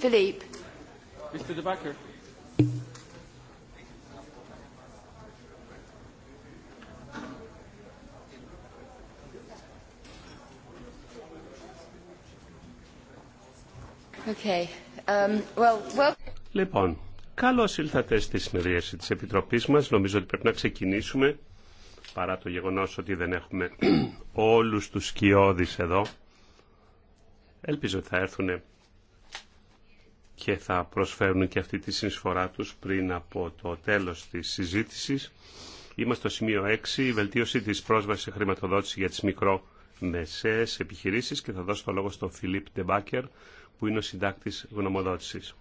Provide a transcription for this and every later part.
Philippe. Mr. De Backer. Okay. Um, well, well... Λοιπόν, καλώ ήλθατε στη συνεδρίαση τη Επιτροπή μα, Νομίζω ότι πρέπει να ξεκινήσουμε, παρά το γεγονό ότι δεν έχουμε όλου του σκιώδει εδώ. Ελπίζω ότι θα έρθουν και θα προσφέρουν και αυτή τη συνεισφορά τους πριν από το τέλος της συζήτησης. Είμαστε στο σημείο 6, η βελτίωση της πρόσβασης σε χρηματοδότηση για τις μικρό επιχειρήσεις και θα δώσω το λόγο στον Φιλίπ Ντεμπάκερ που είναι ο συντάκτης γνωμοδότησης.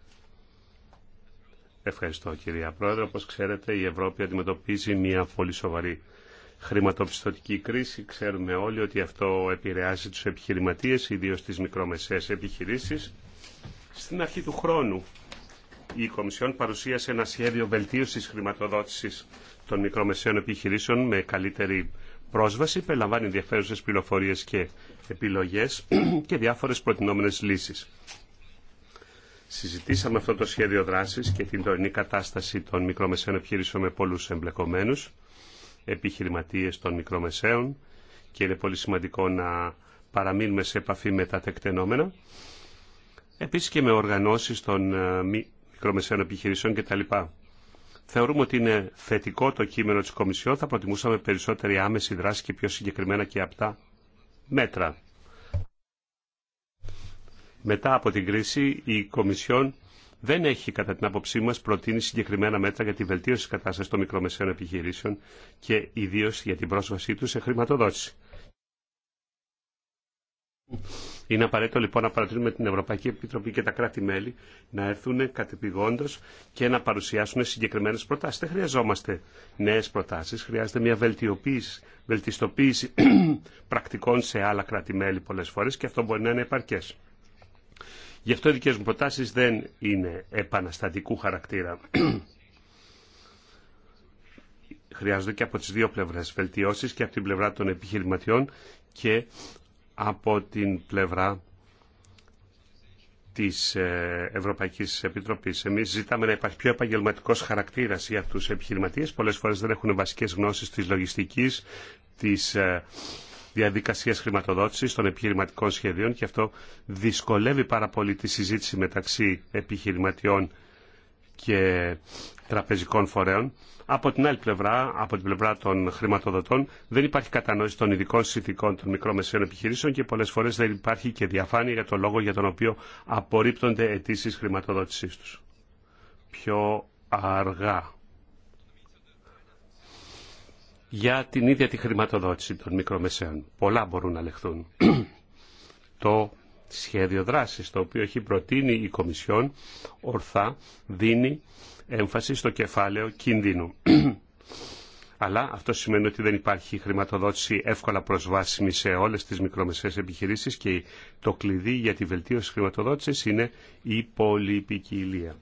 Ευχαριστώ κυρία Πρόεδρε. Όπως ξέρετε η Ευρώπη αντιμετωπίζει μια πολύ σοβαρή χρηματοπιστωτική κρίση. Ξέρουμε όλοι ότι αυτό επηρεάζει τους επιχειρηματίες, ιδίως τις μικρομεσαίες επιχειρήσεις στην αρχή του χρόνου η Κομισιόν παρουσίασε ένα σχέδιο βελτίωσης χρηματοδότησης των μικρομεσαίων επιχειρήσεων με καλύτερη πρόσβαση, περιλαμβάνει ενδιαφέρουσε πληροφορίες και επιλογές και διάφορες προτινόμενε λύσεις. Συζητήσαμε αυτό το σχέδιο δράση και την τωρινή κατάσταση των μικρομεσαίων επιχειρήσεων με πολλούς εμπλεκομένους, επιχειρηματίες των μικρομεσαίων και είναι πολύ σημαντικό να παραμείνουμε σε επαφή με τα τεκτενόμενα επίσης και με οργανώσεις των ε, μικρομεσαίων επιχειρήσεων κτλ. Θεωρούμε ότι είναι θετικό το κείμενο της Κομισιόν, θα προτιμούσαμε περισσότερη άμεση δράση και πιο συγκεκριμένα και απτά μέτρα. Μετά από την κρίση, η Κομισιόν δεν έχει, κατά την άποψή μα, προτείνει συγκεκριμένα μέτρα για τη βελτίωση τη κατάσταση των μικρομεσαίων επιχειρήσεων και ιδίως για την πρόσβασή τους σε χρηματοδότηση. Είναι απαραίτητο λοιπόν να παρατηρούμε την Ευρωπαϊκή Επιτροπή και τα κράτη-μέλη να έρθουν κατεπηγόντω και να παρουσιάσουν συγκεκριμένε προτάσει. Δεν χρειαζόμαστε νέε προτάσει, χρειάζεται μια βελτιοποίηση, βελτιστοποίηση πρακτικών σε άλλα κράτη-μέλη πολλέ φορέ και αυτό μπορεί να είναι επαρκέ. Γι' αυτό οι δικέ μου προτάσει δεν είναι επαναστατικού χαρακτήρα. Χρειάζονται και από τι δύο πλευρέ βελτιώσει και από την πλευρά των επιχειρηματιών και από την πλευρά της ε, Ευρωπαϊκής Επιτροπής. Εμείς ζητάμε να υπάρχει πιο επαγγελματικός χαρακτήρας για τους επιχειρηματίες. Πολλές φορές δεν έχουν βασικές γνώσεις της λογιστικής, της ε, διαδικασίας χρηματοδότησης των επιχειρηματικών σχεδίων και αυτό δυσκολεύει πάρα πολύ τη συζήτηση μεταξύ επιχειρηματιών και τραπεζικών φορέων. Από την άλλη πλευρά, από την πλευρά των χρηματοδοτών, δεν υπάρχει κατανόηση των ειδικών συνθηκών των μικρομεσαίων επιχειρήσεων και πολλές φορές δεν υπάρχει και διαφάνεια για το λόγο για τον οποίο απορρίπτονται αιτήσει χρηματοδότησή τους. Πιο αργά. Για την ίδια τη χρηματοδότηση των μικρομεσαίων. Πολλά μπορούν να λεχθούν. το σχέδιο δράσης, το οποίο έχει προτείνει η Κομισιόν, ορθά δίνει έμφαση στο κεφάλαιο κινδύνου. Αλλά αυτό σημαίνει ότι δεν υπάρχει χρηματοδότηση εύκολα προσβάσιμη σε όλες τις μικρομεσαίες επιχειρήσεις και το κλειδί για τη βελτίωση χρηματοδότησης είναι η πολυπικιλία.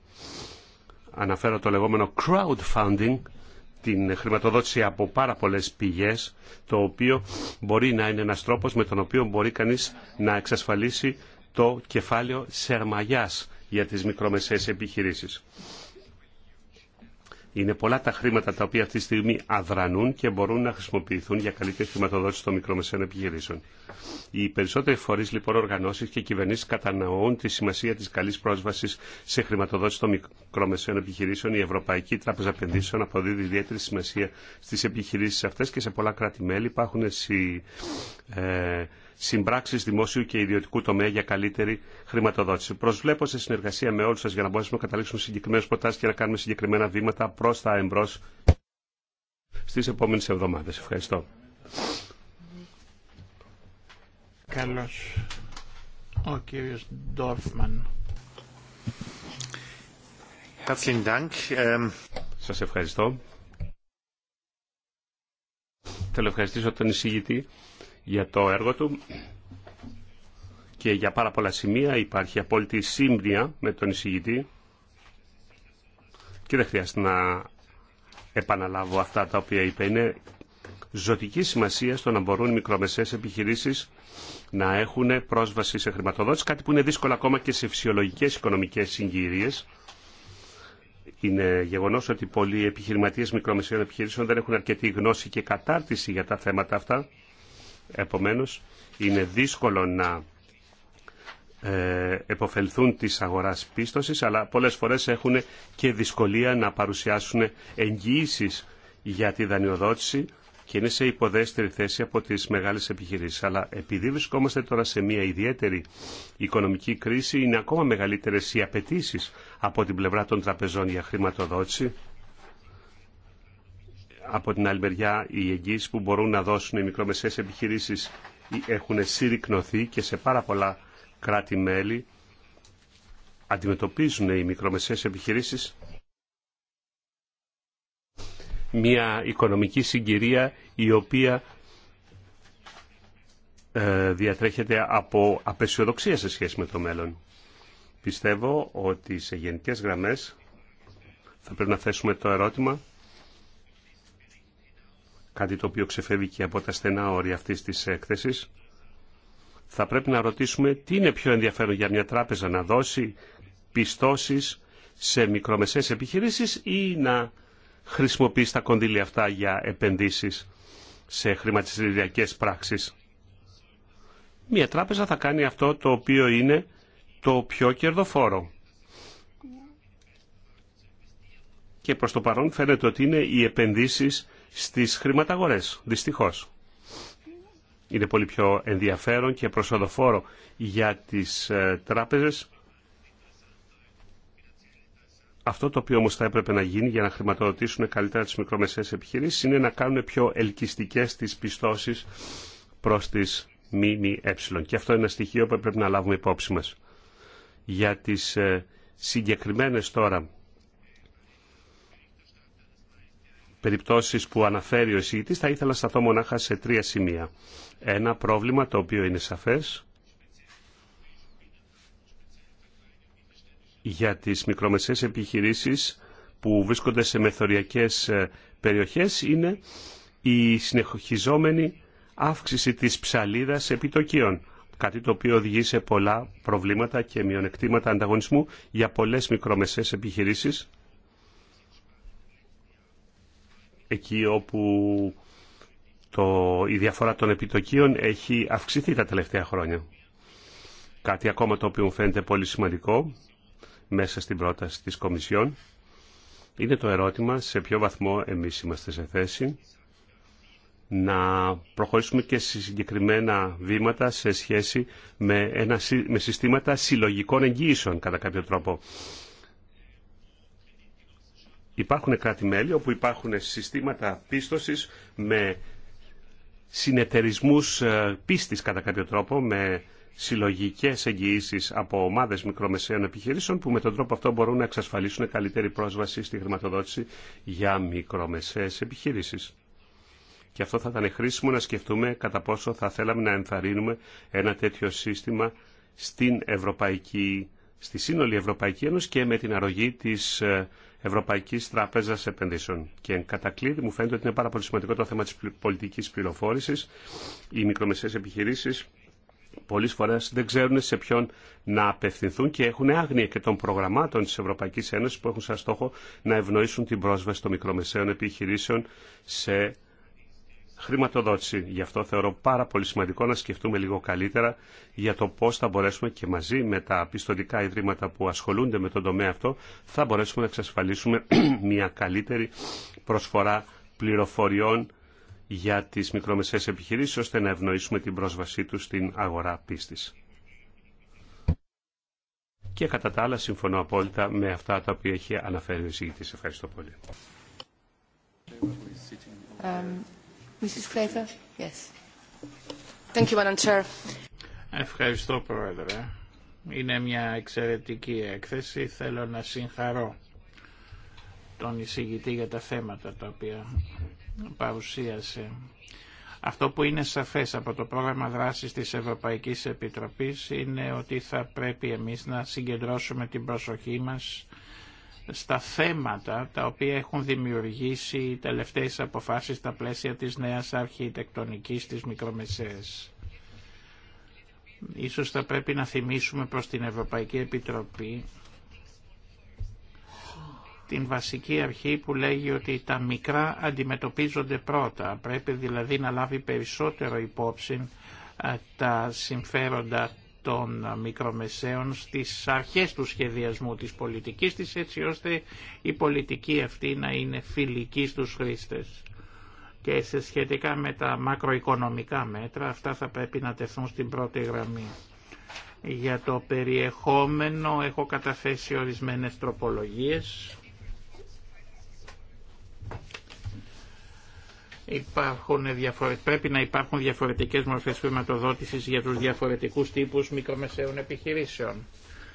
Αναφέρω το λεγόμενο crowdfunding, την χρηματοδότηση από πάρα πολλές πηγές, το οποίο μπορεί να είναι ένας τρόπος με τον οποίο μπορεί κανείς να εξασφαλίσει το κεφάλαιο σερμαγιάς για τις μικρομεσαίες επιχειρήσεις. Είναι πολλά τα χρήματα τα οποία αυτή τη στιγμή αδρανούν και μπορούν να χρησιμοποιηθούν για καλύτερη χρηματοδότηση των μικρομεσαίων επιχειρήσεων. Οι περισσότεροι φορεί, λοιπόν, οργανώσει και κυβερνήσει κατανοούν τη σημασία τη καλή πρόσβαση σε χρηματοδότηση των μικρομεσαίων επιχειρήσεων. Η Ευρωπαϊκή Τράπεζα Επενδύσεων αποδίδει ιδιαίτερη σημασία στι επιχειρήσει αυτέ και σε πολλά κράτη-μέλη υπάρχουν Συμπράξει δημόσιου και ιδιωτικού τομέα για καλύτερη χρηματοδότηση. Προσβλέπω σε συνεργασία με όλους σα, για να μπορέσουμε να καταλήξουμε συγκεκριμένε προτάσει και να κάνουμε συγκεκριμένα βήματα προς τα εμπρός στις επόμενες εβδομάδες. Ευχαριστώ. Καλώς. Ο κύριο Ντόρφμαν. Ähm, σας ευχαριστώ. Θέλω ευχαριστήσω τον εισηγητή για το έργο του και για πάρα πολλά σημεία υπάρχει απόλυτη σύμπνοια με τον εισηγητή και δεν χρειάζεται να επαναλάβω αυτά τα οποία είπε. Είναι ζωτική σημασία στο να μπορούν μικρομεσαίες επιχειρήσεις να έχουν πρόσβαση σε χρηματοδότηση, κάτι που είναι δύσκολο ακόμα και σε φυσιολογικές οικονομικές συγκυρίες. Είναι γεγονός ότι πολλοί επιχειρηματίες μικρομεσαίων επιχειρήσεων δεν έχουν αρκετή γνώση και κατάρτιση για τα θέματα αυτά Επομένως, είναι δύσκολο να ε, εποφελθούν της αγοράς πίστοσης, αλλά πολλές φορές έχουν και δυσκολία να παρουσιάσουν εγγυήσει για τη δανειοδότηση και είναι σε υποδέστερη θέση από τις μεγάλες επιχειρήσεις. Αλλά επειδή βρισκόμαστε τώρα σε μια ιδιαίτερη οικονομική κρίση, είναι ακόμα μεγαλύτερες οι απαιτήσει από την πλευρά των τραπεζών για χρηματοδότηση από την άλλη μεριά οι εγγύσεις που μπορούν να δώσουν οι μικρομεσαίες επιχειρήσεις έχουν συρρυκνωθεί και σε πάρα πολλά κράτη-μέλη αντιμετωπίζουν οι μικρομεσαίες επιχειρήσεις μια οικονομική συγκυρία η οποία ε, διατρέχεται από απεσιοδοξία σε σχέση με το μέλλον. Πιστεύω ότι σε γενικές γραμμές θα πρέπει να θέσουμε το ερώτημα κάτι το οποίο ξεφεύγει και από τα στενά όρια αυτής της έκθεσης. Θα πρέπει να ρωτήσουμε τι είναι πιο ενδιαφέρον για μια τράπεζα να δώσει πιστώσεις σε μικρομεσαίες επιχειρήσεις ή να χρησιμοποιήσει τα κονδύλια αυτά για επενδύσεις σε χρηματιστηριακές πράξεις. Μια τράπεζα θα κάνει αυτό το οποίο είναι το πιο κερδοφόρο. Και προς το παρόν φαίνεται ότι είναι οι επενδύσεις στις χρηματαγορές, δυστυχώς. Είναι πολύ πιο ενδιαφέρον και προσοδοφόρο για τις ε, τράπεζες αυτό το οποίο όμως θα έπρεπε να γίνει για να χρηματοδοτήσουν καλύτερα τις μικρομεσαίες επιχειρήσεις είναι να κάνουν πιο ελκυστικέ τι πιστώσει προ τι ΜΜΕ. Και αυτό είναι ένα στοιχείο που πρέπει να λάβουμε υπόψη μας. Για τι ε, συγκεκριμένε τώρα περιπτώσεις που αναφέρει ο εισηγητής θα ήθελα να σταθώ μονάχα σε τρία σημεία. Ένα πρόβλημα το οποίο είναι σαφές για τις μικρομεσαίες επιχειρήσεις που βρίσκονται σε μεθοριακές ε, περιοχές είναι η συνεχιζόμενη αύξηση της ψαλίδας επιτοκίων. Κάτι το οποίο οδηγεί σε πολλά προβλήματα και μειονεκτήματα ανταγωνισμού για πολλές μικρομεσαίες επιχειρήσεις εκεί όπου το, η διαφορά των επιτοκίων έχει αυξηθεί τα τελευταία χρόνια. Κάτι ακόμα το οποίο μου φαίνεται πολύ σημαντικό μέσα στην πρόταση της Κομισιόν είναι το ερώτημα σε ποιο βαθμό εμείς είμαστε σε θέση να προχωρήσουμε και σε συγκεκριμένα βήματα σε σχέση με, ένα, με συστήματα συλλογικών εγγύησεων κατά κάποιο τρόπο υπάρχουν κράτη-μέλη όπου υπάρχουν συστήματα πίστοσης με συνεταιρισμούς ε, πίστης κατά κάποιο τρόπο, με συλλογικές εγγυήσεις από ομάδες μικρομεσαίων επιχειρήσεων που με τον τρόπο αυτό μπορούν να εξασφαλίσουν καλύτερη πρόσβαση στη χρηματοδότηση για μικρομεσαίες επιχειρήσεις. Και αυτό θα ήταν χρήσιμο να σκεφτούμε κατά πόσο θα θέλαμε να ενθαρρύνουμε ένα τέτοιο σύστημα στην Ευρωπαϊκή, στη σύνολη Ευρωπαϊκή Ένωση και με την αρρωγή της ε, Ευρωπαϊκής Τράπεζας Επενδύσεων. Και εν κατακλείδη μου φαίνεται ότι είναι πάρα πολύ σημαντικό το θέμα της πολιτικής πληροφόρησης. Οι μικρομεσαίες επιχειρήσεις πολλές φορές δεν ξέρουν σε ποιον να απευθυνθούν και έχουν άγνοια και των προγραμμάτων της Ευρωπαϊκής Ένωσης που έχουν σαν στόχο να ευνοήσουν την πρόσβαση των μικρομεσαίων επιχειρήσεων σε χρηματοδότηση. Γι' αυτό θεωρώ πάρα πολύ σημαντικό να σκεφτούμε λίγο καλύτερα για το πώς θα μπορέσουμε και μαζί με τα πιστοτικά ιδρύματα που ασχολούνται με τον τομέα αυτό θα μπορέσουμε να εξασφαλίσουμε μια καλύτερη προσφορά πληροφοριών για τις μικρομεσαίες επιχειρήσεις ώστε να ευνοήσουμε την πρόσβασή τους στην αγορά πίστης. Και κατά τα άλλα συμφωνώ απόλυτα με αυτά τα οποία έχει αναφέρει ο εισηγητής. Ευχαριστώ πολύ. Um... Ευχαριστώ, Πρόεδρε. Είναι μια εξαιρετική έκθεση. Θέλω να συγχαρώ τον εισηγητή για τα θέματα τα οποία παρουσίασε. Αυτό που είναι σαφές από το πρόγραμμα δράσης της Ευρωπαϊκής Επιτροπής είναι ότι θα πρέπει εμείς να συγκεντρώσουμε την προσοχή μας στα θέματα τα οποία έχουν δημιουργήσει οι τελευταίες αποφάσεις στα πλαίσια της νέας αρχιτεκτονικής της μικρομεσαίας. Ίσως θα πρέπει να θυμίσουμε προς την Ευρωπαϊκή Επιτροπή την βασική αρχή που λέγει ότι τα μικρά αντιμετωπίζονται πρώτα. Πρέπει δηλαδή να λάβει περισσότερο υπόψη τα συμφέροντα των μικρομεσαίων στις αρχές του σχεδιασμού της πολιτικής της έτσι ώστε η πολιτική αυτή να είναι φιλική στους χρήστες. Και σε σχετικά με τα μακροοικονομικά μέτρα αυτά θα πρέπει να τεθούν στην πρώτη γραμμή. Για το περιεχόμενο έχω καταθέσει ορισμένες τροπολογίες Υπάρχουν διαφορε... Πρέπει να υπάρχουν διαφορετικές μορφές χρηματοδότησης για τους διαφορετικούς τύπους μικρομεσαίων επιχειρήσεων.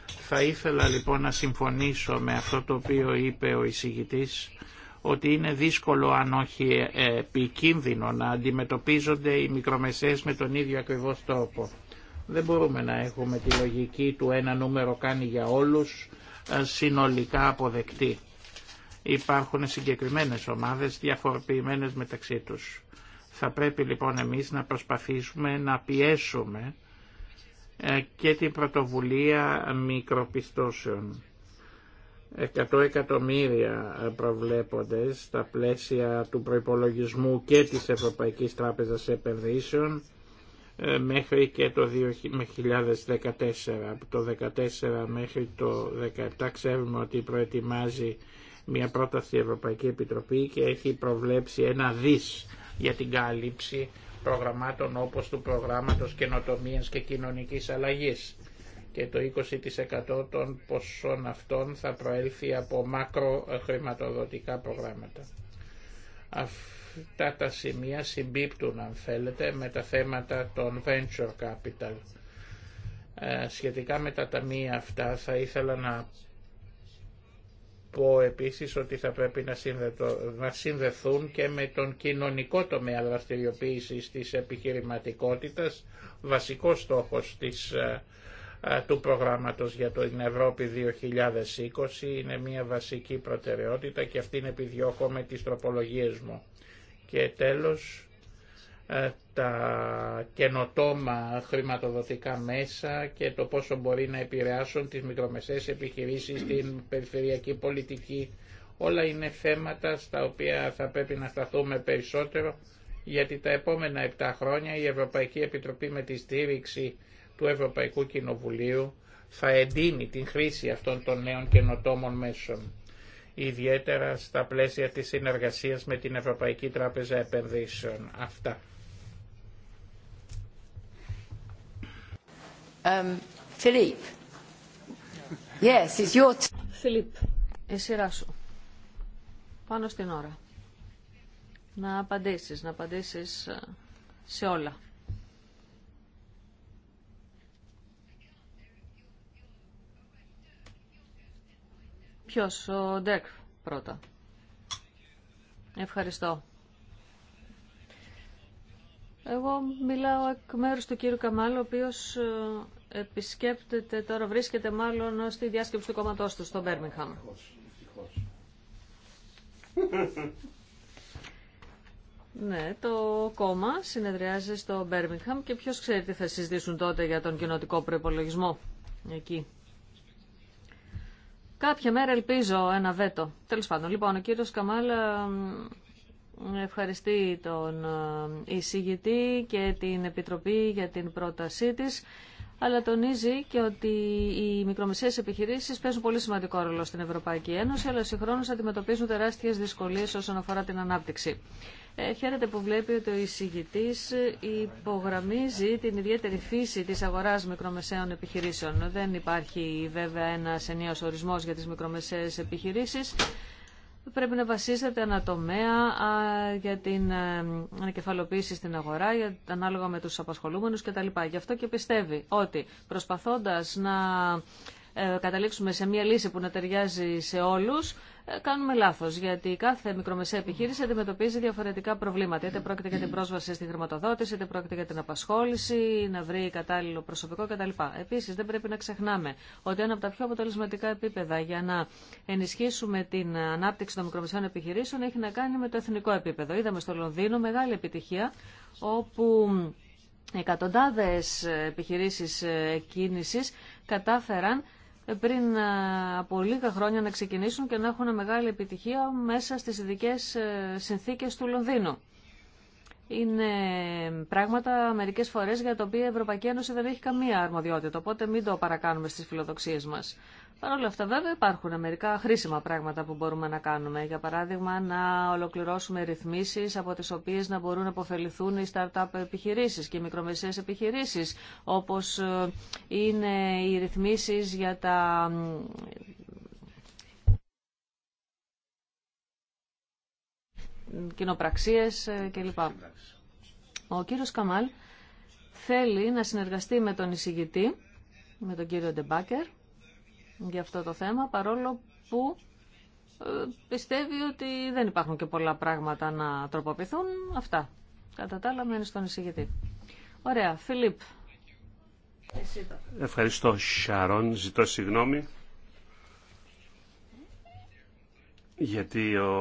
Θα ήθελα λοιπόν να συμφωνήσω με αυτό το οποίο είπε ο εισηγητής ότι είναι δύσκολο αν όχι ε, επικίνδυνο να αντιμετωπίζονται οι μικρομεσαίες με τον ίδιο ακριβώς τρόπο. Δεν μπορούμε να έχουμε τη λογική του ένα νούμερο κάνει για όλους ε, συνολικά αποδεκτή. Υπάρχουν συγκεκριμένες ομάδες διαφοροποιημένες μεταξύ τους. Θα πρέπει λοιπόν εμείς να προσπαθήσουμε να πιέσουμε ε, και την πρωτοβουλία μικροπιστώσεων. 100 εκατομμύρια προβλέπονται στα πλαίσια του προϋπολογισμού και της Ευρωπαϊκής Τράπεζας Επενδύσεων ε, μέχρι και το 2014. Από το 2014 μέχρι το 2017 ξέρουμε ότι προετοιμάζει μια πρόταση η Ευρωπαϊκή Επιτροπή και έχει προβλέψει ένα δις για την κάλυψη προγραμμάτων όπως του προγράμματος καινοτομίας και κοινωνικής αλλαγής και το 20% των ποσών αυτών θα προέλθει από μακροχρηματοδοτικά προγράμματα. Αυτά τα σημεία συμπίπτουν, αν θέλετε, με τα θέματα των venture capital. Ε, σχετικά με τα ταμεία αυτά θα ήθελα να πω επίσης ότι θα πρέπει να, συνδεθούν και με τον κοινωνικό τομέα δραστηριοποίησης της επιχειρηματικότητας, βασικός στόχος της, ε, ε, του προγράμματος για την Ευρώπη 2020 είναι μια βασική προτεραιότητα και αυτήν επιδιώκω με τις τροπολογίες μου. Και τέλος, ε, τα καινοτόμα χρηματοδοτικά μέσα και το πόσο μπορεί να επηρεάσουν τις μικρομεσαίες επιχειρήσεις στην περιφερειακή πολιτική. Όλα είναι θέματα στα οποία θα πρέπει να σταθούμε περισσότερο γιατί τα επόμενα 7 χρόνια η Ευρωπαϊκή Επιτροπή με τη στήριξη του Ευρωπαϊκού Κοινοβουλίου θα εντείνει την χρήση αυτών των νέων καινοτόμων μέσων ιδιαίτερα στα πλαίσια της συνεργασίας με την Ευρωπαϊκή Τράπεζα Επενδύσεων. Αυτά. Um, Philippe. Yes, it's your Philippe, η σειρά σου. Πάνω στην ώρα. Να απαντήσεις, να απαντήσεις ε, σε όλα. Ποιος, ο Ντεκ πρώτα. Ευχαριστώ. Εγώ μιλάω εκ μέρους του κύριου Καμάλ, ο οποίος ε, επισκέπτεται, τώρα βρίσκεται μάλλον στη διάσκεψη του κόμματός του στο Μπέρμιγχαμ. Ναι, το κόμμα συνεδριάζει στο Μπέρμιγχαμ και ποιος ξέρει τι θα συζητήσουν τότε για τον κοινοτικό προπολογισμό εκεί. Κάποια μέρα ελπίζω ένα βέτο. Τέλος πάντων, λοιπόν, ο κύριος Καμάλ ευχαριστεί τον ε, εισηγητή και την Επιτροπή για την πρότασή της, αλλά τονίζει και ότι οι μικρομεσαίες επιχειρήσεις παίζουν πολύ σημαντικό ρόλο στην Ευρωπαϊκή Ένωση, αλλά συγχρόνως αντιμετωπίζουν τεράστιες δυσκολίες όσον αφορά την ανάπτυξη. Ε, χαίρεται που βλέπει ότι ο εισηγητή υπογραμμίζει την ιδιαίτερη φύση της αγοράς μικρομεσαίων επιχειρήσεων. Δεν υπάρχει βέβαια ένας ενιαίος ορισμός για τις μικρομεσαίες επιχειρήσεις πρέπει να βασίζεται ανατομέα για την ε, ανακεφαλοποίηση στην αγορά, για, ανάλογα με τους απασχολούμενους κτλ. Γι' αυτό και πιστεύει ότι προσπαθώντας να ε, καταλήξουμε σε μια λύση που να ταιριάζει σε όλους, κάνουμε λάθο. Γιατί κάθε μικρομεσαία επιχείρηση αντιμετωπίζει διαφορετικά προβλήματα. Είτε πρόκειται για την πρόσβαση στη χρηματοδότηση, είτε πρόκειται για την απασχόληση, να βρει κατάλληλο προσωπικό κτλ. Επίση, δεν πρέπει να ξεχνάμε ότι ένα από τα πιο αποτελεσματικά επίπεδα για να ενισχύσουμε την ανάπτυξη των μικρομεσαίων επιχειρήσεων έχει να κάνει με το εθνικό επίπεδο. Είδαμε στο Λονδίνο μεγάλη επιτυχία όπου εκατοντάδες επιχειρήσεις κίνησης κατάφεραν πριν ε, από λίγα χρόνια να ξεκινήσουν και να έχουν μεγάλη επιτυχία μέσα στις ειδικέ ε, συνθήκες του Λονδίνου. Είναι πράγματα μερικές φορές για τα οποία η Ευρωπαϊκή Ένωση δεν έχει καμία αρμοδιότητα, οπότε μην το παρακάνουμε στις φιλοδοξίες μας. Παρ' όλα αυτά βέβαια υπάρχουν μερικά χρήσιμα πράγματα που μπορούμε να κάνουμε. Για παράδειγμα να ολοκληρώσουμε ρυθμίσει από τις οποίες να μπορούν να αποφεληθούν οι startup επιχειρήσεις και οι μικρομεσαίες επιχειρήσεις όπως ε, είναι οι ρυθμίσει για τα κοινοπραξίες ε, κλπ. Ο κύριος Καμάλ θέλει να συνεργαστεί με τον εισηγητή, με τον κύριο Ντεμπάκερ, για αυτό το θέμα, παρόλο που ε, πιστεύει ότι δεν υπάρχουν και πολλά πράγματα να τροποποιηθούν. Αυτά. Κατά τα άλλα μένει στον εισηγητή. Ωραία. Φιλίπ. Ευχαριστώ Σαρών. Ζητώ συγγνώμη. Γιατί ο,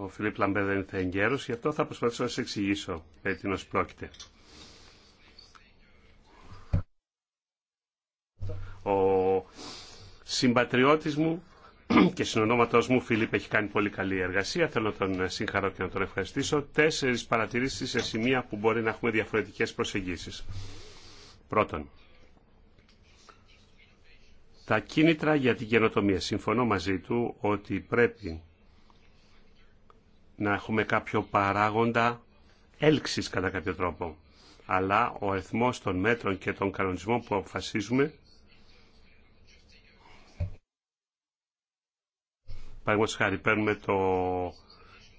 ο Φιλίπ Λαμπέ δεν ήταν γέρος, Γι' αυτό θα προσπαθήσω να σε εξηγήσω τι πρόκειται. Ο συμπατριώτης μου και συνονόματός μου Φίλιπ έχει κάνει πολύ καλή εργασία. Θέλω να τον ε, συγχαρώ και να τον ευχαριστήσω. Τέσσερις παρατηρήσεις σε σημεία που μπορεί να έχουμε διαφορετικές προσεγγίσεις. Πρώτον, τα κίνητρα για την καινοτομία. Συμφωνώ μαζί του ότι πρέπει να έχουμε κάποιο παράγοντα έλξης κατά κάποιο τρόπο. Αλλά ο αριθμό των μέτρων και των κανονισμών που αποφασίζουμε Παραδείγματο χάρη, παίρνουμε το,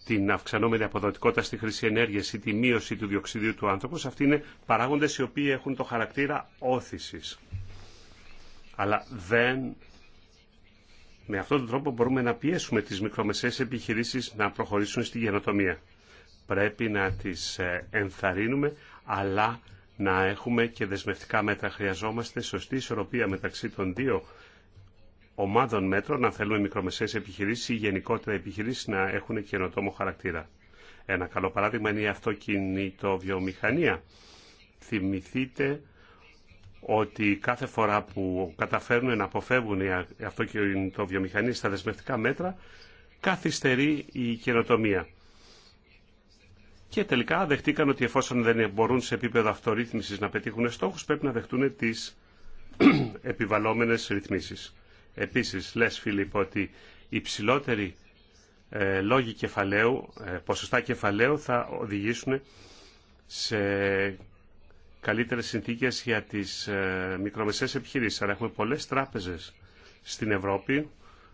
την αυξανόμενη αποδοτικότητα στη χρήση ενέργεια ή τη μείωση του διοξιδίου του άνθρωπο. Αυτοί είναι παράγοντε οι οποίοι έχουν το χαρακτήρα όθηση. Αλλά δεν. Με αυτόν τον τρόπο μπορούμε να πιέσουμε τις μικρομεσαίες επιχειρήσεις να προχωρήσουν στη γενοτομία. Πρέπει να τις ε, ενθαρρύνουμε, αλλά να έχουμε και δεσμευτικά μέτρα. Χρειαζόμαστε σωστή ισορροπία μεταξύ των δύο ομάδων μέτρων να θέλουμε μικρομεσαίες επιχειρήσεις ή γενικότερα επιχειρήσει να έχουν καινοτόμο χαρακτήρα. Ένα καλό παράδειγμα είναι η αυτοκινητοβιομηχανία. Θυμηθείτε ότι επιχειρήσει να αποφεύγουν οι αυτοκινητοβιομηχανίες στα δεσμευτικά μέτρα, καθυστερεί η καινοτομία. Και τελικά δεχτήκαν ότι εφόσον δεν μπορούν σε επίπεδο αυτορύθμισης να πετύχουν στόχους, πρέπει να δεχτούν τις επιβαλλόμενες ρυθμίσεις. Επίσης, λες Φίλιππ ότι οι ψηλότεροι ε, λόγοι κεφαλαίου, ε, ποσοστά κεφαλαίου θα οδηγήσουν σε καλύτερες συνθήκες για τις ε, μικρομεσαίες επιχειρήσεις. Αλλά έχουμε πολλές τράπεζες στην Ευρώπη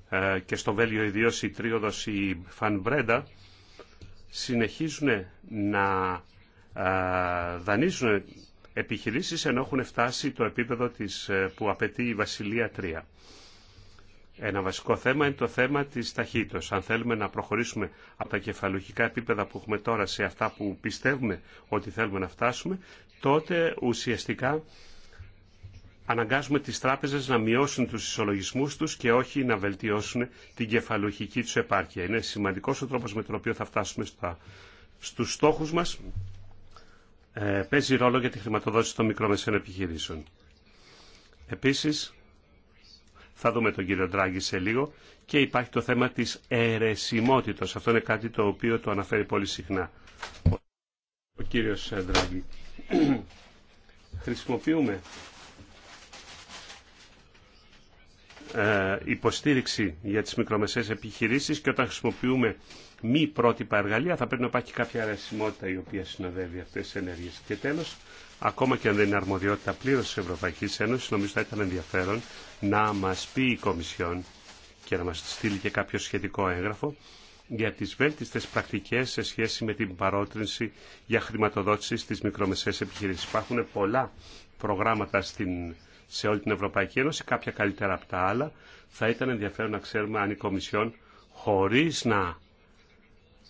ε, και στο Βέλγιο ιδίως η Τρίοδος, η Φανμπρέντα, συνεχίζουν να ε, δανείζουν επιχειρήσεις ενώ έχουν φτάσει το επίπεδο της, που απαιτεί η Βασιλεία 3. Ένα βασικό θέμα είναι το θέμα της ταχύτητα. Αν θέλουμε να προχωρήσουμε από τα κεφαλουχικά επίπεδα που έχουμε τώρα σε αυτά που πιστεύουμε ότι θέλουμε να φτάσουμε, τότε ουσιαστικά αναγκάζουμε τις τράπεζες να μειώσουν τους ισολογισμούς τους και όχι να βελτιώσουν την κεφαλουχική τους επάρκεια. Είναι σημαντικός ο τρόπος με τον οποίο θα φτάσουμε στα, στους στόχους μας. Ε, παίζει ρόλο για τη χρηματοδότηση των μικρομεσαίων επιχειρήσεων. Επίσης, θα δούμε τον κύριο Ντράγκη σε λίγο. Και υπάρχει το θέμα της αιρεσιμότητας. Αυτό είναι κάτι το οποίο το αναφέρει πολύ συχνά. Ο κύριος ε, Ντράγκη. Χρησιμοποιούμε ε, υποστήριξη για τις μικρομεσαίες επιχειρήσεις και όταν χρησιμοποιούμε μη πρότυπα εργαλεία θα πρέπει να υπάρχει κάποια αρεσιμότητα η οποία συνοδεύει αυτές τις ενέργειες. Και τέλος, ακόμα και αν δεν είναι αρμοδιότητα πλήρως της Ευρωπαϊκής Ένωσης, νομίζω θα ήταν ενδιαφέρον να μας πει η Κομισιόν και να μας στείλει και κάποιο σχετικό έγγραφο για τις βέλτιστες πρακτικές σε σχέση με την παρότρινση για χρηματοδότηση στις μικρομεσαίες επιχειρήσεις. Υπάρχουν πολλά προγράμματα στην, σε όλη την Ευρωπαϊκή Ένωση, κάποια καλύτερα από τα άλλα. Θα ήταν ενδιαφέρον να ξέρουμε αν η Κομισιόν χωρίς να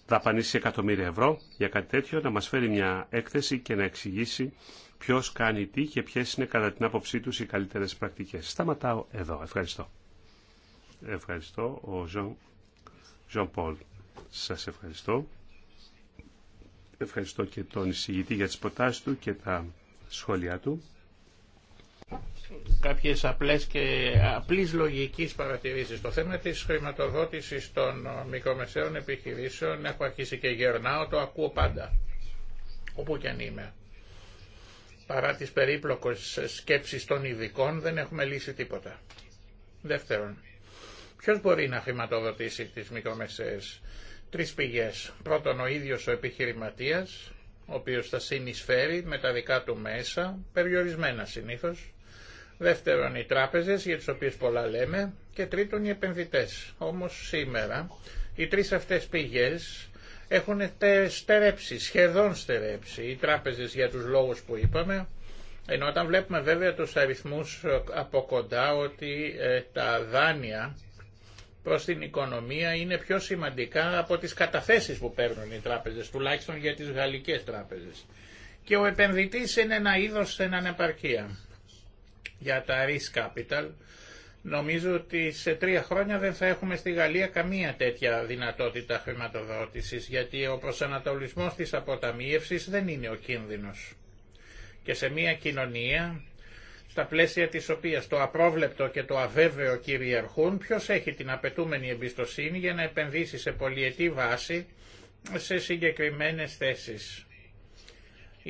δαπανίσει εκατομμύρια ευρώ για κάτι τέτοιο, να μας φέρει μια έκθεση και να εξηγήσει ποιο κάνει τι και ποιε είναι κατά την άποψή του οι καλύτερε πρακτικέ. Σταματάω εδώ. Ευχαριστώ. Ευχαριστώ, ο Ζων, Ζων Πολ. Σα ευχαριστώ. Ευχαριστώ και τον εισηγητή για τι προτάσει του και τα σχόλιά του. Κάποιες απλές και απλή λογική παρατηρήσεις. Το θέμα της χρηματοδότηση των μικρομεσαίων επιχειρήσεων έχω αρχίσει και γερνάω, το ακούω πάντα, όπου και αν είμαι παρά τις περίπλοκες σκέψεις των ειδικών δεν έχουμε λύσει τίποτα. Δεύτερον, ποιος μπορεί να χρηματοδοτήσει τις μικρομεσαίες. Τρεις πηγές. Πρώτον, ο ίδιος ο επιχειρηματίας, ο οποίος θα συνεισφέρει με τα δικά του μέσα, περιορισμένα συνήθως. Δεύτερον, οι τράπεζες, για τις οποίες πολλά λέμε. Και τρίτον, οι επενδυτές. Όμως σήμερα, οι τρεις αυτές πηγές έχουν στερέψει, σχεδόν στερέψει οι τράπεζες για τους λόγους που είπαμε, ενώ όταν βλέπουμε βέβαια τους αριθμούς ε, από κοντά ότι ε, τα δάνεια προς την οικονομία είναι πιο σημαντικά από τις καταθέσεις που παίρνουν οι τράπεζες, τουλάχιστον για τις γαλλικές τράπεζες. Και ο επενδυτής είναι ένα είδος στην ανεπαρκία. Για τα risk capital Νομίζω ότι σε τρία χρόνια δεν θα έχουμε στη Γαλλία καμία τέτοια δυνατότητα χρηματοδότησης, γιατί ο προσανατολισμός της αποταμίευσης δεν είναι ο κίνδυνος. Και σε μια κοινωνία, στα πλαίσια της οποίας το απρόβλεπτο και το αβέβαιο κυριαρχούν, ποιος έχει την απαιτούμενη εμπιστοσύνη για να επενδύσει σε πολιετή βάση σε συγκεκριμένες θέσεις.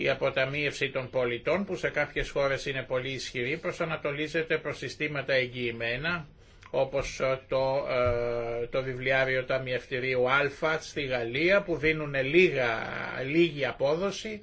Η αποταμίευση των πολιτών, που σε κάποιες χώρες είναι πολύ ισχυρή, προσανατολίζεται προς συστήματα εγγυημένα, όπως ε, το, ε, το βιβλιάριο ταμιευτηρίου Α στη Γαλλία, που δίνουν λίγα, λίγη απόδοση,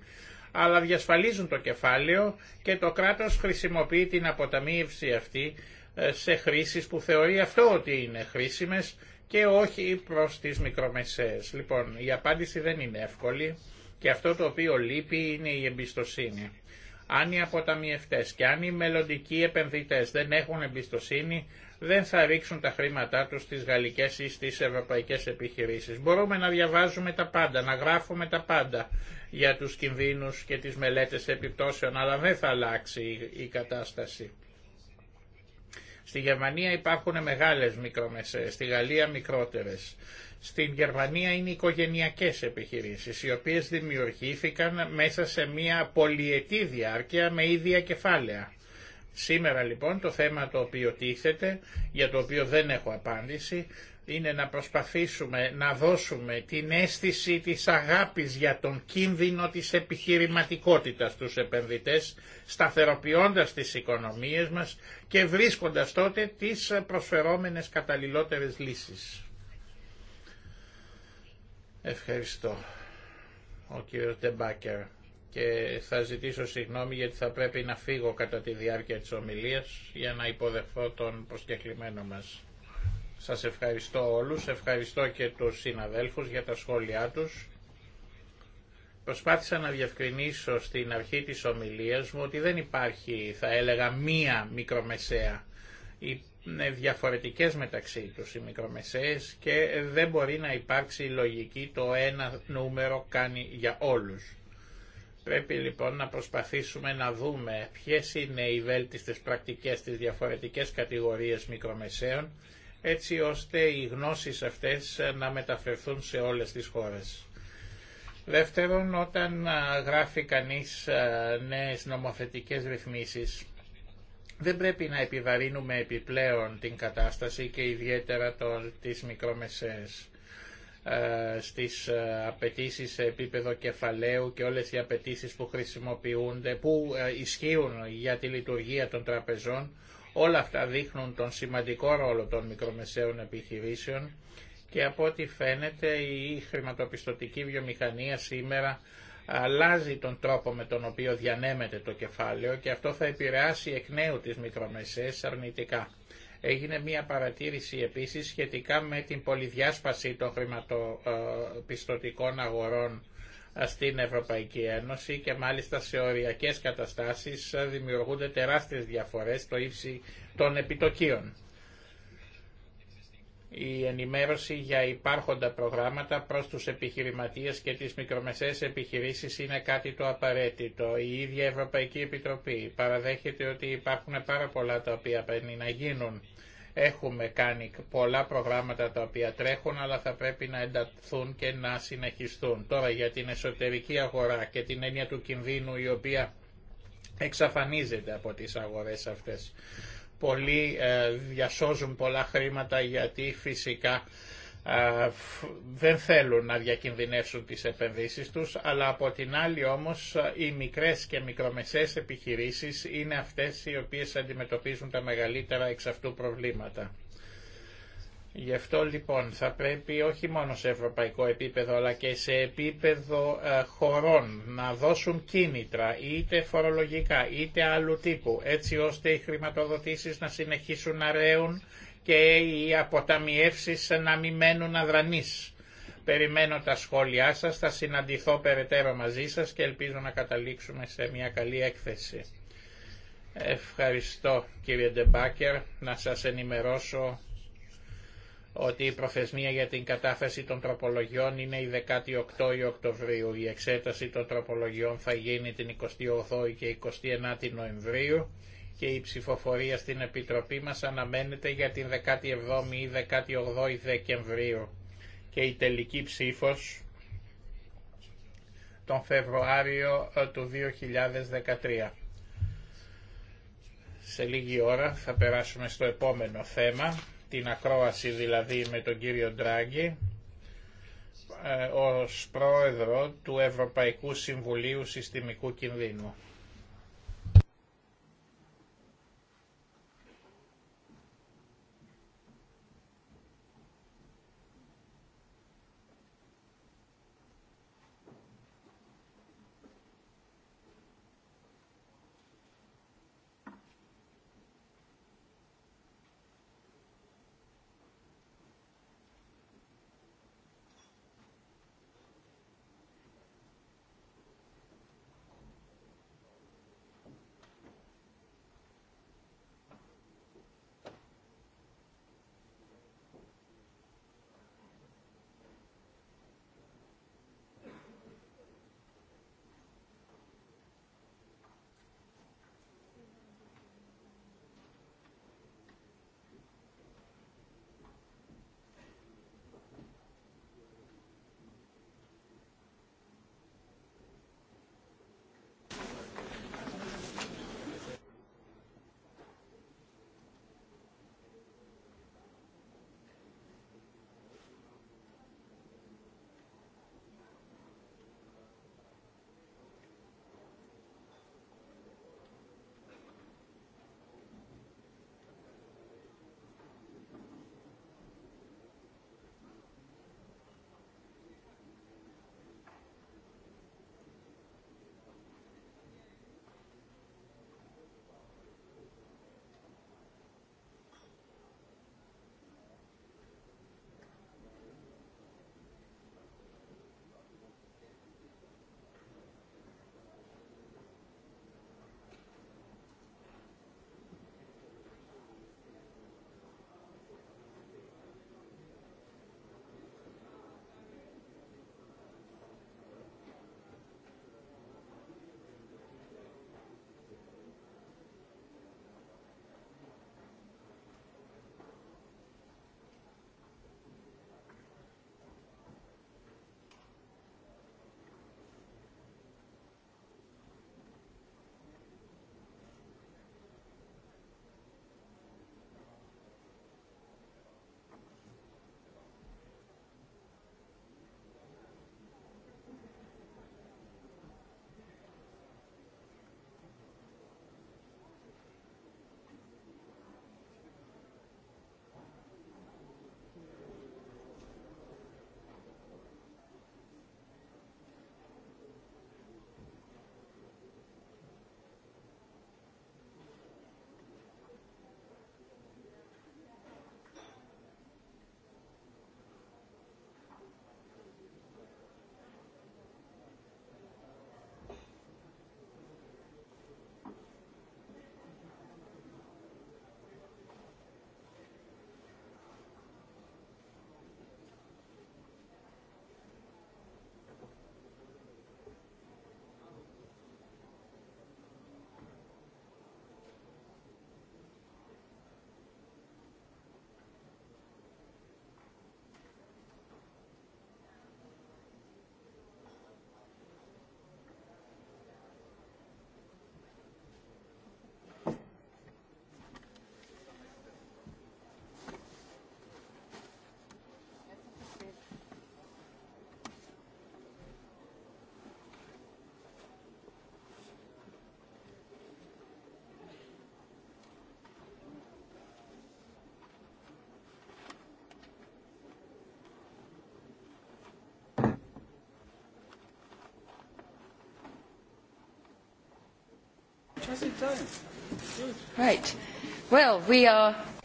αλλά διασφαλίζουν το κεφάλαιο και το κράτος χρησιμοποιεί την αποταμίευση αυτή ε, σε χρήσεις που θεωρεί αυτό ότι είναι χρήσιμες και όχι προς τις μικρομεσαίες. Λοιπόν, η απάντηση δεν είναι εύκολη και αυτό το οποίο λείπει είναι η εμπιστοσύνη. Αν οι αποταμιευτές και αν οι μελλοντικοί επενδυτές δεν έχουν εμπιστοσύνη, δεν θα ρίξουν τα χρήματά τους στις γαλλικές ή στις ευρωπαϊκές επιχειρήσεις. Μπορούμε να διαβάζουμε τα πάντα, να γράφουμε τα πάντα για τους κινδύνους και τις μελέτες επιπτώσεων, αλλά δεν θα αλλάξει η κατάσταση. Στη Γερμανία υπάρχουν μεγάλες μικρομεσαίες, στη Γαλλία μικρότερες. Στην Γερμανία είναι οικογενειακές επιχειρήσεις, οι οποίες δημιουργήθηκαν μέσα σε μια πολυετή διάρκεια με ίδια κεφάλαια. Σήμερα λοιπόν το θέμα το οποίο τίθεται, για το οποίο δεν έχω απάντηση, είναι να προσπαθήσουμε να δώσουμε την αίσθηση της αγάπης για τον κίνδυνο της επιχειρηματικότητας στους επενδυτές, σταθεροποιώντας τις οικονομίες μας και βρίσκοντας τότε τις προσφερόμενες καταλληλότερες λύσεις. Ευχαριστώ. Ο κύριο Τεμπάκερ Και θα ζητήσω συγγνώμη γιατί θα πρέπει να φύγω κατά τη διάρκεια της ομιλίας για να υποδεχθώ τον προσκεκλημένο μας. Σας ευχαριστώ όλους, ευχαριστώ και τους συναδέλφους για τα σχόλιά τους. Προσπάθησα να διευκρινίσω στην αρχή της ομιλίας μου ότι δεν υπάρχει, θα έλεγα, μία μικρομεσαία είναι διαφορετικές μεταξύ τους οι μικρομεσαίες και δεν μπορεί να υπάρξει λογική το ένα νούμερο κάνει για όλους. Πρέπει λοιπόν να προσπαθήσουμε να δούμε ποιες είναι οι βέλτιστες πρακτικές στις διαφορετικές κατηγορίες μικρομεσαίων έτσι ώστε οι γνώσεις αυτές να μεταφερθούν σε όλες τις χώρες. Δεύτερον, όταν γράφει κανείς ε, νέες νομοθετικές ρυθμίσεις, δεν πρέπει να επιβαρύνουμε επιπλέον την κατάσταση και ιδιαίτερα το, τις μικρομεσαίες ε, στις ε, απαιτήσει σε επίπεδο κεφαλαίου και όλες οι απαιτήσει που χρησιμοποιούνται, που ε, ισχύουν για τη λειτουργία των τραπεζών, όλα αυτά δείχνουν τον σημαντικό ρόλο των μικρομεσαίων επιχειρήσεων και από ό,τι φαίνεται η χρηματοπιστωτική βιομηχανία σήμερα αλλάζει τον τρόπο με τον οποίο διανέμεται το κεφάλαιο και αυτό θα επηρεάσει εκ νέου τις μικρομεσαίες αρνητικά. Έγινε μία παρατήρηση επίσης σχετικά με την πολυδιάσπαση των χρηματοπιστωτικών ε, αγορών ε, στην Ευρωπαϊκή Ένωση και μάλιστα σε οριακές καταστάσεις ε, δημιουργούνται τεράστιες διαφορές στο ύψη των επιτοκίων η ενημέρωση για υπάρχοντα προγράμματα προς τους επιχειρηματίες και τις μικρομεσαίες επιχειρήσεις είναι κάτι το απαραίτητο. Η ίδια Ευρωπαϊκή Επιτροπή παραδέχεται ότι υπάρχουν πάρα πολλά τα οποία πρέπει να γίνουν. Έχουμε κάνει πολλά προγράμματα τα οποία τρέχουν, αλλά θα πρέπει να ενταθούν και να συνεχιστούν. Τώρα για την εσωτερική αγορά και την έννοια του κινδύνου η οποία εξαφανίζεται από τις αγορές αυτές. Πολλοί ε, διασώζουν πολλά χρήματα γιατί φυσικά ε, δεν θέλουν να διακινδυνεύσουν τις επενδύσεις τους, αλλά από την άλλη όμως ε, οι μικρές και μικρομεσαίες επιχειρήσεις είναι αυτές οι οποίες αντιμετωπίζουν τα μεγαλύτερα εξ αυτού προβλήματα. Γι' αυτό λοιπόν θα πρέπει όχι μόνο σε ευρωπαϊκό επίπεδο αλλά και σε επίπεδο ε, χωρών να δώσουν κίνητρα είτε φορολογικά είτε άλλου τύπου έτσι ώστε οι χρηματοδοτήσεις να συνεχίσουν να ρέουν και οι αποταμιεύσεις να μην μένουν αδρανείς. Περιμένω τα σχόλιά σας, θα συναντηθώ περαιτέρω μαζί σας και ελπίζω να καταλήξουμε σε μια καλή έκθεση. Ευχαριστώ κύριε Ντεμπάκερ να σας ενημερώσω ότι η προθεσμία για την κατάθεση των τροπολογιών είναι η 18η Οκτωβρίου. Η εξέταση των τροπολογιών θα γίνει την 28η και 29η Νοεμβρίου και η ψηφοφορία στην Επιτροπή μας αναμένεται για την 17η ή 18η Δεκεμβρίου και η τελική ψήφος τον Φεβρουάριο ε, του 2013. Σε λίγη ώρα θα περάσουμε στο επόμενο θέμα την ακρόαση δηλαδή με τον κύριο Ντράγκη ε, ως πρόεδρο του Ευρωπαϊκού Συμβουλίου Συστημικού Κινδύνου.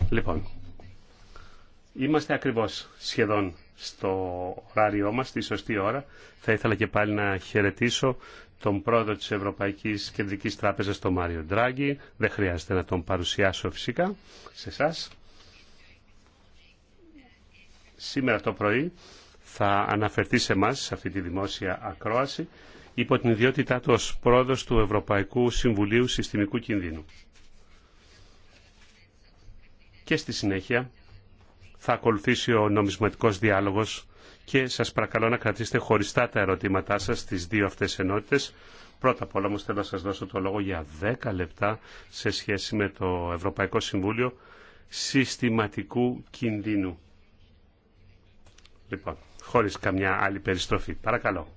Λοιπόν, είμαστε ακριβώς σχεδόν στο ωράριό μας, στη σωστή ώρα. Θα ήθελα και πάλι να χαιρετήσω τον πρόεδρο της Ευρωπαϊκής Κεντρικής Τράπεζας, τον Μάριο Ντράγκη. Δεν χρειάζεται να τον παρουσιάσω φυσικά σε εσά. Σήμερα το πρωί θα αναφερθεί σε εμά σε αυτή τη δημόσια ακρόαση υπό την ιδιότητά του ως πρόεδρος του Ευρωπαϊκού Συμβουλίου Συστημικού Κινδύνου. Και στη συνέχεια θα ακολουθήσει ο νομισματικός διάλογος και σας παρακαλώ να κρατήσετε χωριστά τα ερωτήματά σας στις δύο αυτές ενότητες. Πρώτα απ' όλα όμως θέλω να σας δώσω το λόγο για 10 λεπτά σε σχέση με το Ευρωπαϊκό Συμβούλιο Συστηματικού Κινδύνου. Λοιπόν, χωρίς καμιά άλλη περιστροφή. Παρακαλώ.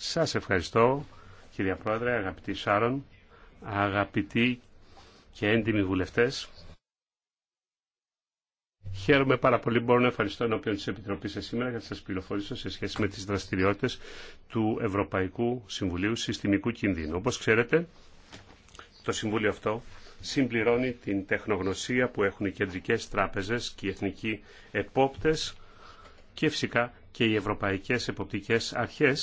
Σας ευχαριστώ κυρία Πρόεδρε, αγαπητοί Σάρων, αγαπητοί και έντιμοι βουλευτές. Χαίρομαι πάρα πολύ. Μπορώ να ευχαριστώ ενώπιον τη Επιτροπή σας σήμερα για να σα πληροφορήσω σε σχέση με τις δραστηριότητες του Ευρωπαϊκού Συμβουλίου Συστημικού Κινδύνου. Όπως ξέρετε, το Συμβούλιο αυτό συμπληρώνει την τεχνογνωσία που έχουν οι κεντρικέ τράπεζες και οι εθνικοί επόπτες και φυσικά και οι ευρωπαϊκές εποπτικέ αρχέ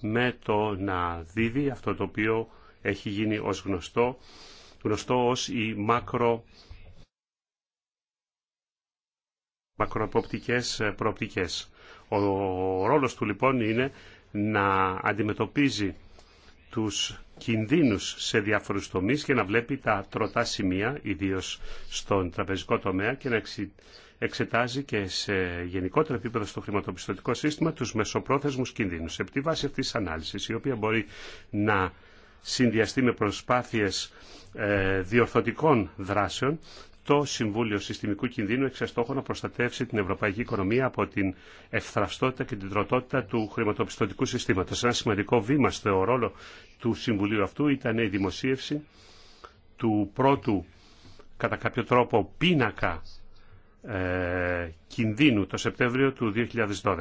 με το να δίδει αυτό το οποίο έχει γίνει ως γνωστό, γνωστό ως οι μακρο, μακροποπτικές ε, προοπτικές. Ο ρόλος του λοιπόν είναι να αντιμετωπίζει τους κινδύνους σε διάφορους τομείς και να βλέπει τα τροτά σημεία, ιδίως στον τραπεζικό τομέα και να εξετάζει και σε γενικότερο επίπεδο στο χρηματοπιστωτικό σύστημα τους μεσοπρόθεσμους κινδύνους. Επί τη βάση αυτής της ανάλυσης, η οποία μπορεί να συνδυαστεί με προσπάθειες ε, διορθωτικών δράσεων, το Συμβούλιο Συστημικού Κινδύνου έχει στόχο να προστατεύσει την ευρωπαϊκή οικονομία από την ευθραυστότητα και την τροτότητα του χρηματοπιστωτικού συστήματο. Ένα σημαντικό βήμα στο ρόλο του Συμβουλίου αυτού ήταν η δημοσίευση του πρώτου κατά κάποιο τρόπο πίνακα ε, κινδύνου το Σεπτέμβριο του 2012.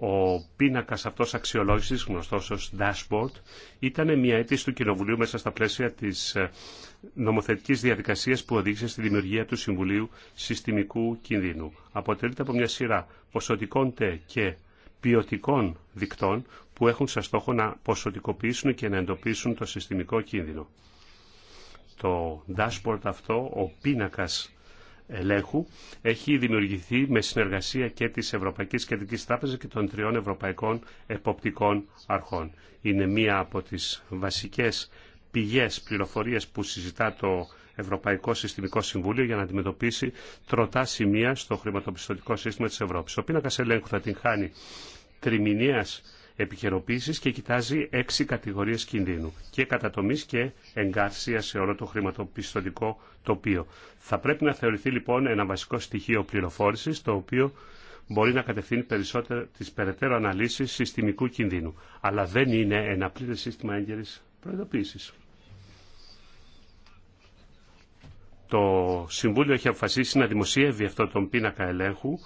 Ο πίνακας αυτός αξιολόγησης, γνωστός ως dashboard, ήταν μια αίτηση του Κοινοβουλίου μέσα στα πλαίσια της ε, νομοθετικής διαδικασίας που οδήγησε στη δημιουργία του Συμβουλίου Συστημικού Κινδύνου. Αποτελείται από μια σειρά ποσοτικών τε και ποιοτικών δικτών που έχουν σαν στόχο να ποσοτικοποιήσουν και να εντοπίσουν το συστημικό κίνδυνο. Το dashboard αυτό, ο πίνακας ελέγχου έχει δημιουργηθεί με συνεργασία και της Ευρωπαϊκής Κεντρικής Τράπεζας και των τριών Ευρωπαϊκών Εποπτικών Αρχών. Είναι μία από τις βασικές πηγές πληροφορίες που συζητά το Ευρωπαϊκό Συστημικό Συμβούλιο για να αντιμετωπίσει τροτά σημεία στο χρηματοπιστωτικό σύστημα της Ευρώπης. Ο πίνακας ελέγχου θα την χάνει τριμηνίας επιχειροποίησης και κοιτάζει έξι κατηγορίες κινδύνου και κατατομής και εγκάρσια σε όλο το χρηματοπιστωτικό τοπίο. Θα πρέπει να θεωρηθεί λοιπόν ένα βασικό στοιχείο πληροφόρησης το οποίο μπορεί να κατευθύνει περισσότερο τις περαιτέρω αναλύσεις συστημικού κινδύνου. Αλλά δεν είναι ένα πλήρες σύστημα έγκαιρης προειδοποίησης. Το Συμβούλιο έχει αποφασίσει να δημοσιεύει αυτό τον πίνακα ελέγχου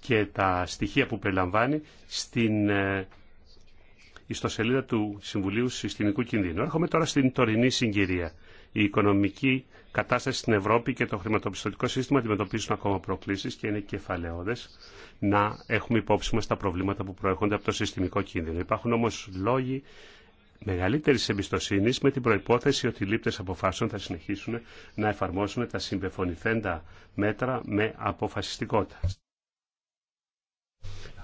και τα στοιχεία που περιλαμβάνει στην ε, ιστοσελίδα του Συμβουλίου Συστημικού Κινδύνου. Έρχομαι τώρα στην τωρινή συγκυρία. Η οικονομική κατάσταση στην Ευρώπη και το χρηματοπιστωτικό σύστημα αντιμετωπίζουν ακόμα προκλήσει και είναι κεφαλαιώδε να έχουμε υπόψη μα τα προβλήματα που προέρχονται από το συστημικό κίνδυνο. Υπάρχουν όμω λόγοι μεγαλύτερης εμπιστοσύνη με την προπόθεση ότι οι λήπτε αποφάσεων θα συνεχίσουν να εφαρμόσουν τα συμπεφωνηθέντα μέτρα με αποφασιστικότητα.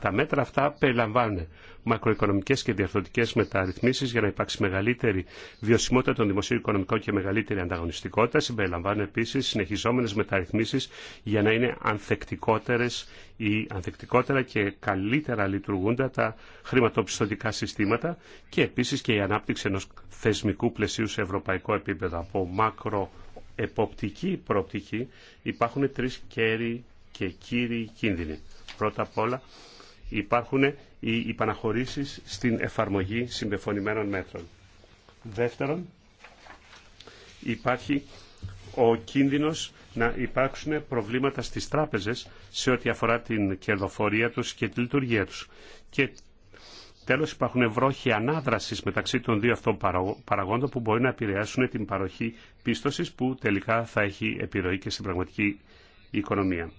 Τα μέτρα αυτά περιλαμβάνουν μακροοικονομικές και διαρθρωτικές μεταρρυθμίσεις για να υπάρξει μεγαλύτερη βιωσιμότητα των δημοσίων οικονομικών και μεγαλύτερη ανταγωνιστικότητα. Συμπεριλαμβάνουν επίσης συνεχιζόμενες μεταρρυθμίσεις για να είναι ανθεκτικότερες ή ανθεκτικότερα και καλύτερα λειτουργούντα τα χρηματοπιστωτικά συστήματα και επίσης και η ανάπτυξη ενός θεσμικού πλαισίου σε ευρωπαϊκό επίπεδο. Από μακροεποπτική προοπτική υπάρχουν τρεις κέρι και κύριοι κίνδυνοι. Πρώτα απ' όλα υπάρχουν οι υπαναχωρήσεις στην εφαρμογή συμπεφωνημένων μέτρων. Δεύτερον, υπάρχει ο κίνδυνος να υπάρξουν προβλήματα στις τράπεζες σε ό,τι αφορά την κερδοφορία τους και τη λειτουργία τους. Και τέλος υπάρχουν βρόχοι ανάδρασης μεταξύ των δύο αυτών παραγόντων που μπορεί να επηρεάσουν την παροχή πίστοσης που τελικά θα έχει επιρροή και στην πραγματική οικονομία.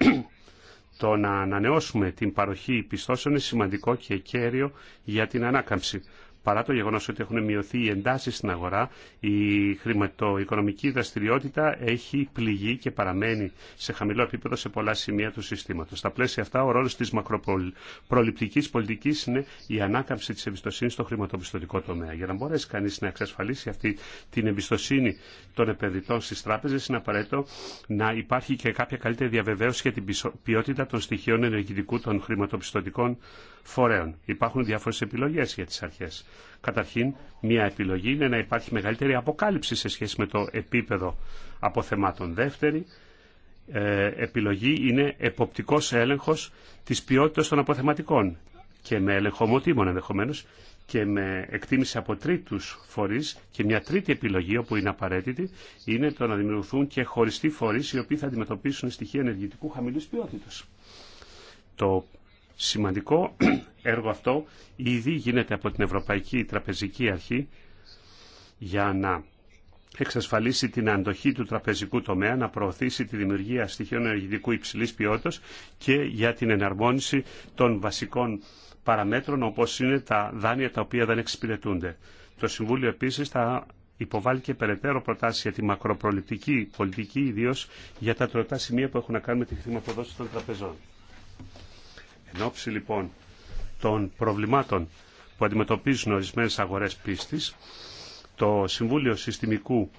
Το να ανανεώσουμε την παροχή πιστώσεων είναι σημαντικό και κέριο για την ανάκαμψη παρά το γεγονό ότι έχουν μειωθεί οι εντάσει στην αγορά, η χρηματοοικονομική δραστηριότητα έχει πληγεί και παραμένει σε χαμηλό επίπεδο σε πολλά σημεία του συστήματο. Στα πλαίσια αυτά, ο ρόλο τη μακροπροληπτική πολιτική είναι η ανάκαμψη τη εμπιστοσύνη στο χρηματοπιστωτικό τομέα. Για να μπορέσει κανεί να εξασφαλίσει αυτή την εμπιστοσύνη των επενδυτών στι τράπεζε, είναι απαραίτητο να υπάρχει και κάποια καλύτερη διαβεβαίωση για την ποιότητα των στοιχείων ενεργητικού των χρηματοπιστωτικών φορέων. Υπάρχουν διάφορες επιλογές για τις αρχές. Καταρχήν, μία επιλογή είναι να υπάρχει μεγαλύτερη αποκάλυψη σε σχέση με το επίπεδο αποθεμάτων. Δεύτερη ε, επιλογή είναι εποπτικός έλεγχος της ποιότητας των αποθεματικών και με έλεγχο ομοτήμων ενδεχομένω και με εκτίμηση από τρίτου φορεί. Και μια τρίτη επιλογή, όπου είναι απαραίτητη, είναι το να δημιουργηθούν και χωριστοί φορεί οι οποίοι θα αντιμετωπίσουν στοιχεία ενεργητικού χαμηλή ποιότητα. Το σημαντικό έργο αυτό ήδη γίνεται από την Ευρωπαϊκή Τραπεζική Αρχή για να εξασφαλίσει την αντοχή του τραπεζικού τομέα, να προωθήσει τη δημιουργία στοιχείων ενεργητικού υψηλής ποιότητας και για την εναρμόνιση των βασικών παραμέτρων όπως είναι τα δάνεια τα οποία δεν εξυπηρετούνται. Το Συμβούλιο επίσης θα υποβάλει και περαιτέρω προτάσει για τη μακροπροληπτική πολιτική, ιδίως για τα τροτά σημεία που έχουν να κάνουν με τη χρηματοδότηση των τραπεζών. Εν όψη λοιπόν των προβλημάτων που αντιμετωπίζουν ορισμένε αγορέ πίστη, το Συμβούλιο Συστημικού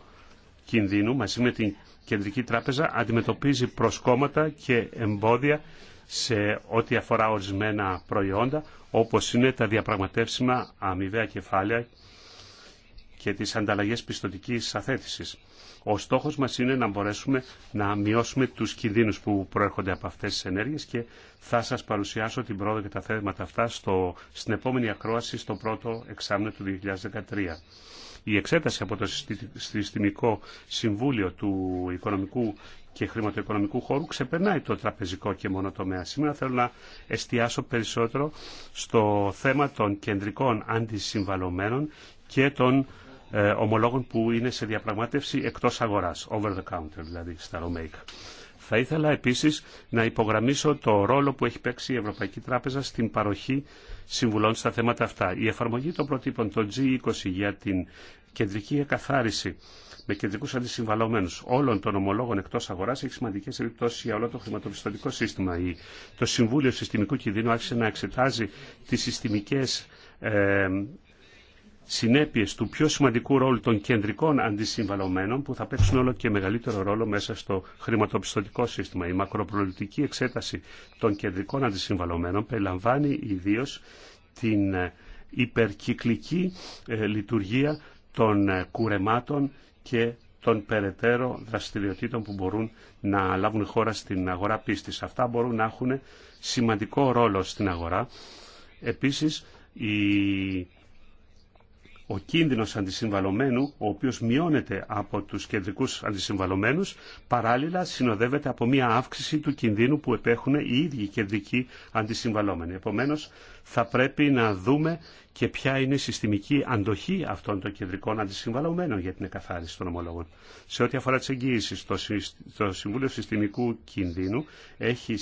Κινδύνου μαζί με την Κεντρική Τράπεζα αντιμετωπίζει προσκόμματα και εμπόδια σε ό,τι αφορά ορισμένα προϊόντα, όπως είναι τα διαπραγματεύσιμα αμοιβαία κεφάλαια και τις ανταλλαγές πιστοτικής αθέτησης. Ο στόχος μας είναι να μπορέσουμε να μειώσουμε τους κινδύνου που προέρχονται από αυτές τις ενέργειες και θα σας παρουσιάσω την πρόοδο και τα θέματα αυτά στο, στην επόμενη ακρόαση στο πρώτο εξάμεινο του 2013. Η εξέταση από το Συστημικό Συμβούλιο του Οικονομικού και Χρηματοοικονομικού Χώρου ξεπερνάει το τραπεζικό και μονοτομέα. Σήμερα θέλω να εστιάσω περισσότερο στο θέμα των κεντρικών αντισυμβαλωμένων και των ε, ομολόγων που είναι σε διαπραγμάτευση εκτός αγοράς, over the counter δηλαδή στα Ρωμαϊκά. Θα ήθελα επίσης να υπογραμμίσω το ρόλο που έχει παίξει η Ευρωπαϊκή Τράπεζα στην παροχή συμβουλών στα θέματα αυτά. Η εφαρμογή των προτύπων των G20 για την κεντρική εκαθάριση με κεντρικού αντισυμβαλωμένου όλων των ομολόγων εκτό αγορά έχει σημαντικέ επιπτώσει για όλο το χρηματοπιστωτικό σύστημα. Το Συμβούλιο Συστημικού Κινδύνου άρχισε να εξετάζει τι συστημικέ ε, συνέπειες του πιο σημαντικού ρόλου των κεντρικών αντισυμβαλωμένων που θα παίξουν όλο και μεγαλύτερο ρόλο μέσα στο χρηματοπιστωτικό σύστημα. Η μακροπροληπτική εξέταση των κεντρικών αντισυμβαλωμένων περιλαμβάνει ιδίω την ε, υπερκυκλική ε, λειτουργία των ε, κουρεμάτων και των περαιτέρω δραστηριοτήτων που μπορούν να λάβουν χώρα στην αγορά πίστης. Αυτά μπορούν να έχουν σημαντικό ρόλο στην αγορά. Επίσης, η ο κίνδυνος αντισυμβαλωμένου, ο οποίος μειώνεται από τους κεντρικούς αντισυμβαλωμένους, παράλληλα συνοδεύεται από μια αύξηση του κινδύνου που επέχουν οι ίδιοι κεντρικοί αντισυμβαλωμένοι. Επομένως, θα πρέπει να δούμε και ποια είναι η συστημική αντοχή αυτών των κεντρικών αντισυμβαλλομένων για την εκαθάριση των ομολόγων. Σε ό,τι αφορά τις εγγύησεις, το Συμβούλιο Συστημικού Κινδύνου έχει,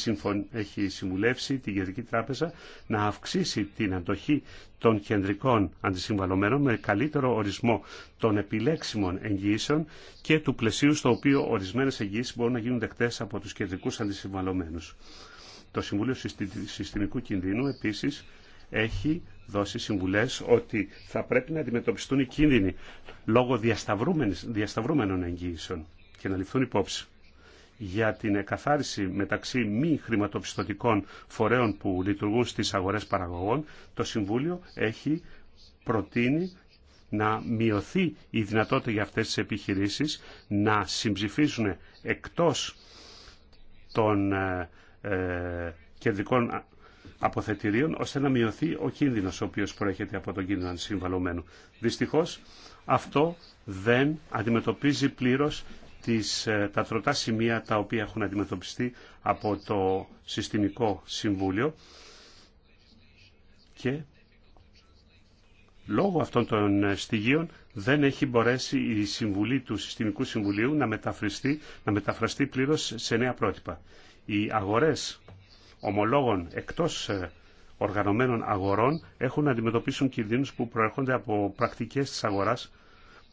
έχει συμβουλεύσει την Κεντρική Τράπεζα να αυξήσει την αντοχή των κεντρικών αντισυμβαλωμένων με καλύτερο ορισμό των επιλέξιμων εγγύησεων και του πλαισίου στο οποίο ορισμένε εγγύησεις μπορούν να γίνουν δεκτές από τους κεντρικού αντισυμβαλωμένου. Το Συμβούλιο Συστημικού Κινδύνου επίσης έχει δώσει συμβουλές ότι θα πρέπει να αντιμετωπιστούν οι κίνδυνοι λόγω διασταυρούμενων εγγύησεων και να ληφθούν υπόψη για την εκαθάριση μεταξύ μη χρηματοπιστωτικών φορέων που λειτουργούν στις αγορές παραγωγών, το Συμβούλιο έχει προτείνει να μειωθεί η δυνατότητα για αυτές τις επιχειρήσεις να συμψηφίσουν εκτός των ε, κεντρικών αποθετηρίων ώστε να μειωθεί ο κίνδυνος ο οποίος προέρχεται από τον κίνδυνο συμβαλωμένου. Δυστυχώς αυτό δεν αντιμετωπίζει πλήρως τις, ε, τα τροτά σημεία τα οποία έχουν αντιμετωπιστεί από το Συστημικό Συμβούλιο και λόγω αυτών των ε, στοιχείων δεν έχει μπορέσει η Συμβουλή του Συστημικού Συμβουλίου να μεταφραστεί, να μεταφραστεί πλήρως σε νέα πρότυπα οι αγορές ομολόγων εκτός ε, οργανωμένων αγορών έχουν να αντιμετωπίσουν κινδύνους που προέρχονται από πρακτικές της αγοράς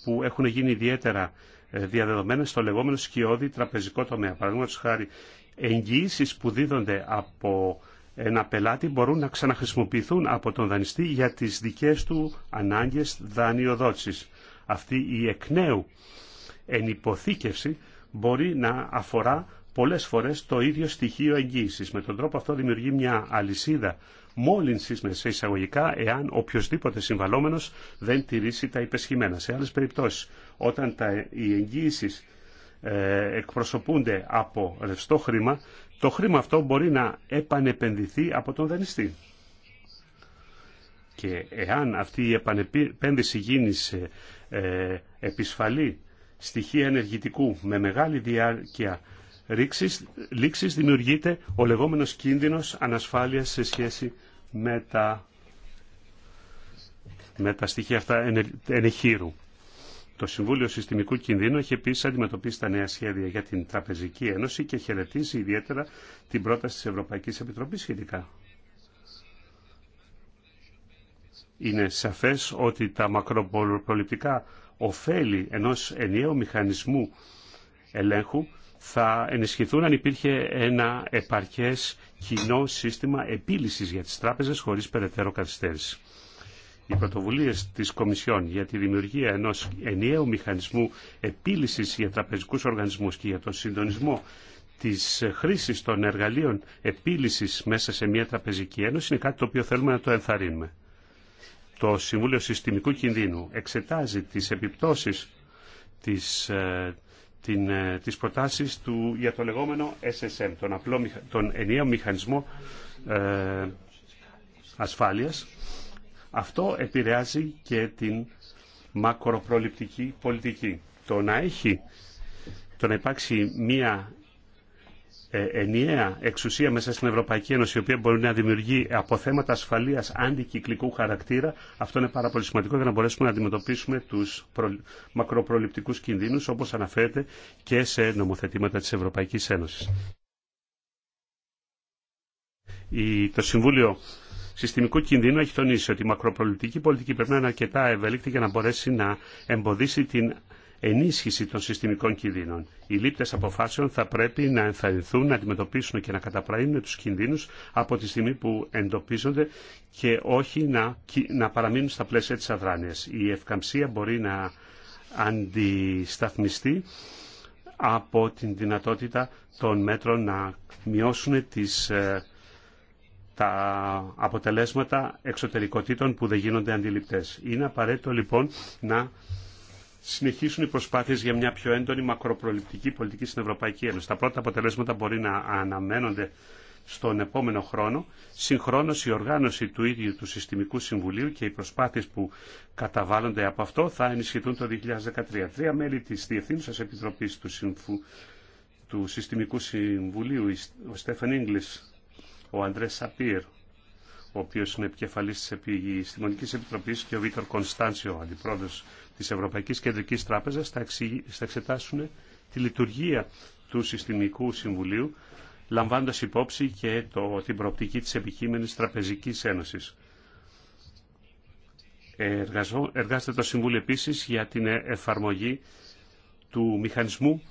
που έχουν γίνει ιδιαίτερα ε, διαδεδομένες στο λεγόμενο σκιώδη τραπεζικό τομέα. Παραδείγματος χάρη, εγγυήσει που δίδονται από ένα πελάτη μπορούν να ξαναχρησιμοποιηθούν από τον δανειστή για τις δικές του ανάγκες δανειοδότησης. Αυτή η εκ νέου ενυποθήκευση μπορεί να αφορά πολλές φορές το ίδιο στοιχείο εγγύησης. Με τον τρόπο αυτό δημιουργεί μια αλυσίδα μόλυνσης σε εισαγωγικά εάν οποιοδήποτε συμβαλόμενο δεν τηρήσει τα υπεσχημένα. Σε άλλες περιπτώσεις, όταν τα, οι εγγύησει ε, εκπροσωπούνται από ρευστό χρήμα, το χρήμα αυτό μπορεί να επανεπενδυθεί από τον δανειστή. Και εάν αυτή η επανεπένδυση γίνει σε ε, επισφαλή στοιχεία ενεργητικού με μεγάλη διάρκεια λήξης δημιουργείται ο λεγόμενος κίνδυνος ανασφάλειας σε σχέση με τα, με τα στοιχεία αυτά ενεχείρου. Το Συμβούλιο Συστημικού Κινδύνου έχει επίση αντιμετωπίσει τα νέα σχέδια για την Τραπεζική Ένωση και χαιρετίζει ιδιαίτερα την πρόταση τη Ευρωπαϊκή Επιτροπή σχετικά. Είναι σαφέ ότι τα μακροπροληπτικά ωφέλη ενό ενιαίου μηχανισμού ελέγχου θα ενισχυθούν αν υπήρχε ένα επαρκές κοινό σύστημα επίλυσης για τις τράπεζες χωρίς περαιτέρω καθυστέρηση. Οι πρωτοβουλίε τη Κομισιόν για τη δημιουργία ενό ενιαίου μηχανισμού επίλυση για τραπεζικού οργανισμού και για τον συντονισμό τη χρήση των εργαλείων επίλυση μέσα σε μια τραπεζική ένωση είναι κάτι το οποίο θέλουμε να το ενθαρρύνουμε. Το Συμβούλιο Συστημικού Κινδύνου εξετάζει τι επιπτώσει της ε, την, ε, τις προτάσεις του, για το λεγόμενο SSM, τον, απλό, τον ενιαίο μηχανισμό ε, ασφάλειας. Αυτό επηρεάζει και την μακροπροληπτική πολιτική. Το να έχει, το να υπάρξει μία ε, ενιαία εξουσία μέσα στην Ευρωπαϊκή Ένωση, η οποία μπορεί να δημιουργεί από θέματα ασφαλείας αντικυκλικού χαρακτήρα, αυτό είναι πάρα πολύ σημαντικό για να μπορέσουμε να αντιμετωπίσουμε τους προ... μακροπροληπτικούς κινδύνους, όπως αναφέρεται και σε νομοθετήματα της Ευρωπαϊκής Ένωσης. Το Συμβούλιο συστημικού κινδύνου έχει τονίσει ότι η μακροπροληπτική πολιτική πρέπει να είναι αρκετά ευέλικτη για να μπορέσει να εμποδίσει την ενίσχυση των συστημικών κινδύνων. Οι λήπτε αποφάσεων θα πρέπει να ενθαρρυνθούν, να αντιμετωπίσουν και να καταπραίνουν του κινδύνου από τη στιγμή που εντοπίζονται και όχι να, να παραμείνουν στα πλαίσια τη αδράνεια. Η ευκαμψία μπορεί να αντισταθμιστεί από την δυνατότητα των μέτρων να μειώσουν τις, ε, τα αποτελέσματα εξωτερικοτήτων που δεν γίνονται αντιληπτές. Είναι απαραίτητο λοιπόν να συνεχίσουν οι προσπάθειες για μια πιο έντονη μακροπροληπτική πολιτική στην Ευρωπαϊκή Ένωση. Τα πρώτα αποτελέσματα μπορεί να αναμένονται στον επόμενο χρόνο. Συγχρόνω, η οργάνωση του ίδιου του Συστημικού Συμβουλίου και οι προσπάθειες που καταβάλλονται από αυτό θα ενισχυθούν το 2013. Τρία μέλη της Διευθύνουσα Επιτροπή του, του Συστημικού Συμβουλίου, ο Στέφαν Ίγκλης, ο Αντρέ Σαπίρ, ο οποίο είναι επικεφαλή τη Επιστημονική Επιτροπή και ο Βίτορ Κωνσταντσιο, αντιπρόεδρο της Ευρωπαϊκής Κεντρικής Τράπεζας θα, εξετάσουν τη λειτουργία του Συστημικού Συμβουλίου λαμβάνοντας υπόψη και το, την προοπτική της επικείμενης Τραπεζικής Ένωσης. Εργαζό, εργάζεται το Συμβούλιο επίσης για την εφαρμογή του μηχανισμού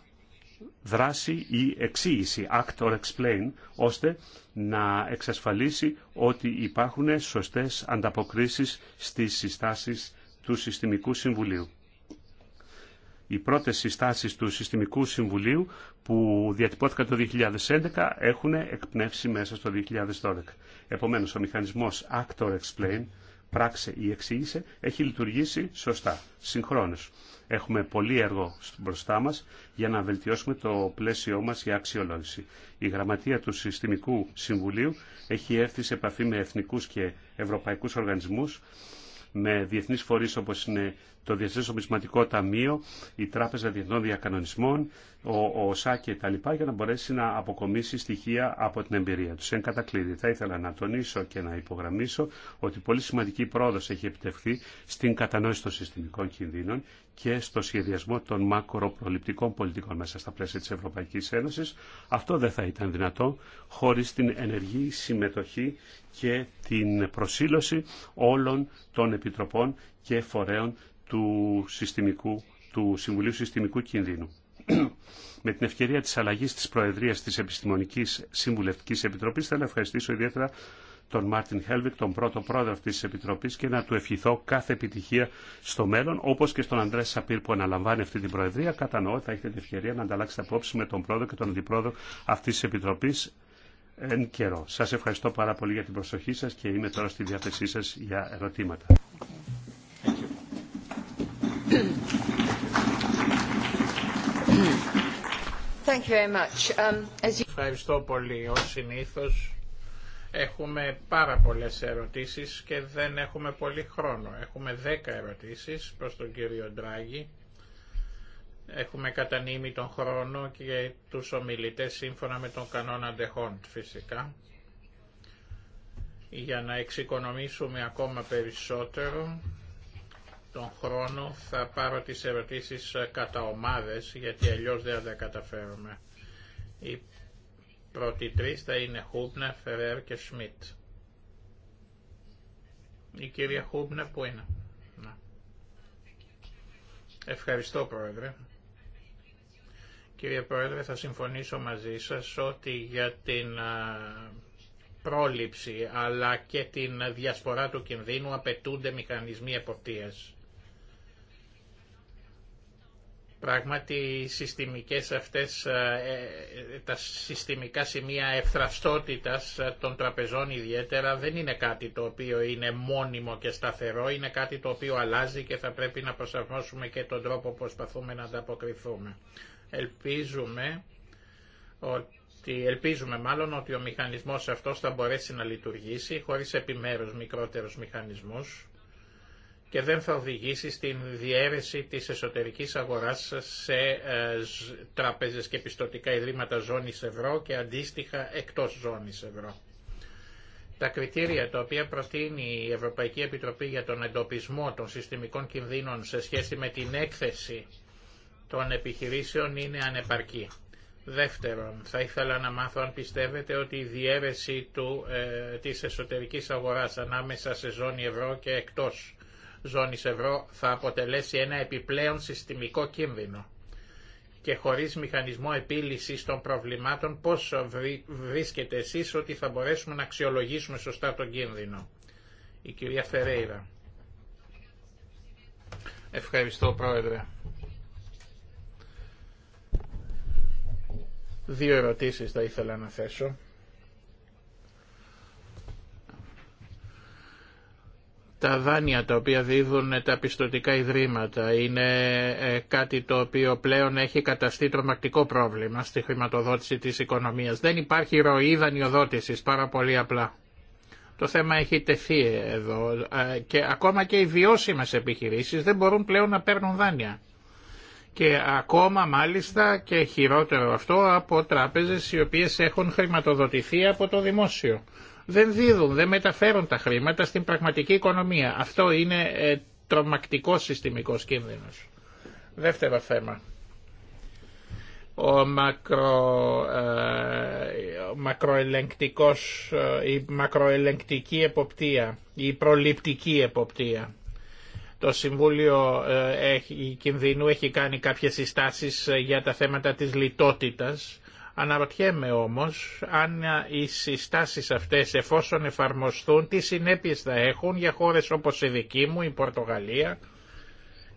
δράση ή εξήγηση, act or explain, ώστε να εξασφαλίσει ότι υπάρχουν σωστές ανταποκρίσεις στις συστάσεις του Συστημικού Συμβουλίου. Οι πρώτες συστάσεις του Συστημικού Συμβουλίου που διατυπώθηκαν το 2011 έχουν εκπνεύσει μέσα στο 2012. Επομένως, ο μηχανισμός Actor Explain, πράξε ή εξήγησε, έχει λειτουργήσει σωστά, συγχρόνως. Έχουμε πολύ έργο μπροστά μας για να βελτιώσουμε το πλαίσιό μας για αξιολόγηση. Η Γραμματεία του Συστημικού Συμβουλίου έχει έρθει σε επαφή με εθνικούς και ευρωπαϊκούς οργανισμούς με διεθνείς φορείς όπως είναι το Διεθνές Ομισματικό Ταμείο, η Τράπεζα Διεθνών Διακανονισμών, ο, ΟΣΑ και τα λοιπά για να μπορέσει να αποκομίσει στοιχεία από την εμπειρία τους. Εν κατακλείδη θα ήθελα να τονίσω και να υπογραμμίσω ότι πολύ σημαντική πρόοδος έχει επιτευχθεί στην κατανόηση των συστημικών κινδύνων και στο σχεδιασμό των μακροπροληπτικών πολιτικών μέσα στα πλαίσια της Ευρωπαϊκής Ένωσης. Αυτό δεν θα ήταν δυνατό χωρίς την ενεργή συμμετοχή και την προσήλωση όλων των επιτροπών και φορέων του, συστημικού, του Συμβουλίου Συστημικού Κινδύνου. Με την ευκαιρία της αλλαγής της Προεδρίας της Επιστημονικής Συμβουλευτικής Επιτροπής θέλω να ευχαριστήσω ιδιαίτερα τον Μάρτιν Χέλβικ, τον πρώτο πρόεδρο αυτής της Επιτροπής και να του ευχηθώ κάθε επιτυχία στο μέλλον, όπως και στον Αντρέ Σαπίρ που αναλαμβάνει αυτή την Προεδρία. Κατανοώ, θα έχετε την ευκαιρία να ανταλλάξετε απόψη με τον πρόεδρο και τον αντιπρόεδρο αυτής της Επιτροπής εν καιρό. Σας ευχαριστώ πάρα πολύ για την προσοχή σας και είμαι τώρα στη διάθεσή σας για ερωτήματα. Um, ευχαριστώ πολύ. Ως συνήθως Έχουμε πάρα πολλές ερωτήσεις και δεν έχουμε πολύ χρόνο. Έχουμε δέκα ερωτήσεις προς τον κύριο Ντράγη. Έχουμε κατανείμει τον χρόνο και τους ομιλητές σύμφωνα με τον κανόνα αντεχών φυσικά. Για να εξοικονομήσουμε ακόμα περισσότερο τον χρόνο θα πάρω τις ερωτήσεις κατά ομάδες γιατί αλλιώς δεν θα τα καταφέρουμε. Πρώτοι τρει θα είναι Χούμπνερ, Φερέρ και Σμιτ. Η κυρία Χούμπνερ που είναι. Ευχαριστώ Πρόεδρε. Κύριε Πρόεδρε, θα συμφωνήσω μαζί σας ότι για την πρόληψη αλλά και την διασπορά του κινδύνου απαιτούνται μηχανισμοί εποπτείας. Πράγματι οι συστημικές αυτές, ε, ε, τα συστημικά σημεία ευθραστότητας ε, των τραπεζών ιδιαίτερα δεν είναι κάτι το οποίο είναι μόνιμο και σταθερό, είναι κάτι το οποίο αλλάζει και θα πρέπει να προσαρμόσουμε και τον τρόπο που προσπαθούμε να ανταποκριθούμε. Ελπίζουμε ότι ελπίζουμε μάλλον ότι ο μηχανισμός αυτός θα μπορέσει να λειτουργήσει χωρίς επιμέρους μικρότερους μηχανισμούς και δεν θα οδηγήσει στην διαίρεση της εσωτερικής αγοράς σε ε, τράπεζες και πιστοτικά ιδρύματα ζώνης ευρώ και αντίστοιχα εκτός ζώνης ευρώ. Τα κριτήρια τα οποία προτείνει η Ευρωπαϊκή Επιτροπή για τον εντοπισμό των συστημικών κινδύνων σε σχέση με την έκθεση των επιχειρήσεων είναι ανεπαρκή. Δεύτερον, θα ήθελα να μάθω αν πιστεύετε ότι η διέρεση του, ε, της εσωτερικής αγοράς ανάμεσα σε ζώνη ευρώ και εκτός Ζώνη ευρώ θα αποτελέσει ένα επιπλέον συστημικό κίνδυνο. Και χωρίς μηχανισμό επίλυσης των προβλημάτων πώς βρίσκετε εσείς ότι θα μπορέσουμε να αξιολογήσουμε σωστά τον κίνδυνο. Η κυρία Φερέιρα. Ευχαριστώ πρόεδρε. Δύο ερωτήσεις θα ήθελα να θέσω. τα δάνεια τα οποία δίδουν τα πιστοτικά ιδρύματα είναι ε, κάτι το οποίο πλέον έχει καταστεί τρομακτικό πρόβλημα στη χρηματοδότηση της οικονομίας. Δεν υπάρχει ροή δανειοδότησης, πάρα πολύ απλά. Το θέμα έχει τεθεί εδώ ε, και ακόμα και οι βιώσιμες επιχειρήσεις δεν μπορούν πλέον να παίρνουν δάνεια. Και ακόμα μάλιστα και χειρότερο αυτό από τράπεζες οι οποίες έχουν χρηματοδοτηθεί από το δημόσιο δεν δίδουν, δεν μεταφέρουν τα χρήματα στην πραγματική οικονομία. Αυτό είναι ε, τρομακτικό συστημικό κίνδυνο. Δεύτερο θέμα. Ο, μακρο, ε, μακροελεγκτικός, ε, η μακροελεγκτική εποπτεία, η προληπτική εποπτεία. Το Συμβούλιο έχει, Κινδυνού έχει κάνει κάποιες συστάσεις για τα θέματα της λιτότητας Αναρωτιέμαι όμως αν οι συστάσεις αυτές εφόσον εφαρμοστούν τι συνέπειες θα έχουν για χώρες όπως η δική μου, η Πορτογαλία,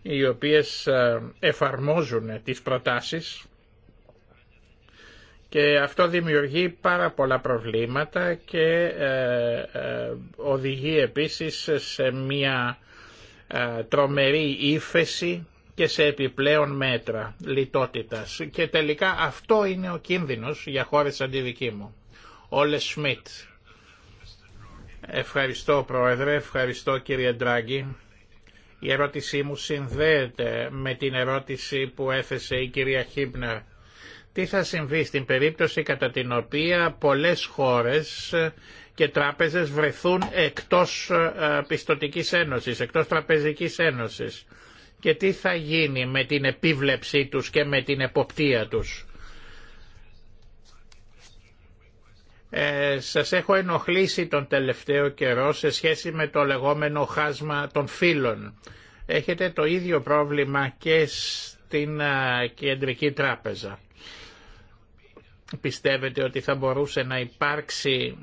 οι οποίες εφαρμόζουν τις προτάσεις και αυτό δημιουργεί πάρα πολλά προβλήματα και ε, ε, οδηγεί επίσης σε μια τρομερή ύφεση και σε επιπλέον μέτρα λιτότητας. Και τελικά αυτό είναι ο κίνδυνος για χώρες σαν τη δική μου. Όλε Σμιτ. Ευχαριστώ Πρόεδρε, ευχαριστώ κύριε Ντράγκη. Η ερώτησή μου συνδέεται με την ερώτηση που έθεσε η κυρία Χίμπνερ. Τι θα συμβεί στην περίπτωση κατά την οποία πολλές χώρες και τράπεζες βρεθούν εκτός ε, πιστοτικής ένωσης, εκτός τραπεζικής ένωσης και τι θα γίνει με την επίβλεψή τους και με την εποπτεία τους. Ε, σας έχω ενοχλήσει τον τελευταίο καιρό σε σχέση με το λεγόμενο χάσμα των φύλων. Έχετε το ίδιο πρόβλημα και στην ε, Κεντρική Τράπεζα. Πιστεύετε ότι θα μπορούσε να υπάρξει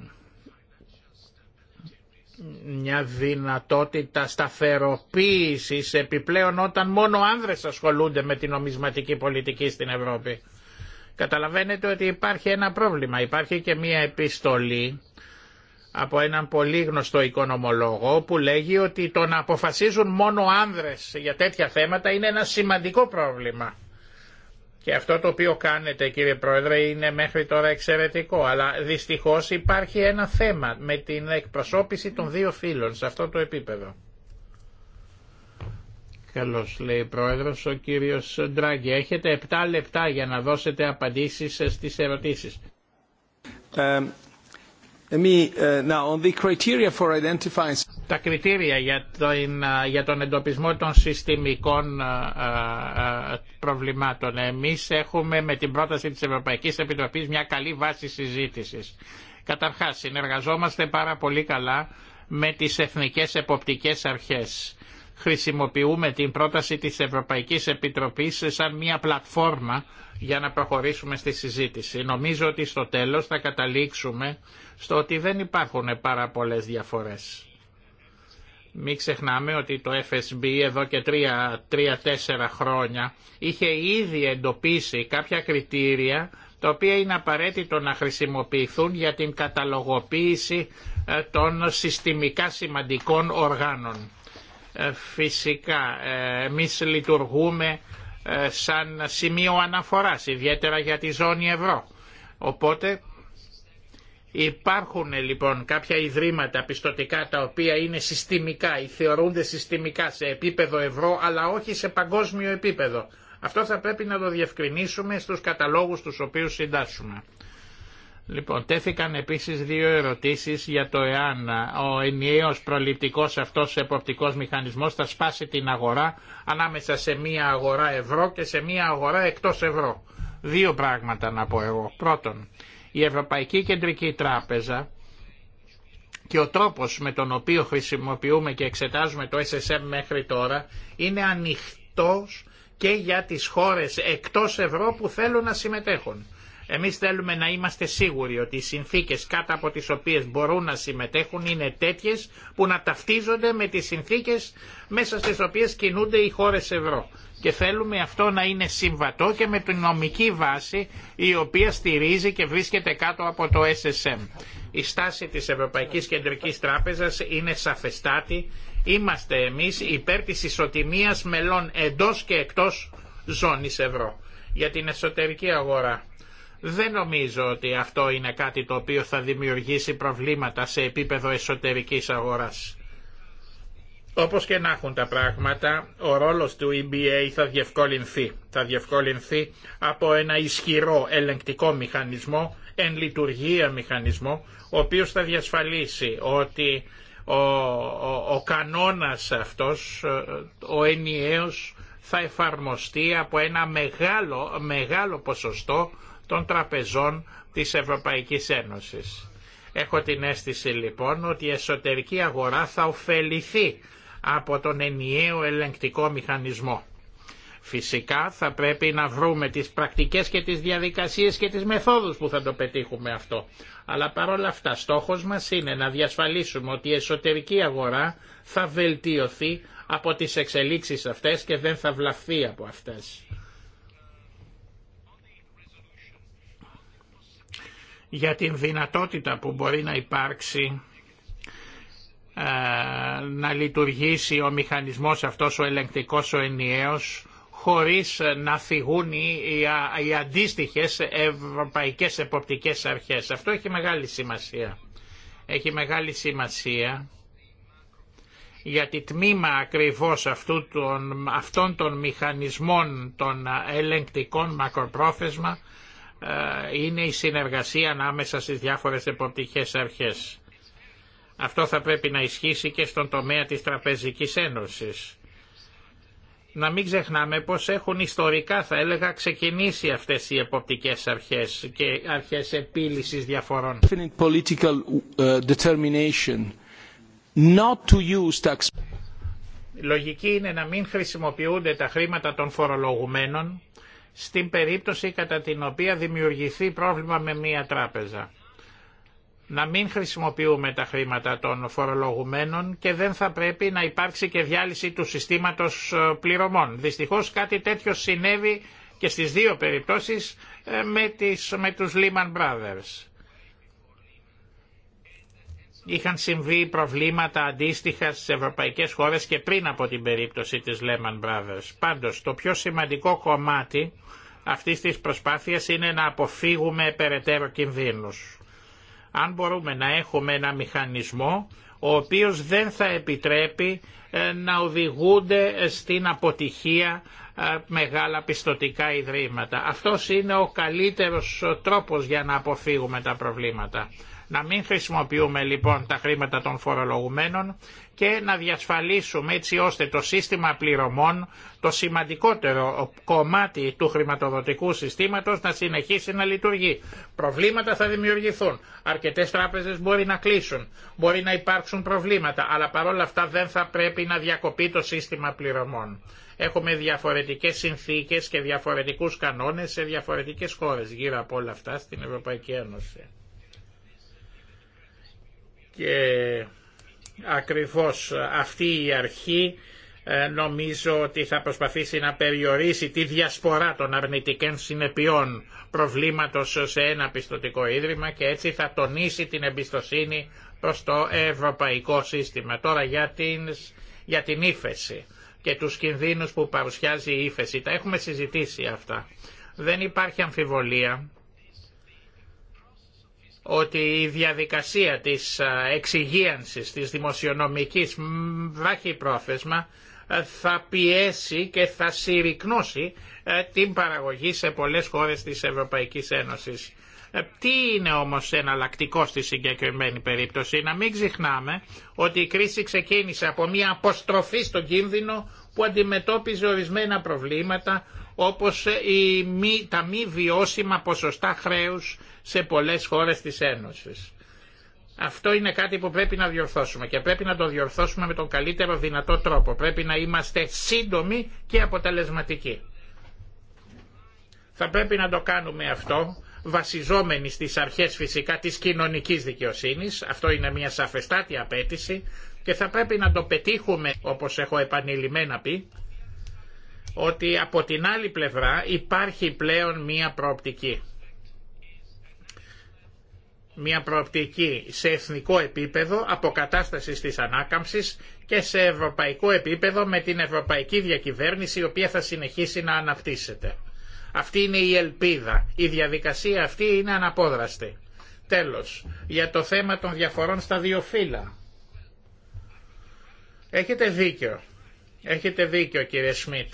μια δυνατότητα σταθεροποίησης επιπλέον όταν μόνο άνδρες ασχολούνται με την νομισματική πολιτική στην Ευρώπη. Καταλαβαίνετε ότι υπάρχει ένα πρόβλημα. Υπάρχει και μια επιστολή από έναν πολύ γνωστό οικονομολόγο που λέγει ότι το να αποφασίζουν μόνο άνδρες για τέτοια θέματα είναι ένα σημαντικό πρόβλημα. Και αυτό το οποίο κάνετε κύριε Πρόεδρε είναι μέχρι τώρα εξαιρετικό, αλλά δυστυχώς υπάρχει ένα θέμα με την εκπροσώπηση των δύο φίλων σε αυτό το επίπεδο. Καλώς λέει Πρόεδρος, ο κύριος Ντράγκη. Έχετε 7 λεπτά για να δώσετε απαντήσεις στις ερωτήσεις. Um, me, uh, now on the criteria for identifying τα κριτήρια για τον, για τον εντοπισμό των συστημικών προβλημάτων. Εμείς έχουμε με την πρόταση της Ευρωπαϊκής Επιτροπής μια καλή βάση συζήτησης. Καταρχάς, συνεργαζόμαστε πάρα πολύ καλά με τις εθνικές εποπτικές αρχές. Χρησιμοποιούμε την πρόταση της Ευρωπαϊκής Επιτροπής σαν μια πλατφόρμα για να προχωρήσουμε στη συζήτηση. Νομίζω ότι στο τέλος θα καταλήξουμε στο ότι δεν υπάρχουν πάρα πολλές διαφορές. Μην ξεχνάμε ότι το FSB εδώ και 3-4 χρόνια είχε ήδη εντοπίσει κάποια κριτήρια τα οποία είναι απαραίτητο να χρησιμοποιηθούν για την καταλογοποίηση ε, των συστημικά σημαντικών οργάνων. Ε, φυσικά, ε, εμεί λειτουργούμε σαν σημείο αναφοράς, ιδιαίτερα για τη ζώνη ευρώ. Οπότε Υπάρχουν λοιπόν κάποια ιδρύματα πιστοτικά τα οποία είναι συστημικά ή θεωρούνται συστημικά σε επίπεδο ευρώ αλλά όχι σε παγκόσμιο επίπεδο. Αυτό θα πρέπει να το διευκρινίσουμε στους καταλόγους τους οποίους συντάσσουμε. Λοιπόν, τέθηκαν επίσης δύο ερωτήσεις για το εάν ο ενιαίος προληπτικός αυτός εποπτικός μηχανισμός θα σπάσει την αγορά ανάμεσα σε μία αγορά ευρώ και σε μία αγορά εκτός ευρώ. Δύο πράγματα να πω εγώ. Πρώτον, η Ευρωπαϊκή Κεντρική Τράπεζα και ο τρόπος με τον οποίο χρησιμοποιούμε και εξετάζουμε το SSM μέχρι τώρα είναι ανοιχτός και για τις χώρες εκτός ευρώ που θέλουν να συμμετέχουν. Εμείς θέλουμε να είμαστε σίγουροι ότι οι συνθήκες κάτω από τις οποίες μπορούν να συμμετέχουν είναι τέτοιες που να ταυτίζονται με τις συνθήκες μέσα στις οποίες κινούνται οι χώρες ευρώ. Και θέλουμε αυτό να είναι συμβατό και με την νομική βάση η οποία στηρίζει και βρίσκεται κάτω από το SSM. Η στάση της Ευρωπαϊκής Κεντρικής Τράπεζας είναι σαφεστάτη. Είμαστε εμείς υπέρ της ισοτιμίας μελών εντός και εκτός ζώνης ευρώ. Για την εσωτερική αγορά δεν νομίζω ότι αυτό είναι κάτι το οποίο θα δημιουργήσει προβλήματα σε επίπεδο εσωτερικής αγοράς. Όπως και να έχουν τα πράγματα, ο ρόλος του EBA θα διευκολυνθεί. Θα διευκολυνθεί από ένα ισχυρό ελεγκτικό μηχανισμό, εν λειτουργία μηχανισμό, ο οποίος θα διασφαλίσει ότι ο, ο, ο κανόνας αυτός, ο ενιαίος, θα εφαρμοστεί από ένα μεγάλο, μεγάλο ποσοστό των τραπεζών της Ευρωπαϊκής Ένωσης. Έχω την αίσθηση λοιπόν ότι η εσωτερική αγορά θα ωφεληθεί από τον ενιαίο ελεγκτικό μηχανισμό. Φυσικά θα πρέπει να βρούμε τις πρακτικές και τις διαδικασίες και τις μεθόδους που θα το πετύχουμε αυτό. Αλλά παρόλα αυτά στόχος μας είναι να διασφαλίσουμε ότι η εσωτερική αγορά θα βελτιωθεί από τις εξελίξεις αυτές και δεν θα βλαφθεί από αυτές. για την δυνατότητα που μπορεί να υπάρξει ε, να λειτουργήσει ο μηχανισμός αυτός ο ελεγκτικός ο ενιαίος χωρίς να φυγούν οι αντίστοιχες ευρωπαϊκές εποπτικές αρχές. Αυτό έχει μεγάλη σημασία. Έχει μεγάλη σημασία γιατί τμήμα ακριβώς αυτών των μηχανισμών των ελεγκτικών μακροπρόθεσμα ε, είναι η συνεργασία ανάμεσα στις διάφορες εποπτικές αρχές. Αυτό θα πρέπει να ισχύσει και στον τομέα της Τραπεζικής Ένωσης. Να μην ξεχνάμε πως έχουν ιστορικά, θα έλεγα, ξεκινήσει αυτές οι εποπτικές αρχές και αρχές επίλυσης διαφορών. Uh, Λογική είναι να μην χρησιμοποιούνται τα χρήματα των φορολογουμένων στην περίπτωση κατά την οποία δημιουργηθεί πρόβλημα με μία τράπεζα. Να μην χρησιμοποιούμε τα χρήματα των φορολογουμένων και δεν θα πρέπει να υπάρξει και διάλυση του συστήματος ε, πληρωμών. Δυστυχώς κάτι τέτοιο συνέβη και στις δύο περιπτώσεις ε, με, τις, με τους Lehman Brothers. Είχαν συμβεί προβλήματα αντίστοιχα στις ευρωπαϊκές χώρες και πριν από την περίπτωση της Lehman Brothers. Πάντως, το πιο σημαντικό κομμάτι αυτής της προσπάθειας είναι να αποφύγουμε περαιτέρω κινδύνους. Αν μπορούμε να έχουμε ένα μηχανισμό ο οποίος δεν θα επιτρέπει ε, να οδηγούνται στην αποτυχία ε, μεγάλα πιστοτικά ιδρύματα. Αυτός είναι ο καλύτερος τρόπος για να αποφύγουμε τα προβλήματα. Να μην χρησιμοποιούμε λοιπόν τα χρήματα των φορολογουμένων και να διασφαλίσουμε έτσι ώστε το σύστημα πληρωμών, το σημαντικότερο κομμάτι του χρηματοδοτικού συστήματος να συνεχίσει να λειτουργεί. Προβλήματα θα δημιουργηθούν. Αρκετές τράπεζες μπορεί να κλείσουν, μπορεί να υπάρξουν προβλήματα, αλλά παρόλα αυτά δεν θα πρέπει να διακοπεί το σύστημα πληρωμών. Έχουμε διαφορετικές συνθήκες και διαφορετικούς κανόνες σε διαφορετικές χώρες γύρω από όλα αυτά στην Ευρωπαϊκή Ένωση. Και ακριβώς αυτή η αρχή ε, νομίζω ότι θα προσπαθήσει να περιορίσει τη διασπορά των αρνητικών συνεπειών προβλήματος σε ένα πιστοτικό ίδρυμα και έτσι θα τονίσει την εμπιστοσύνη προς το ευρωπαϊκό σύστημα. Τώρα για την, για την ύφεση και τους κινδύνους που παρουσιάζει η ύφεση. Τα έχουμε συζητήσει αυτά. Δεν υπάρχει αμφιβολία ότι η διαδικασία της εξυγίανσης, της δημοσιονομικής βάχη πρόθεσμα θα πιέσει και θα συρρυκνώσει την παραγωγή σε πολλές χώρες της Ευρωπαϊκής Ένωσης. Ε, τι είναι όμως εναλλακτικό στη συγκεκριμένη περίπτωση. Να μην ξεχνάμε ότι η κρίση ξεκίνησε από μια αποστροφή στον κίνδυνο που αντιμετώπιζε ορισμένα προβλήματα όπως ε, η τα μη βιώσιμα ποσοστά χρέους σε πολλές χώρες της Ένωσης. Αυτό είναι κάτι που πρέπει να διορθώσουμε και πρέπει να το διορθώσουμε με τον καλύτερο δυνατό τρόπο. Πρέπει να είμαστε σύντομοι και αποτελεσματικοί. Θα πρέπει να το κάνουμε αυτό βασιζόμενοι στις αρχές φυσικά της κοινωνικής δικαιοσύνης, αυτό είναι μια σαφεστάτη απέτηση και θα πρέπει να το πετύχουμε όπως έχω επανειλημμένα πει ότι από την άλλη πλευρά υπάρχει πλέον μια προοπτική μια προοπτική σε εθνικό επίπεδο αποκατάστασης της ανάκαμψης και σε ευρωπαϊκό επίπεδο με την ευρωπαϊκή διακυβέρνηση η οποία θα συνεχίσει να αναπτύσσεται. Αυτή είναι η ελπίδα. Η διαδικασία αυτή είναι αναπόδραστη. Τέλος, για το θέμα των διαφορών στα δύο φύλλα. Έχετε δίκιο. Έχετε δίκιο κύριε Σμιτ.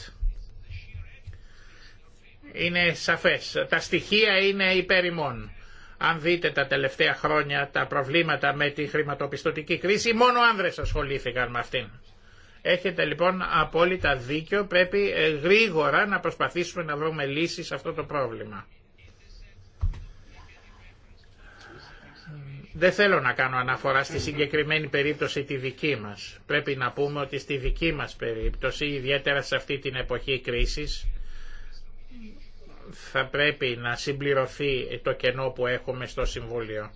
Είναι σαφές. Τα στοιχεία είναι υπερημών αν δείτε τα τελευταία χρόνια τα προβλήματα με τη χρηματοπιστωτική κρίση, μόνο άνδρες ασχολήθηκαν με αυτήν. Έχετε λοιπόν απόλυτα δίκιο, πρέπει ε, γρήγορα να προσπαθήσουμε να βρούμε λύσεις σε αυτό το πρόβλημα. Δεν θέλω να κάνω αναφορά στη συγκεκριμένη περίπτωση τη δική μας. Πρέπει να πούμε ότι στη δική μας περίπτωση, ιδιαίτερα σε αυτή την εποχή κρίσης, θα πρέπει να συμπληρωθεί το κενό που έχουμε στο Συμβούλιο.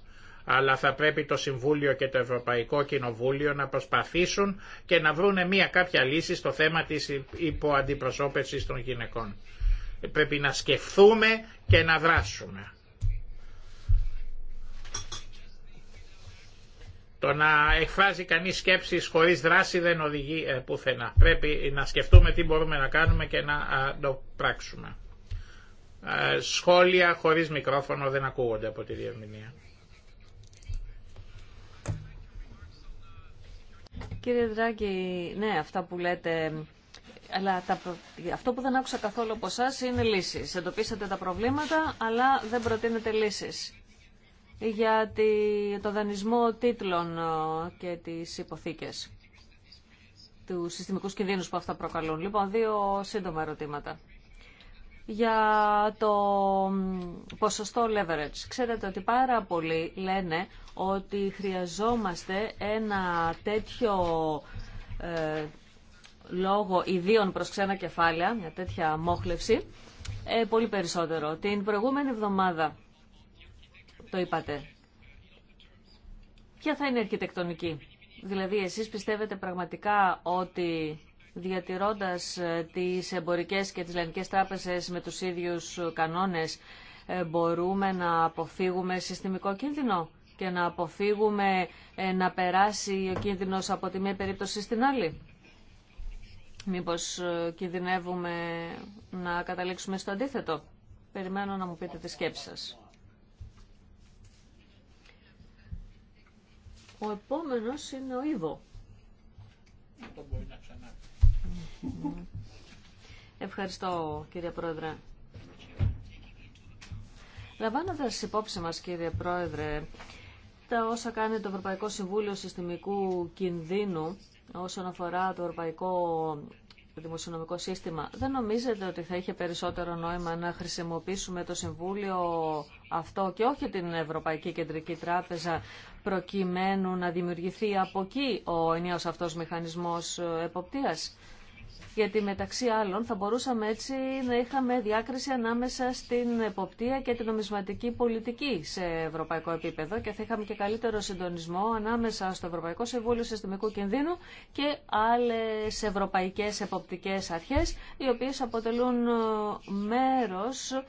Αλλά θα πρέπει το Συμβούλιο και το Ευρωπαϊκό Κοινοβούλιο να προσπαθήσουν και να βρουν μια κάποια λύση στο θέμα της υποαντιπροσώπευσης των γυναικών. Πρέπει να σκεφτούμε και να δράσουμε. Το να εκφράζει κανείς σκέψεις χωρίς δράση δεν οδηγεί ε, πουθενά. Πρέπει να σκεφτούμε τι μπορούμε να κάνουμε και να το πράξουμε. Ε, σχόλια χωρίς μικρόφωνο δεν ακούγονται από τη διαμηνία Κύριε Δράκη ναι, αυτά που λέτε, αλλά τα, αυτό που δεν άκουσα καθόλου από εσά είναι λύσεις. Εντοπίσατε τα προβλήματα, αλλά δεν προτείνετε λύσεις. Για το δανεισμό τίτλων ε, και τις υποθήκες του συστημικού κινδύνους που αυτά προκαλούν. Λοιπόν, δύο σύντομα ερωτήματα για το ποσοστό leverage. Ξέρετε ότι πάρα πολλοί λένε ότι χρειαζόμαστε ένα τέτοιο ε, λόγο ιδίων προς ξένα κεφάλαια, μια τέτοια μόχλευση, ε, πολύ περισσότερο. Την προηγούμενη εβδομάδα το είπατε. Ποια θα είναι η αρχιτεκτονική. Δηλαδή εσείς πιστεύετε πραγματικά ότι διατηρώντας ε, τις εμπορικές και τις λαϊκές τράπεζες με τους ίδιους ε, κανόνες ε, μπορούμε να αποφύγουμε συστημικό κίνδυνο και να αποφύγουμε να περάσει ο κίνδυνος από τη μία περίπτωση στην άλλη. Μήπως κινδυνεύουμε να καταλήξουμε στο αντίθετο. Περιμένω να μου πείτε τη σκέψη σας. Ο επόμενος είναι ο Ήβο. Ευχαριστώ κύριε Πρόεδρε. Λαμβάνοντα υπόψη μας κύριε Πρόεδρε, τα όσα κάνει το Ευρωπαϊκό Συμβούλιο Συστημικού Κινδύνου όσον αφορά το Ευρωπαϊκό Δημοσιονομικό Σύστημα, δεν νομίζετε ότι θα είχε περισσότερο νόημα να χρησιμοποιήσουμε το Συμβούλιο αυτό και όχι την Ευρωπαϊκή Κεντρική Τράπεζα προκειμένου να δημιουργηθεί από εκεί ο ενιαίος αυτός μηχανισμός εποπτείας γιατί μεταξύ άλλων θα μπορούσαμε έτσι να είχαμε διάκριση ανάμεσα στην εποπτεία και την νομισματική πολιτική σε ευρωπαϊκό επίπεδο και θα είχαμε και καλύτερο συντονισμό ανάμεσα στο Ευρωπαϊκό Συμβούλιο Συστημικού Κινδύνου και άλλες ευρωπαϊκές εποπτικές αρχές, οι οποίες αποτελούν ε, μέρος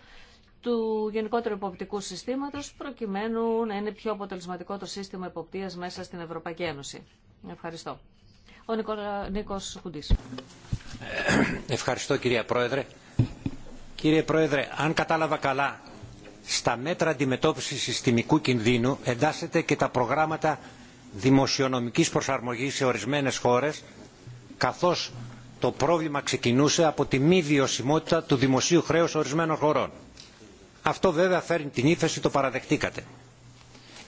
του γενικότερου εποπτικού συστήματος προκειμένου να είναι πιο αποτελεσματικό το σύστημα εποπτείας μέσα στην Ευρωπαϊκή Ένωση. Ευχαριστώ. Ο Νίκος Χουντής. Ευχαριστώ κυρία Πρόεδρε. Κύριε Πρόεδρε, αν κατάλαβα καλά, στα μέτρα αντιμετώπισης συστημικού κινδύνου εντάσσεται και τα προγράμματα δημοσιονομικής προσαρμογής σε ορισμένες χώρες, καθώς το πρόβλημα ξεκινούσε από τη μη βιωσιμότητα του δημοσίου χρέους ορισμένων χωρών. Αυτό βέβαια φέρνει την ύφεση, το παραδεχτήκατε.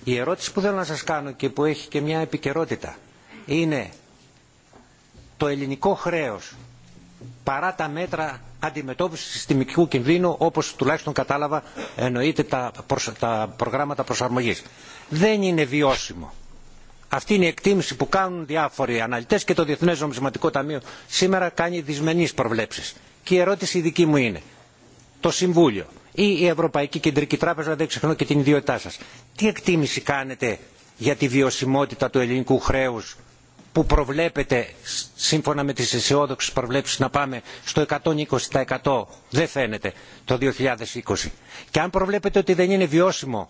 Η ερώτηση που θέλω να σας κάνω και που έχει και μια επικαιρότητα είναι το ελληνικό χρέος παρά τα μέτρα αντιμετώπισης συστημικού κινδύνου όπως τουλάχιστον κατάλαβα εννοείται τα, προγράμματα προσαρμογής. Δεν είναι βιώσιμο. Αυτή είναι η εκτίμηση που κάνουν διάφοροι αναλυτές και το Διεθνές Νομισματικό Ταμείο σήμερα κάνει δυσμενείς προβλέψεις. Και η ερώτηση δική μου είναι, το Συμβούλιο ή η Ευρωπαϊκή Κεντρική Τράπεζα, δεν ξεχνώ και την ιδιότητά σας, τι εκτίμηση κάνετε για τη βιωσιμότητα του ελληνικού χρέους που προβλέπεται σύμφωνα με τις αισιόδοξες προβλέψεις να πάμε στο 120% δεν φαίνεται το 2020. Και αν προβλέπετε ότι δεν είναι βιώσιμο,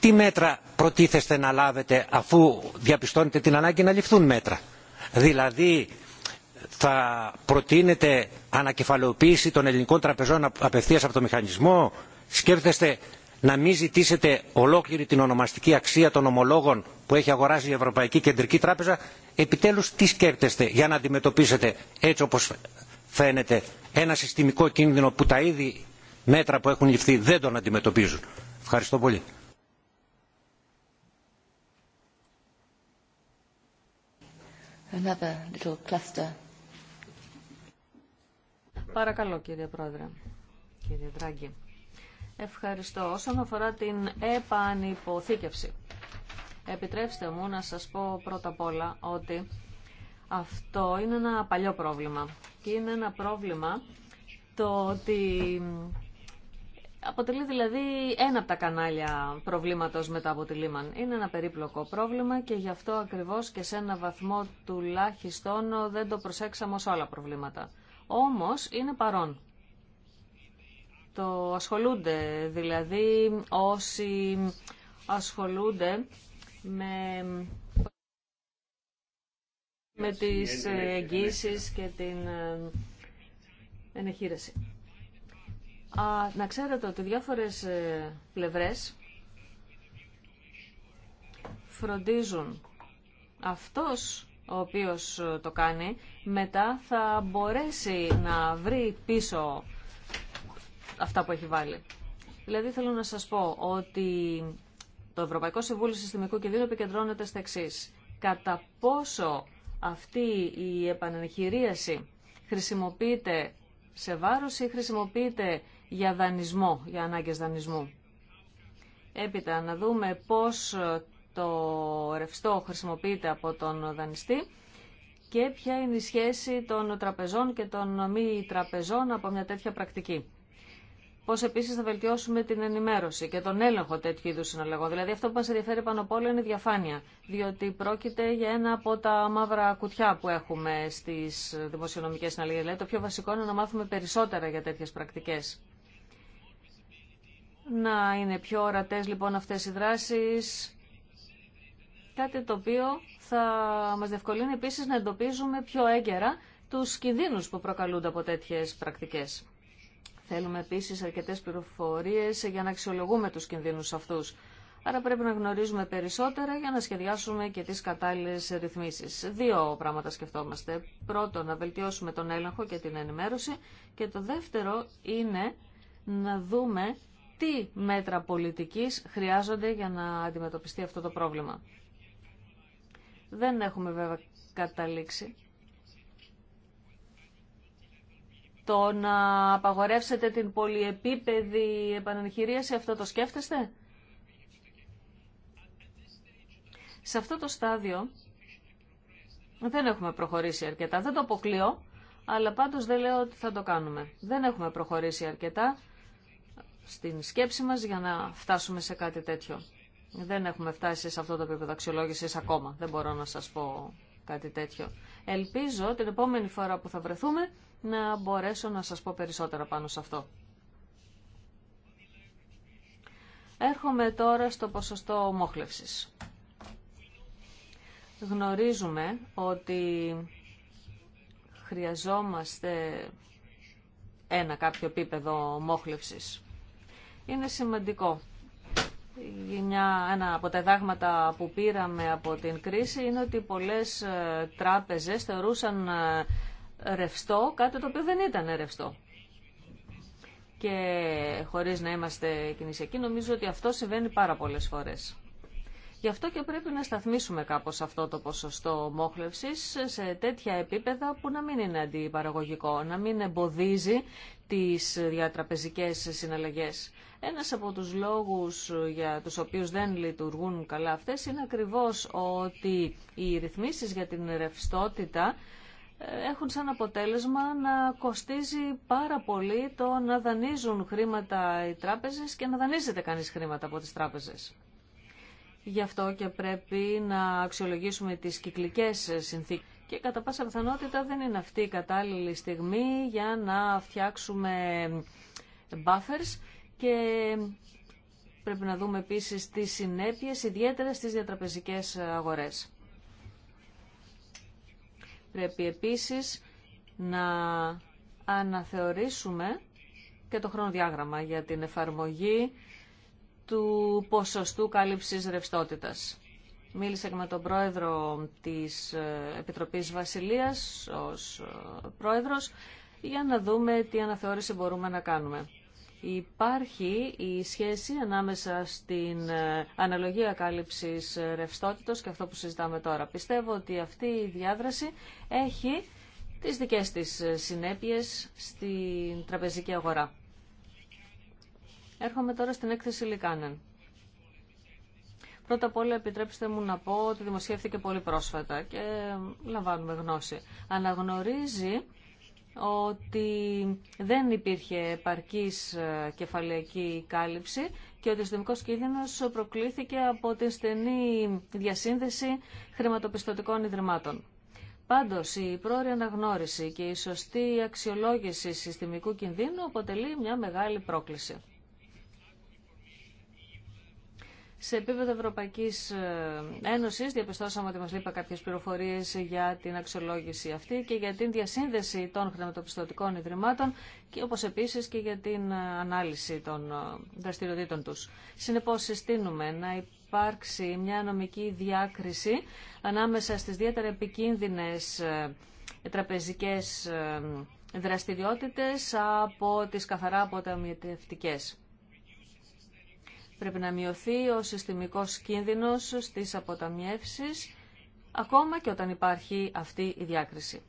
τι μέτρα προτίθεστε να λάβετε αφού διαπιστώνετε την ανάγκη να ληφθούν μέτρα. Δηλαδή θα προτείνετε ανακεφαλαιοποίηση των ελληνικών τραπεζών απευθείας από το μηχανισμό, σκέφτεστε να μην ζητήσετε ολόκληρη την ονομαστική αξία των ομολόγων που έχει αγοράσει η Ευρωπαϊκή Κεντρική Τράπεζα, επιτέλους τι σκέπτεστε για να αντιμετωπίσετε έτσι όπως φαίνεται ένα συστημικό κίνδυνο που τα ήδη μέτρα που έχουν ληφθεί δεν τον αντιμετωπίζουν. Ευχαριστώ πολύ. Παρακαλώ κύριε Πρόεδρε, κύριε Ευχαριστώ. Όσον αφορά την επανυποθήκευση, επιτρέψτε μου να σας πω πρώτα απ' όλα ότι αυτό είναι ένα παλιό πρόβλημα και είναι ένα πρόβλημα το ότι αποτελεί δηλαδή ένα από τα κανάλια προβλήματος μετά από τη Λίμαν. Είναι ένα περίπλοκο πρόβλημα και γι' αυτό ακριβώς και σε ένα βαθμό τουλάχιστον δεν το προσέξαμε ως όλα προβλήματα. Όμως είναι παρόν το ασχολούνται. Δηλαδή όσοι ασχολούνται με, με τις ναι, εγγύσεις ναι. και την ε, ενεχείρεση. Α, να ξέρετε ότι διάφορες ε, πλευρές φροντίζουν αυτός ο οποίος το κάνει, μετά θα μπορέσει να βρει πίσω αυτά που έχει βάλει. Δηλαδή θέλω να σας πω ότι το Ευρωπαϊκό Συμβούλιο Συστημικού Κινδύνου επικεντρώνεται στα εξή. Κατά πόσο αυτή η επανεγχειρίαση χρησιμοποιείται σε βάρος ή χρησιμοποιείται για δανεισμό, για ανάγκες δανεισμού. Έπειτα να δούμε πώς το ρευστό χρησιμοποιείται από τον δανειστή και ποια είναι η σχέση των τραπεζών και των μη τραπεζών από μια τέτοια πρακτική. Πώ επίση θα βελτιώσουμε την ενημέρωση και τον έλεγχο τέτοιου είδου συναλλαγών. Δηλαδή, αυτό που μα ενδιαφέρει πάνω απ' όλα είναι η διαφάνεια. Διότι πρόκειται για ένα από τα μαύρα κουτιά που έχουμε στι δημοσιονομικέ συναλλαγέ. Δηλαδή, το πιο βασικό είναι να μάθουμε περισσότερα για τέτοιε πρακτικέ. Να είναι πιο ορατέ λοιπόν αυτέ οι δράσει. Κάτι το οποίο θα μα διευκολύνει επίση να εντοπίζουμε πιο έγκαιρα του κινδύνου που προκαλούνται από τέτοιε πρακτικέ. Θέλουμε επίσης αρκετές πληροφορίες για να αξιολογούμε τους κινδύνους αυτούς. Άρα πρέπει να γνωρίζουμε περισσότερα για να σχεδιάσουμε και τις κατάλληλες ρυθμίσεις. Δύο πράγματα σκεφτόμαστε. Πρώτο να βελτιώσουμε τον έλεγχο και την ενημέρωση και το δεύτερο είναι να δούμε τι μέτρα πολιτικής χρειάζονται για να αντιμετωπιστεί αυτό το πρόβλημα. Δεν έχουμε βέβαια καταλήξει το να απαγορεύσετε την πολυεπίπεδη επανεγχειρίαση, αυτό το σκέφτεστε. Σε αυτό το στάδιο δεν έχουμε προχωρήσει αρκετά. Δεν το αποκλείω, αλλά πάντως δεν λέω ότι θα το κάνουμε. Δεν έχουμε προχωρήσει αρκετά στην σκέψη μας για να φτάσουμε σε κάτι τέτοιο. Δεν έχουμε φτάσει σε αυτό το επίπεδο αξιολόγηση ακόμα. Δεν μπορώ να σας πω κάτι τέτοιο. Ελπίζω την επόμενη φορά που θα βρεθούμε να μπορέσω να σας πω περισσότερα πάνω σε αυτό. Έρχομαι τώρα στο ποσοστό μόχλευσης. Γνωρίζουμε ότι χρειαζόμαστε ένα κάποιο επίπεδο μόχλευσης. Είναι σημαντικό. Μια, ένα από τα δάγματα που πήραμε από την κρίση είναι ότι πολλές ε, τράπεζες θεωρούσαν ε, ρευστό κάτι το οποίο δεν ήταν ρευστό. Και χωρίς να είμαστε κινησιακοί νομίζω ότι αυτό συμβαίνει πάρα πολλές φορές. Γι' αυτό και πρέπει να σταθμίσουμε κάπως αυτό το ποσοστό μόχλευσης σε τέτοια επίπεδα που να μην είναι αντιπαραγωγικό, να μην εμποδίζει τις διατραπεζικές συναλλαγές. Ένας από τους λόγους για τους οποίους δεν λειτουργούν καλά αυτές είναι ακριβώς ότι οι ρυθμίσεις για την ρευστότητα έχουν σαν αποτέλεσμα να κοστίζει πάρα πολύ το να δανείζουν χρήματα οι τράπεζες και να δανείζεται κανείς χρήματα από τις τράπεζες. Γι' αυτό και πρέπει να αξιολογήσουμε τις κυκλικές συνθήκες. Και κατά πάσα πιθανότητα δεν είναι αυτή η κατάλληλη στιγμή για να φτιάξουμε buffers και πρέπει να δούμε επίσης τις συνέπειες ιδιαίτερα στις διατραπεζικές αγορές. Πρέπει επίσης να αναθεωρήσουμε και το χρονοδιάγραμμα για την εφαρμογή του ποσοστού κάλυψης ρευστότητας. Μίλησε και με τον πρόεδρο της ε, Επιτροπής Βασιλείας ως ε, πρόεδρος για να δούμε τι αναθεώρηση μπορούμε να κάνουμε. Υπάρχει η σχέση ανάμεσα στην ε, αναλογία κάλυψης ε, ρευστότητος και αυτό που συζητάμε τώρα. Πιστεύω ότι αυτή η διάδραση έχει τις δικές της ε, συνέπειες στην τραπεζική αγορά. Έρχομαι τώρα στην έκθεση Λικάνεν. Πρώτα απ' όλα επιτρέψτε μου να πω ότι δημοσιεύθηκε πολύ πρόσφατα και λαμβάνουμε γνώση. Αναγνωρίζει ότι δεν υπήρχε επαρκής ε, κεφαλαιακή κάλυψη και ότι ο συστημικός κίνδυνος προκλήθηκε από την στενή διασύνδεση χρηματοπιστωτικών ιδρυμάτων. Πάντως, η πρόορη αναγνώριση και η σωστή αξιολόγηση συστημικού κινδύνου αποτελεί μια μεγάλη πρόκληση. Σε επίπεδο Ευρωπαϊκή ε, Ένωση, διαπιστώσαμε ότι μα λείπα κάποιε πληροφορίε για την αξιολόγηση αυτή και για την διασύνδεση των χρηματοπιστωτικών ιδρυμάτων και όπω επίση και για την ε, ανάλυση των ε, δραστηριοτήτων του. Συνεπώ, συστήνουμε να υπάρξει μια νομική διάκριση ανάμεσα στι ιδιαίτερα επικίνδυνε τραπεζικέ δραστηριότητε από τι καθαρά αποταμιευτικές. Πρέπει να μειωθεί ο συστημικός κίνδυνος στις αποταμιεύσεις, ακόμα και όταν υπάρχει αυτή η διάκριση.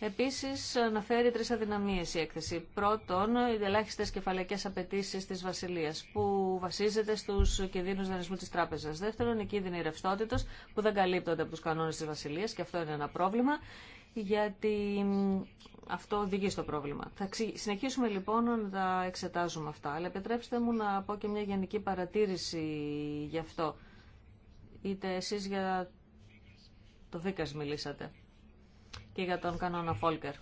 Επίσης, αναφέρει τρεις αδυναμίες η έκθεση. Πρώτον, οι ελάχιστε κεφαλαϊκές απαιτήσει της Βασιλείας, που βασίζεται στους κινδύνους δανεισμού της τράπεζας. Δεύτερον, οι κίνδυνοι ρευστότητος, που δεν καλύπτονται από τους κανόνες της Βασιλείας, και αυτό είναι ένα πρόβλημα, γιατί αυτό οδηγεί στο πρόβλημα. Θα συνεχίσουμε λοιπόν να τα εξετάζουμε αυτά, αλλά επιτρέψτε μου να πω και μια γενική παρατήρηση γι' αυτό. Είτε εσείς για το δίκας μιλήσατε και για τον κανόνα Φόλκερ.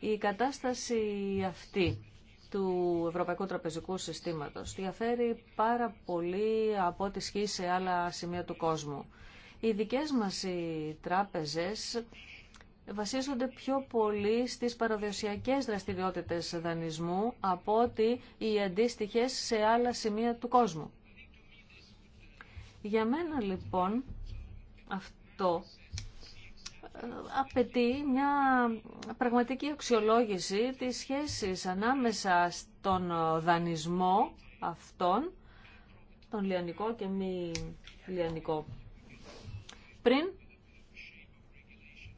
Η κατάσταση αυτή του Ευρωπαϊκού Τραπεζικού Συστήματος διαφέρει πάρα πολύ από ό,τι σχή σε άλλα σημεία του κόσμου. Οι δικές μας οι τράπεζες βασίζονται πιο πολύ στις παραδοσιακές δραστηριότητες δανεισμού από ότι οι αντίστοιχες σε άλλα σημεία του κόσμου. Για μένα λοιπόν αυτό ε, απαιτεί μια πραγματική αξιολόγηση της σχέσης ανάμεσα στον δανεισμό αυτών, τον λιανικό και μη λιανικό. Πριν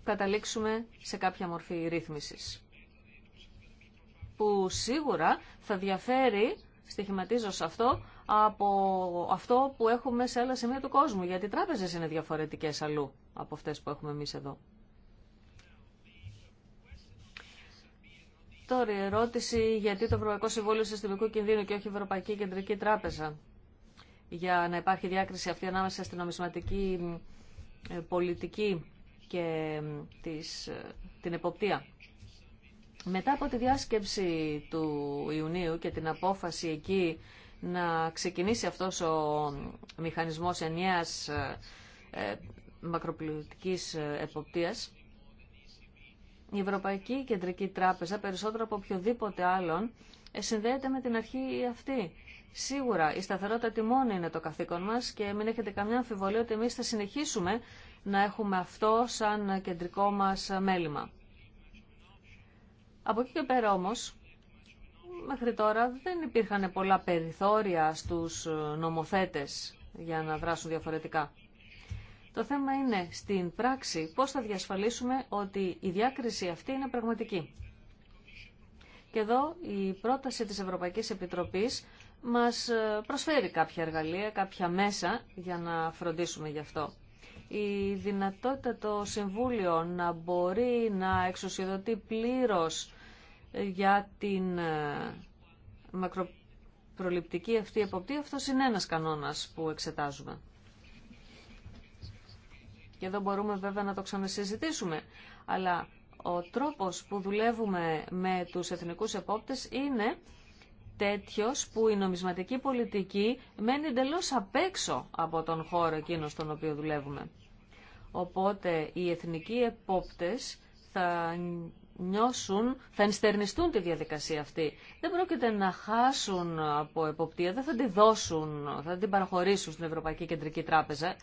καταλήξουμε σε κάποια μορφή ρύθμισης που σίγουρα θα διαφέρει, στοιχηματίζω σε αυτό, από αυτό που έχουμε σε άλλα σημεία του κόσμου, γιατί οι τράπεζες είναι διαφορετικές αλλού από αυτές που έχουμε εμείς εδώ. Τώρα η ερώτηση γιατί το Ευρωπαϊκό Συμβούλιο Συστημικού Κινδύνου και όχι η Ευρωπαϊκή Κεντρική Τράπεζα για να υπάρχει διάκριση αυτή ανάμεσα στην νομισματική ε, πολιτική και της, την εποπτεία. Μετά από τη διάσκεψη του Ιουνίου και την απόφαση εκεί να ξεκινήσει αυτός ο μηχανισμός ενιαίας ε, μακροπληκτικής ε, εποπτείας, η Ευρωπαϊκή Κεντρική Τράπεζα περισσότερο από οποιοδήποτε άλλον ε, συνδέεται με την αρχή αυτή. Σίγουρα η σταθερότητα τιμών είναι το καθήκον μας και μην έχετε καμιά αμφιβολία ότι εμείς θα συνεχίσουμε να έχουμε αυτό σαν κεντρικό μας μέλημα. Από εκεί και πέρα όμως, μέχρι τώρα δεν υπήρχαν πολλά περιθώρια στους νομοθέτες για να δράσουν διαφορετικά. Το θέμα είναι στην πράξη πώς θα διασφαλίσουμε ότι η διάκριση αυτή είναι πραγματική. Και εδώ η πρόταση της Ευρωπαϊκής Επιτροπής μας προσφέρει κάποια εργαλεία, κάποια μέσα για να φροντίσουμε γι' αυτό η δυνατότητα το Συμβούλιο να μπορεί να εξουσιοδοτεί πλήρως για την ε, μακροπροληπτική αυτή εποπτεία, αυτός είναι ένας κανόνας που εξετάζουμε. Και εδώ μπορούμε βέβαια να το ξανασυζητήσουμε, αλλά ο τρόπος που δουλεύουμε με τους εθνικούς επόπτες είναι Τέτοιο που η νομισματική πολιτική μένει εντελώ απ' έξω από τον χώρο εκείνο στον οποίο δουλεύουμε. Οπότε οι εθνικοί επόπτες θα νιώσουν, θα ενστερνιστούν τη διαδικασία αυτή. Δεν πρόκειται να χάσουν από εποπτεία, δεν θα τη δώσουν, θα την παραχωρήσουν στην Ευρωπαϊκή Κεντρική Τράπεζα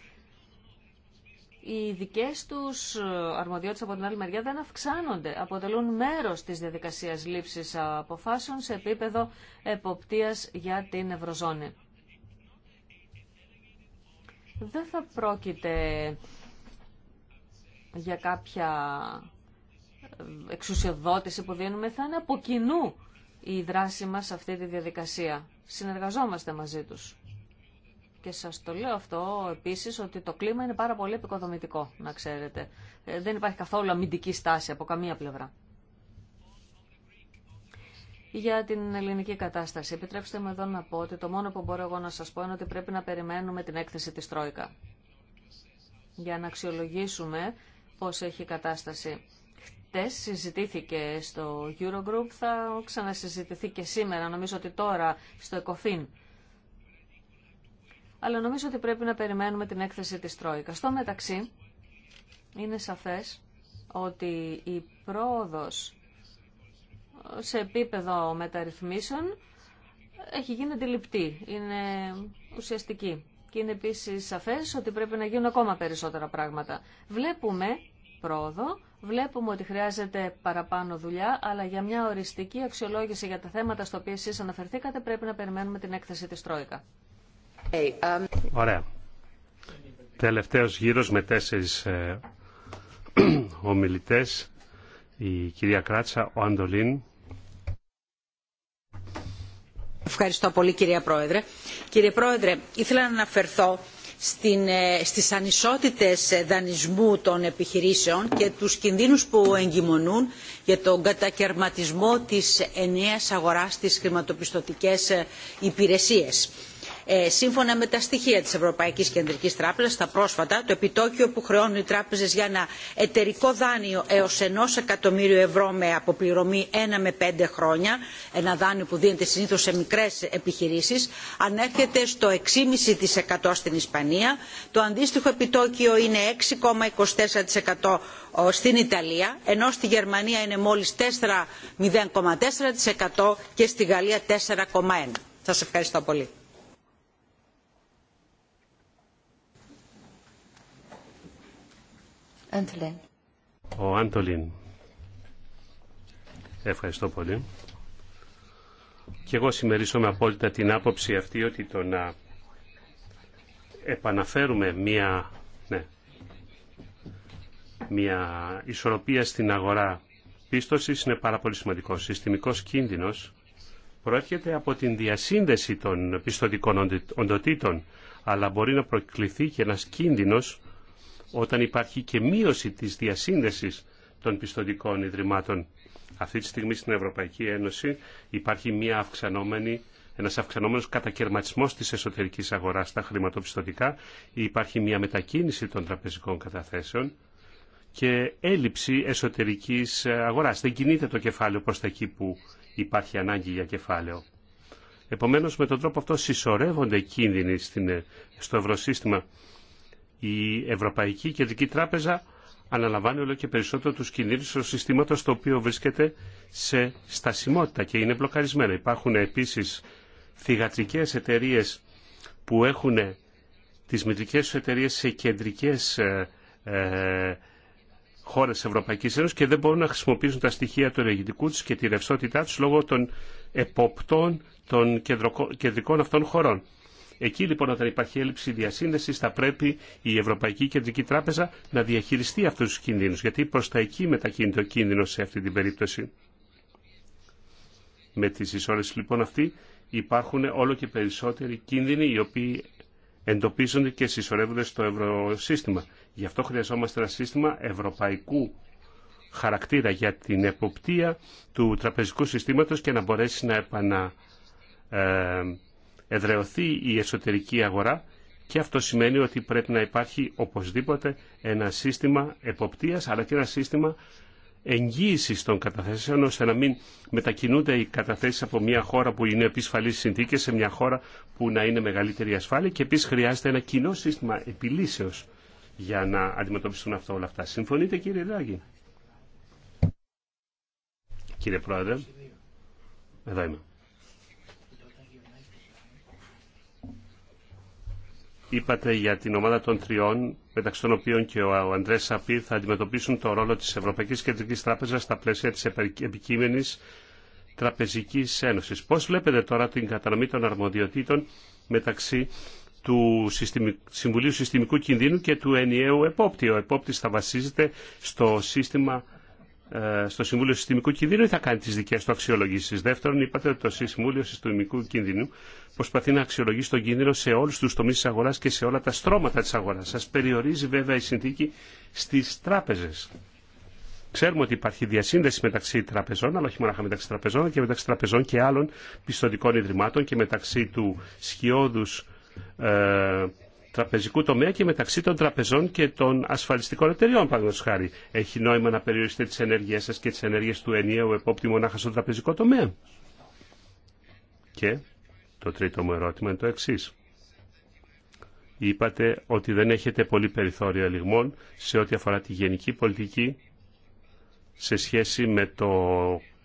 οι δικέ τους αρμοδιότητες από την άλλη μεριά δεν αυξάνονται. Αποτελούν μέρος της διαδικασίας λήψη αποφάσεων σε επίπεδο εποπτείας για την Ευρωζώνη. Δεν θα πρόκειται για κάποια εξουσιοδότηση που δίνουμε, θα είναι από κοινού η δράση μας σε αυτή τη διαδικασία. Συνεργαζόμαστε μαζί τους. Και σας το λέω αυτό επίσης ότι το κλίμα είναι πάρα πολύ επικοδομητικό, να ξέρετε. Ε, δεν υπάρχει καθόλου αμυντική στάση από καμία πλευρά. Για την ελληνική κατάσταση, επιτρέψτε μου εδώ να πω ότι το μόνο που μπορώ εγώ να σας πω είναι ότι πρέπει να περιμένουμε την έκθεση της Τρόικα για να αξιολογήσουμε πώς έχει η κατάσταση. Χτες συζητήθηκε στο Eurogroup, θα ξανασυζητηθεί και σήμερα, νομίζω ότι τώρα στο ECOFIN αλλά νομίζω ότι πρέπει να περιμένουμε την έκθεση της Τρόικα. Στο μεταξύ, είναι σαφές ότι η πρόοδος σε επίπεδο μεταρρυθμίσεων έχει γίνει αντιληπτή, είναι ουσιαστική. Και είναι επίσης σαφές ότι πρέπει να γίνουν ακόμα περισσότερα πράγματα. Βλέπουμε πρόοδο, βλέπουμε ότι χρειάζεται παραπάνω δουλειά, αλλά για μια οριστική αξιολόγηση για τα θέματα στα οποία εσείς αναφερθήκατε πρέπει να περιμένουμε την έκθεση της Τρόικα. Um, Ωραία. Τελευταίος γύρος με τέσσερις ε, ομιλητές. Η κυρία Κράτσα, ο Αντολίν. Ευχαριστώ πολύ κυρία Πρόεδρε. Κύριε Πρόεδρε, ήθελα να αναφερθώ στην, ε, στις ανισότητες ε, δανεισμού των επιχειρήσεων και τους κινδύνους που εγκυμονούν για τον κατακαιρματισμό της ενιαίας αγοράς στις χρηματοπιστωτικές ε, υπηρεσίες ε, σύμφωνα με τα στοιχεία της Ευρωπαϊκής Κεντρικής Τράπεζας, τα πρόσφατα, το επιτόκιο που χρεώνουν οι τράπεζες για ένα εταιρικό δάνειο έως 1 εκατομμύριο ευρώ με αποπληρωμή 1 με 5 χρόνια, ένα δάνειο που δίνεται συνήθως σε μικρές επιχειρήσεις, ανέρχεται στο 6,5% στην Ισπανία. Το αντίστοιχο επιτόκιο είναι 6,24% ε, στην Ιταλία, ενώ στη Γερμανία είναι μόλις 4,04% και στη Γαλλία 4,1%. Σας ευχαριστώ πολύ. Ο Αντολίν. Ευχαριστώ πολύ. Και εγώ με απόλυτα την άποψη αυτή ότι το να επαναφέρουμε μία, ναι, μία ισορροπία στην αγορά πίστοσης είναι πάρα πολύ σημαντικό. Συστημικός κίνδυνος προέρχεται από την διασύνδεση των πιστοτικών οντοτήτων, αλλά μπορεί να προκληθεί και ένας κίνδυνος όταν υπάρχει και μείωση της διασύνδεσης των πιστοτικών ιδρυμάτων. Αυτή τη στιγμή στην Ευρωπαϊκή Ένωση υπάρχει μια αυξανόμενη ένας αυξανόμενος κατακαιρματισμός της εσωτερικής αγοράς στα χρηματοπιστωτικά, υπάρχει μια μετακίνηση των τραπεζικών καταθέσεων και έλλειψη εσωτερικής αγοράς. Δεν κινείται το κεφάλαιο προς τα εκεί που υπάρχει ανάγκη για κεφάλαιο. Επομένως με τον τρόπο αυτό συσσωρεύονται κίνδυνοι στο ευρωσύστημα η Ευρωπαϊκή Κεντρική Τράπεζα αναλαμβάνει όλο και περισσότερο τους κινδύνους του συστήματος το οποίο βρίσκεται σε στασιμότητα και είναι μπλοκαρισμένο. Υπάρχουν επίσης θυγατρικές εταιρείε που έχουν τις μητρικές του εταιρείε σε κεντρικές ε, ε χώρες Ευρωπαϊκής Ένωσης και δεν μπορούν να χρησιμοποιήσουν τα στοιχεία του ενεργητικού τους και τη ρευστότητά τους λόγω των εποπτών των κεντρικών αυτών χωρών. Εκεί λοιπόν όταν υπάρχει έλλειψη διασύνδεση, θα πρέπει η Ευρωπαϊκή Κεντρική Τράπεζα να διαχειριστεί αυτούς τους κινδύνους γιατί προς τα εκεί μετακινείται ο κίνδυνος σε αυτή την περίπτωση. Με τις εισόρες λοιπόν αυτή υπάρχουν όλο και περισσότεροι κίνδυνοι οι οποίοι εντοπίζονται και συσσωρεύονται στο ευρωσύστημα. Γι' αυτό χρειαζόμαστε ένα σύστημα ευρωπαϊκού χαρακτήρα για την εποπτεία του τραπεζικού συστήματος και να μπορέσει να επανα, ε, εδρεωθεί η εσωτερική αγορά και αυτό σημαίνει ότι πρέπει να υπάρχει οπωσδήποτε ένα σύστημα εποπτείας αλλά και ένα σύστημα εγγύησης των καταθέσεων ώστε να μην μετακινούνται οι καταθέσεις από μια χώρα που είναι επίσφαλη συνθήκες σε μια χώρα που να είναι μεγαλύτερη ασφάλεια και επίσης χρειάζεται ένα κοινό σύστημα επιλύσεως για να αντιμετωπιστούν αυτό όλα αυτά. Συμφωνείτε κύριε δράκη. Κύριε Πρόεδρε, εδώ είμαι. είπατε για την ομάδα των τριών, μεταξύ των οποίων και ο Αντρέ Σαπίρ θα αντιμετωπίσουν το ρόλο της Ευρωπαϊκής Κεντρική Τράπεζας στα πλαίσια της επικείμενης Τραπεζικής Ένωση. Πώς βλέπετε τώρα την κατανομή των αρμοδιοτήτων μεταξύ του Συμβουλίου Συστημικού Κινδύνου και του ενιαίου επόπτη. Ο επόπτης θα βασίζεται στο σύστημα ε, στο Συμβούλιο Συστημικού Κινδύνου ή θα κάνει τι δικέ του αξιολογήσει. Δεύτερον, είπατε ότι το Συμβούλιο Συστημικού Κινδύνου προσπαθεί να αξιολογήσει τον κίνδυνο σε όλου του τομεί τη αγορά και σε όλα τα στρώματα τη αγορά. Σα περιορίζει βέβαια η συνθήκη στι τράπεζε. Ξέρουμε ότι υπάρχει διασύνδεση μεταξύ τραπεζών, αλλά όχι μόνο μεταξύ τραπεζών, αλλά και μεταξύ τραπεζών και άλλων πιστοτικών ιδρυμάτων και μεταξύ του σχιώδου ε, τραπεζικού τομέα και μεταξύ των τραπεζών και των ασφαλιστικών εταιριών, παραδείγματο χάρη. Έχει νόημα να περιορίσετε τι ενέργειέ σα και τι ενέργειε του ενιαίου επόπτη μονάχα στον τραπεζικό τομέα. Και το τρίτο μου ερώτημα είναι το εξή. Είπατε ότι δεν έχετε πολύ περιθώριο ελιγμών σε ό,τι αφορά τη γενική πολιτική σε σχέση με το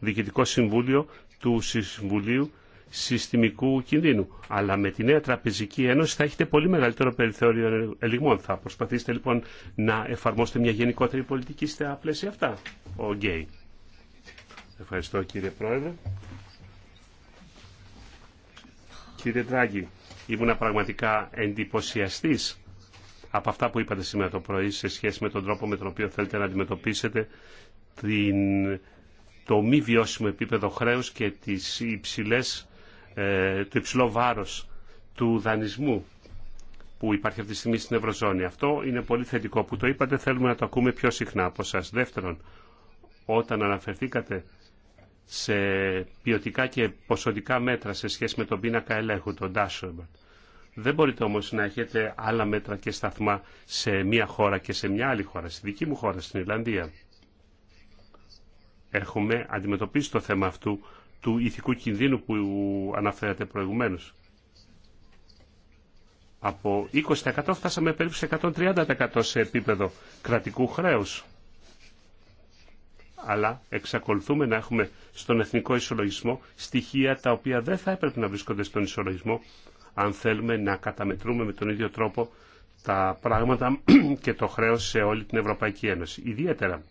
Διοικητικό Συμβούλιο του Συμβουλίου συστημικού κινδύνου. Αλλά με τη νέα Τραπεζική Ένωση θα έχετε πολύ μεγαλύτερο περιθώριο ελιγμών. Θα προσπαθήσετε λοιπόν να εφαρμόσετε μια γενικότερη πολιτική στα πλαίσια αυτά. Ο Γκέι. Ευχαριστώ κύριε Πρόεδρε. Κύριε Τράγκη, ήμουνα πραγματικά εντυπωσιαστή από αυτά που είπατε σήμερα το πρωί σε σχέση με τον τρόπο με τον οποίο θέλετε να αντιμετωπίσετε την, το μη βιώσιμο επίπεδο χρέους και τις υψηλές ε, το υψηλό βάρος του δανεισμού που υπάρχει αυτή τη στιγμή στην Ευρωζώνη. Αυτό είναι πολύ θετικό που το είπατε, θέλουμε να το ακούμε πιο συχνά από σας. Δεύτερον, όταν αναφερθήκατε σε ποιοτικά και ποσοτικά μέτρα σε σχέση με τον πίνακα ελέγχου, τον dashboard. Δεν μπορείτε όμως να έχετε άλλα μέτρα και σταθμά σε μία χώρα και σε μια άλλη χώρα, στη δική μου χώρα, στην Ιρλανδία. Έχουμε αντιμετωπίσει το θέμα αυτού του ηθικού κινδύνου που αναφέρατε προηγουμένως. Από 20% φτάσαμε περίπου σε 130% σε επίπεδο κρατικού χρέους. Αλλά εξακολουθούμε να έχουμε στον εθνικό ισολογισμό στοιχεία τα οποία δεν θα έπρεπε να βρίσκονται στον ισολογισμό αν θέλουμε να καταμετρούμε με τον ίδιο τρόπο τα πράγματα και το χρέος σε όλη την Ευρωπαϊκή Ένωση. Ιδιαίτερα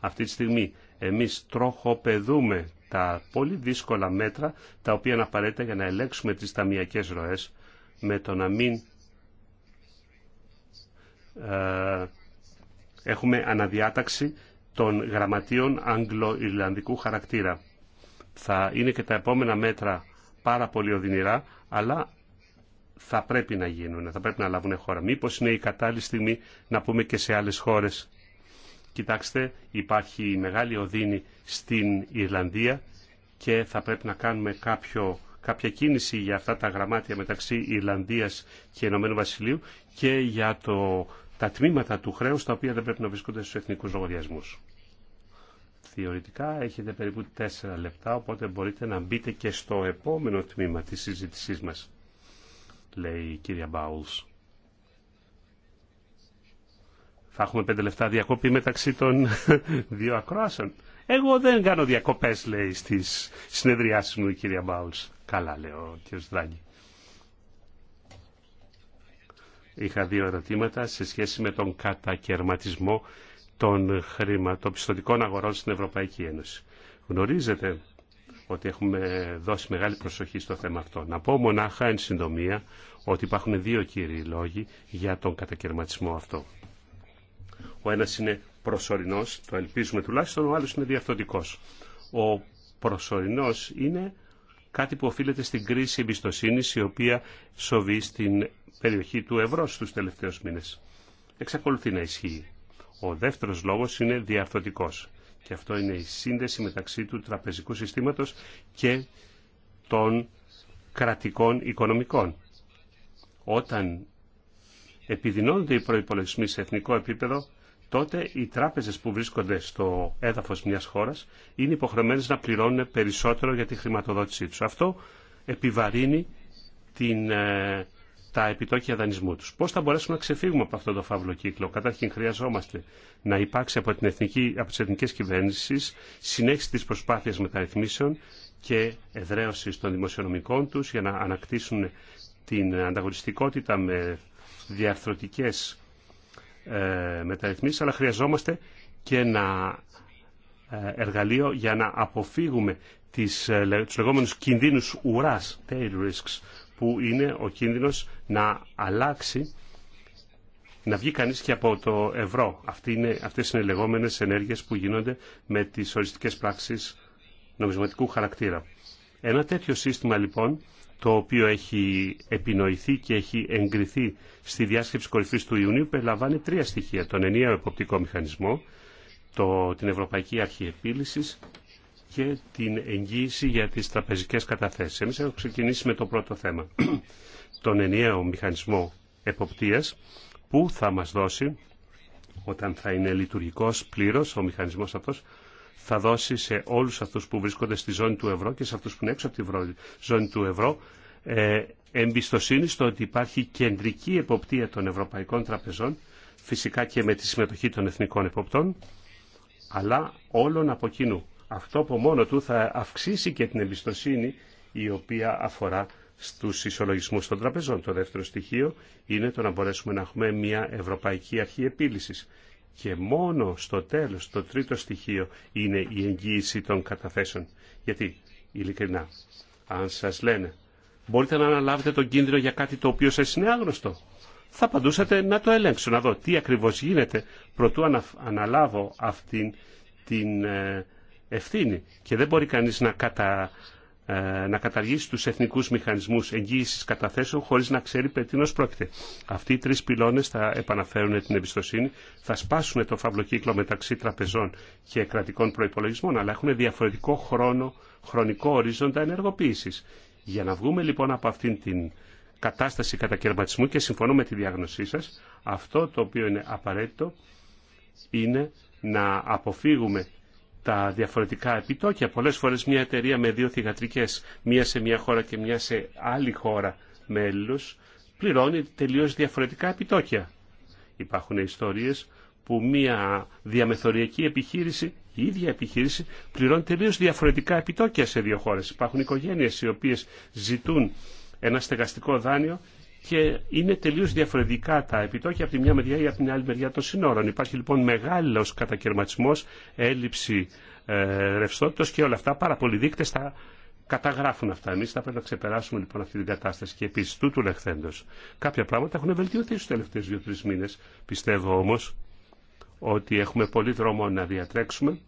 αυτή τη στιγμή εμείς τροχοπεδούμε τα πολύ δύσκολα μέτρα τα οποία είναι απαραίτητα για να ελέγξουμε τις ταμιακές ροές με το να μην ε, έχουμε αναδιάταξη των γραμματείων Αγγλο-Ιρλανδικού χαρακτήρα. Θα είναι και τα επόμενα μέτρα πάρα πολύ οδυνηρά, αλλά θα πρέπει να γίνουν, θα πρέπει να λάβουν χώρα. Μήπως είναι η κατάλληλη στιγμή να πούμε και σε άλλες χώρες κοιτάξτε υπάρχει μεγάλη οδύνη στην Ιρλανδία και θα πρέπει να κάνουμε κάποιο, κάποια κίνηση για αυτά τα γραμμάτια μεταξύ Ιρλανδίας και Ηνωμένου Βασιλείου και για το, τα τμήματα του χρέους τα οποία δεν πρέπει να βρίσκονται στους εθνικούς λογαριασμούς. Θεωρητικά έχετε περίπου τέσσερα λεπτά, οπότε μπορείτε να μπείτε και στο επόμενο τμήμα της συζήτησής μας, λέει η κυρία Μπάουλς. Θα έχουμε πέντε λεφτά διακοπή μεταξύ των δύο ακροάσεων. Εγώ δεν κάνω διακοπέ, λέει, στι συνεδριάσει μου η κυρία Μπάουλ. Καλά, λέει ο κύριο Δράγκη. Είχα δύο ερωτήματα σε σχέση με τον κατακαιρματισμό των χρηματοπιστωτικών αγορών στην Ευρωπαϊκή Ένωση. Γνωρίζετε ότι έχουμε δώσει μεγάλη προσοχή στο θέμα αυτό. Να πω μονάχα εν συντομία ότι υπάρχουν δύο κύριοι λόγοι για τον κατακαιρματισμό αυτό. Ο ένας είναι προσωρινός, το ελπίζουμε τουλάχιστον, ο άλλος είναι διαρθωτικός. Ο προσωρινός είναι κάτι που οφείλεται στην κρίση εμπιστοσύνη η οποία σοβεί στην περιοχή του ευρώ στους τελευταίους μήνες. Εξακολουθεί να ισχύει. Ο δεύτερος λόγος είναι διαρθωτικός και αυτό είναι η σύνδεση μεταξύ του τραπεζικού συστήματος και των κρατικών οικονομικών. Όταν επιδεινώνονται οι προπολογισμοί σε εθνικό επίπεδο, τότε οι τράπεζε που βρίσκονται στο έδαφο μια χώρα είναι υποχρεωμένε να πληρώνουν περισσότερο για τη χρηματοδότησή του. Αυτό επιβαρύνει την, ε, τα επιτόκια δανεισμού του. Πώ θα μπορέσουμε να ξεφύγουμε από αυτό το φαύλο κύκλο. Καταρχήν χρειαζόμαστε να υπάρξει από, την εθνική, από τις εθνικές κυβέρνησεις συνέχιση τη προσπάθειας μεταρρυθμίσεων και εδραίωση των δημοσιονομικών του για να ανακτήσουν την ανταγωνιστικότητα με διαρθρωτικές ε, μεταρρυθμίσεις, αλλά χρειαζόμαστε και ένα ε, εργαλείο για να αποφύγουμε τις, ε, τους λεγόμενους κινδύνους ουράς, tail risks, που είναι ο κίνδυνος να αλλάξει, να βγει κανείς και από το ευρώ. Αυτή είναι, αυτές είναι οι λεγόμενες ενέργειες που γίνονται με τις οριστικές πράξεις νομισματικού χαρακτήρα. Ένα τέτοιο σύστημα λοιπόν το οποίο έχει επινοηθεί και έχει εγκριθεί στη διάσκεψη κορυφής του Ιουνίου περιλαμβάνει τρία στοιχεία. Τον ενιαίο εποπτικό μηχανισμό, το, την Ευρωπαϊκή Αρχή Επίλυσης και την εγγύηση για τις τραπεζικές καταθέσεις. Εμείς έχουμε ξεκινήσει με το πρώτο θέμα, τον ενιαίο μηχανισμό εποπτείας που θα μας δώσει όταν θα είναι λειτουργικός πλήρως ο μηχανισμός αυτός θα δώσει σε όλους αυτούς που βρίσκονται στη ζώνη του ευρώ και σε αυτούς που είναι έξω από τη ζώνη του ευρώ ε, εμπιστοσύνη στο ότι υπάρχει κεντρική εποπτεία των ευρωπαϊκών τραπεζών, φυσικά και με τη συμμετοχή των εθνικών εποπτών, αλλά όλων από κοινού. Αυτό από μόνο του θα αυξήσει και την εμπιστοσύνη η οποία αφορά στους ισολογισμούς των τραπεζών. Το δεύτερο στοιχείο είναι το να μπορέσουμε να έχουμε μια ευρωπαϊκή αρχή επίλυσης και μόνο στο τέλος, το τρίτο στοιχείο, είναι η εγγύηση των καταθέσεων. Γιατί, ειλικρινά, αν σας λένε, μπορείτε να αναλάβετε τον κίνδυνο για κάτι το οποίο σας είναι άγνωστο, θα απαντούσατε να το ελέγξω, να δω τι ακριβώς γίνεται, προτού αναλάβω αυτήν την ε, ευθύνη. Και δεν μπορεί κανείς να, κατα, ε, να καταργήσει τους εθνικούς μηχανισμούς εγγύησης καταθέσεων χωρίς να ξέρει περί πρόκειται. Αυτοί οι τρεις πυλώνες θα επαναφέρουν την εμπιστοσύνη, θα σπάσουν το φαυλοκύκλο μεταξύ τραπεζών και κρατικών προϋπολογισμών, αλλά έχουν διαφορετικό χρόνο, χρονικό ορίζοντα ενεργοποίησης. Για να βγούμε λοιπόν από αυτήν την κατάσταση κατακαιρματισμού και συμφωνώ με τη διάγνωσή σας, αυτό το οποίο είναι απαραίτητο είναι να αποφύγουμε τα διαφορετικά επιτόκια. Πολλές φορές μια εταιρεία με δύο θηγατρικές, μία σε μια χώρα και μία σε άλλη χώρα μέλους, πληρώνει τελείως διαφορετικά επιτόκια. Υπάρχουν ιστορίες που μια διαμεθοριακή επιχείρηση, η ίδια επιχείρηση, πληρώνει τελείως διαφορετικά επιτόκια σε δύο χώρες. Υπάρχουν οικογένειες οι οποίες ζητούν ένα στεγαστικό δάνειο και είναι τελείως διαφορετικά τα επιτόκια από τη μια μεριά ή από την άλλη μεριά των συνόρων. Υπάρχει λοιπόν μεγάλος κατακαιρματισμός, έλλειψη ε, και όλα αυτά πάρα πολλοί δείκτες τα καταγράφουν αυτά. Εμείς θα πρέπει να ξεπεράσουμε λοιπόν αυτή την κατάσταση και επίσης τούτου λεχθέντος. Κάποια πράγματα έχουν βελτιωθεί στους τελευταίους δύο-τρεις μήνες. Πιστεύω όμως ότι έχουμε πολύ δρόμο να διατρέξουμε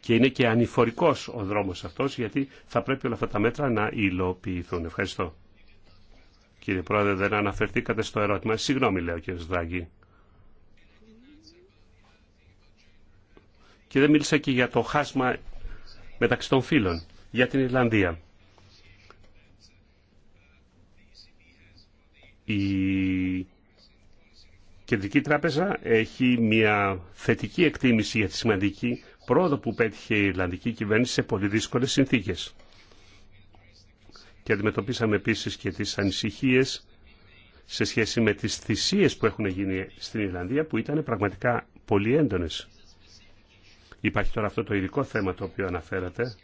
και είναι και ανηφορικός ο δρόμος αυτός γιατί θα πρέπει όλα αυτά τα μέτρα να υλοποιηθούν. Ευχαριστώ. Κύριε Πρόεδρε, δεν αναφερθήκατε στο ερώτημα. Συγγνώμη, λέω, ο Σδάγκη. Και δεν μίλησα και για το χάσμα μεταξύ των φίλων, για την Ιρλανδία. Η Κεντρική Τράπεζα έχει μια θετική εκτίμηση για τη σημαντική πρόοδο που πέτυχε η Ιρλανδική κυβέρνηση σε πολύ δύσκολες συνθήκες και αντιμετωπίσαμε επίσης και τις ανησυχίες σε σχέση με τις θυσίες που έχουν γίνει στην Ιρλανδία που ήταν πραγματικά πολύ έντονες. Υπάρχει τώρα αυτό το ειδικό θέμα το οποίο αναφέρατε,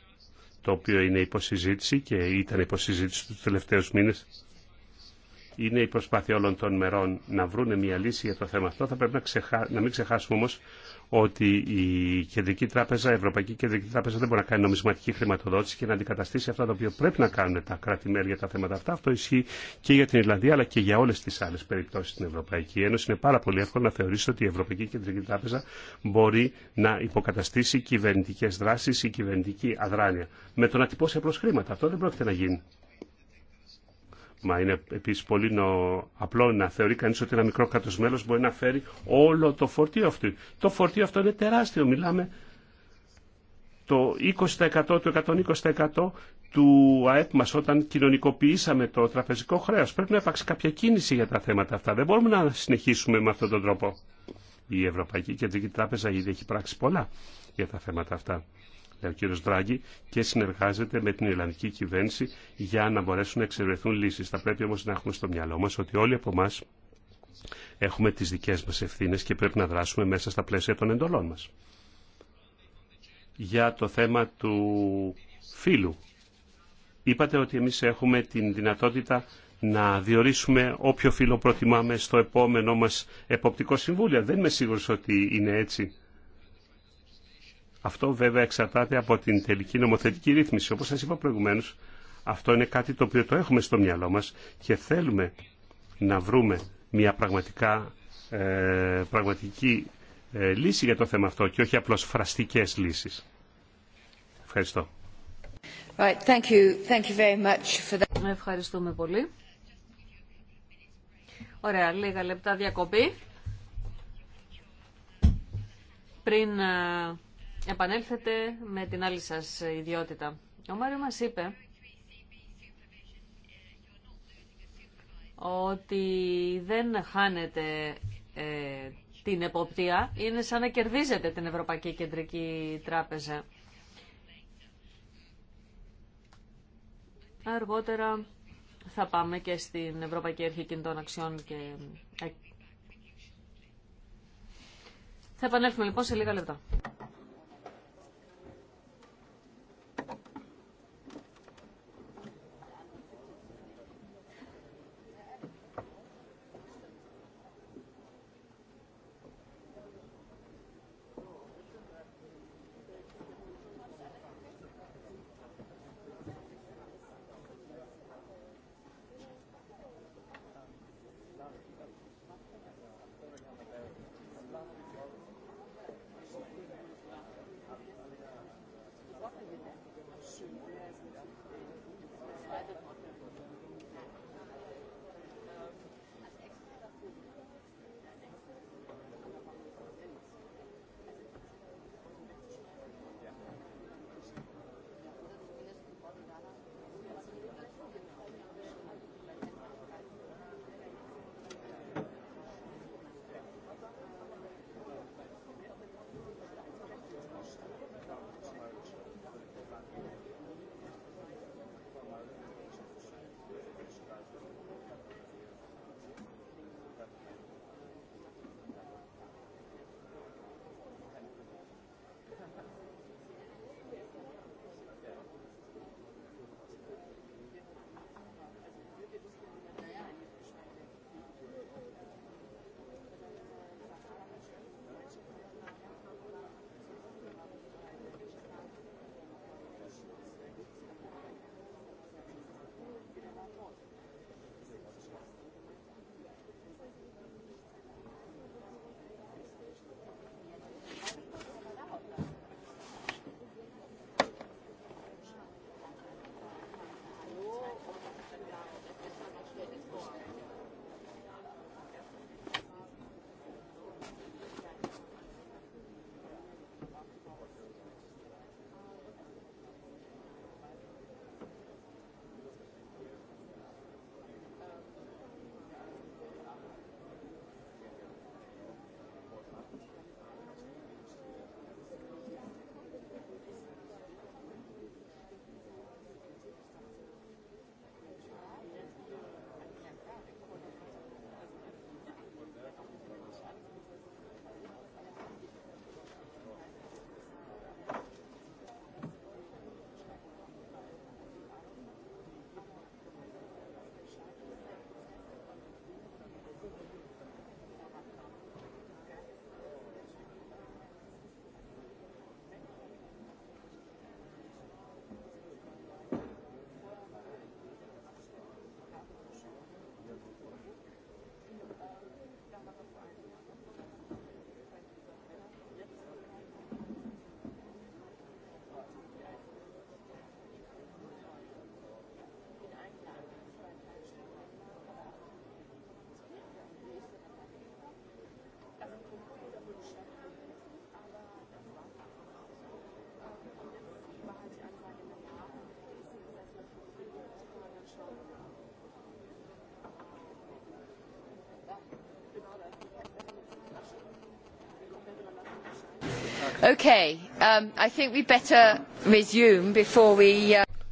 το οποίο είναι υποσυζήτηση και ήταν υποσυζήτηση του τελευταίους μήνες. Είναι η προσπάθεια όλων των μερών να βρουν μια λύση για το θέμα αυτό. Θα πρέπει να, να μην ξεχάσουμε όμως ότι η Κεντρική Τράπεζα, η Ευρωπαϊκή Κεντρική Τράπεζα δεν μπορεί να κάνει νομισματική χρηματοδότηση και να αντικαταστήσει αυτά τα οποία πρέπει να κάνουν τα κράτη-μέρη για τα θέματα αυτά. Αυτό ισχύει και για την Ιρλανδία αλλά και για όλε τι άλλε περιπτώσει στην Ευρωπαϊκή Ένωση. Είναι πάρα πολύ εύκολο να θεωρήσει ότι η Ευρωπαϊκή Κεντρική Τράπεζα μπορεί να υποκαταστήσει κυβερνητικέ δράσει ή κυβερνητική αδράνεια με το να τυπώσει απλώ χρήματα. Αυτό δεν πρόκειται να γίνει. Μα είναι επίση πολύ νο... απλό να θεωρεί κανείς ότι ένα μικρό κράτο μπορεί να φέρει όλο το φορτίο αυτό. Το φορτίο αυτό είναι τεράστιο. Μιλάμε το 20%, του 120% του ΑΕΠ μας όταν κοινωνικοποιήσαμε το τραπεζικό χρέος. Πρέπει να υπάρξει κάποια κίνηση για τα θέματα αυτά. Δεν μπορούμε να συνεχίσουμε με αυτόν τον τρόπο. Η Ευρωπαϊκή Κεντρική Τράπεζα ήδη έχει πράξει πολλά για τα θέματα αυτά ο κύριο και συνεργάζεται με την Ιρλανδική κυβέρνηση για να μπορέσουν να εξερευνηθούν λύσει. Θα πρέπει όμω να έχουμε στο μυαλό μα ότι όλοι από εμά έχουμε τι δικέ μα ευθύνε και πρέπει να δράσουμε μέσα στα πλαίσια των εντολών μα. Για το θέμα του φύλου. Είπατε ότι εμείς έχουμε την δυνατότητα να διορίσουμε όποιο φύλλο προτιμάμε στο επόμενό μας εποπτικό συμβούλιο. Δεν είμαι σίγουρος ότι είναι έτσι αυτό βέβαια εξαρτάται από την τελική νομοθετική ρύθμιση. Όπως σας είπα προηγουμένως, αυτό είναι κάτι το οποίο το έχουμε στο μυαλό μας και θέλουμε να βρούμε μια πραγματικά, ε, πραγματική ε, λύση για το θέμα αυτό και όχι απλώς φραστικές λύσεις. Ευχαριστώ. Right, thank you. Thank you very much for that. Ευχαριστούμε πολύ. Ωραία, λίγα λεπτά διακοπή. Πριν ε, επανέλθετε με την άλλη σας ιδιότητα. Ο Μάριο μας είπε ότι δεν χάνετε την εποπτεία, είναι σαν να κερδίζετε την Ευρωπαϊκή Κεντρική Τράπεζα. Αργότερα θα πάμε και στην Ευρωπαϊκή Αρχή Κινητών Αξιών και... Ε, θα επανέλθουμε λοιπόν σε λίγα λεπτά.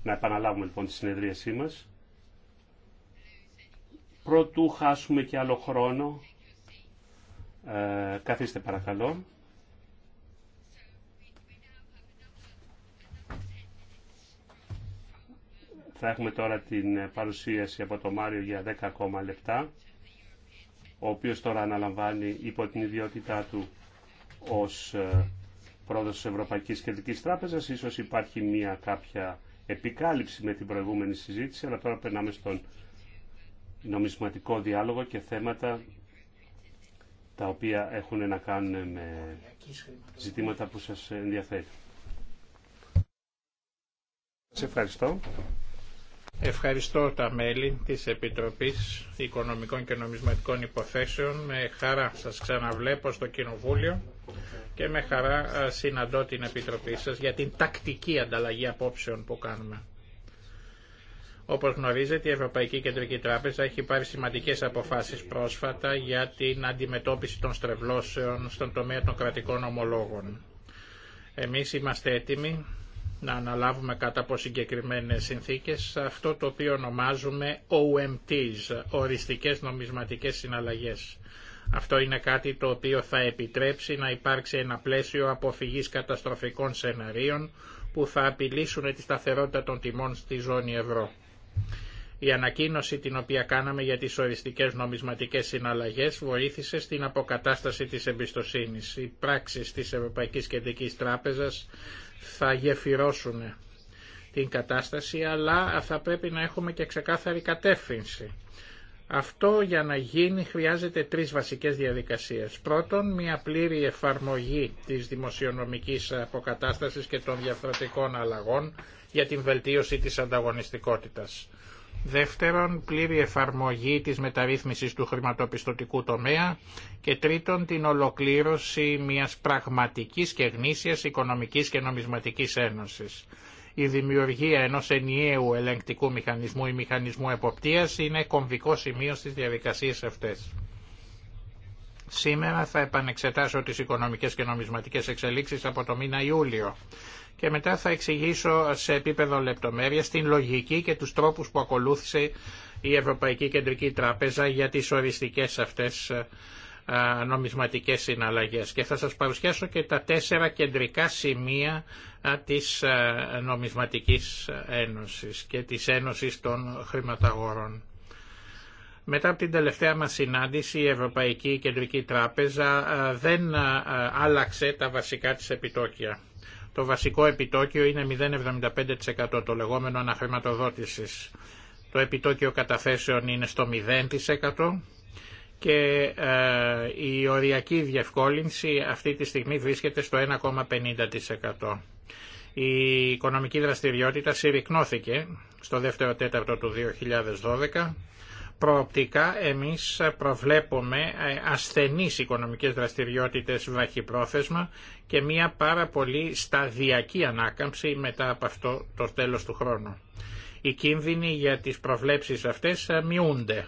Να επαναλάβουμε λοιπόν τη συνεδρίασή μας. Πρωτού χάσουμε και άλλο χρόνο. Ε, καθίστε παρακαλώ. Θα έχουμε τώρα την ε, παρουσίαση από τον Μάριο για 10 ακόμα λεπτά, ο οποίος τώρα αναλαμβάνει υπό την ιδιότητά του ως ε, πρόεδρος της Ευρωπαϊκής Κεντρικής Τράπεζας. Ίσως υπάρχει μια κάποια επικάλυψη με την προηγούμενη συζήτηση, αλλά τώρα περνάμε στον νομισματικό διάλογο και θέματα τα οποία έχουν να κάνουν με ζητήματα που σας ενδιαφέρει. Σε ευχαριστώ. Ευχαριστώ τα μέλη της Επιτροπής Οικονομικών και Νομισματικών Υποθέσεων. Με χαρά σας ξαναβλέπω στο Κοινοβούλιο και με χαρά συναντώ την Επιτροπή σας για την τακτική ανταλλαγή απόψεων που κάνουμε. Όπως γνωρίζετε, η Ευρωπαϊκή Κεντρική Τράπεζα έχει πάρει σημαντικές αποφάσεις πρόσφατα για την αντιμετώπιση των στρεβλώσεων στον τομέα των κρατικών ομολόγων. Εμείς είμαστε έτοιμοι να αναλάβουμε κατά από συγκεκριμένε συνθήκες αυτό το οποίο ονομάζουμε OMTs, οριστικές νομισματικές συναλλαγές. Αυτό είναι κάτι το οποίο θα επιτρέψει να υπάρξει ένα πλαίσιο αποφυγής καταστροφικών σεναρίων που θα απειλήσουν τη σταθερότητα των τιμών στη ζώνη ευρώ. Η ανακοίνωση την οποία κάναμε για τις οριστικές νομισματικές συναλλαγές βοήθησε στην αποκατάσταση της εμπιστοσύνης. Οι πράξεις της Ευρωπαϊκής Κεντρικής Τράπεζα θα γεφυρώσουν την κατάσταση, αλλά θα πρέπει να έχουμε και ξεκάθαρη κατεύθυνση. Αυτό για να γίνει χρειάζεται τρεις βασικές διαδικασίες. Πρώτον, μια πλήρη εφαρμογή της δημοσιονομικής αποκατάστασης και των διαφορετικών αλλαγών για την βελτίωση της ανταγωνιστικότητας δεύτερον πλήρη εφαρμογή της μεταρρύθμισης του χρηματοπιστωτικού τομέα και τρίτον την ολοκλήρωση μιας πραγματικής και γνήσιας οικονομικής και νομισματικής ένωσης. Η δημιουργία ενός ενιαίου ελεγκτικού μηχανισμού ή μηχανισμού εποπτείας είναι κομβικό σημείο στις διαδικασίες αυτές. Σήμερα θα επανεξετάσω τις οικονομικές και νομισματικές εξελίξεις από το μήνα Ιούλιο και μετά θα εξηγήσω σε επίπεδο λεπτομέρειας την λογική και τους τρόπους που ακολούθησε η Ευρωπαϊκή Κεντρική Τράπεζα για τις οριστικές αυτές νομισματικές συναλλαγές και θα σας παρουσιάσω και τα τέσσερα κεντρικά σημεία της νομισματικής ένωσης και της ένωσης των χρηματαγορών. Μετά από την τελευταία μας συνάντηση η Ευρωπαϊκή Κεντρική Τράπεζα ε, δεν ε, άλλαξε τα βασικά της επιτόκια. Το βασικό επιτόκιο είναι 0,75% το λεγόμενο αναχρηματοδότησης. Το επιτόκιο καταθέσεων είναι στο 0% και ε, η οριακή διευκόλυνση αυτή τη στιγμή βρίσκεται στο 1,50%. Η οικονομική δραστηριότητα συρρυκνώθηκε στο δεύτερο τέταρτο του 2012 προοπτικά εμείς προβλέπουμε ε, ασθενείς οικονομικές δραστηριότητες βαχυπρόθεσμα και μια πάρα πολύ σταδιακή ανάκαμψη μετά από αυτό το τέλος του χρόνου. Οι κίνδυνοι για τις προβλέψεις αυτές ε, μειούνται.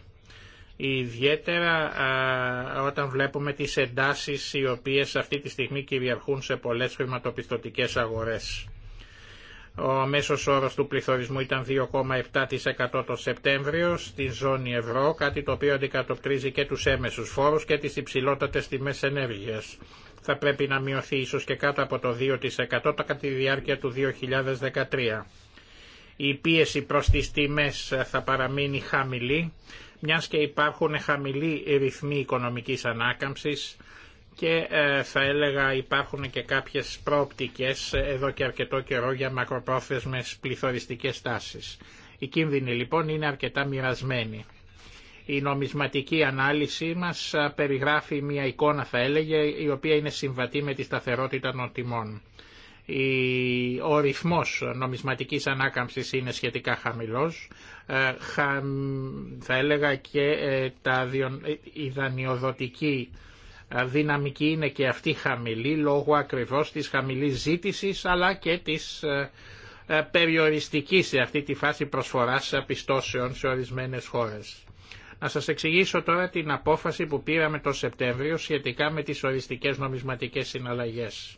Ιδιαίτερα όταν βλέπουμε τις εντάσεις οι οποίες αυτή τη στιγμή κυριαρχούν σε πολλές χρηματοπιστωτικές αγορές. Ο μέσο όρο του πληθωρισμού ήταν 2,7% το Σεπτέμβριο στη ζώνη ευρώ, κάτι το οποίο αντικατοπτρίζει και τους έμεσους φόρους και τις υψηλότατες τιμές ενέργειας. Θα πρέπει να μειωθεί ίσω και κάτω από το 2% κατά τη διάρκεια του 2013. Η πίεση προς τις τιμές θα παραμείνει χαμηλή, μιας και υπάρχουν χαμηλοί ρυθμοί οικονομικής ανάκαμψης, και ε, θα έλεγα υπάρχουν και κάποιες πρόοπτικες εδώ και αρκετό καιρό για μακροπρόθεσμες πληθωριστικές τάσεις. Οι κίνδυνοι λοιπόν είναι αρκετά μοιρασμένοι. Η νομισματική ανάλυση μας ε, περιγράφει μια εικόνα θα έλεγε η οποία είναι συμβατή με τη σταθερότητα των τιμών. Ο ρυθμός νομισματικής ανάκαμψης είναι σχετικά χαμηλός. Ε, θα έλεγα και η δανειοδοτική δυναμική είναι και αυτή χαμηλή λόγω ακριβώς της χαμηλής ζήτησης αλλά και της ε, ε, περιοριστικής σε αυτή τη φάση προσφοράς απιστώσεων σε ορισμένες χώρες. Να σας εξηγήσω τώρα την απόφαση που πήραμε το Σεπτέμβριο σχετικά με τις οριστικές νομισματικές συναλλαγές.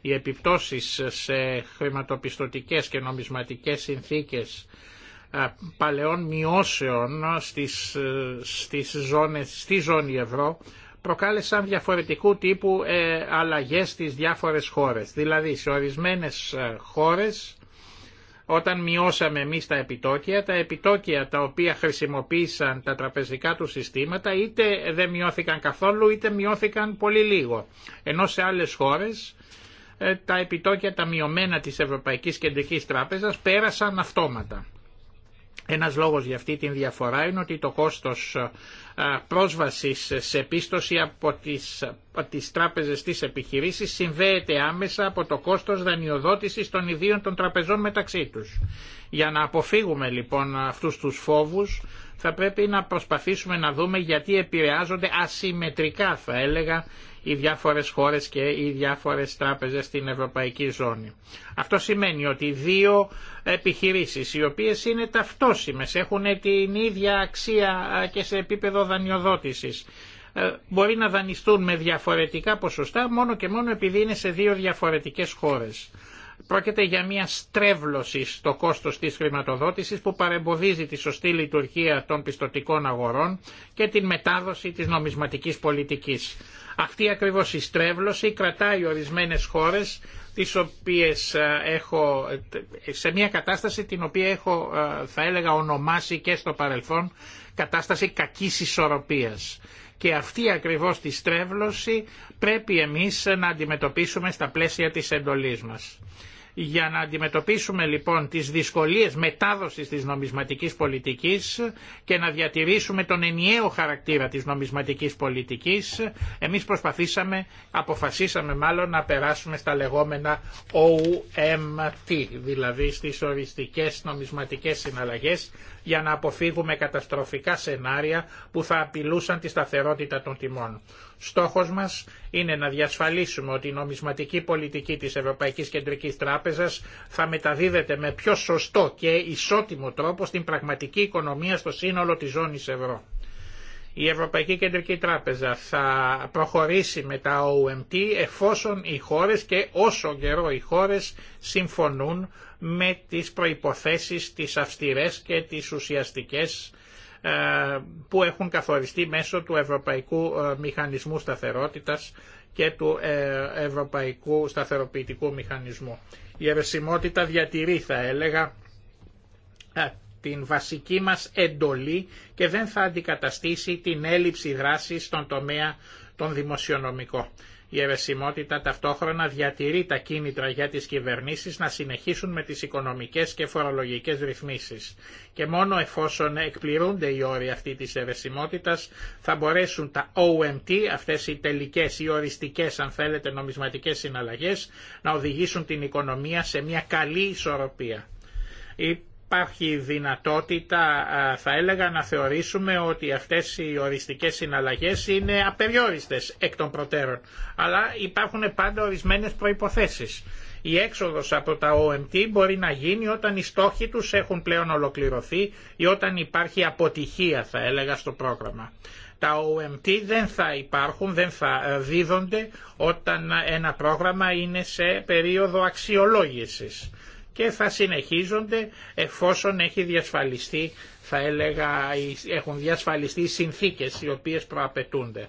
Οι επιπτώσεις σε χρηματοπιστωτικές και νομισματικές συνθήκες ε, παλαιών μειώσεων στις, στις ζώνες, στη ζώνη ευρώ προκάλεσαν διαφορετικού τύπου ε, αλλαγές στις διάφορες χώρες. Δηλαδή σε ορισμένες ε, χώρες όταν μειώσαμε εμείς τα επιτόκια, τα επιτόκια τα οποία χρησιμοποίησαν τα τραπεζικά του συστήματα είτε δεν μειώθηκαν καθόλου είτε μειώθηκαν πολύ λίγο. Ενώ σε άλλες χώρες ε, τα επιτόκια τα μειωμένα της Ευρωπαϊκής Κεντρικής Τράπεζας πέρασαν αυτόματα. Ένας λόγος για αυτή την διαφορά είναι ότι το κόστος ε, πρόσβασης σε πίστοση από τις, από τις τράπεζες της επιχειρήσης συνδέεται άμεσα από το κόστος δανειοδότησης των ιδίων των τραπεζών μεταξύ τους. Για να αποφύγουμε λοιπόν αυτούς τους φόβους θα πρέπει να προσπαθήσουμε να δούμε γιατί επηρεάζονται ασυμμετρικά θα έλεγα οι διάφορες χώρες και οι διάφορες τράπεζες στην ευρωπαϊκή ζώνη. Αυτό σημαίνει ότι δύο επιχειρήσεις οι οποίες είναι ταυτόσιμες, έχουν την ίδια αξία και σε επίπεδο δανειοδότησης, ε, μπορεί να δανειστούν με διαφορετικά ποσοστά μόνο και μόνο επειδή είναι σε δύο διαφορετικές χώρες. Πρόκειται για μια στρέβλωση στο κόστος της χρηματοδότησης που παρεμποδίζει τη σωστή λειτουργία των πιστοτικών αγορών και την μετάδοση της νομισματικής πολιτικής. Αυτή ακριβώς η στρέβλωση κρατάει ορισμένες χώρες τις οποίες ε, έχω, σε μια κατάσταση την οποία έχω ε, θα έλεγα ονομάσει και στο παρελθόν κατάσταση κακής ισορροπίας. Και αυτή ακριβώς τη στρέβλωση πρέπει εμείς να αντιμετωπίσουμε στα πλαίσια της εντολής μας. Για να αντιμετωπίσουμε λοιπόν τις δυσκολίες μετάδοσης της νομισματικής πολιτικής και να διατηρήσουμε τον ενιαίο χαρακτήρα της νομισματικής πολιτικής, εμείς προσπαθήσαμε, αποφασίσαμε μάλλον να περάσουμε στα λεγόμενα OMT, δηλαδή στις οριστικές νομισματικές συναλλαγές για να αποφύγουμε καταστροφικά σενάρια που θα απειλούσαν τη σταθερότητα των τιμών. Στόχος μας είναι να διασφαλίσουμε ότι η νομισματική πολιτική της Ευρωπαϊκής Κεντρικής Τράπεζας θα μεταδίδεται με πιο σωστό και ισότιμο τρόπο στην πραγματική οικονομία στο σύνολο της ζώνης ευρώ. Η Ευρωπαϊκή Κεντρική Τράπεζα θα προχωρήσει με τα OMT εφόσον οι χώρες και όσο καιρό οι χώρες συμφωνούν με τις προϋποθέσεις τις αυστηρές και τις ουσιαστικές ε, που έχουν καθοριστεί μέσω του Ευρωπαϊκού ε, Μηχανισμού Σταθερότητας και του ε, Ευρωπαϊκού Σταθεροποιητικού Μηχανισμού. Η ερεσιμότητα διατηρεί, θα έλεγα, την βασική μας εντολή και δεν θα αντικαταστήσει την έλλειψη δράσης στον τομέα των δημοσιονομικών. Η αιρεσιμότητα ταυτόχρονα διατηρεί τα κίνητρα για τις κυβερνήσεις να συνεχίσουν με τις οικονομικές και φορολογικές ρυθμίσεις. Και μόνο εφόσον εκπληρούνται οι όροι αυτή της αιρεσιμότητας θα μπορέσουν τα OMT, αυτές οι τελικές ή οριστικές αν θέλετε νομισματικές συναλλαγές, να οδηγήσουν την οικονομία σε μια καλή ισορροπία υπάρχει δυνατότητα, θα έλεγα, να θεωρήσουμε ότι αυτές οι οριστικές συναλλαγές είναι απεριόριστες εκ των προτέρων. Αλλά υπάρχουν πάντα ορισμένες προϋποθέσεις. Η έξοδος από τα OMT μπορεί να γίνει όταν οι στόχοι τους έχουν πλέον ολοκληρωθεί ή όταν υπάρχει αποτυχία, θα έλεγα, στο πρόγραμμα. Τα OMT δεν θα υπάρχουν, δεν θα ε, δίδονται όταν ένα πρόγραμμα είναι σε περίοδο αξιολόγησης και θα συνεχίζονται εφόσον έχει διασφαλιστεί, θα έλεγα, έχουν διασφαλιστεί οι συνθήκες οι οποίες προαπαιτούνται.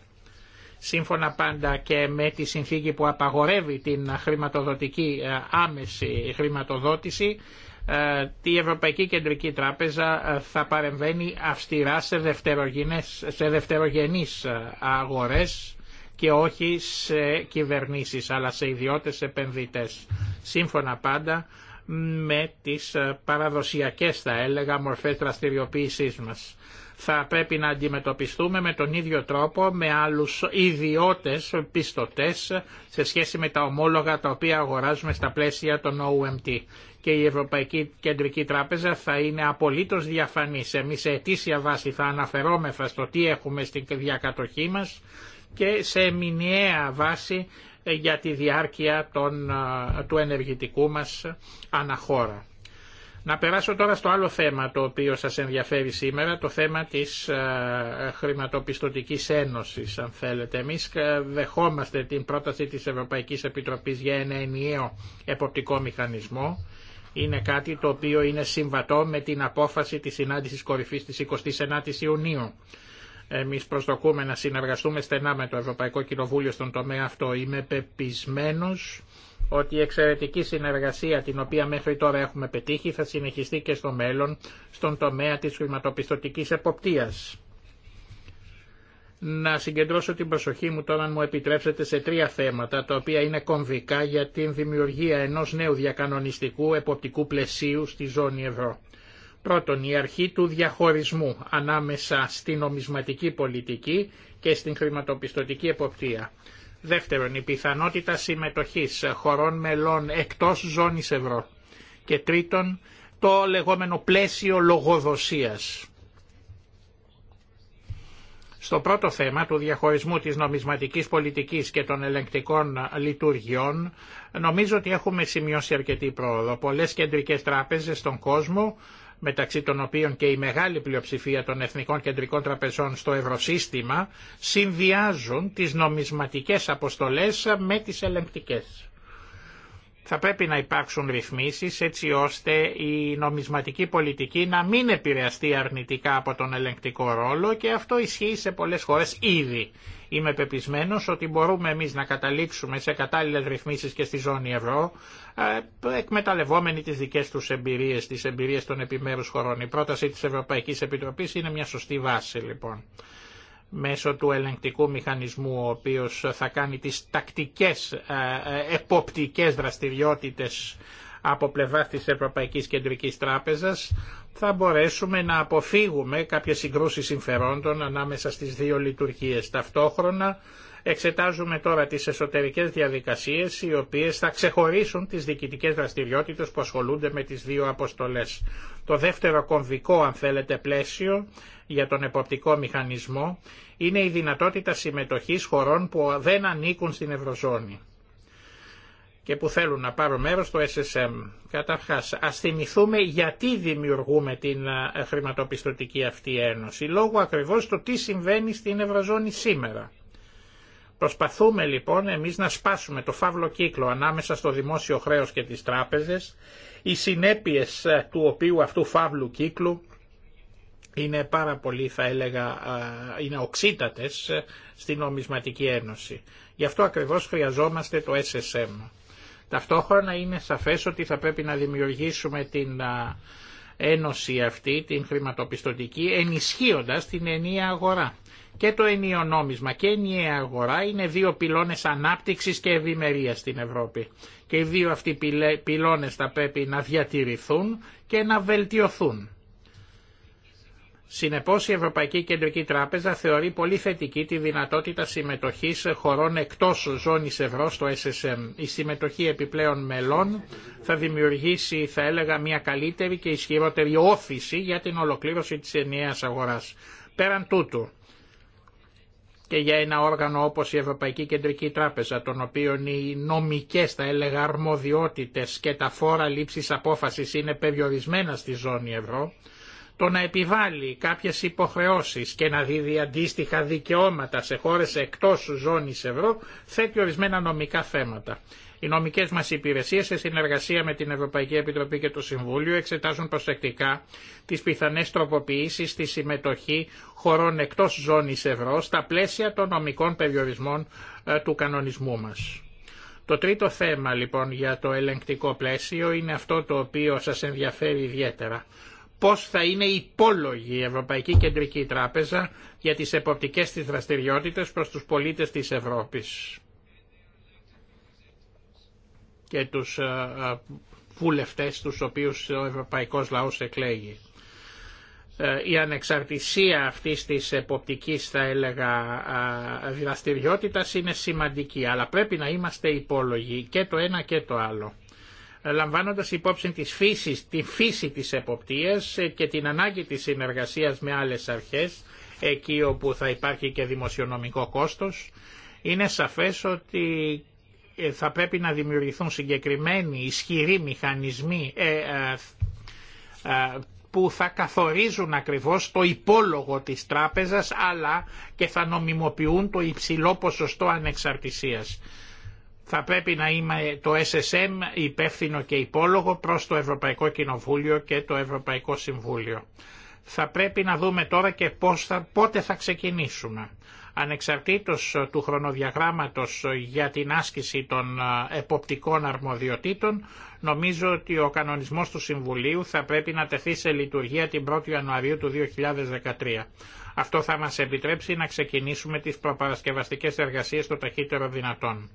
Σύμφωνα πάντα και με τη συνθήκη που απαγορεύει την χρηματοδοτική ε, άμεση χρηματοδότηση, ε, η Ευρωπαϊκή Κεντρική Τράπεζα ε, θα παρεμβαίνει αυστηρά σε, σε δευτερογενείς αγορές και όχι σε κυβερνήσεις αλλά σε ιδιώτες επενδυτές. Σύμφωνα πάντα με τις ε, παραδοσιακές θα έλεγα μορφές δραστηριοποίησή μας. Θα πρέπει να αντιμετωπιστούμε με τον ίδιο τρόπο με άλλους ιδιώτες πιστωτές σε σχέση με τα ομόλογα τα οποία αγοράζουμε στα πλαίσια των OMT. Και η Ευρωπαϊκή Κεντρική Τράπεζα θα είναι απολύτως διαφανής. Εμείς σε αιτήσια βάση θα αναφερόμεθα στο τι έχουμε στην διακατοχή μας και σε μηνιαία βάση για τη διάρκεια των, του ενεργητικού μας αναχώρα. Να περάσω τώρα στο άλλο θέμα το οποίο σας ενδιαφέρει σήμερα, το θέμα της χρηματοπιστωτικής ένωσης, αν θέλετε. Εμείς δεχόμαστε την πρόταση της Ευρωπαϊκής Επιτροπής για ένα ενιαίο εποπτικό μηχανισμό. Είναι κάτι το οποίο είναι συμβατό με την απόφαση της συνάντησης κορυφής της 29ης Ιουνίου. Εμεί προσδοκούμε να συνεργαστούμε στενά με το Ευρωπαϊκό Κοινοβούλιο στον τομέα αυτό. Είμαι πεπισμένο ότι η εξαιρετική συνεργασία την οποία μέχρι τώρα έχουμε πετύχει θα συνεχιστεί και στο μέλλον στον τομέα της χρηματοπιστωτική εποπτείας. Να συγκεντρώσω την προσοχή μου τώρα, αν μου επιτρέψετε, σε τρία θέματα, τα οποία είναι κομβικά για την δημιουργία ενός νέου διακανονιστικού εποπτικού πλαισίου στη ζώνη ευρώ. Πρώτον, η αρχή του διαχωρισμού ανάμεσα στην νομισματική πολιτική και στην χρηματοπιστωτική εποπτεία. Δεύτερον, η πιθανότητα συμμετοχής χωρών μελών εκτός ζώνης ευρώ. Και τρίτον, το λεγόμενο πλαίσιο λογοδοσίας. Στο πρώτο θέμα του διαχωρισμού της νομισματικής πολιτικής και των ελεγκτικών λειτουργιών, νομίζω ότι έχουμε σημειώσει αρκετή πρόοδο. Πολλές κεντρικές τράπεζες στον κόσμο μεταξύ των οποίων και η μεγάλη πλειοψηφία των εθνικών κεντρικών τραπεζών στο ευρωσύστημα, συνδυάζουν τις νομισματικές αποστολές με τις ελεγκτικές. Θα πρέπει να υπάρξουν ρυθμίσεις έτσι ώστε η νομισματική πολιτική να μην επηρεαστεί αρνητικά από τον ελεγκτικό ρόλο και αυτό ισχύει σε πολλές χώρες ήδη. Είμαι πεπισμένος ότι μπορούμε εμείς να καταλήξουμε σε κατάλληλες ρυθμίσεις και στη ζώνη ευρώ ε, εκμεταλλευόμενοι τις δικές τους εμπειρίες, τις εμπειρίες των επιμέρους χωρών. Η πρόταση της Ευρωπαϊκής Επιτροπής είναι μια σωστή βάση λοιπόν μέσω του ελεγκτικού μηχανισμού ο οποίος θα κάνει τις τακτικές ε, ε, εποπτικές δραστηριότητες από πλευρά της Ευρωπαϊκής Κεντρικής Τράπεζας θα μπορέσουμε να αποφύγουμε κάποιες συγκρούσεις συμφερόντων ανάμεσα στις δύο λειτουργίες. Ταυτόχρονα Εξετάζουμε τώρα τις εσωτερικές διαδικασίες οι οποίες θα ξεχωρίσουν τις διοικητικές δραστηριότητες που ασχολούνται με τις δύο αποστολές. Το δεύτερο κομβικό αν θέλετε πλαίσιο για τον εποπτικό μηχανισμό είναι η δυνατότητα συμμετοχής χωρών που δεν ανήκουν στην Ευρωζώνη και που θέλουν να πάρουν μέρος στο SSM. Καταρχάς, ας θυμηθούμε γιατί δημιουργούμε την χρηματοπιστωτική αυτή ένωση, λόγω ακριβώς το τι συμβαίνει στην Ευρωζώνη σήμερα. Προσπαθούμε λοιπόν εμείς να σπάσουμε το φαύλο κύκλο ανάμεσα στο δημόσιο χρέος και τις τράπεζες, οι συνέπειες ε, του οποίου αυτού φαύλου κύκλου είναι πάρα πολύ θα έλεγα, ε, είναι οξύτατες ε, στην νομισματική ένωση. Γι' αυτό ακριβώς χρειαζόμαστε το SSM. Ταυτόχρονα είναι σαφές ότι θα πρέπει να δημιουργήσουμε την ένωση αυτή, την χρηματοπιστωτική, ενισχύοντας την ενία αγορά και το ενιαίο νόμισμα και ενιαία αγορά είναι δύο πυλώνες ανάπτυξης και ευημερία στην Ευρώπη. Και οι δύο αυτοί πυλώνες θα πρέπει να διατηρηθούν και να βελτιωθούν. Συνεπώς η Ευρωπαϊκή Κεντρική Τράπεζα θεωρεί πολύ θετική τη δυνατότητα συμμετοχής χωρών εκτός ζώνης ευρώ στο SSM. Η συμμετοχή επιπλέον μελών θα δημιουργήσει, θα έλεγα, μια καλύτερη και ισχυρότερη όθηση για την ολοκλήρωση της ενιαίας αγοράς. Πέραν τούτου, και για ένα όργανο όπως η Ευρωπαϊκή Κεντρική Τράπεζα, των οποίων οι νομικές, θα έλεγα, αρμοδιότητες και τα φόρα λήψης απόφασης είναι περιορισμένα στη ζώνη ευρώ, το να επιβάλλει κάποιες υποχρεώσεις και να δίδει αντίστοιχα δικαιώματα σε χώρες εκτός ζώνης ευρώ θέτει ορισμένα νομικά θέματα. Οι νομικέ μα υπηρεσίε σε συνεργασία με την Ευρωπαϊκή Επιτροπή και το Συμβούλιο εξετάζουν προσεκτικά τι πιθανέ τροποποίησει στη συμμετοχή χωρών εκτό ζώνη ευρώ στα πλαίσια των νομικών περιορισμών ε, του κανονισμού μα. Το τρίτο θέμα λοιπόν για το ελεγκτικό πλαίσιο είναι αυτό το οποίο σας ενδιαφέρει ιδιαίτερα. Πώς θα είναι υπόλογη η Ευρωπαϊκή Κεντρική Τράπεζα για τις εποπτικές της δραστηριότητες προς τους πολίτες της Ευρώπης και τους ε, ε, βουλευτές τους οποίους ο ευρωπαϊκός λαός εκλέγει. Ε, η ανεξαρτησία αυτής της εποπτικής θα έλεγα δραστηριότητα είναι σημαντική αλλά πρέπει να είμαστε υπόλογοι και το ένα και το άλλο λαμβάνοντας υπόψη της φύσης, τη φύση της εποπτείας και την ανάγκη της συνεργασίας με άλλες αρχές, εκεί όπου θα υπάρχει και δημοσιονομικό κόστος, είναι σαφές ότι ε, θα πρέπει να δημιουργηθούν συγκεκριμένοι ισχυροί μηχανισμοί ε, ε, που θα καθορίζουν ακριβώς το υπόλογο της τράπεζας αλλά και θα νομιμοποιούν το υψηλό ποσοστό ανεξαρτησίας. Θα πρέπει να είμαι το SSM υπεύθυνο και υπόλογο προς το Ευρωπαϊκό Κοινοβούλιο και το Ευρωπαϊκό Συμβούλιο. Θα πρέπει να δούμε τώρα και πώς θα, πότε θα ξεκινήσουμε ανεξαρτήτως ε, του χρονοδιαγράμματος ε, για την άσκηση των ε, εποπτικών αρμοδιοτήτων, νομίζω ότι ο κανονισμός του Συμβουλίου θα πρέπει να τεθεί σε λειτουργία την 1η Ιανουαρίου του 2013. Αυτό θα μας επιτρέψει να ξεκινήσουμε τις προπαρασκευαστικές εργασίες το ταχύτερο δυνατόν.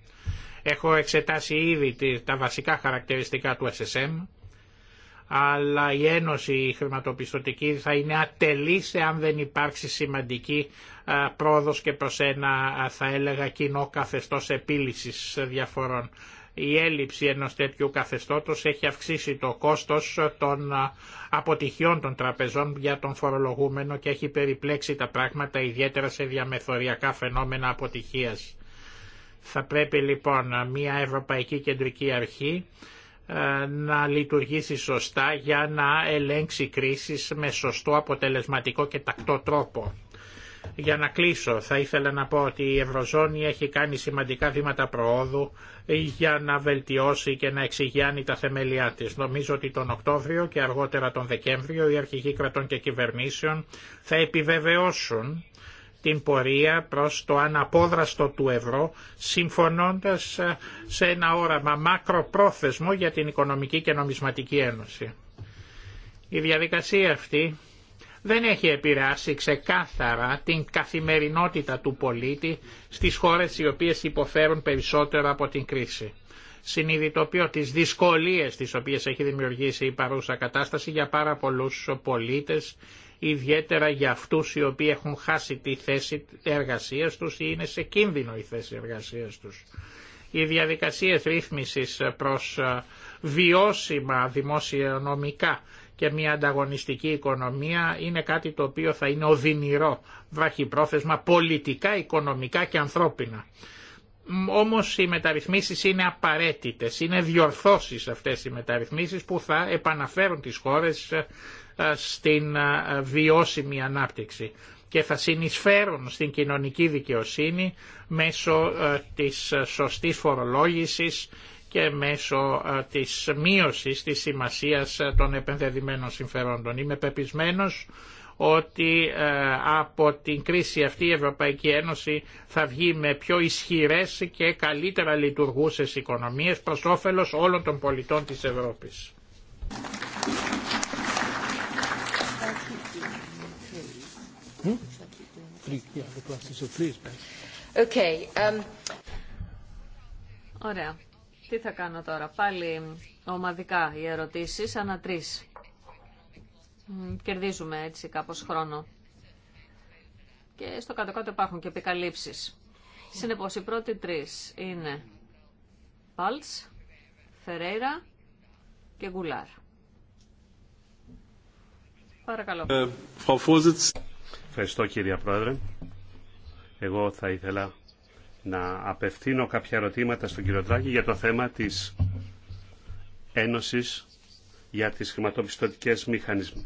Έχω εξετάσει ήδη τα βασικά χαρακτηριστικά του SSM, αλλά η Ένωση η Χρηματοπιστωτική θα είναι ατελής εάν δεν υπάρξει σημαντική πρόοδος και προς ένα θα έλεγα κοινό καθεστώς επίλυσης διαφορών. Η έλλειψη ενός τέτοιου καθεστώτος έχει αυξήσει το κόστος των αποτυχιών των τραπεζών για τον φορολογούμενο και έχει περιπλέξει τα πράγματα ιδιαίτερα σε διαμεθοριακά φαινόμενα αποτυχίας. Θα πρέπει λοιπόν μια Ευρωπαϊκή Κεντρική Αρχή ε, να λειτουργήσει σωστά για να ελέγξει κρίσεις με σωστό, αποτελεσματικό και τακτό τρόπο. Για να κλείσω, θα ήθελα να πω ότι η Ευρωζώνη έχει κάνει σημαντικά βήματα προόδου για να βελτιώσει και να εξηγιάνει τα θεμελιά της. Νομίζω ότι τον Οκτώβριο και αργότερα τον Δεκέμβριο οι αρχηγοί κρατών και κυβερνήσεων θα επιβεβαιώσουν την πορεία προς το αναπόδραστο του ευρώ, συμφωνώντας ε, σε ένα όραμα μακροπρόθεσμο για την Οικονομική και Νομισματική Ένωση. Η διαδικασία αυτή δεν έχει επηρεάσει ξεκάθαρα την καθημερινότητα του πολίτη στις χώρες οι οποίες υποφέρουν περισσότερο από την κρίση. Συνειδητοποιώ τις δυσκολίες τις οποίες έχει δημιουργήσει η παρούσα κατάσταση για πάρα πολλούς πολίτες ιδιαίτερα για αυτούς οι οποίοι έχουν χάσει τη θέση εργασίας τους ή είναι σε κίνδυνο η θέση εργασίας τους. Οι διαδικασίες ρύθμισης προς ε, βιώσιμα δημοσιονομικά και μια ανταγωνιστική οικονομία είναι κάτι το οποίο θα είναι οδυνηρό, βραχυπρόθεσμα, πολιτικά, οικονομικά και ανθρώπινα. Όμως οι μεταρρυθμίσεις είναι απαραίτητες, είναι διορθώσεις αυτές οι μεταρρυθμίσεις που θα επαναφέρουν τις χώρες ε, ε, στην ε, βιώσιμη ανάπτυξη και θα συνεισφέρουν στην κοινωνική δικαιοσύνη μέσω της σωστής φορολόγησης και μέσω της μείωσης της σημασίας των επενδεδημένων συμφερόντων. Είμαι πεπισμένος ότι ε, από την κρίση αυτή η Ευρωπαϊκή Ένωση θα βγει με πιο ισχυρές και καλύτερα λειτουργούσες οικονομίες προς όφελος όλων των πολιτών της Ευρώπης. Um, Ωραία. Τι θα κάνω τώρα. Πάλι ομαδικά οι ερωτήσεις, ανά κερδίζουμε έτσι κάπως χρόνο. Και στο κάτω-κάτω υπάρχουν και επικαλύψεις. Συνεπώς, οι πρώτοι τρεις είναι Πάλτς, Φερέιρα και Γκουλάρ. Παρακαλώ. Ε, Ευχαριστώ κύριε Πρόεδρε. Εγώ θα ήθελα να απευθύνω κάποια ερωτήματα στον κύριο Τράκη για το θέμα της Ένωσης για τις χρηματοπιστωτικές μηχανισμ...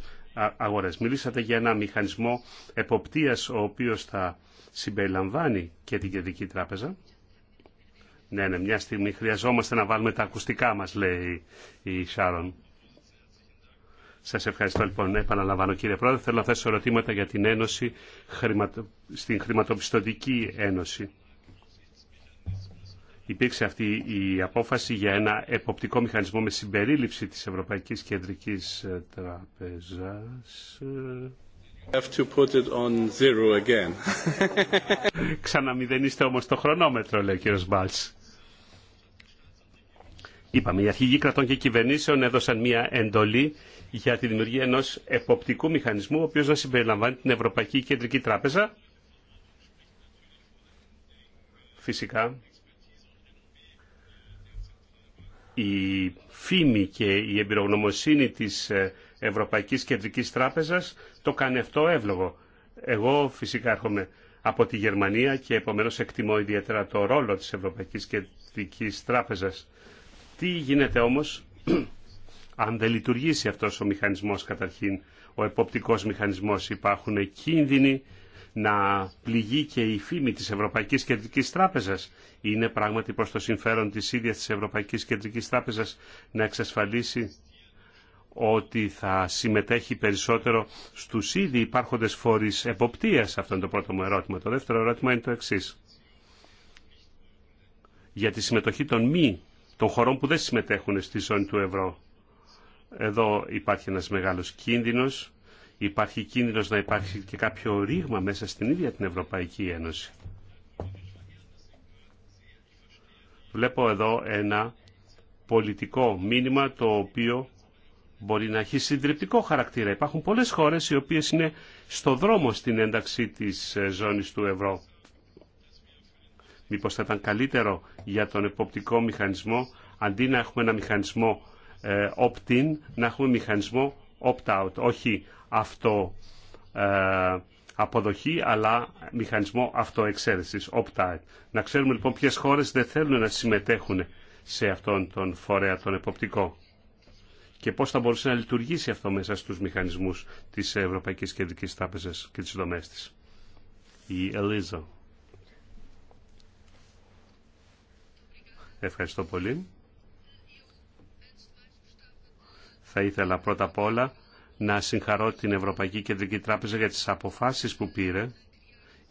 αγορές. Μιλήσατε για ένα μηχανισμό εποπτείας ο οποίος θα συμπεριλαμβάνει και την Κεντρική Τράπεζα. Ναι, ναι, μια στιγμή χρειαζόμαστε να βάλουμε τα ακουστικά μας, λέει η Σάρων. Σας ευχαριστώ λοιπόν. Επαναλαμβάνω κύριε Πρόεδρε, θέλω να θέσω ερωτήματα για την Ένωση, χρηματο... στην Χρηματοπιστωτική Ένωση υπήρξε αυτή η απόφαση για ένα εποπτικό μηχανισμό με συμπερίληψη της Ευρωπαϊκής Κεντρικής ε, Τραπεζάς. Have to put it Ξαναμηδενίστε όμως το χρονόμετρο, λέει ο κύριος Μπάλτς. Είπαμε, οι αρχηγοί κρατών και κυβερνήσεων έδωσαν μια εντολή για τη δημιουργία ενός εποπτικού μηχανισμού, ο οποίος να συμπεριλαμβάνει την Ευρωπαϊκή Κεντρική Τράπεζα. Φυσικά, η φήμη και η εμπειρογνωμοσύνη της ε, Ευρωπαϊκής Κεντρικής Τράπεζας το κάνει αυτό εύλογο. Εγώ φυσικά έρχομαι από τη Γερμανία και επομένως εκτιμώ ιδιαίτερα το ρόλο της Ευρωπαϊκής Κεντρικής Τράπεζας. Τι γίνεται όμως αν δεν λειτουργήσει αυτός ο μηχανισμός καταρχήν, ο εποπτικός μηχανισμός υπάρχουν κίνδυνοι να πληγεί και η φήμη της Ευρωπαϊκής Κεντρικής Τράπεζας. Είναι πράγματι προς το συμφέρον της ίδιας της Ευρωπαϊκής Κεντρικής Τράπεζας να εξασφαλίσει ότι θα συμμετέχει περισσότερο στους ήδη υπάρχοντες φορείς εποπτείας. Αυτό είναι το πρώτο μου ερώτημα. Το δεύτερο ερώτημα είναι το εξής. Για τη συμμετοχή των μη, των χωρών που δεν συμμετέχουν στη ζώνη του ευρώ. Εδώ υπάρχει ένας μεγάλος κίνδυνος Υπάρχει κίνδυνος να υπάρχει και κάποιο ρήγμα μέσα στην ίδια την Ευρωπαϊκή Ένωση. Βλέπω εδώ ένα πολιτικό μήνυμα το οποίο μπορεί να έχει συντριπτικό χαρακτήρα. Υπάρχουν πολλές χώρες οι οποίες είναι στο δρόμο στην ένταξη της ε, ζώνης του ευρώ. Μήπως θα ήταν καλύτερο για τον εποπτικό μηχανισμό, αντί να έχουμε ένα μηχανισμό ε, opt-in, να έχουμε μηχανισμό opt-out. Όχι αυτό ε, αποδοχή αλλά μηχανισμό αυτοεξαίρεσης, opt-out. Να ξέρουμε λοιπόν ποιες χώρες δεν θέλουν να συμμετέχουν σε αυτόν τον φορέα, τον εποπτικό και πώς θα μπορούσε να λειτουργήσει αυτό μέσα στους μηχανισμούς της Ευρωπαϊκής Κεντρικής Τράπεζας και της δομές της. Η Ελίζα. Ευχαριστώ πολύ. Θα ήθελα πρώτα απ' όλα να συγχαρώ την Ευρωπαϊκή Κεντρική Τράπεζα για τις αποφάσεις που πήρε,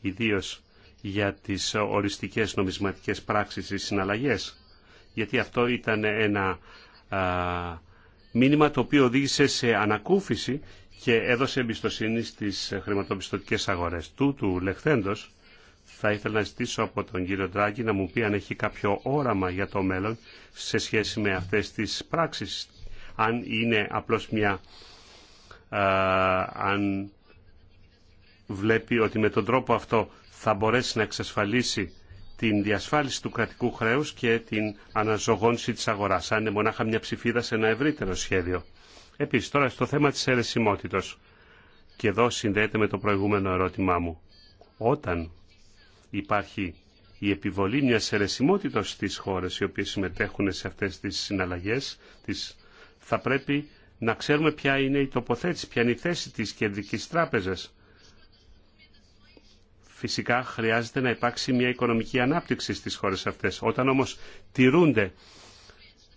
ιδίως για τις οριστικές νομισματικές πράξεις ή συναλλαγές, γιατί αυτό ήταν ένα μήνυμα το οποίο οδήγησε σε ανακούφιση και έδωσε εμπιστοσύνη στις χρηματοπιστωτικές αγορές. Τούτου λεχθέντος θα ήθελα να ζητήσω από τον κύριο Ντράγκη να μου πει αν έχει κάποιο όραμα για το μέλλον σε σχέση με αυτές τις πράξεις, αν είναι απλώς μια αν βλέπει ότι με τον τρόπο αυτό θα μπορέσει να εξασφαλίσει την διασφάλιση του κρατικού χρέους και την αναζωγόνηση της αγοράς, αν μονάχα μια ψηφίδα σε ένα ευρύτερο σχέδιο. Επίσης, τώρα στο θέμα της αιρεσιμότητος, και εδώ συνδέεται με το προηγούμενο ερώτημά μου. Όταν υπάρχει η επιβολή μιας αιρεσιμότητας στις χώρες οι οποίες συμμετέχουν σε αυτές τις συναλλαγές, θα πρέπει να ξέρουμε ποια είναι η τοποθέτηση, ποια είναι η θέση της Κεντρικής Τράπεζας. Φυσικά χρειάζεται να υπάρξει μια οικονομική ανάπτυξη στις χώρες αυτές. Όταν όμως τηρούνται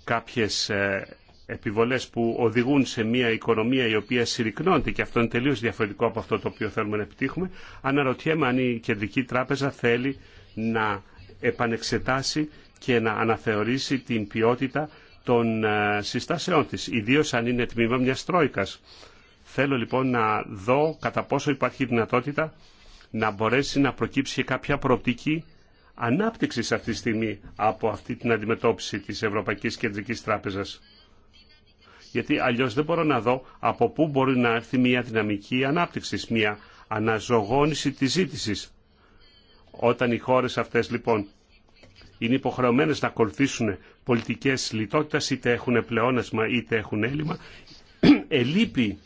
κάποιες ε, επιβολές που οδηγούν σε μια οικονομία η οποία συρρυκνώνεται και αυτό είναι τελείως διαφορετικό από αυτό το οποίο θέλουμε να επιτύχουμε, αναρωτιέμαι αν η Κεντρική Τράπεζα θέλει να επανεξετάσει και να αναθεωρήσει την ποιότητα των ε, συστάσεών της, ιδίως αν είναι τμήμα μιας τρόικας. Θέλω λοιπόν να δω κατά πόσο υπάρχει δυνατότητα να μπορέσει να προκύψει και κάποια προοπτική ανάπτυξης αυτή τη στιγμή από αυτή την αντιμετώπιση της Ευρωπαϊκής Κεντρικής Τράπεζας. Γιατί αλλιώς δεν μπορώ να δω από πού μπορεί να έρθει μια δυναμική ανάπτυξη, μια αναζωγόνηση της ζήτησης. Όταν οι χώρες αυτές λοιπόν είναι υποχρεωμένες να ακολουθήσουν πολιτικές λιτότητας, είτε έχουν πλεόνασμα είτε έχουν έλλειμμα, ελείπει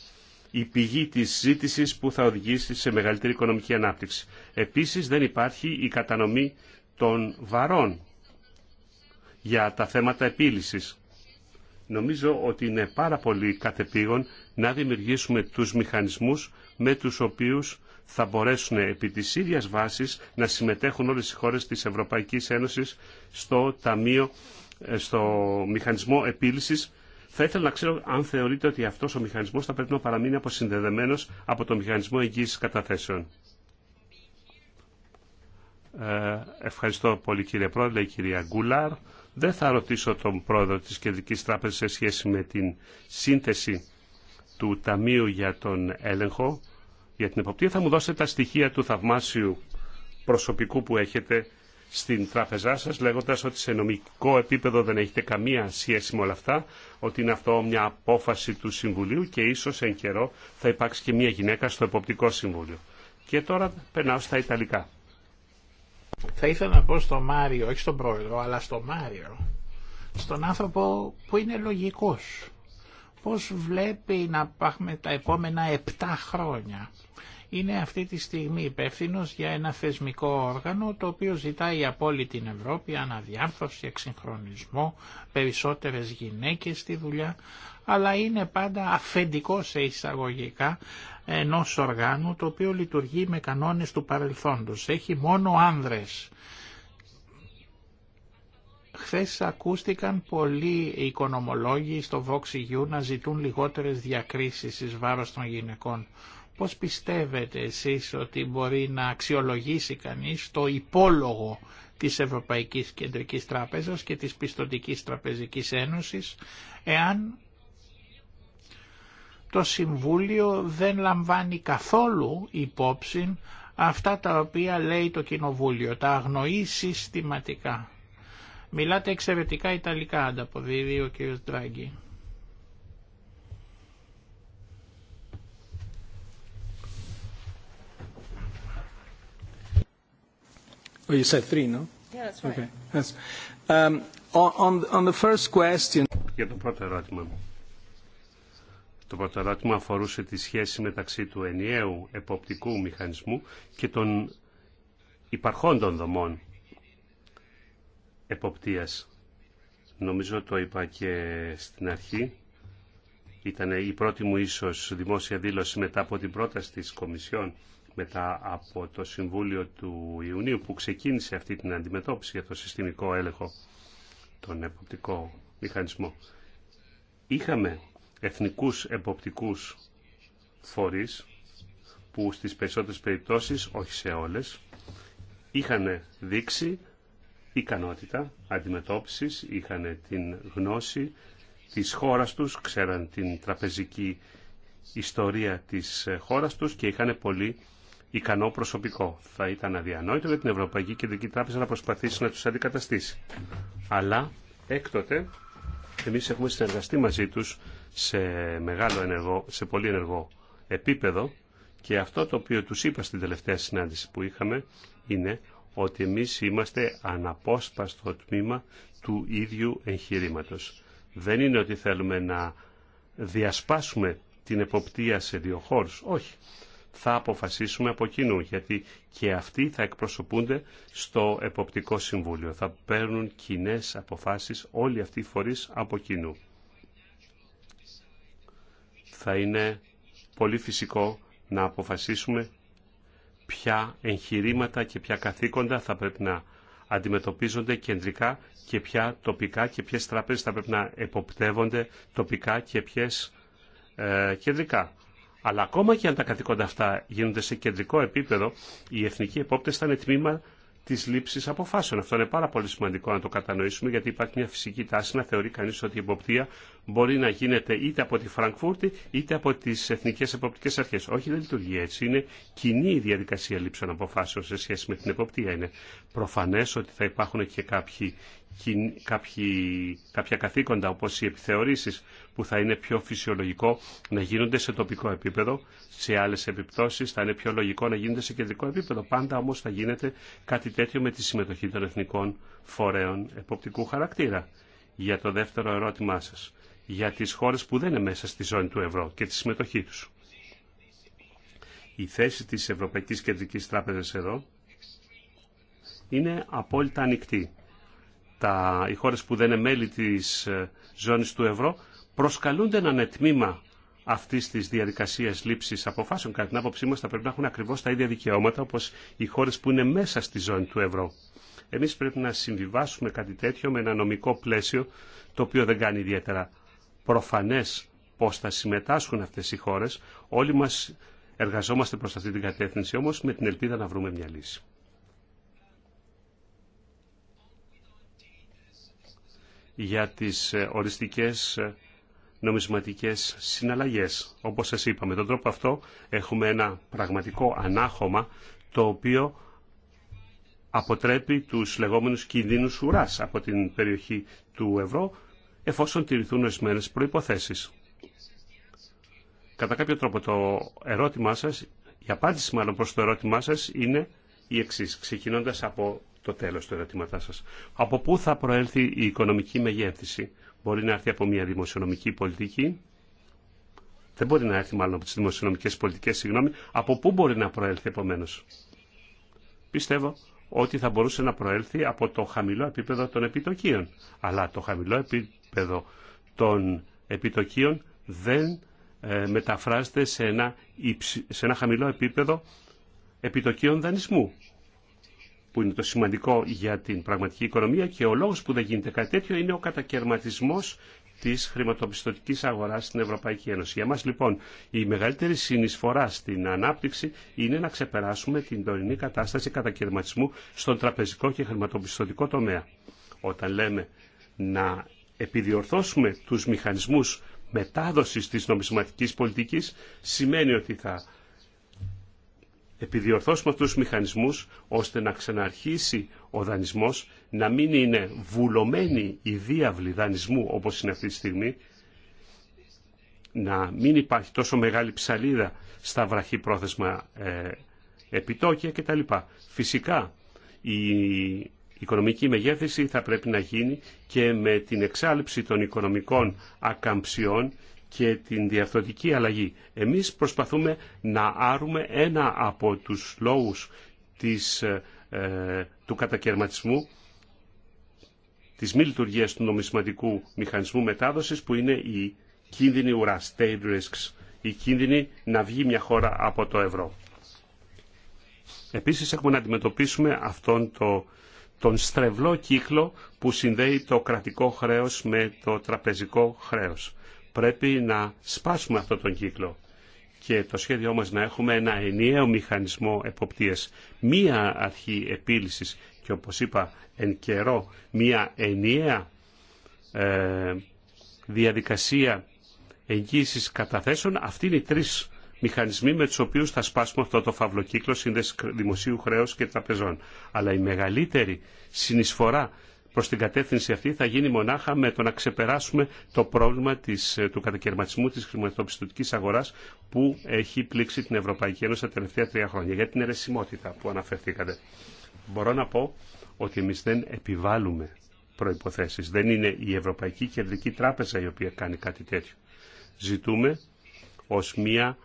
η πηγή της ζήτησης που θα οδηγήσει σε μεγαλύτερη οικονομική ανάπτυξη. Επίσης δεν υπάρχει η κατανομή των βαρών για τα θέματα επίλυσης. Νομίζω ότι είναι πάρα πολύ κατεπήγον να δημιουργήσουμε τους μηχανισμούς με τους οποίους θα μπορέσουν επί της ίδιας βάσης να συμμετέχουν όλες οι χώρες της Ευρωπαϊκής Ένωσης στο, ταμείο, ε, στο μηχανισμό επίλυσης. Θα ήθελα να ξέρω αν θεωρείτε ότι αυτός ο μηχανισμός θα πρέπει να παραμείνει αποσυνδεδεμένος από το μηχανισμό εγγύησης καταθέσεων. Ε, ευχαριστώ πολύ κύριε Πρόεδρε, κυρία Γκούλαρ. Δεν θα ρωτήσω τον πρόεδρο της Κεντρικής Τράπεζας σε σχέση με την σύνθεση του Ταμείου για τον Έλεγχο για την εποπτεία θα μου δώσετε τα στοιχεία του θαυμάσιου προσωπικού που έχετε στην τράπεζά σας λέγοντας ότι σε νομικό επίπεδο δεν έχετε καμία σχέση με όλα αυτά, ότι είναι αυτό μια απόφαση του Συμβουλίου και ίσως εν καιρό θα υπάρξει και μια γυναίκα στο Εποπτικό Συμβούλιο. Και τώρα περνάω στα Ιταλικά. Θα ήθελα να πω στο Μάριο, όχι στον Πρόεδρο, αλλά στο Μάριο, στον άνθρωπο που είναι λογικός πώς βλέπει να πάμε τα επόμενα 7 χρόνια. Είναι αυτή τη στιγμή υπεύθυνο για ένα θεσμικό όργανο το οποίο ζητάει από όλη την Ευρώπη αναδιάρθρωση, εξυγχρονισμό, περισσότερες γυναίκες στη δουλειά, αλλά είναι πάντα αφεντικό σε εισαγωγικά ενός οργάνου το οποίο λειτουργεί με κανόνες του παρελθόντος. Έχει μόνο άνδρες Χθες ακούστηκαν πολλοί οικονομολόγοι στο Vox EU να ζητούν λιγότερες διακρίσεις εις βάρος των γυναικών. Πώς πιστεύετε εσείς ότι μπορεί να αξιολογήσει κανείς το υπόλογο της Ευρωπαϊκής Κεντρικής Τράπεζας και της Πιστοντικής Τραπεζικής Ένωσης εάν το Συμβούλιο δεν λαμβάνει καθόλου υπόψη αυτά τα οποία λέει το Κοινοβούλιο, τα αγνοεί συστηματικά. Μιλάτε εξαιρετικά Ιταλικά, ανταποδίδει ο κύριος Ντράγκη. Για το πρώτο ερώτημα. Το πρώτο ερώτημα αφορούσε τη σχέση μεταξύ του ενιαίου εποπτικού μηχανισμού και των υπαρχόντων δομών εποπτείας. Νομίζω το είπα και στην αρχή. Ήταν η πρώτη μου ίσως δημόσια δήλωση μετά από την πρόταση της Κομισιόν, μετά από το Συμβούλιο του Ιουνίου που ξεκίνησε αυτή την αντιμετώπιση για το συστημικό έλεγχο, τον εποπτικό μηχανισμό. Είχαμε εθνικούς εποπτικούς φορείς που στις περισσότερες περιπτώσεις, όχι σε όλες, είχαν δείξει ικανότητα αντιμετώπισης, είχαν την γνώση της χώρας τους, ξέραν την τραπεζική ιστορία της χώρας τους και είχαν πολύ ικανό προσωπικό. Θα ήταν αδιανόητο για την Ευρωπαϊκή Κεντρική Τράπεζα να προσπαθήσει να τους αντικαταστήσει. Αλλά έκτοτε εμείς έχουμε συνεργαστεί μαζί τους σε, μεγάλο ενεργό, σε πολύ ενεργό επίπεδο και αυτό το οποίο τους είπα στην τελευταία συνάντηση που είχαμε είναι ότι εμείς είμαστε αναπόσπαστο τμήμα του ίδιου εγχειρήματο. Δεν είναι ότι θέλουμε να διασπάσουμε την εποπτεία σε δύο χώρου. Όχι. Θα αποφασίσουμε από κοινού, γιατί και αυτοί θα εκπροσωπούνται στο Εποπτικό Συμβούλιο. Θα παίρνουν κοινέ αποφάσεις όλοι αυτοί οι φορείς από κοινού. Θα είναι πολύ φυσικό να αποφασίσουμε ποια εγχειρήματα και ποια καθήκοντα θα πρέπει να αντιμετωπίζονται κεντρικά και ποια τοπικά και ποιες τράπεζες θα πρέπει να εποπτεύονται τοπικά και ποιες ε, κεντρικά. Αλλά ακόμα και αν τα καθήκοντα αυτά γίνονται σε κεντρικό επίπεδο, οι εθνικοί επόπτες θα είναι τμήμα τη λήψη αποφάσεων. Αυτό είναι πάρα πολύ σημαντικό να το κατανοήσουμε, γιατί υπάρχει μια φυσική τάση να θεωρεί κανεί ότι η εποπτεία μπορεί να γίνεται είτε από τη Φραγκφούρτη είτε από τι Εθνικέ Εποπτικέ Αρχέ. Όχι, δεν λειτουργεί έτσι. Είναι κοινή η διαδικασία λήψεων αποφάσεων σε σχέση με την εποπτεία. Είναι προφανέ ότι θα υπάρχουν και κάποιοι, κάποιοι, κάποια καθήκοντα όπω οι επιθεωρήσει που θα είναι πιο φυσιολογικό να γίνονται σε τοπικό επίπεδο. Σε άλλε επιπτώσει θα είναι πιο λογικό να γίνονται σε κεντρικό επίπεδο. Πάντα όμω θα γίνεται κάτι τέτοιο με τη συμμετοχή των εθνικών φορέων εποπτικού χαρακτήρα. Για το δεύτερο ερώτημά σας για τις χώρες που δεν είναι μέσα στη ζώνη του ευρώ και τη συμμετοχή τους. Η θέση της Ευρωπαϊκής Κεντρικής Τράπεζας εδώ είναι απόλυτα ανοιχτή. Τα, οι χώρες που δεν είναι μέλη της ε, ζώνης του ευρώ προσκαλούνται να είναι τμήμα αυτή τη διαδικασία λήψη αποφάσεων, κατά την άποψή μα, θα πρέπει να έχουν ακριβώ τα ίδια δικαιώματα όπω οι χώρε που είναι μέσα στη ζώνη του ευρώ. Εμεί πρέπει να συμβιβάσουμε κάτι τέτοιο με ένα νομικό πλαίσιο το οποίο δεν κάνει ιδιαίτερα προφανές πώς θα συμμετάσχουν αυτές οι χώρες. Όλοι μας εργαζόμαστε προς αυτή την κατεύθυνση όμως με την ελπίδα να βρούμε μια λύση. για τις ε, οριστικές ε, νομισματικές συναλλαγές. Όπως σας είπα, με τον τρόπο αυτό έχουμε ένα πραγματικό ανάχωμα το οποίο αποτρέπει τους λεγόμενους κινδύνους ουράς από την περιοχή του ευρώ εφόσον τηρηθούν ορισμένε προϋποθέσεις. Κατά κάποιο τρόπο το ερώτημά σας, η απάντηση μάλλον προς το ερώτημά σας είναι η εξή ξεκινώντας από το τέλος του ερωτήματά σας. Από πού θα προέλθει η οικονομική μεγέθυνση. Μπορεί να έρθει από μια δημοσιονομική πολιτική, δεν μπορεί να έρθει μάλλον από τις δημοσιονομικές πολιτικές, συγγνώμη, από πού μπορεί να προέλθει επομένω. Πιστεύω ότι θα μπορούσε να προέλθει από το χαμηλό επίπεδο των επιτοκίων. Αλλά το χαμηλό επί επίπεδο των επιτοκίων δεν ε, μεταφράζεται σε ένα, σε ένα χαμηλό επίπεδο επιτοκίων δανεισμού που είναι το σημαντικό για την πραγματική οικονομία και ο λόγος που δεν γίνεται κάτι τέτοιο είναι ο κατακαιρματισμός της χρηματοπιστωτικής αγοράς στην Ευρωπαϊκή Ένωση. Για μας λοιπόν η μεγαλύτερη συνεισφορά στην ανάπτυξη είναι να ξεπεράσουμε την τωρινή κατάσταση κατακαιρματισμού στον τραπεζικό και χρηματοπιστωτικό τομέα. Όταν λέμε να επιδιορθώσουμε τους μηχανισμούς μετάδοσης της νομισματικής πολιτικής σημαίνει ότι θα επιδιορθώσουμε τους μηχανισμούς ώστε να ξαναρχίσει ο δανεισμός να μην είναι βουλωμένη η διάβλη δανεισμού όπως είναι αυτή τη στιγμή να μην υπάρχει τόσο μεγάλη ψαλίδα στα βραχυπρόθεσμα πρόθεσμα επιτόκια κτλ. Φυσικά η η οικονομική μεγέθυνση θα πρέπει να γίνει και με την εξάλληψη των οικονομικών ακαμψιών και την διαρθρωτική αλλαγή. Εμείς προσπαθούμε να άρουμε ένα από τους λόγους της, ε, ε, του κατακαιρματισμού της μη λειτουργίας του νομισματικού μηχανισμού μετάδοσης που είναι η κίνδυνη ουρά, risks, η κίνδυνη να βγει μια χώρα από το ευρώ. Επίσης έχουμε να αντιμετωπίσουμε αυτόν το τον στρεβλό κύκλο που συνδέει το κρατικό χρέος με το τραπεζικό χρέος. Πρέπει να σπάσουμε αυτόν τον κύκλο και το σχέδιό μας να έχουμε ένα ενιαίο μηχανισμό εποπτείας, μία αρχή επίλυσης και όπως είπα εν καιρό μία ενιαία ε, διαδικασία εγγύησης καταθέσεων, Αυτή είναι οι τρεις μηχανισμοί με τους οποίους θα σπάσουμε αυτό το φαυλοκύκλο σύνδεση δημοσίου χρέους και τραπεζών. Αλλά η μεγαλύτερη συνεισφορά προς την κατεύθυνση αυτή θα γίνει μονάχα με το να ξεπεράσουμε το πρόβλημα της, ε, του κατακαιρματισμού της χρηματοπιστωτικής αγοράς που έχει πλήξει την Ευρωπαϊκή Ένωση τα τελευταία τρία χρόνια για την αιρεσιμότητα που αναφερθήκατε. Μπορώ να πω ότι εμείς δεν επιβάλλουμε προϋποθέσεις. Δεν είναι η Ευρωπαϊκή Κεντρική Τράπεζα η οποία κάνει κάτι τέτοιο. Ζητούμε ως μία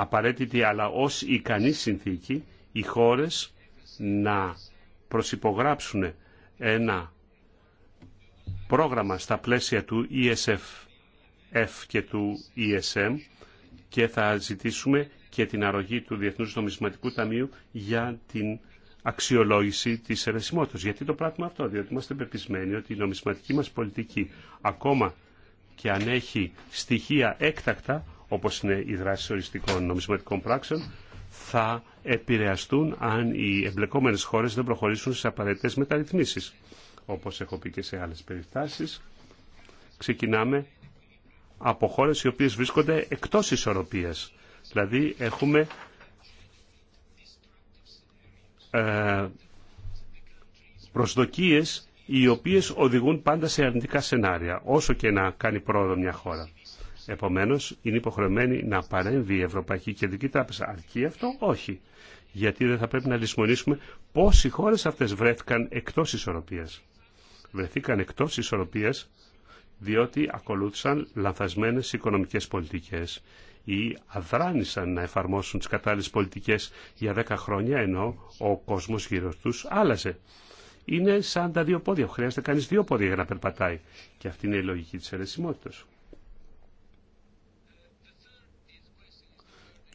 απαραίτητη αλλά ως ικανή συνθήκη οι χώρες να προσυπογράψουν ένα πρόγραμμα στα πλαίσια του e F και του ESM και θα ζητήσουμε και την αρρωγή του Διεθνούς Νομισματικού Ταμείου για την αξιολόγηση της ερεσιμότητας. Γιατί το πράγμα αυτό, διότι είμαστε πεπισμένοι ότι η νομισματική μας πολιτική ακόμα και αν έχει στοιχεία έκτακτα όπως είναι οι δράσει οριστικών νομισματικών πράξεων, θα επηρεαστούν αν οι εμπλεκόμενες χώρες δεν προχωρήσουν στις απαραίτητες μεταρρυθμίσεις. Όπως έχω πει και σε άλλες περιφτάσεις, ξεκινάμε από χώρες οι οποίες βρίσκονται εκτός ισορροπίας. Δηλαδή έχουμε ε, προσδοκίες οι οποίες οδηγούν πάντα σε αρνητικά σενάρια, όσο και να κάνει πρόοδο μια χώρα. Επομένως, είναι υποχρεωμένη να παρέμβει η Ευρωπαϊκή Κεντρική Τράπεζα. Αρκεί αυτό, όχι. Γιατί δεν θα πρέπει να λησμονήσουμε πώς οι χώρες αυτές βρέθηκαν εκτός ισορροπίας. Βρεθήκαν εκτός ισορροπίας διότι ακολούθησαν λανθασμένες οικονομικές πολιτικές ή αδράνησαν να εφαρμόσουν τις κατάλληλες πολιτικές για 10 χρόνια ενώ ο κόσμος γύρω τους άλλαζε. Είναι σαν τα δύο πόδια. Χρειάζεται κανείς δύο πόδια για να περπατάει. Και αυτή είναι η λογική της αιρεσιμότητας.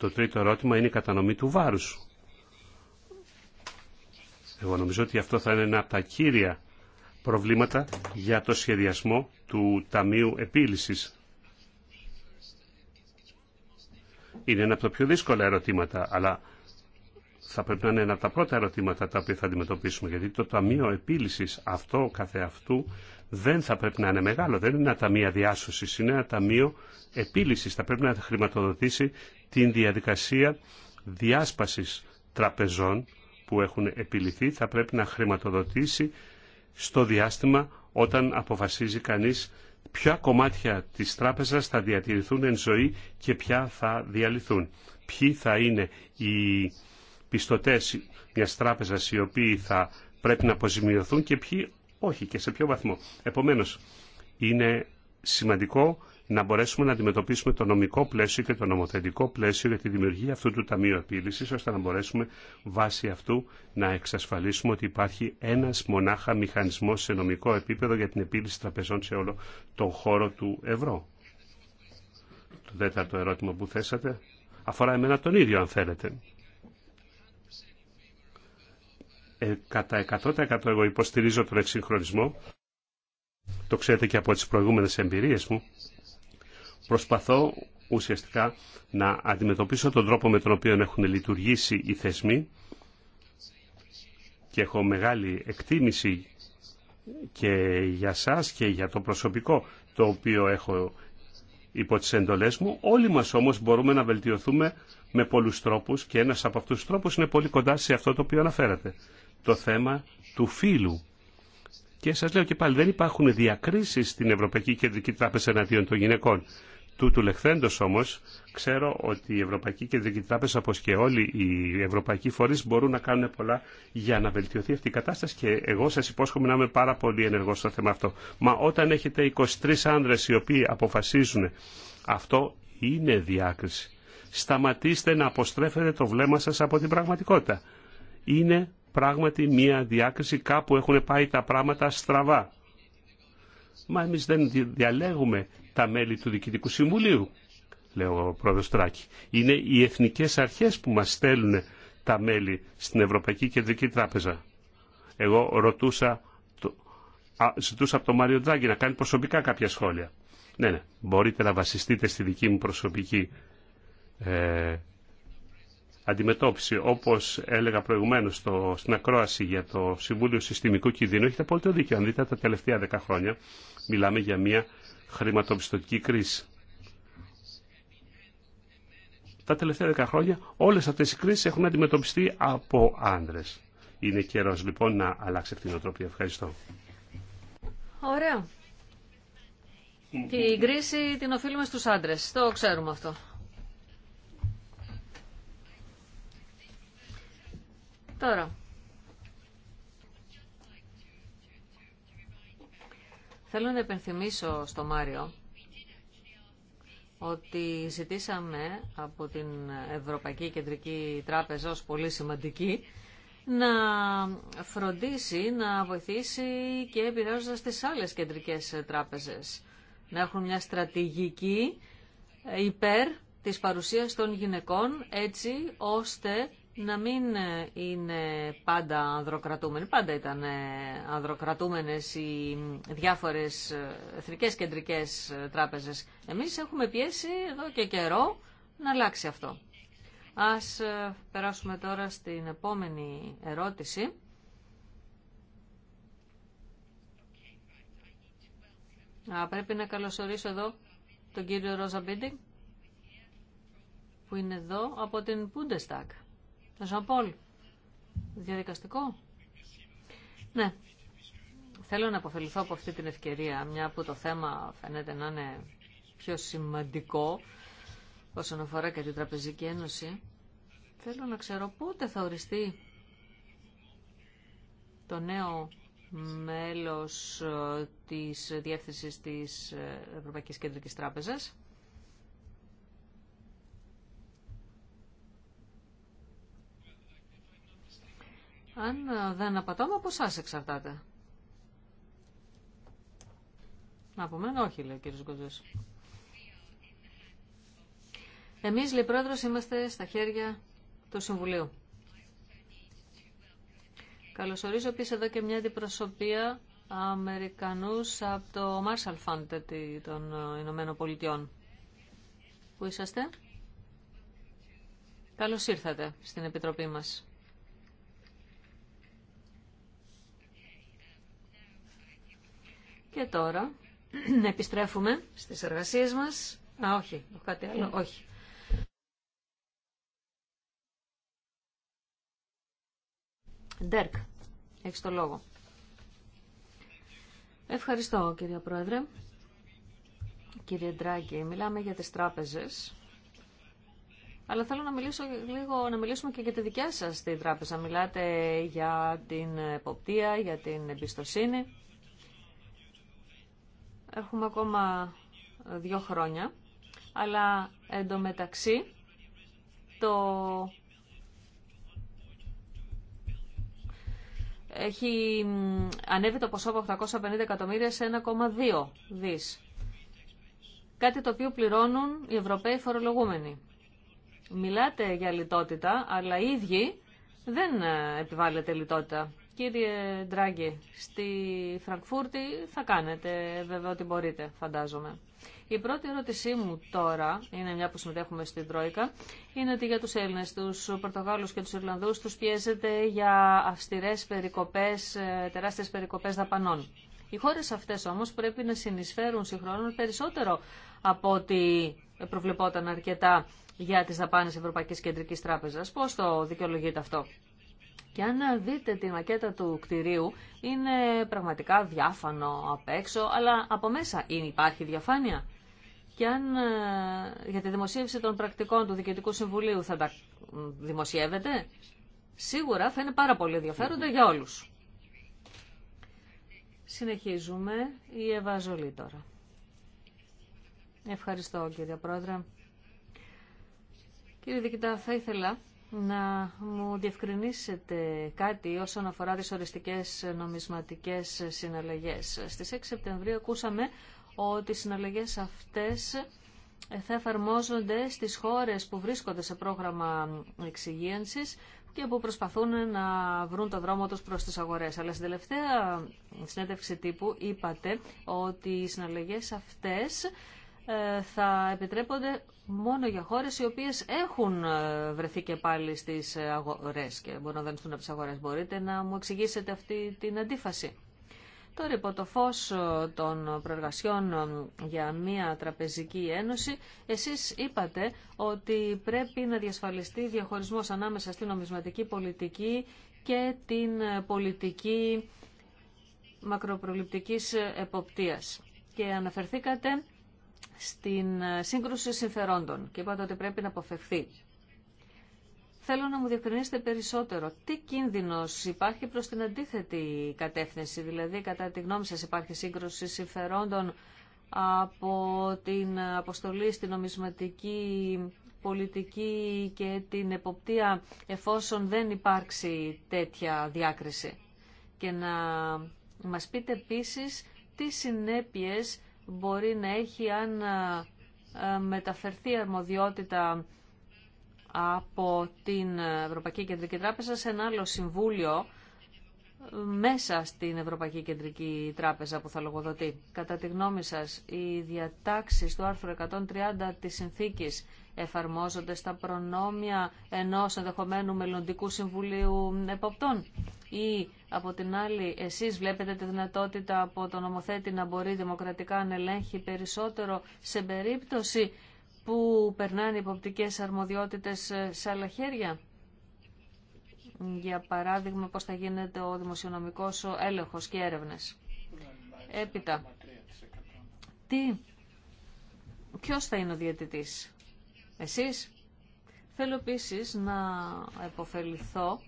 Το τρίτο ερώτημα είναι η κατανομή του βάρους. Εγώ νομίζω ότι αυτό θα είναι ένα από τα κύρια προβλήματα για το σχεδιασμό του Ταμείου Επίλυσης. Είναι ένα από τα πιο δύσκολα ερωτήματα, αλλά θα πρέπει να είναι ένα από τα πρώτα ερωτήματα τα οποία θα αντιμετωπίσουμε, γιατί το Ταμείο Επίλυσης αυτό καθεαυτού δεν θα πρέπει να είναι μεγάλο, δεν είναι ένα ταμείο διάσωσης, είναι ένα ταμείο επίλυσης. Θα πρέπει να χρηματοδοτήσει την διαδικασία διάσπασης τραπεζών που έχουν επιληθεί θα πρέπει να χρηματοδοτήσει στο διάστημα όταν αποφασίζει κανείς ποια κομμάτια της τράπεζας θα διατηρηθούν εν ζωή και ποια θα διαλυθούν. Ποιοι θα είναι οι πιστωτές μιας τράπεζας οι οποίοι θα πρέπει να αποζημιωθούν και ποιοι όχι και σε ποιο βαθμό. Επομένως, είναι σημαντικό να μπορέσουμε να αντιμετωπίσουμε το νομικό πλαίσιο και το νομοθετικό πλαίσιο για τη δημιουργία αυτού του Ταμείου Επίλυσης, ώστε να μπορέσουμε βάσει αυτού να εξασφαλίσουμε ότι υπάρχει ένας μονάχα μηχανισμός σε νομικό επίπεδο για την επίλυση τραπεζών σε όλο τον χώρο του ευρώ. Το τέταρτο ερώτημα που θέσατε αφορά εμένα τον ίδιο αν θέλετε. Ε, κατά 100% εγώ υποστηρίζω τον εξυγχρονισμό. Το ξέρετε και από τις προηγούμενες εμπειρίες μου. Προσπαθώ ουσιαστικά να αντιμετωπίσω τον τρόπο με τον οποίο έχουν λειτουργήσει οι θεσμοί και έχω μεγάλη εκτίμηση και για σας και για το προσωπικό το οποίο έχω υπό τις εντολές μου. Όλοι μας όμως μπορούμε να βελτιωθούμε με πολλούς τρόπους και ένας από αυτούς τους τρόπους είναι πολύ κοντά σε αυτό το οποίο αναφέρατε. Το θέμα του φύλου. Και σας λέω και πάλι δεν υπάρχουν διακρίσεις στην Ευρωπαϊκή Κεντρική Τράπεζα εναντίον των γυναικών. Τούτου λεχθέντος όμως ξέρω ότι η Ευρωπαϊκή Κεντρική Τράπεζα όπως και όλοι οι ευρωπαϊκοί φορείς μπορούν να κάνουν πολλά για να βελτιωθεί αυτή η κατάσταση και εγώ σας υπόσχομαι να είμαι πάρα πολύ ενεργός στο θέμα αυτό. Μα όταν έχετε 23 άνδρες οι οποίοι αποφασίζουν αυτό είναι διάκριση. Σταματήστε να αποστρέφετε το βλέμμα σας από την πραγματικότητα. Είναι πράγματι μια διάκριση κάπου έχουν πάει τα πράγματα στραβά. Μα εμείς δεν διαλέγουμε τα μέλη του Διοικητικού Συμβουλίου, λέω ο πρόεδρος Τράκη. Είναι οι εθνικές αρχές που μας στέλνουν τα μέλη στην Ευρωπαϊκή Κεντρική Τράπεζα. Εγώ ρωτούσα, ζητούσα από τον Μάριο Τράγκη να κάνει προσωπικά κάποια σχόλια. Ναι, ναι, μπορείτε να βασιστείτε στη δική μου προσωπική ε, αντιμετώπιση. Όπως έλεγα προηγουμένως στην ακρόαση για το Συμβούλιο Συστημικού Κινδύνου, έχετε απόλυτο δίκιο. Αν δείτε τα τελευταία δέκα χρόνια, μιλάμε για μια χρηματοπιστωτική κρίση. Τα τελευταία δέκα χρόνια όλες αυτές οι κρίσεις έχουν αντιμετωπιστεί από άνδρες. Είναι καιρός λοιπόν να αλλάξει αυτή η νοοτροπία. Ευχαριστώ. Ωραία. Την κρίση την οφείλουμε στους άντρες. Το ξέρουμε αυτό. Τώρα, Θέλω να επενθυμίσω στο Μάριο ότι ζητήσαμε από την Ευρωπαϊκή Κεντρική Τράπεζα ως πολύ σημαντική να φροντίσει, να βοηθήσει και επηρεάζοντας τις άλλες κεντρικές τράπεζες να έχουν μια στρατηγική υπέρ της παρουσίας των γυναικών έτσι ώστε να μην ε, είναι πάντα ανδροκρατούμενοι. Πάντα ήταν ε, ανδροκρατούμενες οι διάφορες ε, εθνικές κεντρικές τράπεζες. Εμείς έχουμε πιέσει εδώ και καιρό να αλλάξει αυτό. Ας περάσουμε τώρα στην επόμενη ερώτηση. Α, πρέπει να καλωσορίσω εδώ τον κύριο Ρόζα Μπίντιγκ που είναι εδώ από την Πούντεστακ. Ζαμπόλ, διαδικαστικό. Ναι, θέλω να αποφεληθώ από αυτή την ευκαιρία, μια που το θέμα φαίνεται να είναι πιο σημαντικό όσον αφορά και την Τραπεζική Ένωση. Θέλω να ξέρω πότε θα οριστεί το νέο μέλος ε, της διεύθυνσης της ε, Ευρωπαϊκής Κεντρικής Τράπεζας. Αν ε, δεν απατάμε, από εσά εξαρτάται. Να μένα όχι, λέει ο κύριο Γκοντζές. Εμεί, λέει πρόεδρο, είμαστε στα χέρια του Συμβουλίου. Καλωσορίζω πίσω εδώ και μια αντιπροσωπεία Αμερικανούς από το Marshall Fund των ε, Ηνωμένων Πολιτειών. Πού είσαστε? Καλώς ήρθατε στην Επιτροπή μας. Και τώρα επιστρέφουμε στις εργασίες μας. Α, όχι, κάτι άλλο, ναι. όχι. Ντέρκ, έχεις το λόγο. Ευχαριστώ, κύριε Πρόεδρε. Κύριε Ντράγκη, μιλάμε για τις τράπεζες. Αλλά θέλω να, μιλήσω λίγο, να μιλήσουμε και για τη δικιά σας τη τράπεζα. Μιλάτε για την εποπτεία, για την εμπιστοσύνη. Έχουμε ακόμα δύο χρόνια, αλλά εντωμεταξύ το έχει ανέβει το ποσό από 850 εκατομμύρια σε 1,2 δις. Κάτι το οποίο πληρώνουν οι Ευρωπαίοι φορολογούμενοι. Μιλάτε για λιτότητα, αλλά οι ίδιοι δεν ε, επιβάλλεται λιτότητα. Κύριε Ντράγκη, στη Φραγκφούρτη θα κάνετε βέβαια ό,τι μπορείτε, φαντάζομαι. Η πρώτη ερώτησή μου τώρα, είναι μια που συμμετέχουμε στην Τρόικα, είναι ότι για τους Έλληνες, τους Πορτογάλους και τους Ιρλανδούς τους πιέζεται για αυστηρές περικοπές, ε, τεράστιες περικοπές δαπανών. Οι χώρες αυτές όμως πρέπει να συνεισφέρουν συγχρόνως περισσότερο από ό,τι προβλεπόταν αρκετά για τις δαπάνες Ευρωπαϊκής Κεντρικής Τράπεζας. Πώς το δικαιολογείται αυτό. Και αν δείτε τη μακέτα του κτηρίου, είναι πραγματικά διάφανο απ' έξω, αλλά από μέσα είναι, υπάρχει διαφάνεια. Και αν ε, για τη δημοσίευση των πρακτικών του Διοικητικού Συμβουλίου θα τα δημοσιεύετε, σίγουρα θα είναι πάρα πολύ ενδιαφέροντα για όλους. Συνεχίζουμε. Η Εύα τώρα. Ευχαριστώ κύριε Πρόεδρε. Κύριε Δικητά, θα ήθελα να μου διευκρινίσετε κάτι όσον αφορά τις οριστικές νομισματικές συναλλαγές. Στις 6 Σεπτεμβρίου ακούσαμε ότι οι συναλλαγές αυτές θα εφαρμόζονται στις χώρες που βρίσκονται σε πρόγραμμα εξυγίανσης και που προσπαθούν να βρουν το δρόμο τους προς τις αγορές. Αλλά στην τελευταία συνέντευξη τύπου είπατε ότι οι συναλλαγές αυτές ε, θα επιτρέπονται μόνο για χώρες οι οποίες έχουν ε, βρεθεί και πάλι στις ε, αγορές και μπορούν να δανειστούν από τις αγορές. Μπορείτε να μου εξηγήσετε αυτή την αντίφαση. Τώρα υπό το φως των προεργασιών για μια τραπεζική ένωση, εσείς είπατε ότι πρέπει να διασφαλιστεί διαχωρισμός ανάμεσα στην νομισματική πολιτική και την πολιτική μακροπροληπτικής εποπτείας. Και αναφερθήκατε στην ε, σύγκρουση συμφερόντων και είπατε ότι πρέπει να αποφευθεί. Θέλω να μου διευκρινίσετε περισσότερο τι κίνδυνος υπάρχει προς την αντίθετη κατεύθυνση, δηλαδή κατά τη γνώμη σας υπάρχει σύγκρουση συμφερόντων από την αποστολή στην νομισματική πολιτική και την εποπτεία εφόσον δεν υπάρξει τέτοια διάκριση. Και να μας πείτε επίσης τι συνέπειες μπορεί να έχει αν ε, μεταφερθεί αρμοδιότητα από την Ευρωπαϊκή Κεντρική Τράπεζα σε ένα άλλο συμβούλιο ε, μέσα στην Ευρωπαϊκή Κεντρική Τράπεζα που θα λογοδοτεί. Κατά τη γνώμη σας, οι διατάξεις του άρθρου 130 της συνθήκης εφαρμόζονται στα προνόμια ενός ενδεχομένου μελλοντικού συμβουλίου εποπτών ή από την άλλη, εσείς βλέπετε τη δυνατότητα από τον νομοθέτη να μπορεί δημοκρατικά να ελέγχει περισσότερο σε περίπτωση που περνάνε υποπτικές αρμοδιότητες ε, σε άλλα χέρια. Για παράδειγμα, πώς θα γίνεται ο δημοσιονομικός έλεγχος και έρευνες. Έπειτα, τι, ποιος θα είναι ο διαιτητής, εσείς. Θέλω επίσης να επωφεληθώ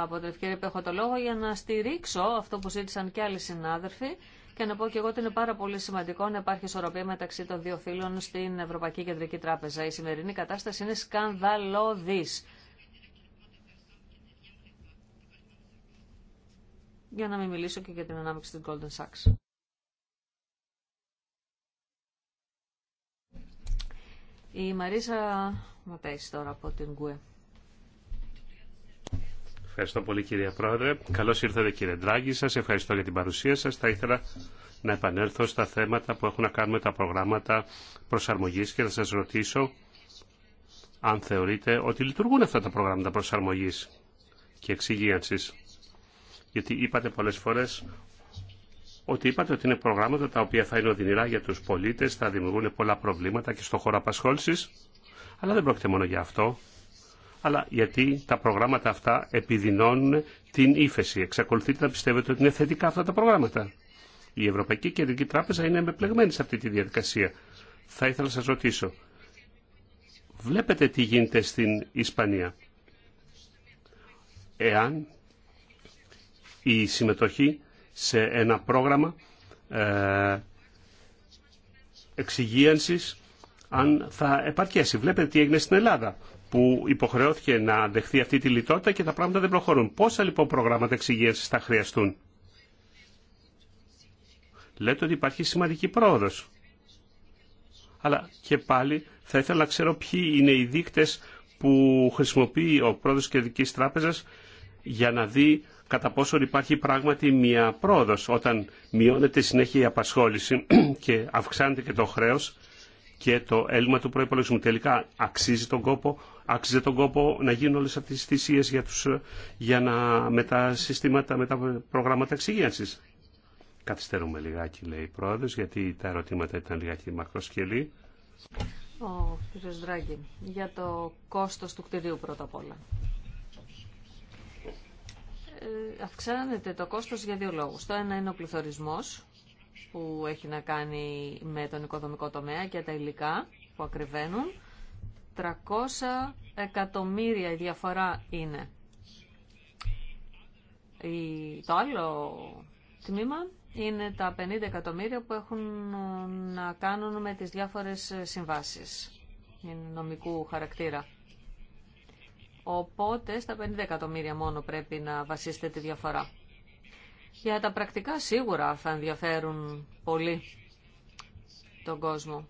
από την ευκαιρία που έχω το λόγο για να στηρίξω αυτό που ζήτησαν και άλλοι συνάδελφοι και να πω και εγώ ότι είναι πάρα πολύ σημαντικό να υπάρχει ισορροπία μεταξύ των δύο φίλων στην Ευρωπαϊκή Κεντρική Τράπεζα. Η σημερινή κατάσταση είναι σκανδαλώδης. Για να μην μιλήσω και για την ανάμειξη του Golden Sachs. Η Μαρίσα Ματέης τώρα από την ΚΟΕ. Ευχαριστώ πολύ κύριε Πρόεδρε. Καλώς ήρθατε κύριε Ντράγκη σας. Ευχαριστώ για την παρουσία σας. Θα ήθελα να επανέλθω στα θέματα που έχουν να κάνουν με τα προγράμματα προσαρμογής και θα σας ρωτήσω αν θεωρείτε ότι λειτουργούν αυτά τα προγράμματα προσαρμογής και εξυγίανσης. Γιατί είπατε πολλές φορές ότι είπατε ότι είναι προγράμματα τα οποία θα είναι οδυνηρά για τους πολίτες, θα δημιουργούν πολλά προβλήματα και στον χώρο απασχόλησης. Αλλά δεν πρόκειται μόνο για αυτό αλλά γιατί τα προγράμματα αυτά επιδεινώνουν την ύφεση. Εξακολουθείτε να πιστεύετε ότι είναι θετικά αυτά τα προγράμματα. Η Ευρωπαϊκή Κεντρική Τράπεζα είναι πλεγμένη σε αυτή τη διαδικασία. Θα ήθελα να σας ρωτήσω, βλέπετε τι γίνεται στην Ισπανία. Εάν η συμμετοχή σε ένα πρόγραμμα ε, εξυγίανσης αν θα επαρκέσει. Βλέπετε τι έγινε στην Ελλάδα που υποχρεώθηκε να δεχθεί αυτή τη λιτότητα και τα πράγματα δεν προχωρούν. Πόσα λοιπόν προγράμματα εξυγίανσης θα χρειαστούν. Λέτε ότι υπάρχει σημαντική πρόοδος. Αλλά και πάλι θα ήθελα να ξέρω ποιοι είναι οι δείκτες που χρησιμοποιεί ο πρόεδρος Κεντρικής Τράπεζας για να δει κατά πόσο υπάρχει πράγματι μια πρόοδος όταν μειώνεται συνέχεια η απασχόληση και αυξάνεται και το χρέος και το έλλειμμα του προϋπολογισμού. Τελικά αξίζει τον κόπο άξιζε τον κόπο να γίνουν όλες αυτές τις θυσίες για, τους, για να, με τα συστήματα, προγράμματα εξυγίανση. Καθυστερούμε λιγάκι, λέει η Πρόεδρος, γιατί τα ερωτήματα ήταν λιγάκι μακροσκελή. Ο κ. Δράγκη, για το κόστος του κτηρίου πρώτα απ' όλα. Ε, αυξάνεται το κόστος για δύο λόγου. Το ένα είναι ο πληθωρισμό που έχει να κάνει με τον οικοδομικό τομέα και τα υλικά που ακριβένουν. 300 εκατομμύρια η διαφορά είναι. Το άλλο τμήμα είναι τα 50 εκατομμύρια που έχουν να κάνουν με τις διάφορες συμβάσεις νομικού χαρακτήρα. Οπότε στα 50 εκατομμύρια μόνο πρέπει να βασίστε τη διαφορά. Για τα πρακτικά σίγουρα θα ενδιαφέρουν πολύ τον κόσμο.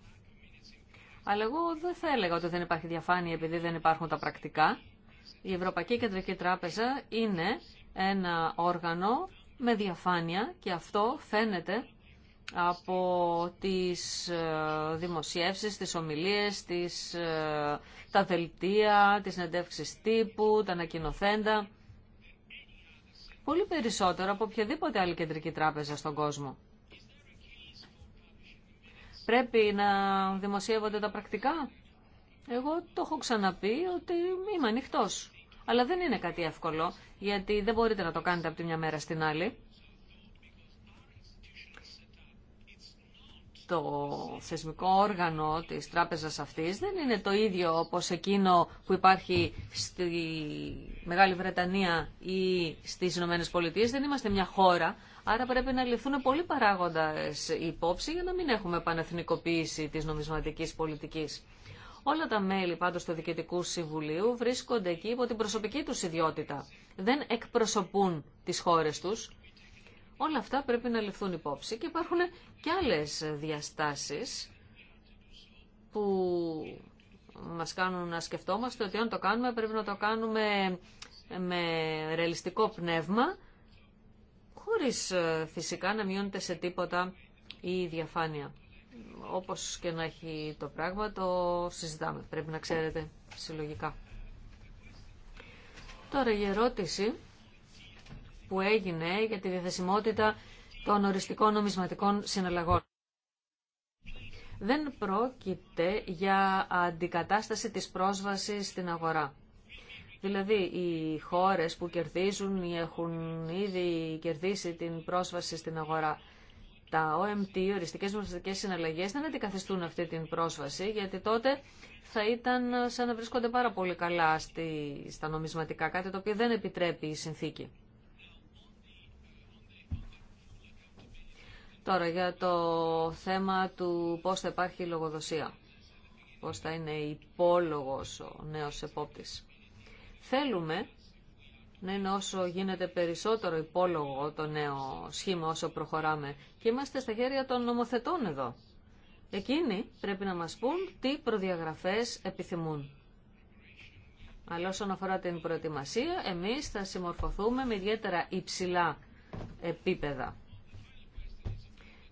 Αλλά εγώ δεν θα έλεγα ότι δεν υπάρχει διαφάνεια επειδή δεν υπάρχουν τα πρακτικά. Η Ευρωπαϊκή Κεντρική Τράπεζα είναι ένα όργανο με διαφάνεια και αυτό φαίνεται από τις ε, δημοσιεύσεις, τις ομιλίες, τις, ε, τα δελτία, τις συνεντεύξεις τύπου, τα ανακοινοθέντα. Πολύ περισσότερο από οποιαδήποτε άλλη κεντρική τράπεζα στον κόσμο πρέπει να δημοσιεύονται τα πρακτικά. Εγώ το έχω ξαναπεί ότι είμαι ανοιχτό. Αλλά δεν είναι κάτι εύκολο, γιατί δεν μπορείτε να το κάνετε από τη μια μέρα στην άλλη. Το θεσμικό όργανο της τράπεζας αυτής δεν είναι το ίδιο όπως εκείνο που υπάρχει στη Μεγάλη Βρετανία ή στις Ηνωμένες Πολιτείες. Δεν είμαστε μια χώρα. Άρα πρέπει να ληφθούν πολλοί παράγοντα υπόψη για να μην έχουμε πανεθνικοποίηση τη νομισματική πολιτική. Όλα τα μέλη πάντως του Διοικητικού Συμβουλίου βρίσκονται εκεί υπό την προσωπική τους ιδιότητα. Δεν εκπροσωπούν τις χώρες τους. Όλα αυτά πρέπει να ληφθούν υπόψη και υπάρχουν και άλλε διαστάσει που μα κάνουν να σκεφτόμαστε ότι αν το κάνουμε πρέπει να το κάνουμε με ρεαλιστικό πνεύμα χωρίς ε, φυσικά να μειώνεται σε τίποτα η διαφάνεια. Όπως και να έχει το πράγμα, το συζητάμε. Πρέπει να ξέρετε συλλογικά. Τώρα η ερώτηση που έγινε για τη διαθεσιμότητα των οριστικών νομισματικών συναλλαγών. Δεν πρόκειται για αντικατάσταση της πρόσβασης στην αγορά. Δηλαδή οι χώρες που κερδίζουν ή έχουν ήδη κερδίσει την πρόσβαση στην αγορά. Τα OMT, οι οριστικές μορφωτικές συναλλαγές, δεν αντικαθιστούν αυτή την πρόσβαση, γιατί τότε θα ήταν σαν να βρίσκονται πάρα πολύ καλά στη, στα νομισματικά, κάτι το οποίο δεν επιτρέπει η συνθήκη. Τώρα για το θέμα του πώς θα υπάρχει η λογοδοσία, πώς θα είναι υπόλογος ο νέος επόπτης. Θέλουμε να είναι όσο γίνεται περισσότερο υπόλογο το νέο σχήμα όσο προχωράμε και είμαστε στα χέρια των νομοθετών εδώ. Εκείνοι πρέπει να μας πούν τι προδιαγραφές επιθυμούν. Αλλά όσον αφορά την προετοιμασία, εμείς θα συμμορφωθούμε με ιδιαίτερα υψηλά επίπεδα.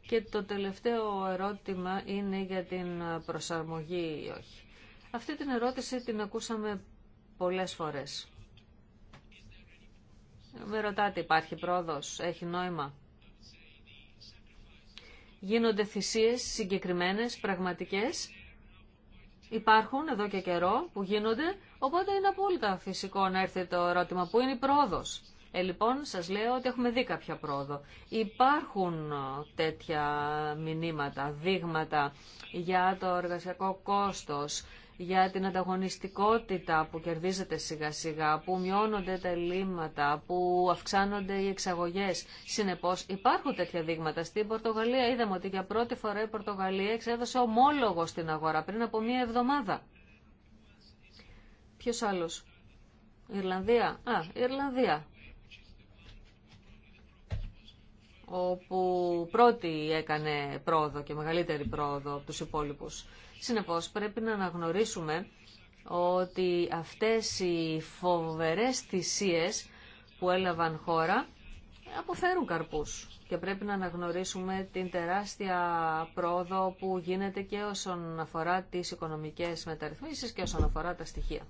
Και το τελευταίο ερώτημα είναι για την προσαρμογή ή όχι. Αυτή την ερώτηση την ακούσαμε πολλές φορές. Με ρωτάτε υπάρχει πρόοδος, έχει νόημα. Γίνονται θυσίες συγκεκριμένες, πραγματικές. Υπάρχουν εδώ και καιρό που γίνονται, οπότε είναι απόλυτα φυσικό να έρθει το ερώτημα που είναι η πρόοδος. Ε, λοιπόν, σας λέω ότι έχουμε δει κάποια πρόοδο. Υπάρχουν ε, τέτοια μηνύματα, δείγματα για το εργασιακό κόστος, για την ανταγωνιστικότητα που κερδίζεται σιγά σιγά, που μειώνονται τα ελλείμματα, που αυξάνονται οι εξαγωγές. Συνεπώς υπάρχουν τέτοια δείγματα. Στην Πορτογαλία είδαμε ότι για πρώτη φορά η Πορτογαλία εξέδωσε ομόλογο στην αγορά πριν από μία εβδομάδα. Ποιος άλλος. Ιρλανδία. Α, Ιρλανδία. όπου πρώτη έκανε πρόοδο και μεγαλύτερη πρόοδο από τους υπόλοιπους. Συνεπώς πρέπει να αναγνωρίσουμε ότι αυτές οι φοβερές θυσίες που έλαβαν χώρα αποφέρουν καρπούς και πρέπει να αναγνωρίσουμε την τεράστια πρόοδο που γίνεται και όσον αφορά τις οικονομικές μεταρρυθμίσεις και όσον αφορά τα στοιχεία.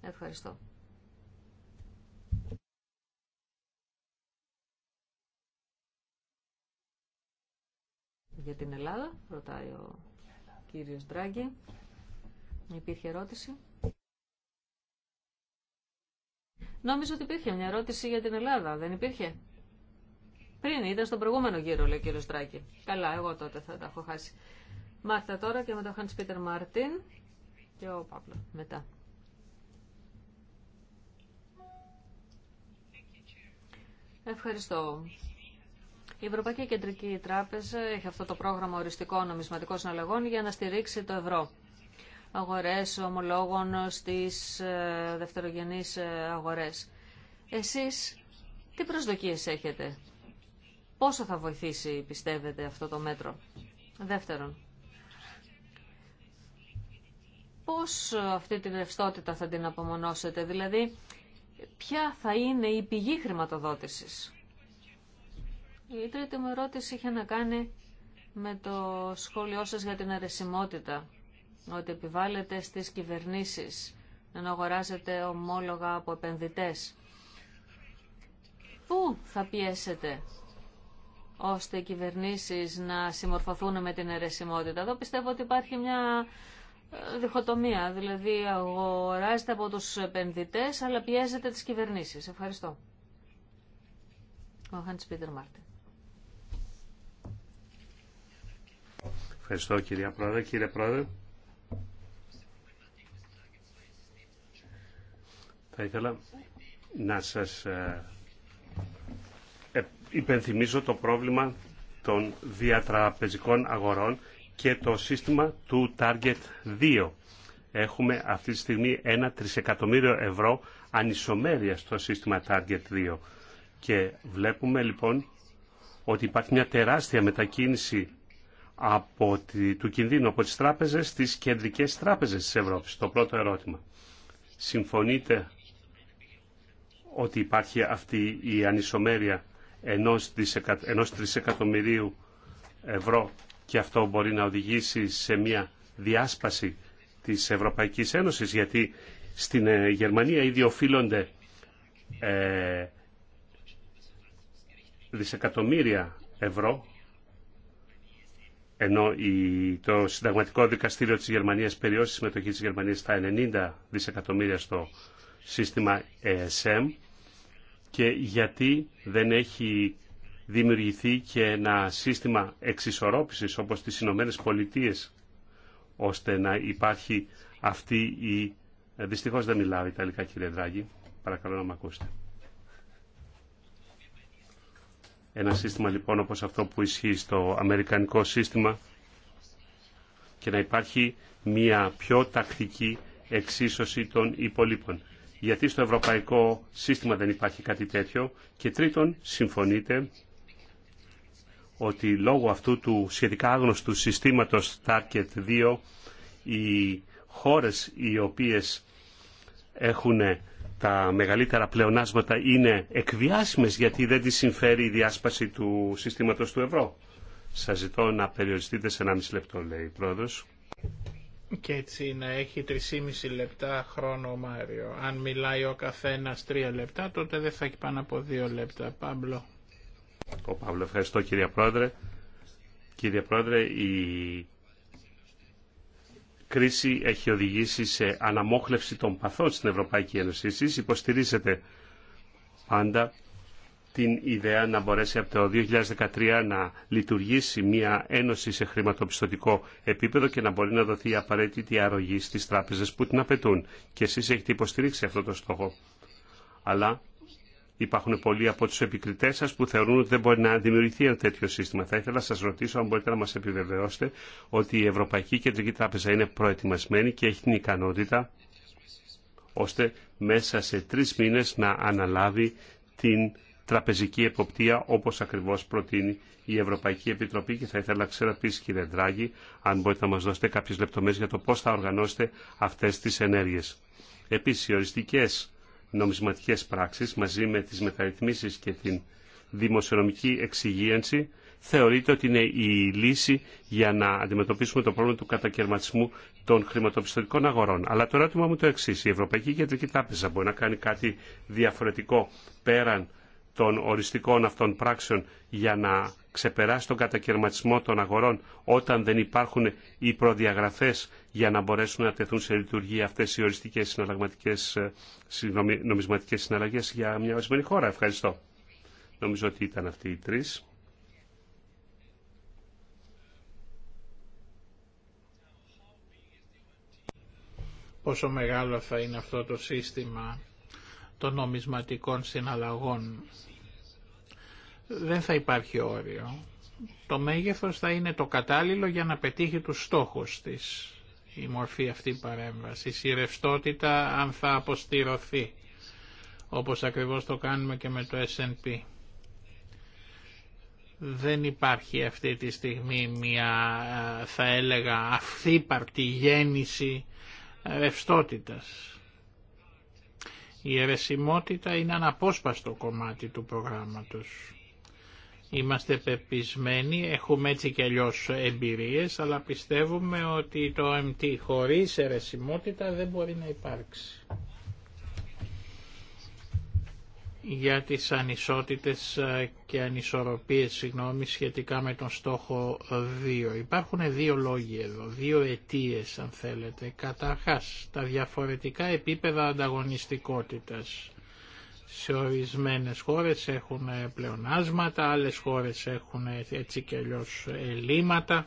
Ευχαριστώ. Για την Ελλάδα, ρωτάει ο κύριος Ντράγκη. Υπήρχε ερώτηση. Νόμιζα ότι υπήρχε μια ερώτηση για την Ελλάδα. Δεν υπήρχε. Πριν ήταν στον προηγούμενο γύρο, λέει ο κύριο Στράκη. Καλά, εγώ τότε θα τα έχω χάσει. Μάρτα τώρα και μετά ο Χάνς Πίτερ Μάρτιν και ο Παύλο μετά. Ευχαριστώ, η Ευρωπαϊκή Κεντρική Τράπεζα έχει αυτό το πρόγραμμα οριστικών νομισματικών συναλλαγών για να στηρίξει το ευρώ. Αγορές ομολόγων στις ε, δευτερογενείς ε, αγορές. Εσείς τι προσδοκίες έχετε. Πόσο θα βοηθήσει πιστεύετε αυτό το μέτρο. Δεύτερον, πώς αυτή την ρευστότητα θα την απομονώσετε. Δηλαδή, ποια θα είναι η πηγή χρηματοδότησης. Η τρίτη μου ερώτηση είχε να κάνει με το σχόλιο σας για την αρεσιμότητα, ότι επιβάλλεται στις κυβερνήσεις να αγοράζετε ομόλογα από επενδυτές. Πού θα πιέσετε ώστε οι κυβερνήσεις να συμμορφωθούν με την αιρεσιμότητα. Εδώ πιστεύω ότι υπάρχει μια ε, διχοτομία, δηλαδή αγοράζεται από τους επενδυτές αλλά πιέζεται τις κυβερνήσεις. Ευχαριστώ. Ο Χάντς Πίτερ Μάρτιν. Ευχαριστώ κυρία Πρόεδρε. Κύριε Πρόεδρε. Θα ήθελα να σας ε, ε, υπενθυμίζω το πρόβλημα των διατραπεζικών αγορών και το σύστημα του Target 2. Έχουμε αυτή τη στιγμή ένα τρισεκατομμύριο ευρώ ανισομέρεια στο σύστημα Target 2. Και βλέπουμε λοιπόν ότι υπάρχει μια τεράστια μετακίνηση από τη, του κινδύνου από τις τράπεζες στις κεντρικές τράπεζες της Ευρώπης. Το πρώτο ερώτημα. Συμφωνείτε ότι υπάρχει αυτή η ανισομέρεια ενός, δισεκα, τρισεκατομμυρίου ευρώ και αυτό μπορεί να οδηγήσει σε μια διάσπαση της Ευρωπαϊκής Ένωσης γιατί στην ε, Γερμανία ήδη οφείλονται ε, δισεκατομμύρια ευρώ ενώ το συνταγματικό δικαστήριο της Γερμανίας περιώσει τη συμμετοχή της Γερμανίας στα 90 δισεκατομμύρια στο σύστημα ESM ε και γιατί δεν έχει δημιουργηθεί και ένα σύστημα εξισορρόπησης όπως τις Ηνωμένε Πολιτείε ώστε να υπάρχει αυτή η... Δυστυχώς δεν μιλάω Ιταλικά κύριε Δράγη, παρακαλώ να με ακούσετε. Ένα σύστημα λοιπόν όπως αυτό που ισχύει στο αμερικανικό σύστημα και να υπάρχει μια πιο τακτική εξίσωση των υπολείπων. Γιατί στο ευρωπαϊκό σύστημα δεν υπάρχει κάτι τέτοιο. Και τρίτον, συμφωνείτε ότι λόγω αυτού του σχετικά άγνωστου συστήματος Target 2 οι χώρες οι οποίες έχουν τα μεγαλύτερα πλεονάσματα είναι εκβιάσιμες γιατί δεν τη συμφέρει η διάσπαση του συστήματος του ευρώ. Σας ζητώ να περιοριστείτε σε 1,5 λεπτό, λέει η πρόεδρος. Και έτσι να έχει 3,5 λεπτά χρόνο ο Μάριο. Αν μιλάει ο καθένας τρία λεπτά, τότε δεν θα έχει πάνω από 2 λεπτά. Παύλο. Ο Παύλο, ευχαριστώ κύριε Πρόεδρε. Κύριε Πρόεδρε, η κρίση έχει οδηγήσει σε αναμόχλευση των παθών στην Ευρωπαϊκή Ένωση. Εσείς υποστηρίζετε πάντα την ιδέα να μπορέσει από το 2013 να λειτουργήσει μια ένωση σε χρηματοπιστωτικό επίπεδο και να μπορεί να δοθεί η απαραίτητη αρρωγή στις τράπεζες που την απαιτούν. Και εσείς έχετε υποστηρίξει αυτό το στόχο. Αλλά Υπάρχουν πολλοί από τους επικριτές σας που θεωρούν ότι δεν μπορεί να δημιουργηθεί ένα τέτοιο σύστημα. Θα ήθελα να σας ρωτήσω αν μπορείτε να μας επιβεβαιώσετε ότι η Ευρωπαϊκή Κεντρική Τράπεζα είναι προετοιμασμένη και έχει την ικανότητα ώστε μέσα σε τρεις μήνες να αναλάβει την τραπεζική εποπτεία όπως ακριβώς προτείνει η Ευρωπαϊκή Επιτροπή και θα ήθελα να ξέρω επίσης κύριε Ντράγκη αν μπορείτε να μας δώσετε κάποιες λεπτομέρειες για το πώς θα οργανώσετε αυτές τις ενέργειες. Επίση, οι νομισματικές πράξεις μαζί με τις μεταρρυθμίσεις και την δημοσιονομική εξυγίανση θεωρείται ότι είναι η λύση για να αντιμετωπίσουμε το πρόβλημα του κατακαιρματισμού των χρηματοπιστωτικών αγορών. Αλλά το ερώτημα μου το εξή. Η Ευρωπαϊκή Κεντρική Τράπεζα μπορεί να κάνει κάτι διαφορετικό πέραν των οριστικών αυτών πράξεων για να ξεπεράσει τον κατακαιρματισμό των αγορών όταν δεν υπάρχουν οι προδιαγραφές για να μπορέσουν να τεθούν σε λειτουργία αυτές οι οριστικές συναλλαγματικές, ε, νομισματικές συναλλαγές για μια ορισμένη χώρα. Ευχαριστώ. Νομίζω ότι ήταν αυτοί οι τρεις. Πόσο μεγάλο θα είναι αυτό το σύστημα των νομισματικών συναλλαγών δεν θα υπάρχει όριο. Το μέγεθος θα είναι το κατάλληλο για να πετύχει τους στόχους της η μορφή αυτή παρέμβαση. η ρευστότητα αν θα αποστηρωθεί, όπως ακριβώς το κάνουμε και με το SNP. Δεν υπάρχει αυτή τη στιγμή μια, θα έλεγα, αυθύπαρτη γέννηση ρευστότητας. Η αιρεσιμότητα είναι αναπόσπαστο κομμάτι του προγράμματος. Είμαστε πεπισμένοι, έχουμε έτσι και αλλιώ εμπειρίες, αλλά πιστεύουμε ότι το MT χωρίς αιρεσιμότητα δεν μπορεί να υπάρξει. Για τις ανισότητες ε, και ανισορροπίες, συγγνώμη, σχετικά με τον στόχο 2. Υπάρχουν δύο λόγοι εδώ, δύο αιτίες αν θέλετε. Καταρχάς, τα διαφορετικά επίπεδα ανταγωνιστικότητας σε ορισμένες χώρες έχουν πλεονάσματα, άλλες χώρες έχουν έτσι και αλλιώς ελλείμματα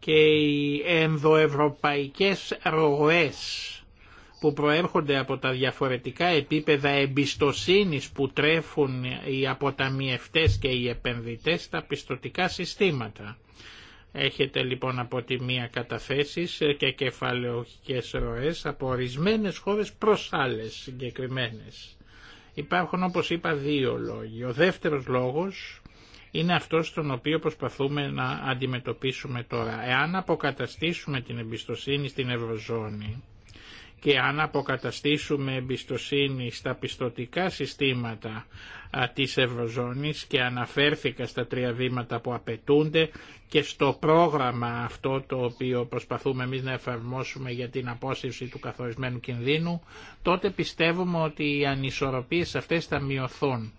και οι ενδοευρωπαϊκές ροές που προέρχονται από τα διαφορετικά επίπεδα εμπιστοσύνης που τρέφουν οι αποταμιευτές και οι επενδυτές στα πιστοτικά συστήματα. Έχετε λοιπόν από τη μία καταθέσεις και κεφαλαιοχικές ροές από ορισμένε χώρες προς άλλες συγκεκριμένες. Υπάρχουν όπως είπα δύο λόγοι. Ο δεύτερος λόγος είναι αυτός τον οποίο προσπαθούμε να αντιμετωπίσουμε τώρα. Εάν αποκαταστήσουμε την εμπιστοσύνη στην Ευρωζώνη και αν αποκαταστήσουμε εμπιστοσύνη στα πιστοτικά συστήματα της Ευρωζώνης και αναφέρθηκα στα τρία βήματα που απαιτούνται και στο πρόγραμμα αυτό το οποίο προσπαθούμε εμείς να εφαρμόσουμε για την απόσυρση του καθορισμένου κινδύνου, τότε πιστεύουμε ότι οι ανισορροπίες αυτές θα μειωθούν.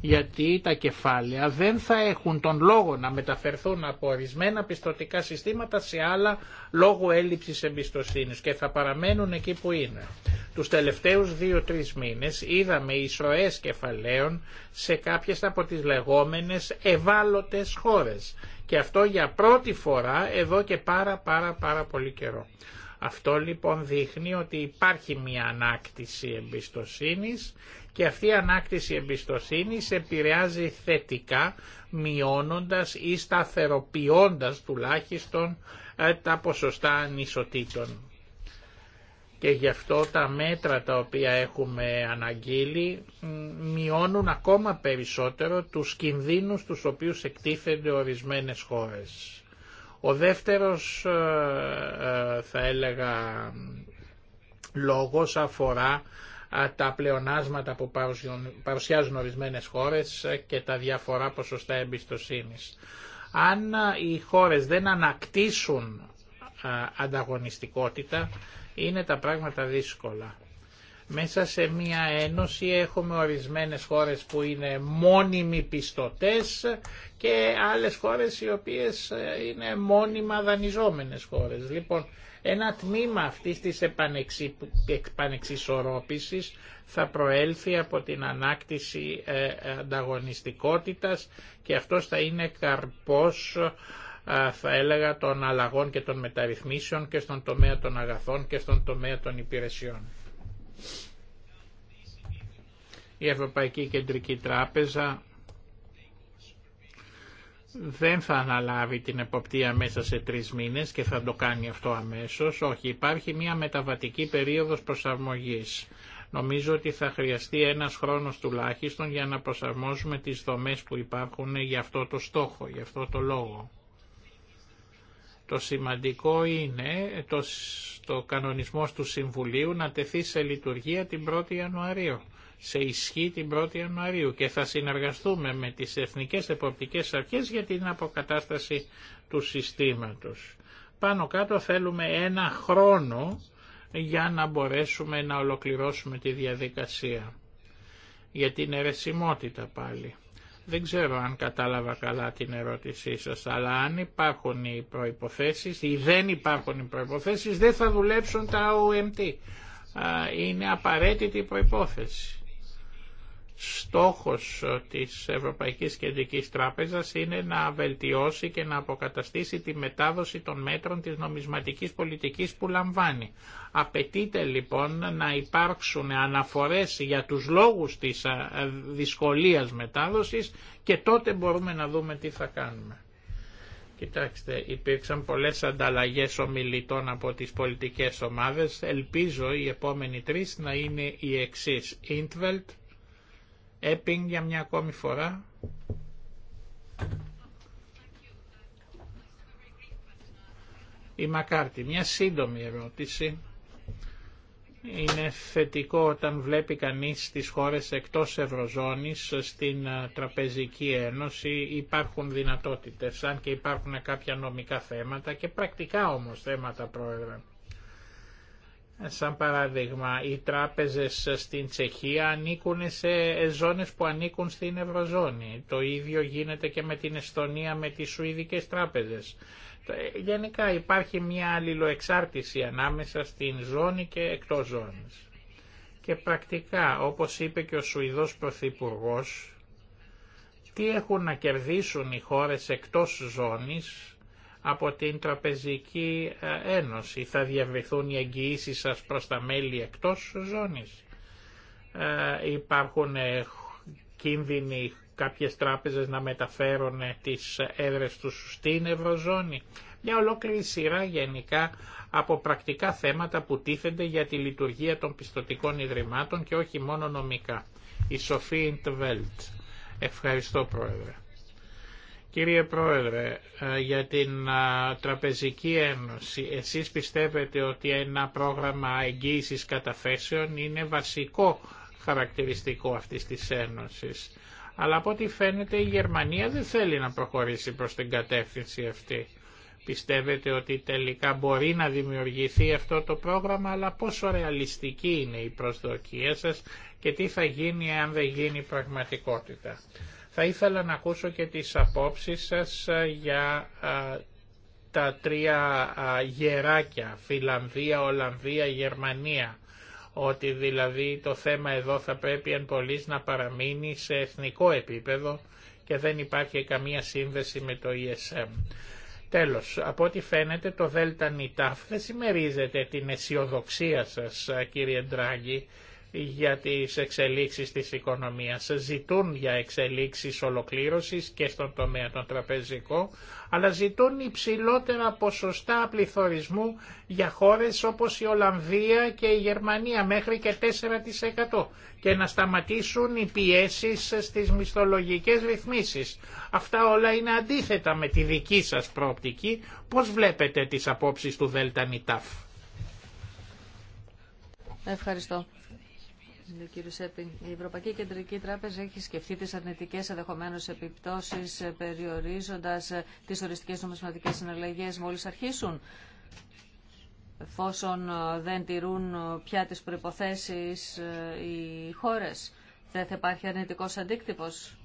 Γιατί τα κεφάλαια δεν θα έχουν τον λόγο να μεταφερθούν από ορισμένα πιστοτικά συστήματα σε άλλα λόγω έλλειψης εμπιστοσύνης και θα παραμένουν εκεί που είναι. Τους τελευταίους δύο-τρεις μήνες είδαμε ισροές κεφαλαίων σε κάποιες από τις λεγόμενες ευάλωτες χώρες. Και αυτό για πρώτη φορά εδώ και πάρα πάρα πάρα πολύ καιρό. Αυτό λοιπόν δείχνει ότι υπάρχει μια ανάκτηση εμπιστοσύνης και αυτή η ανάκτηση εμπιστοσύνης επηρεάζει θετικά μειώνοντας ή σταθεροποιώντας τουλάχιστον ε, τα ποσοστά ανισοτήτων και γι' αυτό τα μέτρα τα οποία έχουμε αναγγείλει μειώνουν ακόμα περισσότερο τους κινδύνους τους οποίους εκτίθενται ορισμένες χώρες. Ο δεύτερος ε, ε, θα έλεγα λόγος αφορά ε, τα πλεονάσματα που παρουσιάζουν ορισμένες χώρες και τα διαφορά ποσοστά εμπιστοσύνης. Αν οι χώρες δεν ανακτήσουν ανταγωνιστικότητα, είναι τα πράγματα δύσκολα. Μέσα σε μια ένωση έχουμε ορισμένες χώρες που είναι μόνιμοι πιστωτές και άλλες χώρες οι οποίες ε, είναι μόνιμα δανειζόμενες χώρες. Λοιπόν, ένα τμήμα αυτής της επανεξισορρόπησης θα προέλθει από την ανάκτηση ε, ανταγωνιστικότητας και αυτός θα είναι καρπός θα έλεγα των αλλαγών και των μεταρρυθμίσεων και στον τομέα των αγαθών και στον τομέα των υπηρεσιών. Η Ευρωπαϊκή Κεντρική Τράπεζα δεν θα αναλάβει την εποπτεία μέσα σε τρεις μήνες και θα το κάνει αυτό αμέσως. Όχι, υπάρχει μια μεταβατική περίοδος προσαρμογής. Νομίζω ότι θα χρειαστεί ένας χρόνος τουλάχιστον για να προσαρμόσουμε τις δομές που υπάρχουν για αυτό το στόχο, για αυτό το λόγο. Το σημαντικό είναι το, το κανονισμός του Συμβουλίου να τεθεί σε λειτουργία την 1η Ιανουαρίου, σε ισχύ την 1η Ιανουαρίου και θα συνεργαστούμε με τις Εθνικές Εποπτικές Αρχές για την αποκατάσταση του συστήματος. Πάνω κάτω θέλουμε ένα χρόνο για να μπορέσουμε να ολοκληρώσουμε τη διαδικασία. Για την αιρεσιμότητα πάλι. Δεν ξέρω αν κατάλαβα καλά την ερώτησή σας, αλλά αν υπάρχουν οι προϋποθέσεις ή δεν υπάρχουν οι προϋποθέσεις δεν θα δουλέψουν τα OMT. Είναι απαραίτητη προϋπόθεση στόχος ε, της Ευρωπαϊκής Κεντρικής Τράπεζας είναι να βελτιώσει και να αποκαταστήσει τη μετάδοση των μέτρων της νομισματικής πολιτικής που λαμβάνει. Απαιτείται λοιπόν να υπάρξουν αναφορές για τους λόγους της ε, ε, δυσκολίας μετάδοσης και τότε μπορούμε να δούμε τι θα κάνουμε. Κοιτάξτε, υπήρξαν πολλές ανταλλαγές ομιλητών από τις πολιτικές ομάδες. Ελπίζω οι επόμενοι τρεις να είναι οι εξής. Ιντβελτ, Έπινγκ για μια ακόμη φορά. Η Μακάρτη, μια σύντομη ερώτηση. Είναι θετικό όταν βλέπει κανείς τις χώρες εκτός Ευρωζώνης στην ε, Τραπεζική Ένωση υπάρχουν δυνατότητες, αν και υπάρχουν κάποια νομικά θέματα και πρακτικά όμως θέματα πρόεδρε. Σαν παράδειγμα, οι τράπεζες στην Τσεχία ανήκουν σε ζώνες που ανήκουν στην Ευρωζώνη. Το ίδιο γίνεται και με την Εστονία με τις Σουηδικές τράπεζες. Ε, γενικά υπάρχει μια αλληλοεξάρτηση ανάμεσα στην ζώνη και εκτός ζώνης. Και πρακτικά, όπως είπε και ο Σουηδός Πρωθυπουργός, τι έχουν να κερδίσουν οι χώρες εκτός ζώνης από την Τραπεζική ε, Ένωση. Θα διαβηθούν οι εγγυήσεις σας προς τα μέλη εκτός ζώνης. Ε, υπάρχουν ε, κίνδυνοι κάποιες τράπεζες να μεταφέρουν ε, τις έδρες τους στην Ευρωζώνη. Μια ολόκληρη σειρά γενικά από πρακτικά θέματα που τίθενται για τη λειτουργία των πιστοτικών ιδρυμάτων και όχι μόνο νομικά. Η Σοφία Ιντβέλτ. Ευχαριστώ Πρόεδρε. Κύριε Πρόεδρε, ε, για την ε, Τραπεζική Ένωση, εσείς πιστεύετε ότι ένα πρόγραμμα εγγύησης καταθέσεων είναι βασικό χαρακτηριστικό αυτής της Ένωσης. Αλλά από ό,τι φαίνεται η Γερμανία δεν θέλει να προχωρήσει προς την κατεύθυνση αυτή. Πιστεύετε ότι τελικά μπορεί να δημιουργηθεί αυτό το πρόγραμμα, αλλά πόσο ρεαλιστική είναι η προσδοκία σας και τι θα γίνει αν δεν γίνει πραγματικότητα. Θα ήθελα να ακούσω και τις απόψεις σας ε, για ε, τα τρία ε, γεράκια, Φιλανδία, Ολλανδία, Γερμανία, ότι δηλαδή το θέμα εδώ θα πρέπει εν να παραμείνει σε εθνικό επίπεδο και δεν υπάρχει καμία σύνδεση με το ESM. Τέλος, από ό,τι φαίνεται το ΔΝΤ δεν συμμερίζεται την αισιοδοξία σας κύριε Ντράγκη για τις εξελίξεις της οικονομίας. Ζητούν για εξελίξεις ολοκλήρωσης και στον τομέα των τραπεζικών αλλά ζητούν υψηλότερα ποσοστά πληθωρισμού για χώρες όπως η Ολλανδία και η Γερμανία μέχρι και 4% και να σταματήσουν οι πιέσεις στις μισθολογικές ρυθμίσεις. Αυτά όλα είναι αντίθετα με τη δική σας προοπτική. Πώς βλέπετε τις απόψεις του Δέλτα Ευχαριστώ. Σέπιν, η Ευρωπαϊκή Κεντρική Τράπεζα έχει σκεφτεί τι αρνητικέ ενδεχομένω επιπτώσει ε, περιορίζοντα ε, τι οριστικέ νομισματικέ συναλλαγέ μόλι αρχίσουν εφόσον ε, δεν τηρούν πια τις προϋποθέσεις οι χώρες. Δεν θα υπάρχει αρνητικός αντίκτυπος.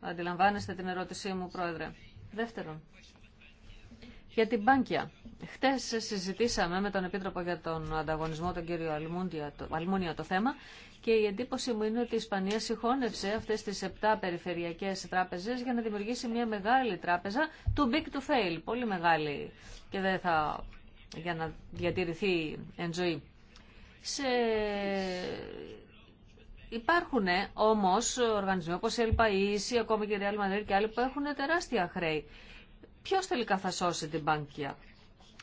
Αντιλαμβάνεστε την ερώτησή μου, Πρόεδρε. Δεύτερον, για την Πάνκια. Χτες συζητήσαμε με τον Επίτροπο για τον Ανταγωνισμό, τον κύριο Αλμούνια, το θέμα και η εντύπωση μου είναι ότι η Ισπανία συγχώνευσε αυτές τις 7 περιφερειακές τράπεζες για να δημιουργήσει μια μεγάλη τράπεζα, too big to fail, πολύ μεγάλη και δεν θα, για να διατηρηθεί εν ζωή. Υπάρχουν όμως οργανισμοί όπως η ΕΛΠΑ ή ακόμη και η Real Madrid και άλλοι που έχουν τεράστια χρέη. Ποιος τελικά θα σώσει την Bankia.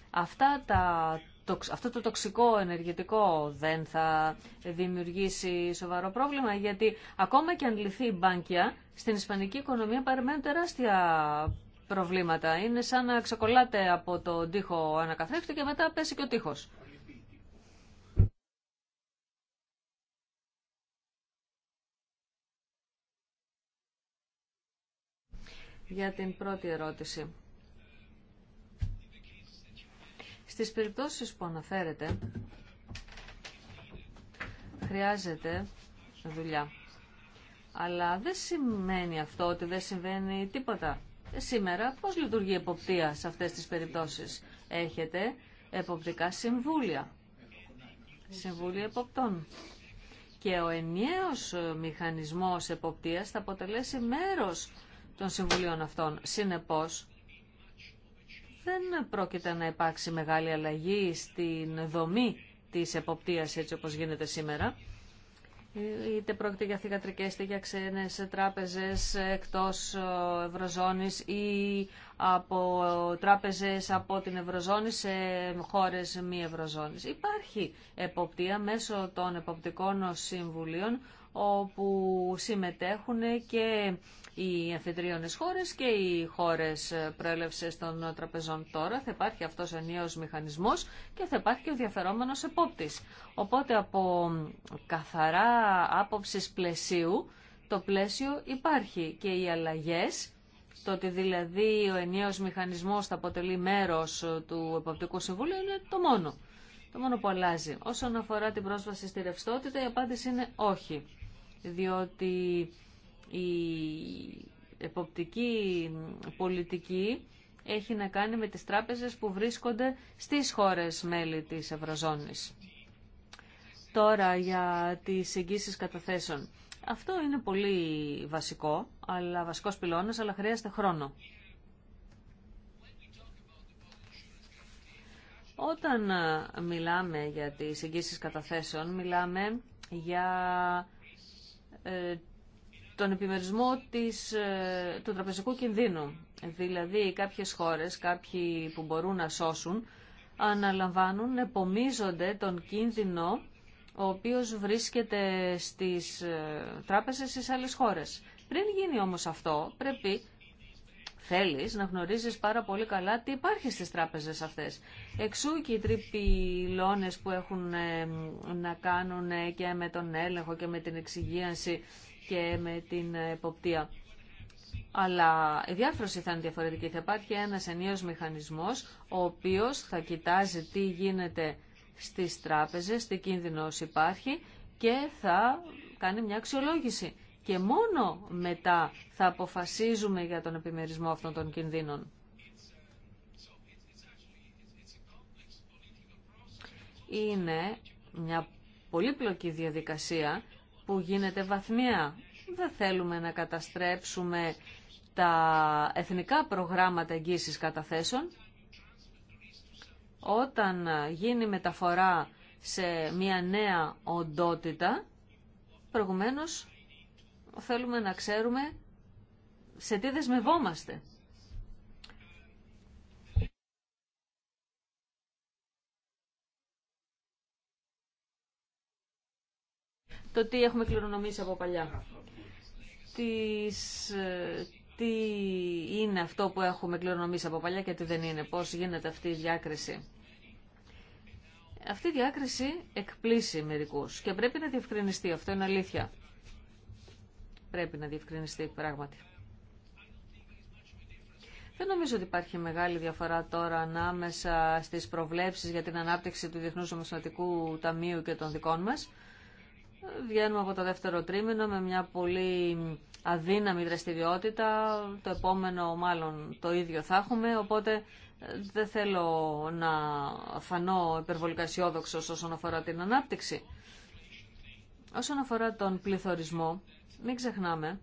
Αυτά τα αυτό το τοξικό ενεργητικό δεν θα δημιουργήσει σοβαρό πρόβλημα, γιατί ακόμα και αν λυθεί η μπάνκια, στην ισπανική οικονομία παραμένουν τεράστια προβλήματα. Είναι σαν να ξεκολλάτε από το τοίχο ανακαθρέφτη και μετά πέσει και ο τοίχος. Για την πρώτη ερώτηση. Στις περιπτώσεις που αναφέρετε, χρειάζεται δουλειά. Αλλά δεν σημαίνει αυτό ότι δεν συμβαίνει τίποτα. Ε, σήμερα πώς λειτουργεί η εποπτεία σε αυτές τις περιπτώσεις. Έχετε εποπτικά συμβούλια. Συμβούλια εποπτών. Και ο ενιαίος μηχανισμός εποπτείας θα αποτελέσει μέρος των συμβουλίων αυτών. Συνεπώς, δεν πρόκειται να υπάρξει μεγάλη αλλαγή στην δομή της εποπτείας έτσι όπως γίνεται σήμερα. Είτε πρόκειται για θηγατρικές, είτε για ξένες τράπεζες εκτός ε, Ευρωζώνης ή από τράπεζες από την Ευρωζώνη σε χώρες μη Ευρωζώνης. Υπάρχει εποπτεία μέσω των εποπτικών συμβουλίων όπου συμμετέχουν και οι αφιτριώνες χώρες και οι χώρες προέλευση των τραπεζών τώρα. Θα υπάρχει αυτός ο ενιαίος μηχανισμός και θα υπάρχει και ο διαφερόμενος επόπτης. Οπότε από καθαρά άποψη πλαισίου, το πλαίσιο υπάρχει και οι αλλαγές το ότι δηλαδή ο ενιαίος μηχανισμός θα αποτελεί μέρος του Εποπτικού Συμβουλίου είναι το μόνο. Το μόνο που αλλάζει. Όσον αφορά την πρόσβαση στη ρευστότητα, η απάντηση είναι όχι. Διότι η εποπτική πολιτική έχει να κάνει με τις τράπεζες που βρίσκονται στις χώρες μέλη της Ευρωζώνης. Τώρα για τις εγγύσεις καταθέσεων. Αυτό είναι πολύ βασικό, αλλά βασικός πυλώνας, αλλά χρειάζεται χρόνο. Όταν μιλάμε για τις εγγύσεις καταθέσεων, μιλάμε για ε, τον επιμερισμό της, ε, του τραπεζικού κινδύνου. Δηλαδή κάποιες χώρες, κάποιοι που μπορούν να σώσουν, αναλαμβάνουν, επομίζονται τον κίνδυνο ο οποίος βρίσκεται στις ε, τράπεζες στις άλλες χώρες. Πριν γίνει όμως αυτό, πρέπει θέλεις να γνωρίζεις πάρα πολύ καλά τι υπάρχει στις τράπεζες αυτές. Εξού και οι τρυπηλώνες που έχουν ε, να κάνουν και με τον έλεγχο και με την εξυγίανση και με την εποπτεία. Αλλά η διάφρωση θα είναι διαφορετική. Θα υπάρχει ένας ενίος μηχανισμός, ο οποίος θα κοιτάζει τι γίνεται στις τράπεζες, τι κίνδυνος υπάρχει και θα κάνει μια αξιολόγηση. Και μόνο μετά θα αποφασίζουμε για τον επιμερισμό αυτών των κινδύνων. Είναι μια πολύπλοκη διαδικασία που γίνεται βαθμία. Δεν θέλουμε να καταστρέψουμε τα εθνικά προγράμματα εγγύησης καταθέσεων. Όταν γίνει μεταφορά σε μια νέα οντότητα, προηγουμένως θέλουμε να ξέρουμε σε τι δεσμευόμαστε. το τι έχουμε κληρονομήσει από παλιά. Ε, τι είναι αυτό που έχουμε κληρονομήσει από παλιά και τι δεν είναι, πώς γίνεται αυτή η διάκριση. Αυτή η διάκριση εκπλήσει μερικούς και πρέπει να διευκρινιστεί, αυτό είναι αλήθεια. Πρέπει να διευκρινιστεί πράγματι. Δεν νομίζω ότι υπάρχει μεγάλη διαφορά τώρα ανάμεσα στις προβλέψεις για την ανάπτυξη του Διεθνούς Ομοσπονδιακού Ταμείου και των δικών μας βγαίνουμε από το δεύτερο τρίμηνο με μια πολύ αδύναμη δραστηριότητα. Το επόμενο μάλλον το ίδιο θα έχουμε, οπότε ε, δεν θέλω να φανώ υπερβολικά αισιόδοξο όσον αφορά την ανάπτυξη. Όσον αφορά τον πληθωρισμό, μην ξεχνάμε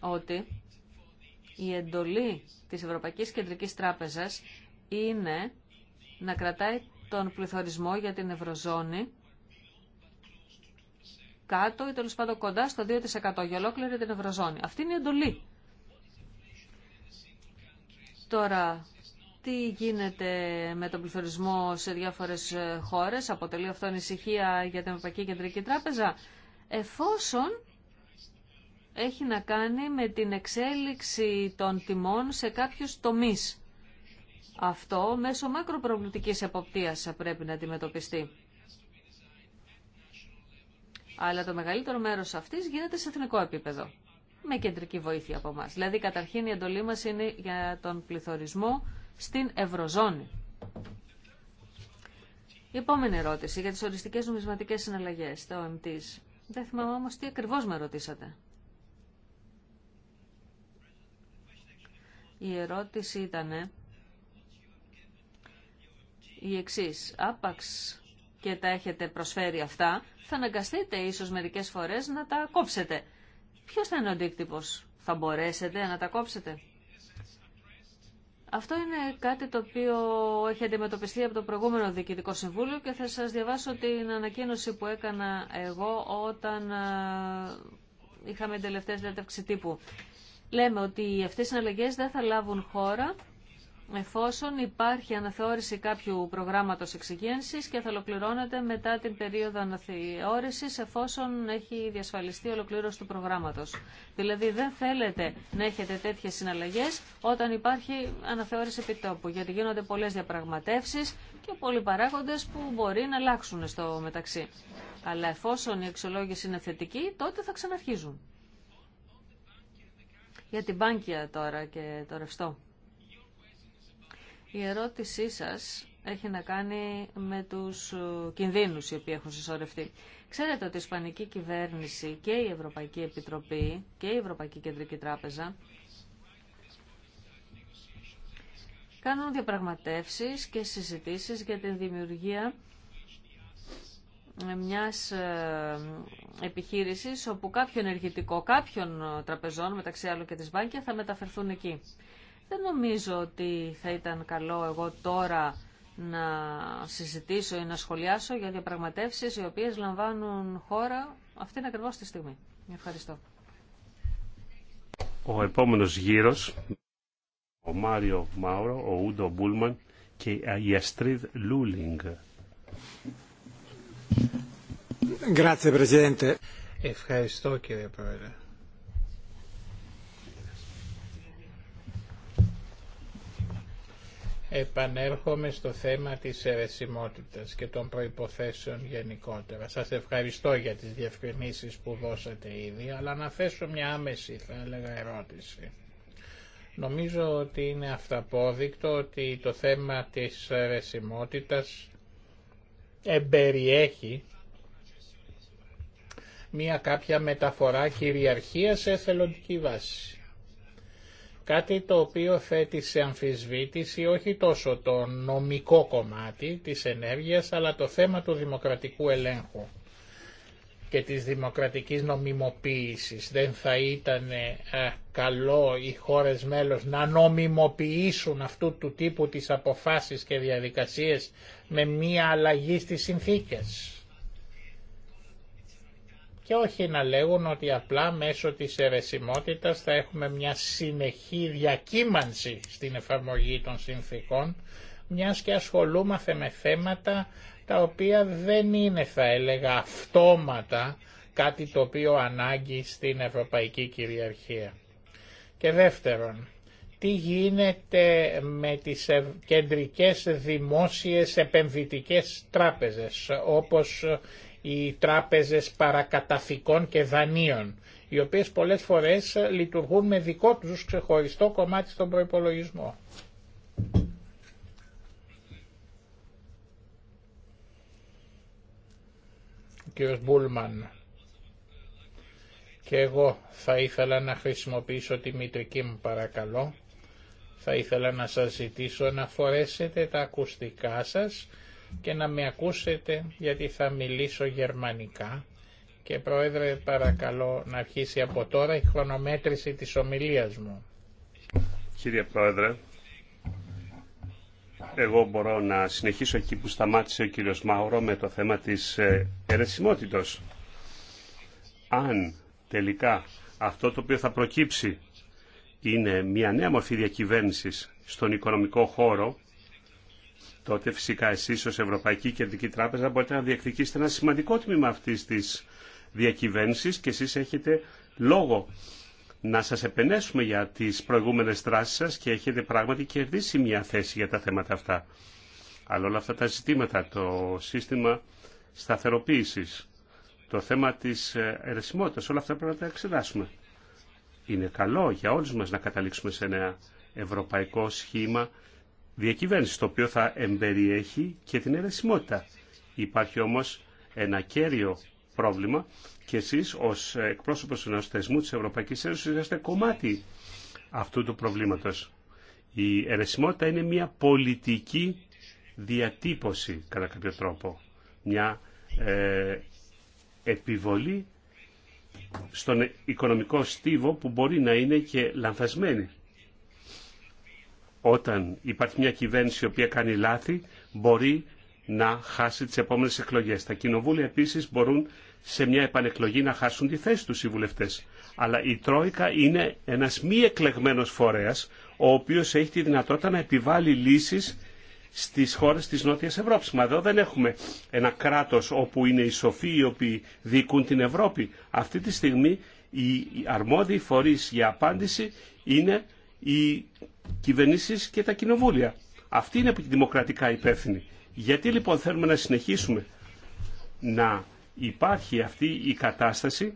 ότι η εντολή της Ευρωπαϊκής Κεντρικής Τράπεζας είναι να κρατάει τον πληθωρισμό για την Ευρωζώνη κάτω ή τέλο πάντων κοντά στο 2% για ολόκληρη την Ευρωζώνη. Αυτή είναι η εντολή. Τώρα, τι γίνεται με τον πληθωρισμό σε διάφορες ε, χώρες, αποτελεί αυτό ανησυχία για την Ευρωπαϊκή Κεντρική Τράπεζα, εφόσον έχει να κάνει με την εξέλιξη των τιμών σε κάποιους τομείς. Αυτό μέσω μακροπροβλητικής εποπτείας πρέπει να αντιμετωπιστεί αλλά το μεγαλύτερο μέρος αυτής γίνεται σε εθνικό επίπεδο, με κεντρική βοήθεια από εμά. Δηλαδή, καταρχήν η εντολή μας είναι για τον πληθωρισμό στην Ευρωζώνη. Η επόμενη ερώτηση για τις οριστικές νομισματικές συναλλαγές, τα OMTs. Δεν θυμάμαι όμως τι ακριβώς με ρωτήσατε. Η ερώτηση ήταν η εξής. Άπαξ και τα έχετε προσφέρει αυτά, θα αναγκαστείτε ίσως μερικές φορές να τα κόψετε. Ποιος θα είναι ο αντίκτυπος, θα μπορέσετε να τα κόψετε. Αυτό είναι κάτι το οποίο έχει αντιμετωπιστεί από το προηγούμενο Διοικητικό Συμβούλιο και θα σας διαβάσω την ανακοίνωση που έκανα εγώ όταν είχαμε τελευταία συνέντευξη τύπου. Λέμε ότι αυτές οι συναλλαγές δεν θα λάβουν χώρα εφόσον υπάρχει αναθεώρηση κάποιου προγράμματος εξυγένσης και θα ολοκληρώνεται μετά την περίοδο αναθεώρησης εφόσον έχει διασφαλιστεί ολοκλήρωση του προγράμματος. Δηλαδή δεν θέλετε να έχετε τέτοιες συναλλαγές όταν υπάρχει αναθεώρηση επιτόπου, γιατί γίνονται πολλές διαπραγματεύσεις και πολλοί παράγοντες που μπορεί να αλλάξουν στο μεταξύ. Αλλά εφόσον η αξιολόγηση είναι θετική, τότε θα ξαναρχίζουν. Για την μπάνκια τώρα και το ρευστό. Η ερώτησή σας έχει να κάνει με τους ε, κινδύνους οι οποίοι έχουν συσσωρευτεί. Ξέρετε ότι η Ισπανική κυβέρνηση και η Ευρωπαϊκή Επιτροπή και η Ευρωπαϊκή Κεντρική Τράπεζα κάνουν διαπραγματεύσεις και συζητήσεις για τη δημιουργία μιας ε, επιχείρησης όπου κάποιο ενεργητικό κάποιων ε, τραπεζών, μεταξύ άλλων και της Μπάνκια, θα μεταφερθούν εκεί. Δεν νομίζω ότι θα ήταν καλό εγώ τώρα να συζητήσω ή να σχολιάσω για διαπραγματεύσεις οι οποίες λαμβάνουν χώρα αυτήν ακριβώς τη στιγμή. Ευχαριστώ. Ο επόμενος γύρος, ο Μάριο Μάουρο, ο Ούντο Μπούλμαν και η Αστρίδ Λούλινγκ. Ευχαριστώ κύριε Πρόεδρε. επανέρχομαι στο θέμα της αιρεσιμότητας και των προϋποθέσεων γενικότερα. Σας ευχαριστώ για τις διευκρινήσεις που δώσατε ήδη, αλλά να θέσω μια άμεση, θα έλεγα, ερώτηση. Νομίζω ότι είναι αυταπόδεικτο ότι το θέμα της αιρεσιμότητας εμπεριέχει μια κάποια μεταφορά κυριαρχίας σε εθελοντική βάση κάτι το οποίο θέτει σε αμφισβήτηση όχι τόσο το νομικό κομμάτι της ενέργειας, αλλά το θέμα του δημοκρατικού ελέγχου και της δημοκρατικής νομιμοποίησης. Δεν θα ήταν ε, καλό οι χώρες μέλος να νομιμοποιήσουν αυτού του τύπου τις αποφάσεις και διαδικασίες με μία αλλαγή στις συνθήκες και όχι να λέγουν ότι απλά μέσω της ερεσιμότητας θα έχουμε μια συνεχή διακύμανση στην εφαρμογή των συνθήκων, μιας και ασχολούμαστε με θέματα τα οποία δεν είναι θα έλεγα αυτόματα κάτι το οποίο ανάγκη στην ευρωπαϊκή κυριαρχία. Και δεύτερον, τι γίνεται με τις κεντρικές δημόσιες επενδυτικές τράπεζες όπως οι τράπεζες παρακαταθήκων και δανείων, οι οποίες πολλές φορές λειτουργούν με δικό τους ξεχωριστό κομμάτι στον προϋπολογισμό. Ο Μπούλμαν. Και εγώ θα ήθελα να χρησιμοποιήσω τη μητρική μου παρακαλώ. Θα ήθελα να σας ζητήσω να φορέσετε τα ακουστικά σας και να με ακούσετε γιατί θα μιλήσω γερμανικά και Πρόεδρε παρακαλώ να αρχίσει από τώρα η χρονομέτρηση της ομιλίας μου. Κύριε Πρόεδρε, εγώ μπορώ να συνεχίσω εκεί που σταμάτησε ο κύριος Μάουρο με το θέμα της ερεσιμότητος. Αν τελικά αυτό το οποίο θα προκύψει είναι μια νέα μορφή διακυβέρνησης στον οικονομικό χώρο, τότε φυσικά εσείς ως Ευρωπαϊκή Κεντρική Τράπεζα μπορείτε να διεκδικήσετε ένα σημαντικό τμήμα αυτής της διακυβέρνησης και εσείς έχετε λόγο να σας επενέσουμε για τις προηγούμενες δράσεις σας και έχετε πράγματι κερδίσει μια θέση για τα θέματα αυτά. Αλλά όλα αυτά τα ζητήματα, το σύστημα σταθεροποίησης, το θέμα της ε, αιρεσιμότητας, όλα αυτά πρέπει να τα εξετάσουμε. Είναι καλό για όλους μας να καταλήξουμε σε ένα ευρωπαϊκό σχήμα Διακυβέρνηση το οποίο θα εμπεριέχει και την ερεσιμότητα. Υπάρχει όμως ένα κέριο πρόβλημα και εσείς ως εκπρόσωπος του θεσμού της Ευρωπαϊκής Ένωσης είστε κομμάτι αυτού του προβλήματος. Η ερεσιμότητα είναι μια πολιτική διατύπωση κατά κάποιο τρόπο, μια ε, επιβολή στον οικονομικό στίβο που μπορεί να είναι και λανθασμένη όταν υπάρχει μια κυβέρνηση η οποία κάνει λάθη, μπορεί να χάσει τις επόμενες εκλογές. Τα κοινοβούλια επίσης μπορούν σε μια επανεκλογή να χάσουν τη θέση τους οι βουλευτές. Αλλά η Τρόικα είναι ένας μη εκλεγμένος φορέας, ο οποίος έχει τη δυνατότητα να επιβάλλει λύσεις στις χώρες της Νότιας Ευρώπης. Μα εδώ δεν έχουμε ένα κράτος όπου είναι οι σοφοί οι οποίοι διοικούν την Ευρώπη. Αυτή τη στιγμή οι αρμόδιοι φορείς για απάντηση είναι οι κυβερνήσει και τα κοινοβούλια. Αυτή είναι δημοκρατικά υπεύθυνη. Γιατί λοιπόν θέλουμε να συνεχίσουμε να υπάρχει αυτή η κατάσταση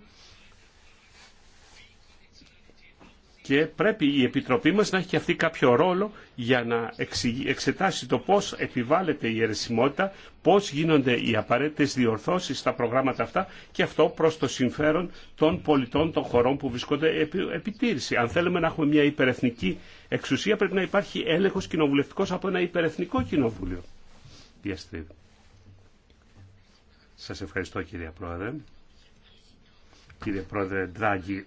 και πρέπει η Επιτροπή μας να έχει και αυτή κάποιο ρόλο για να εξετάσει το πώς επιβάλλεται η αιρεσιμότητα, πώς γίνονται οι απαραίτητες διορθώσεις στα προγράμματα αυτά και αυτό προς το συμφέρον των πολιτών των χωρών που βρισκόνται επιτήρηση. Αν θέλουμε να έχουμε μια υπερεθνική εξουσία πρέπει να υπάρχει έλεγχος κοινοβουλευτικός από ένα υπερεθνικό κοινοβούλιο. Σας ευχαριστώ κύριε Πρόεδρε. Κύριε Πρόεδρε Ντράγκη,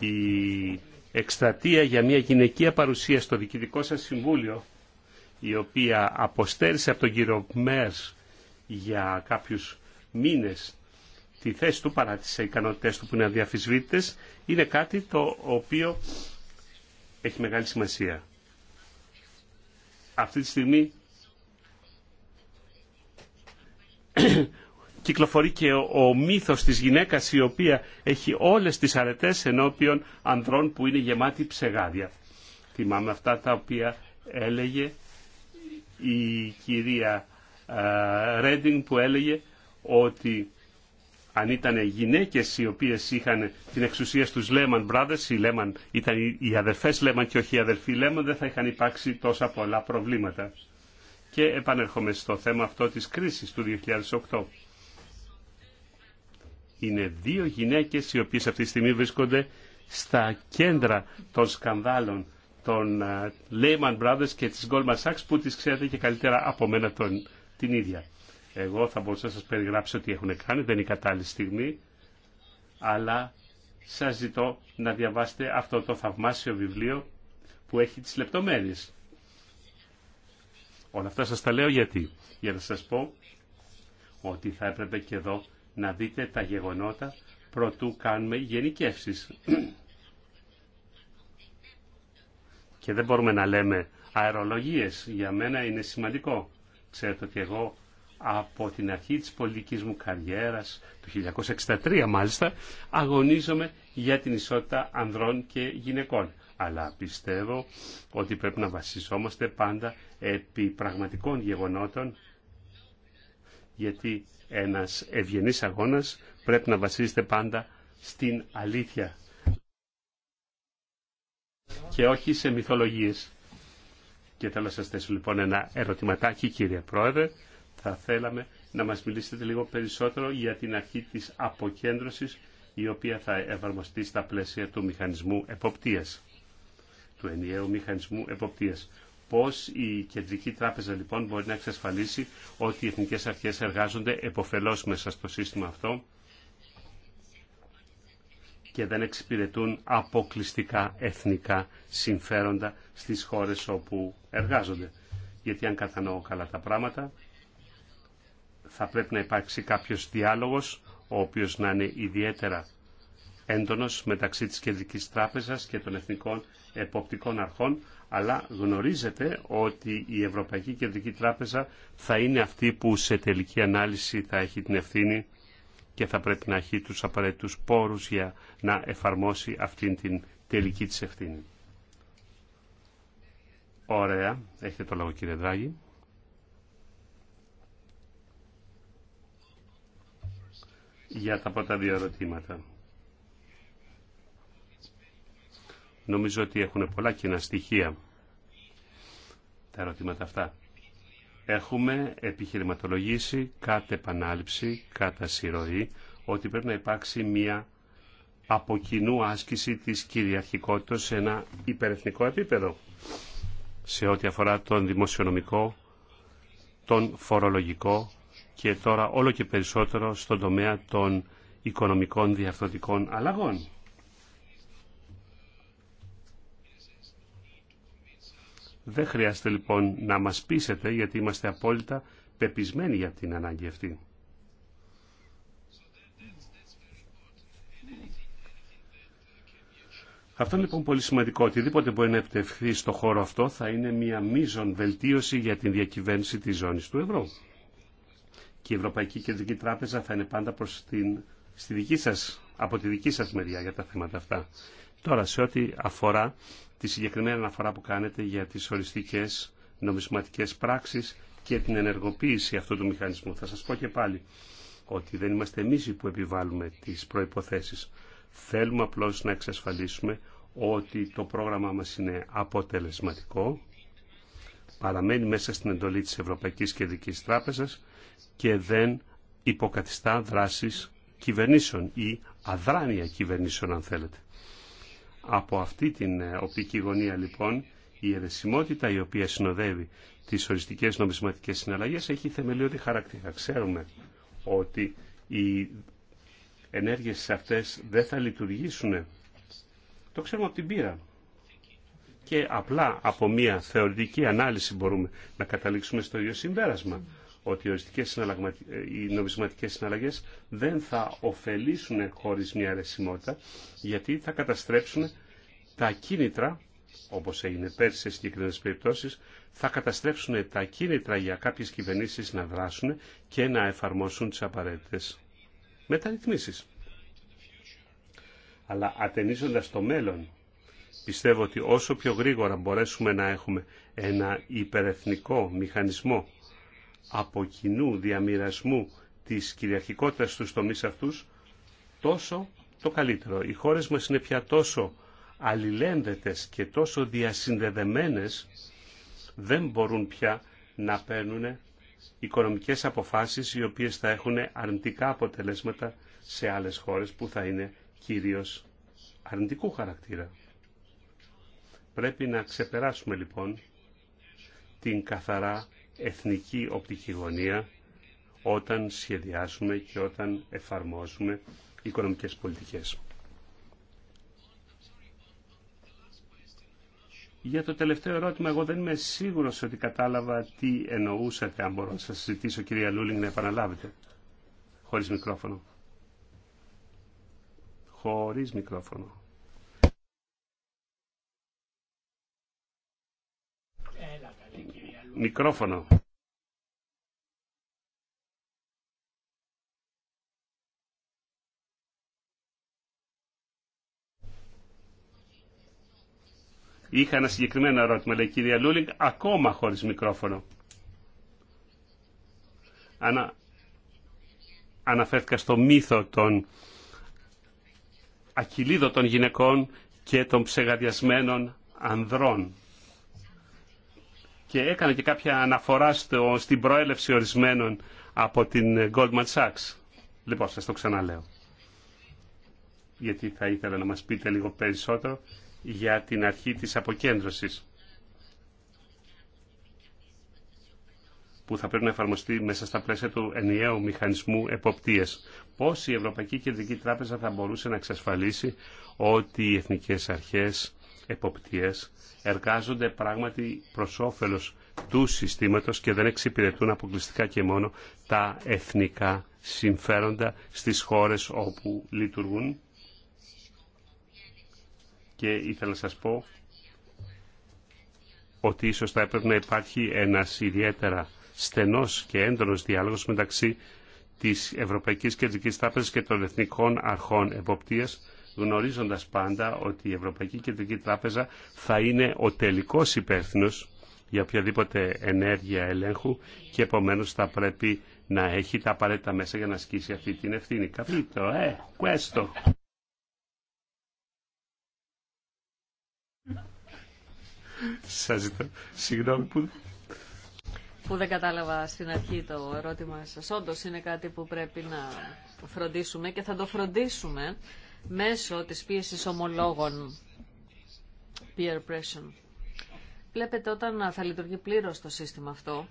η εκστρατεία για μια γυναικεία παρουσία στο διοικητικό σας συμβούλιο η οποία αποστέρισε από τον κύριο Μέρς για κάποιους μήνες τη θέση του παρά τις ικανότητες του που είναι αδιαφυσβήτητες είναι κάτι το οποίο έχει μεγάλη σημασία. Αυτή τη στιγμή κυκλοφορεί και ο μύθος της γυναίκας η οποία έχει όλες τις αρετές ενώπιον ανδρών που είναι γεμάτοι ψεγάδια. Θυμάμαι αυτά τα οποία έλεγε η κυρία ε, Ρέντινγκ που έλεγε ότι αν ήταν γυναίκες οι οποίες είχαν την εξουσία στους Lehman Brothers, οι Lehman, ήταν οι αδερφές Lehman και όχι οι αδερφοί Λέμαν δεν θα είχαν υπάρξει τόσα πολλά προβλήματα. Και επανέρχομαι στο θέμα αυτό της κρίσης του 2008 είναι δύο γυναίκες οι οποίες αυτή τη στιγμή βρίσκονται στα κέντρα των σκανδάλων των ε, Lehman Brothers και της Goldman Sachs που τις ξέρετε και καλύτερα από μένα τον, την ίδια. Εγώ θα μπορούσα να σας περιγράψω τι έχουν κάνει, δεν είναι η κατάλληλη στιγμή, αλλά σας ζητώ να διαβάσετε αυτό το θαυμάσιο βιβλίο που έχει τις λεπτομέρειες. Όλα αυτά σας τα λέω γιατί. Για να σας πω ότι θα έπρεπε και εδώ να δείτε τα γεγονότα προτού κάνουμε γενικεύσεις. Και δεν μπορούμε να λέμε αερολογίες. Για μένα είναι σημαντικό. Ξέρετε ότι εγώ από την αρχή της πολιτικής μου καριέρας, το 1963 μάλιστα, αγωνίζομαι για την ισότητα ανδρών και γυναικών. Αλλά πιστεύω ότι πρέπει να βασιζόμαστε πάντα επί πραγματικών γεγονότων γιατί ένας ευγενής αγώνας πρέπει να βασίζεται πάντα στην αλήθεια και όχι σε μυθολογίες. Και θέλω να σας θέσω λοιπόν ένα ερωτηματάκι κύριε Πρόεδρε. Θα θέλαμε να μας μιλήσετε λίγο περισσότερο για την αρχή της αποκέντρωσης η οποία θα εφαρμοστεί στα πλαίσια του μηχανισμού εποπτείας, του ενιαίου μηχανισμού εποπτείας. Πώς η Κεντρική Τράπεζα λοιπόν μπορεί να εξασφαλίσει ότι οι εθνικές αρχές εργάζονται εποφελώς μέσα στο σύστημα αυτό και δεν εξυπηρετούν αποκλειστικά εθνικά συμφέροντα στις χώρες όπου εργάζονται. Γιατί αν κατανοώ καλά τα πράγματα, θα πρέπει να υπάρξει κάποιος διάλογος, ο οποίος να είναι ιδιαίτερα έντονος μεταξύ της Κεντρικής Τράπεζας και των Εθνικών Εποπτικών Αρχών, αλλά γνωρίζετε ότι η Ευρωπαϊκή Κεντρική Τράπεζα θα είναι αυτή που σε τελική ανάλυση θα έχει την ευθύνη και θα πρέπει να έχει τους απαραίτητους πόρους για να εφαρμόσει αυτήν την τελική της ευθύνη. Ωραία. Έχετε το λόγο κύριε Δράγη. Για τα πρώτα δύο ερωτήματα. νομίζω ότι έχουν πολλά κοινά στοιχεία τα ερωτήματα αυτά. Έχουμε επιχειρηματολογήσει κάθε επανάληψη, κατά συρροή, ότι πρέπει να υπάρξει μια από άσκηση της κυριαρχικότητας σε ένα υπερεθνικό επίπεδο σε ό,τι αφορά τον δημοσιονομικό, τον φορολογικό και τώρα όλο και περισσότερο στον τομέα των οικονομικών διαρθρωτικών αλλαγών. Δεν χρειάζεται λοιπόν να μας πείσετε γιατί είμαστε απόλυτα πεπισμένοι για την ανάγκη αυτή. Αυτό είναι λοιπόν πολύ σημαντικό. Οτιδήποτε μπορεί να επιτευχθεί στο χώρο αυτό θα είναι μια μείζον βελτίωση για την διακυβέρνηση της ζώνης του ευρώ. Και η Ευρωπαϊκή Κεντρική Τράπεζα θα είναι πάντα προς την, δική σας, από τη δική σας μεριά για τα θέματα αυτά. Τώρα, σε ό,τι αφορά τη συγκεκριμένη αναφορά που κάνετε για τις οριστικές νομισματικές πράξεις και την ενεργοποίηση αυτού του μηχανισμού. Θα σας πω και πάλι ότι δεν είμαστε εμείς που επιβάλλουμε τις προϋποθέσεις. Θέλουμε απλώς να εξασφαλίσουμε ότι το πρόγραμμά μας είναι αποτελεσματικό, παραμένει μέσα στην εντολή της Ευρωπαϊκής Κεντρικής Τράπεζας και δεν υποκαθιστά δράσεις κυβερνήσεων ή αδράνεια κυβερνήσεων αν θέλετε. Από αυτή την ε, οπτική γωνία λοιπόν η ερεσιμότητα η οποία συνοδεύει τις οριστικές νομισματικές συναλλαγές έχει θεμελιώδη χαρακτήρα. Ξέρουμε ότι οι ενέργειες αυτές δεν θα λειτουργήσουν. Το ξέρουμε από την πείρα. Και απλά από μια θεωρητική ανάλυση μπορούμε να καταλήξουμε στο ίδιο συμπέρασμα ότι οι, οι νομισματικές συναλλαγές δεν θα ωφελήσουν χωρί μια αρεσιμότητα, γιατί θα καταστρέψουν τα κίνητρα, όπως έγινε πέρσι σε συγκεκριμένε θα καταστρέψουν τα κίνητρα για κάποιες κυβερνήσει να δράσουν και να εφαρμόσουν τις απαραίτητε μεταρρυθμίσει. Αλλά ατενίζοντας το μέλλον, πιστεύω ότι όσο πιο γρήγορα μπορέσουμε να έχουμε ένα υπερεθνικό μηχανισμό από κοινού διαμοιρασμού της κυριαρχικότητας στους τομείς αυτούς, τόσο το καλύτερο. Οι χώρες μας είναι πια τόσο αλληλένδετες και τόσο διασυνδεδεμένες, δεν μπορούν πια να παίρνουν οικονομικές αποφάσεις οι οποίες θα έχουν αρνητικά αποτελέσματα σε άλλες χώρες που θα είναι κυρίως αρνητικού χαρακτήρα. Πρέπει να ξεπεράσουμε λοιπόν την καθαρά εθνική οπτική γωνία όταν σχεδιάσουμε και όταν εφαρμόζουμε οικονομικές πολιτικές. Για το τελευταίο ερώτημα, εγώ δεν είμαι σίγουρος ότι κατάλαβα τι εννοούσατε, αν μπορώ να σας ζητήσω, κυρία Λούλινγκ, να επαναλάβετε. Χωρίς μικρόφωνο. Χωρίς μικρόφωνο. Μικρόφωνο. Είχα ένα συγκεκριμένο ερώτημα, λέει η κυρία Λούλινγκ, ακόμα χωρίς μικρόφωνο. Ανα... Αναφέρθηκα στο μύθο των των γυναικών και των ψεγαδιασμένων ανδρών και έκανε και κάποια αναφορά στο, στην προέλευση ορισμένων από την Goldman Sachs. Λοιπόν, σας το ξαναλέω. Γιατί θα ήθελα να μας πείτε λίγο περισσότερο για την αρχή της αποκέντρωσης που θα πρέπει να εφαρμοστεί μέσα στα πλαίσια του ενιαίου μηχανισμού εποπτείας. Πώς η Ευρωπαϊκή Κεντρική Τράπεζα θα μπορούσε να εξασφαλίσει ότι οι εθνικές αρχές εποπτείες εργάζονται πράγματι προς όφελος του συστήματος και δεν εξυπηρετούν αποκλειστικά και μόνο τα εθνικά συμφέροντα στις χώρες όπου λειτουργούν. Και ήθελα να σας πω ότι ίσως θα έπρεπε να υπάρχει ένας ιδιαίτερα στενός και έντονος διάλογος μεταξύ της Ευρωπαϊκής Κεντρικής Τράπεζας και των Εθνικών Αρχών Εποπτείας γνωρίζοντας πάντα ότι η Ευρωπαϊκή Κεντρική Τράπεζα θα είναι ο τελικός υπεύθυνο για οποιαδήποτε ενέργεια ελέγχου και επομένως θα πρέπει να έχει τα απαραίτητα μέσα για να ασκήσει αυτή την ευθύνη. Καπίτο, ε, κουέστο! Σας ζητώ. Συγγνώμη που... Που δεν κατάλαβα στην αρχή το ερώτημα σα όντω. είναι κάτι που πρέπει να φροντίσουμε και θα το φροντίσουμε μέσω της πίεσης ομολόγων peer pressure. Βλέπετε όταν θα λειτουργεί πλήρως το σύστημα αυτό,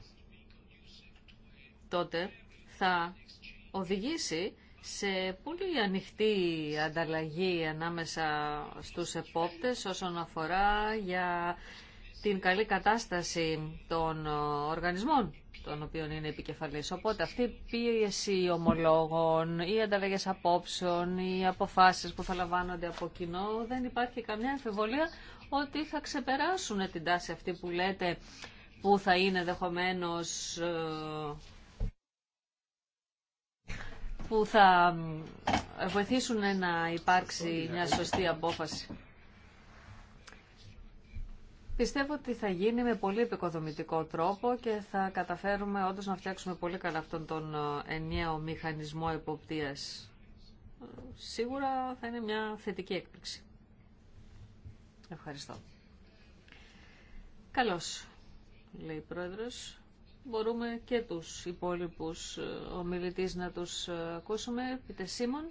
τότε θα οδηγήσει σε πολύ ανοιχτή ανταλλαγή ανάμεσα στους επόπτες όσον αφορά για την καλή κατάσταση των οργανισμών των οποίων είναι επικεφαλής. Οπότε αυτή η πίεση ομολόγων, οι ανταλλαγές απόψεων, οι αποφάσεις που θα λαμβάνονται από κοινό, δεν υπάρχει καμιά εμφιβολία ότι θα ξεπεράσουν την τάση αυτή που λέτε που θα είναι δεχομένω ε, που θα ε, βοηθήσουν να υπάρξει μια σωστή απόφαση. Πιστεύω ότι θα γίνει με πολύ επικοδομητικό τρόπο και θα καταφέρουμε όντως να φτιάξουμε πολύ καλά αυτόν τον ε, ενιαίο μηχανισμό εποπτείας. Σίγουρα θα είναι μια θετική έκπληξη. Ευχαριστώ. Καλώς, λέει η Πρόεδρος. Μπορούμε και τους υπόλοιπους ε, ομιλητής να τους ε, ακούσουμε. Πείτε Σίμων,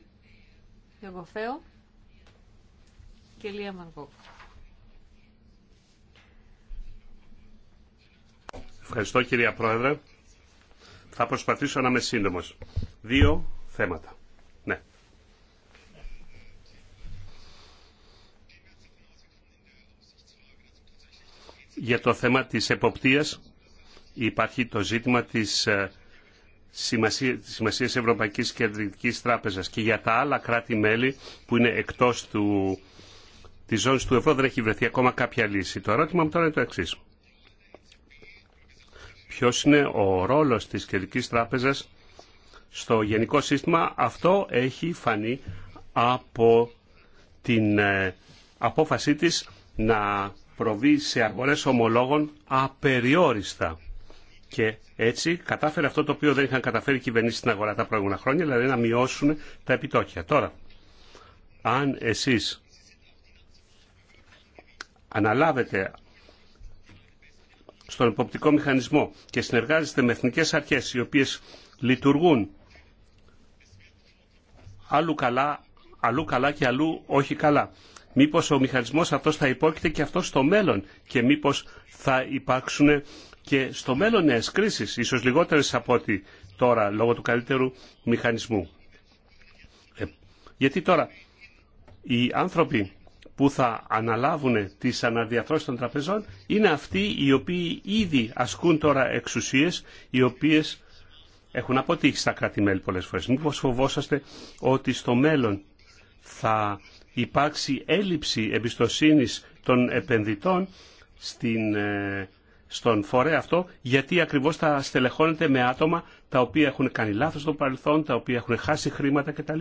Ιωγοφέο και Λία Ευχαριστώ κυρία Πρόεδρε. Θα προσπαθήσω να είμαι σύντομο. Δύο θέματα. Ναι. Για το θέμα της εποπτείας υπάρχει το ζήτημα ε, της σημασίας Ευρωπαϊκής Κεντρικής Τράπεζας και για τα άλλα κράτη-μέλη που είναι εκτός του, της ζώνης του ευρώ δεν έχει βρεθεί ακόμα κάποια λύση. Το ερώτημα μου τώρα είναι το εξής ποιος είναι ο ρόλος της Κεντρικής Τράπεζας στο γενικό σύστημα, αυτό έχει φανεί από την ε, απόφασή της να προβεί σε αγορές ομολόγων απεριόριστα. Και έτσι κατάφερε αυτό το οποίο δεν είχαν καταφέρει οι κυβερνήσει στην αγορά τα προηγούμενα χρόνια, δηλαδή να μειώσουν τα επιτόκια. Τώρα, αν εσείς αναλάβετε στον εποπτικό μηχανισμό και συνεργάζεστε με εθνικές αρχές οι οποίες λειτουργούν αλλού καλά, αλλού καλά και αλλού όχι καλά. Μήπως ο μηχανισμός αυτός θα υπόκειται και αυτό στο μέλλον και μήπως θα υπάρξουν και στο μέλλον νέε κρίσεις, ίσως λιγότερες από ό,τι τώρα λόγω του καλύτερου μηχανισμού. Ε, γιατί τώρα οι άνθρωποι που θα αναλάβουν τις αναδιαθρώσεις των τραπεζών είναι αυτοί οι οποίοι ήδη ασκούν τώρα εξουσίες οι οποίες έχουν αποτύχει στα κράτη-μέλη πολλές φορές. Μήπως φοβόσαστε ότι στο μέλλον θα υπάρξει έλλειψη εμπιστοσύνης των επενδυτών ε, στον φορέα αυτό, γιατί ακριβώς θα στελεχώνεται με άτομα τα οποία έχουν κάνει λάθος στο παρελθόν, τα οποία έχουν χάσει χρήματα κτλ.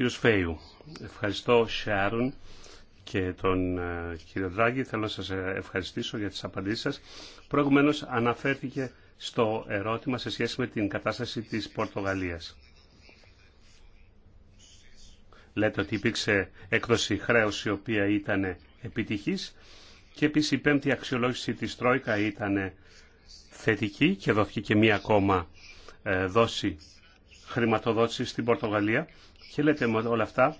κύριος Φέιου. Ευχαριστώ Σιάρουν και τον ε, κύριο Ντράγκη. Θέλω να σας ε, ευχαριστήσω για τις απαντήσεις σας. Προηγουμένως αναφέρθηκε στο ερώτημα σε σχέση με την κατάσταση της Πορτογαλίας. Λέτε ότι υπήρξε έκδοση χρέου η οποία ήταν επιτυχής και επίσης η πέμπτη αξιολόγηση της Τρόικα ήταν θετική και δόθηκε και μία ακόμα ε, δόση χρηματοδότηση στην Πορτογαλία. Και με όλα αυτά,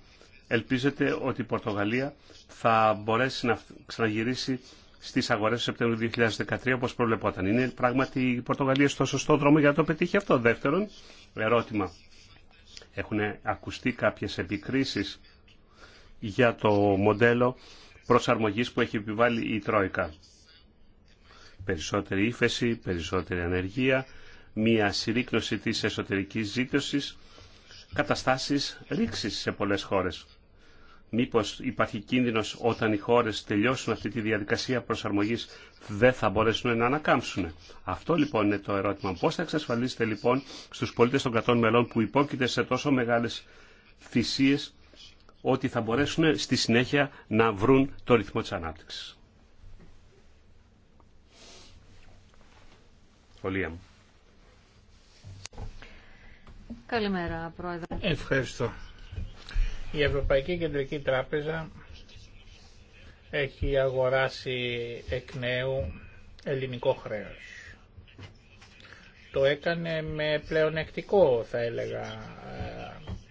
ελπίζετε ότι η Πορτογαλία θα μπορέσει να ξαναγυρίσει στις αγορές του Σεπτέμβριου 2013 όπως προβλεπόταν. Είναι πράγματι η Πορτογαλία στο σωστό δρόμο για να το πετύχει αυτό. Δεύτερον, ερώτημα. Έχουν ακουστεί κάποιες επικρίσεις για το μοντέλο προσαρμογής που έχει επιβάλει η Τρόικα. Περισσότερη ύφεση, περισσότερη ανεργία, μία συρρήκνωση της εσωτερικής ζήτησης καταστάσεις ρήξης σε πολλές χώρες. Μήπως υπάρχει κίνδυνος όταν οι χώρες τελειώσουν αυτή τη διαδικασία προσαρμογής δεν θα μπορέσουν να ανακάμψουν. Αυτό λοιπόν είναι το ερώτημα. Πώς θα εξασφαλίσετε λοιπόν στους πολίτες των κρατών μελών που υπόκειται σε τόσο μεγάλες θυσίες ότι θα μπορέσουν στη συνέχεια να βρουν το ρυθμό της ανάπτυξης. Καλημέρα, Πρόεδρε. Ευχαριστώ. Η Ευρωπαϊκή Κεντρική Τράπεζα έχει αγοράσει εκ νέου ελληνικό χρέος. Το έκανε με πλεονεκτικό, θα έλεγα,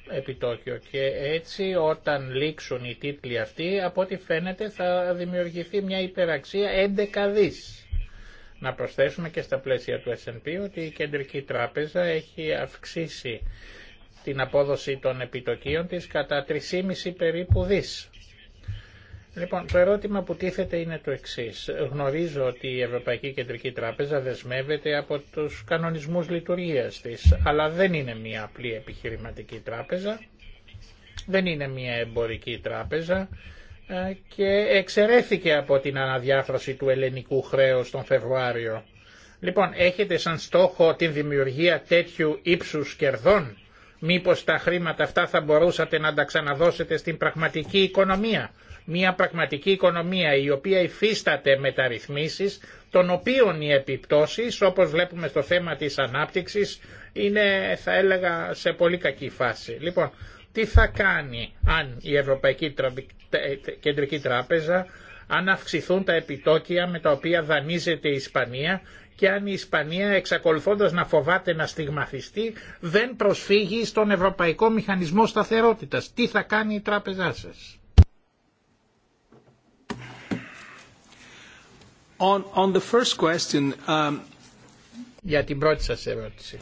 ε, επιτόκιο και έτσι όταν λήξουν οι τίτλοι αυτοί, από ό,τι φαίνεται θα δημιουργηθεί μια υπεραξία 11 δις να προσθέσουμε και στα πλαίσια του S&P ότι η Κεντρική Τράπεζα έχει αυξήσει την απόδοση των επιτοκίων της κατά 3,5 περίπου δις. Λοιπόν, το ερώτημα που τίθεται είναι το εξή. Γνωρίζω ότι η Ευρωπαϊκή Κεντρική Τράπεζα δεσμεύεται από τους κανονισμούς λειτουργίας της, αλλά δεν είναι μια απλή επιχειρηματική τράπεζα, δεν είναι μια εμπορική τράπεζα, ε, και εξαιρέθηκε από την αναδιάφραση του ελληνικού χρέους τον Φεβρουάριο. Λοιπόν, έχετε σαν στόχο την δημιουργία τέτοιου ύψους κερδών. Μήπως τα χρήματα αυτά θα μπορούσατε να τα ξαναδώσετε στην πραγματική οικονομία. Μια πραγματική οικονομία η οποία υφίσταται μεταρρυθμίσεις, των οποίων οι επιπτώσεις, όπως βλέπουμε στο θέμα της ανάπτυξης, είναι θα έλεγα σε πολύ κακή φάση. Λοιπόν, τι θα κάνει αν η Ευρωπαϊκή Κεντρική Τράπεζα αν αυξηθούν τα επιτόκια με τα οποία δανείζεται η Ισπανία και αν η Ισπανία εξακολουθώντας να φοβάται να στιγματιστεί δεν προσφύγει στον Ευρωπαϊκό Μηχανισμό Σταθερότητας. Τι θα κάνει η τράπεζά σας. On, on the first question, um, Για την πρώτη σας ερώτηση.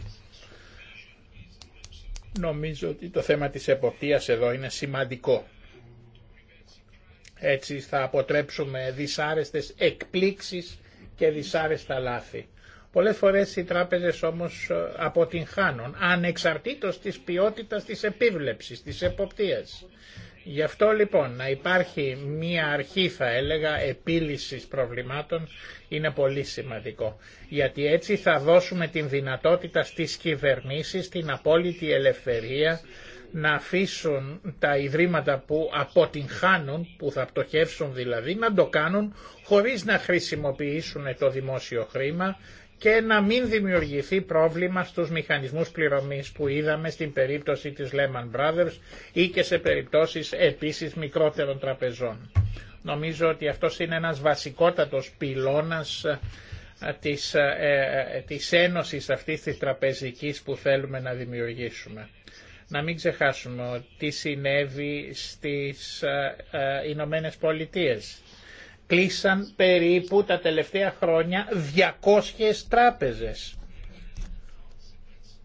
Νομίζω ότι το θέμα της εποπτείας εδώ είναι σημαντικό. Έτσι θα αποτρέψουμε δυσάρεστες εκπλήξεις και δυσάρεστα λάθη. Πολλές φορές οι τράπεζες όμως ε, αποτυγχάνουν, ανεξαρτήτως της ποιότητας της επίβλεψης, της εποπτείας. Γι' αυτό λοιπόν να υπάρχει μία αρχή θα έλεγα επίλυσης προβλημάτων είναι πολύ σημαντικό. Γιατί έτσι θα δώσουμε την δυνατότητα στις κυβερνήσεις την απόλυτη ελευθερία να αφήσουν τα ιδρύματα που αποτυγχάνουν, που θα πτωχεύσουν δηλαδή, να το κάνουν χωρίς να χρησιμοποιήσουν το δημόσιο χρήμα και να μην δημιουργηθεί πρόβλημα στους μηχανισμούς πληρωμής που είδαμε στην περίπτωση της Lehman Brothers ή και σε περιπτώσεις επίσης μικρότερων τραπεζών. Νομίζω ότι αυτός είναι ένας βασικότατος πυλώνας ε, της, ε, ε, ε, της ένωσης αυτής της τραπεζικής που θέλουμε να δημιουργήσουμε. Να μην ξεχάσουμε τι συνέβη στις ε, Ηνωμένε Πολιτείες κλείσαν περίπου τα τελευταία χρόνια 200 τράπεζες.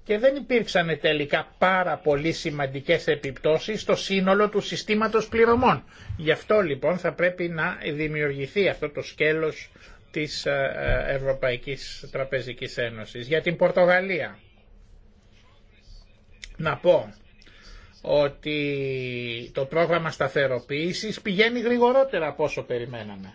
Και δεν υπήρξαν τελικά πάρα πολύ σημαντικές επιπτώσεις στο σύνολο του συστήματος πληρωμών. Γι' αυτό λοιπόν θα πρέπει να δημιουργηθεί αυτό το σκέλος της ε, ε, Ευρωπαϊκής Τραπεζικής Ένωσης. Για την Πορτογαλία. Να πω ότι το πρόγραμμα σταθεροποίησης πηγαίνει γρηγορότερα από όσο περιμέναμε.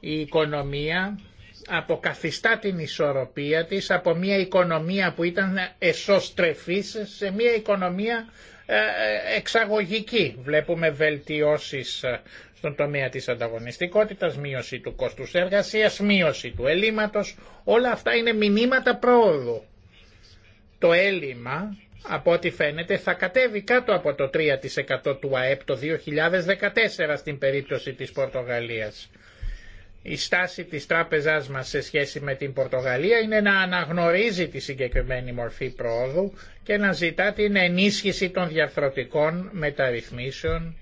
Η οικονομία αποκαθιστά την ισορροπία της από μια οικονομία που ήταν εσωστρεφής σε μια οικονομία ε, εξαγωγική. Βλέπουμε βελτιώσεις ε, στον τομέα της ανταγωνιστικότητας, μείωση του κόστους εργασίας, μείωση του ελλείμματος. Όλα αυτά είναι μηνύματα πρόοδου. Το έλλειμμα από ό,τι φαίνεται θα κατέβει κάτω από το 3% του ΑΕΠ το 2014 στην περίπτωση της Πορτογαλίας. Η στάση της τράπεζάς μας σε σχέση με την Πορτογαλία είναι να αναγνωρίζει τη συγκεκριμένη μορφή πρόοδου και να ζητά την ενίσχυση των διαρθρωτικών μεταρρυθμίσεων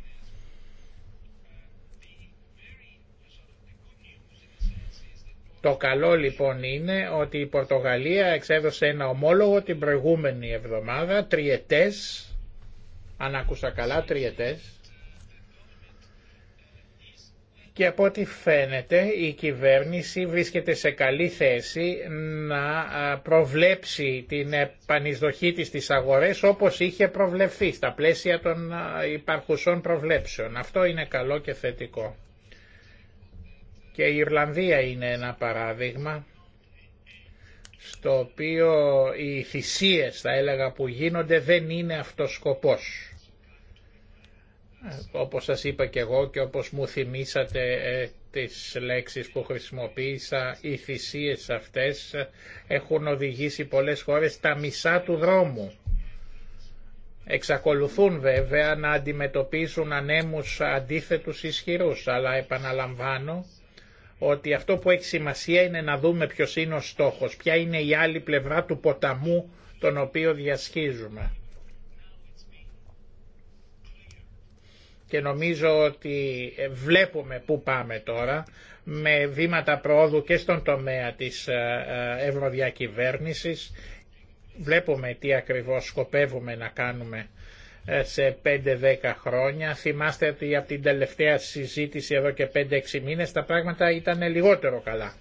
Το καλό λοιπόν είναι ότι η Πορτογαλία εξέδωσε ένα ομόλογο την προηγούμενη εβδομάδα, τριετές, αν άκουσα καλά τριετές, και από ό,τι φαίνεται η κυβέρνηση βρίσκεται σε καλή θέση να προβλέψει την επανεισδοχή της στις αγορές όπως είχε προβλεφθεί στα πλαίσια των υπαρχουσών προβλέψεων. Αυτό είναι καλό και θετικό. Και η Ιρλανδία είναι ένα παράδειγμα στο οποίο οι θυσίες θα έλεγα που γίνονται δεν είναι αυτός σκοπός. Όπως σας είπα και εγώ και όπως μου θυμήσατε ε, τις λέξεις που χρησιμοποίησα, οι θυσίες αυτές έχουν οδηγήσει πολλές χώρες τα μισά του δρόμου. Εξακολουθούν βέβαια να αντιμετωπίσουν ανέμους αντίθετους ισχυρούς, αλλά επαναλαμβάνω ότι αυτό που έχει σημασία είναι να δούμε ποιος είναι ο στόχος, ποια είναι η άλλη πλευρά του ποταμού τον οποίο διασχίζουμε. Και νομίζω ότι ε, βλέπουμε πού πάμε τώρα με βήματα προόδου και στον τομέα της ε, ε, ευρωδιακυβέρνησης. Βλέπουμε τι ακριβώς σκοπεύουμε να κάνουμε ε, σε 5-10 χρόνια. Θυμάστε ότι από την τελευταία συζήτηση εδώ και 5-6 μήνες τα πράγματα ήταν λιγότερο καλά.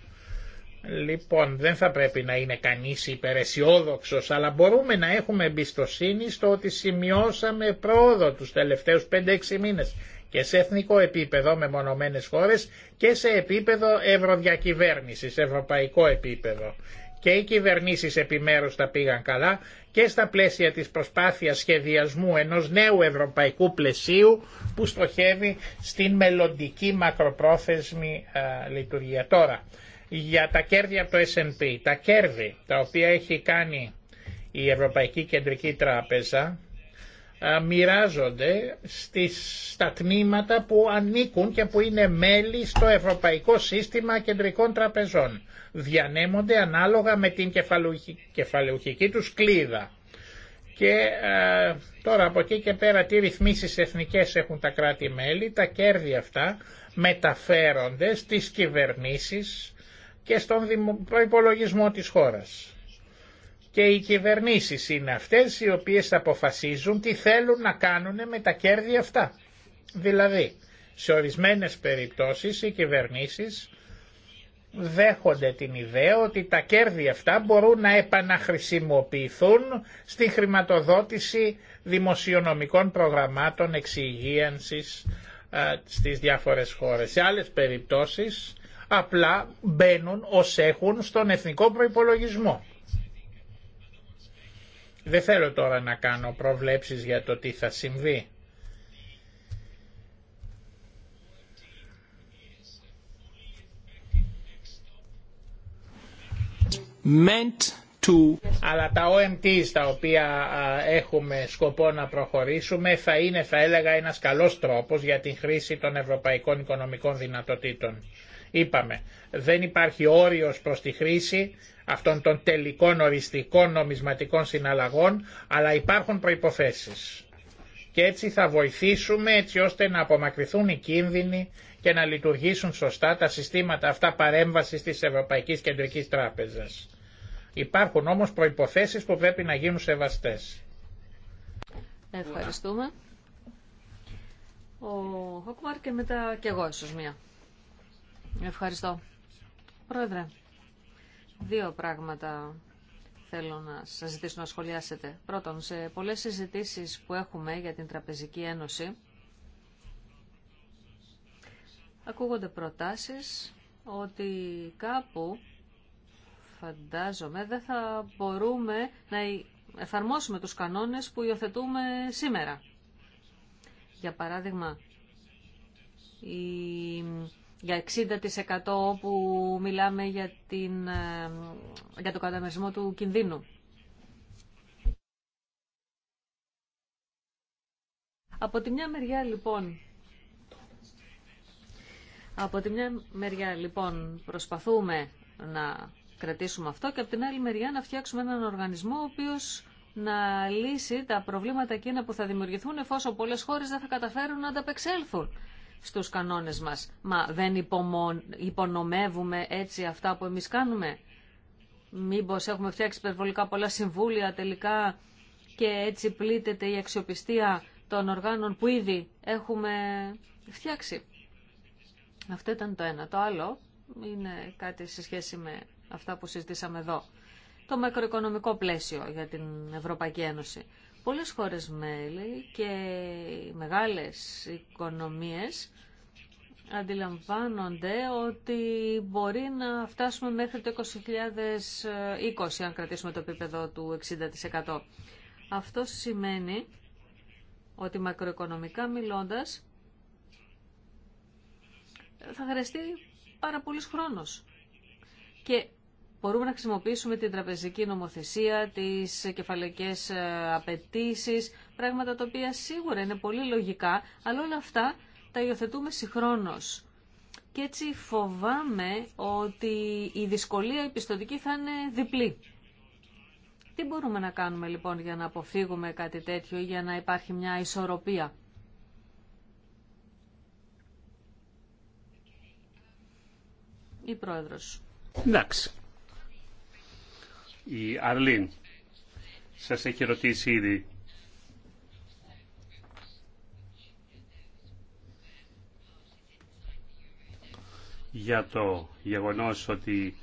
Λοιπόν, δεν θα πρέπει να είναι κανείς υπεραισιόδοξος, αλλά μπορούμε να έχουμε εμπιστοσύνη στο ότι σημειώσαμε πρόοδο τους τελευταίους 5-6 μήνες και σε εθνικό επίπεδο με μονομένες χώρες και σε επίπεδο ευρωδιακυβέρνησης, ευρωπαϊκό επίπεδο και οι κυβερνήσεις επιμέρους τα πήγαν καλά και στα πλαίσια της προσπάθειας σχεδιασμού ενός νέου ευρωπαϊκού πλαισίου που στοχεύει στην μελλοντική μακροπρόθεσμη λειτουργία. Τώρα, για τα κέρδη από το S&P, τα κέρδη τα οποία έχει κάνει η Ευρωπαϊκή Κεντρική Τράπεζα ε, μοιράζονται στις, στα τμήματα που ανήκουν και που είναι μέλη στο Ευρωπαϊκό Σύστημα Κεντρικών Τραπεζών. Διανέμονται ανάλογα με την κεφαλαιοχική τους κλίδα. Και ε, τώρα από εκεί και πέρα τι ρυθμίσεις εθνικές έχουν τα κράτη-μέλη, τα κέρδη αυτά μεταφέρονται στις κυβερνήσεις και στον υπολογισμό της χώρας και οι κυβερνήσεις είναι αυτές οι οποίες αποφασίζουν τι θέλουν να κάνουν με τα κέρδη αυτά. Δηλαδή, σε ορισμένες περιπτώσεις οι κυβερνήσεις δέχονται την ιδέα ότι τα κέρδη αυτά μπορούν να επαναχρησιμοποιηθούν στη χρηματοδότηση δημοσιονομικών προγραμμάτων εξυγίανσης στις διάφορες χώρες. Σε άλλες περιπτώσεις απλά μπαίνουν ως έχουν στον εθνικό προϋπολογισμό. Δεν θέλω τώρα να κάνω προβλέψεις για το τι θα συμβεί. Αλλά τα OMT στα οποία έχουμε σκοπό να προχωρήσουμε θα είναι θα έλεγα ένας καλός τρόπος για την χρήση των ευρωπαϊκών οικονομικών δυνατοτήτων. Είπαμε, δεν υπάρχει όριος προς τη χρήση αυτών των τελικών οριστικών νομισματικών συναλλαγών, αλλά υπάρχουν προϋποθέσεις. Και έτσι θα βοηθήσουμε έτσι ώστε να απομακρυθούν οι κίνδυνοι και να λειτουργήσουν σωστά τα συστήματα αυτά παρέμβασης της Ευρωπαϊκής Κεντρικής Τράπεζας. Υπάρχουν όμως προϋποθέσεις που πρέπει να γίνουν σεβαστές. Ευχαριστούμε. Ο Χόκμαρ και μετά και εγώ ίσως μία. Ευχαριστώ. Πρόεδρε, δύο πράγματα θέλω να σα ζητήσω να σχολιάσετε. Πρώτον, σε πολλέ συζητήσει που έχουμε για την Τραπεζική Ένωση, ακούγονται προτάσεις ότι κάπου, φαντάζομαι, δεν θα μπορούμε να εφαρμόσουμε τους κανόνες που υιοθετούμε σήμερα. Για παράδειγμα, η για 60% όπου μιλάμε για, την, ε, για το καταμερισμό του κινδύνου. Από τη μια μεριά λοιπόν από τη μια μεριά λοιπόν προσπαθούμε να κρατήσουμε αυτό και από την άλλη μεριά να φτιάξουμε έναν οργανισμό ο οποίος να λύσει τα προβλήματα εκείνα που θα δημιουργηθούν εφόσον πολλές χώρες δεν θα καταφέρουν να ανταπεξέλθουν στους κανόνες μας. Μα δεν υπονομεύουμε έτσι αυτά που εμείς κάνουμε. Μήπως έχουμε φτιάξει υπερβολικά πολλά συμβούλια τελικά και έτσι πλήττεται η αξιοπιστία των οργάνων που ήδη έχουμε φτιάξει. Αυτό ήταν το ένα. Το άλλο είναι κάτι σε σχέση με αυτά που συζητήσαμε εδώ. Το μακροοικονομικό πλαίσιο για την Ευρωπαϊκή Ένωση. Πολλές χώρες μέλη και μεγάλες οικονομίες αντιλαμβάνονται ότι μπορεί να φτάσουμε μέχρι το 2020 αν κρατήσουμε το επίπεδο του 60%. Αυτό σημαίνει ότι μακροοικονομικά μιλώντας θα χρειαστεί πάρα πολύς χρόνος. Και Μπορούμε να χρησιμοποιήσουμε την τραπεζική νομοθεσία, τις κεφαλαϊκές ε, απαιτήσεις, πράγματα τα οποία σίγουρα είναι πολύ λογικά, αλλά όλα αυτά τα υιοθετούμε συγχρόνως. Και έτσι φοβάμαι ότι η δυσκολία επιστοτική θα είναι διπλή. Τι μπορούμε να κάνουμε λοιπόν για να αποφύγουμε κάτι τέτοιο, για να υπάρχει μια ισορροπία. Η Πρόεδρος. Εντάξει. Η Αρλίν σας έχει ρωτήσει ήδη. για το γεγονός ότι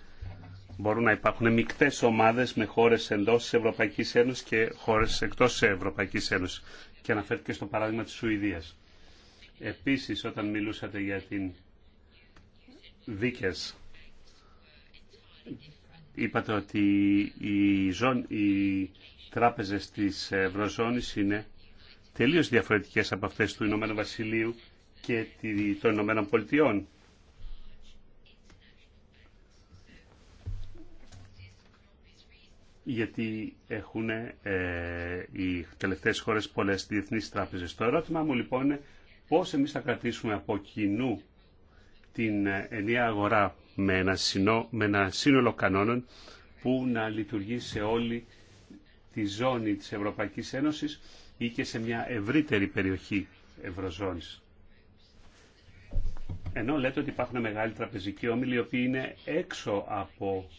μπορούν να υπάρχουν μικτές ομάδες με χώρες εντός της Ευρωπαϊκής Ένωσης και χώρες εκτός της Ευρωπαϊκής Ένωσης και αναφέρθηκε στο παράδειγμα της Σουηδίας. Επίσης όταν μιλούσατε για την δίκες Είπατε ότι οι, ζων, οι τράπεζες της Ευρωζώνης είναι τελείως διαφορετικές από αυτές του Ηνωμένου Βασιλείου και των Ηνωμένων Πολιτειών. γιατί έχουν ε, οι τελευταίες χώρες πολλές διεθνείς τράπεζες. Το ερώτημα μου λοιπόν είναι πώς εμείς θα κρατήσουμε από κοινού την ε, ενιαία αγορά με ένα, συνό, με σύνολο κανόνων που να λειτουργεί σε όλη τη ζώνη της Ευρωπαϊκής Ένωσης ή και σε μια ευρύτερη περιοχή Ευρωζώνης. Ενώ λέτε ότι υπάρχουν μεγάλοι τραπεζικοί όμιλοι οι οποίοι είναι έξω από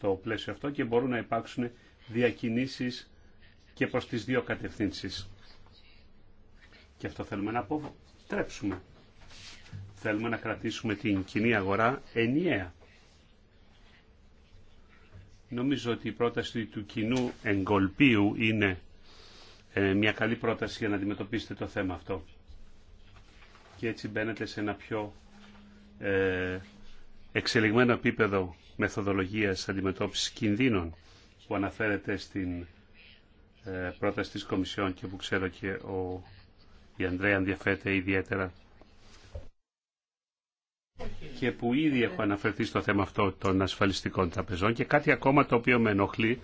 το πλαίσιο αυτό και μπορούν να υπάρξουν διακινήσεις και προς τις δύο κατευθύνσεις. Και αυτό θέλουμε να αποτρέψουμε. Θέλουμε να κρατήσουμε την κοινή αγορά ενιαία. Νομίζω ότι η πρόταση του κοινού εγκολπίου είναι ε, μια καλή πρόταση για να αντιμετωπίσετε το θέμα αυτό. Και έτσι μπαίνετε σε ένα πιο ε, εξελιγμένο επίπεδο μεθοδολογίας αντιμετώπισης κινδύνων που αναφέρεται στην ε, πρόταση της Κομισιόν και που ξέρω και ο η Ανδρέα ενδιαφέρεται ιδιαίτερα και που ήδη έχω αναφερθεί στο θέμα αυτό των ασφαλιστικών τραπεζών και κάτι ακόμα το οποίο με ενοχλεί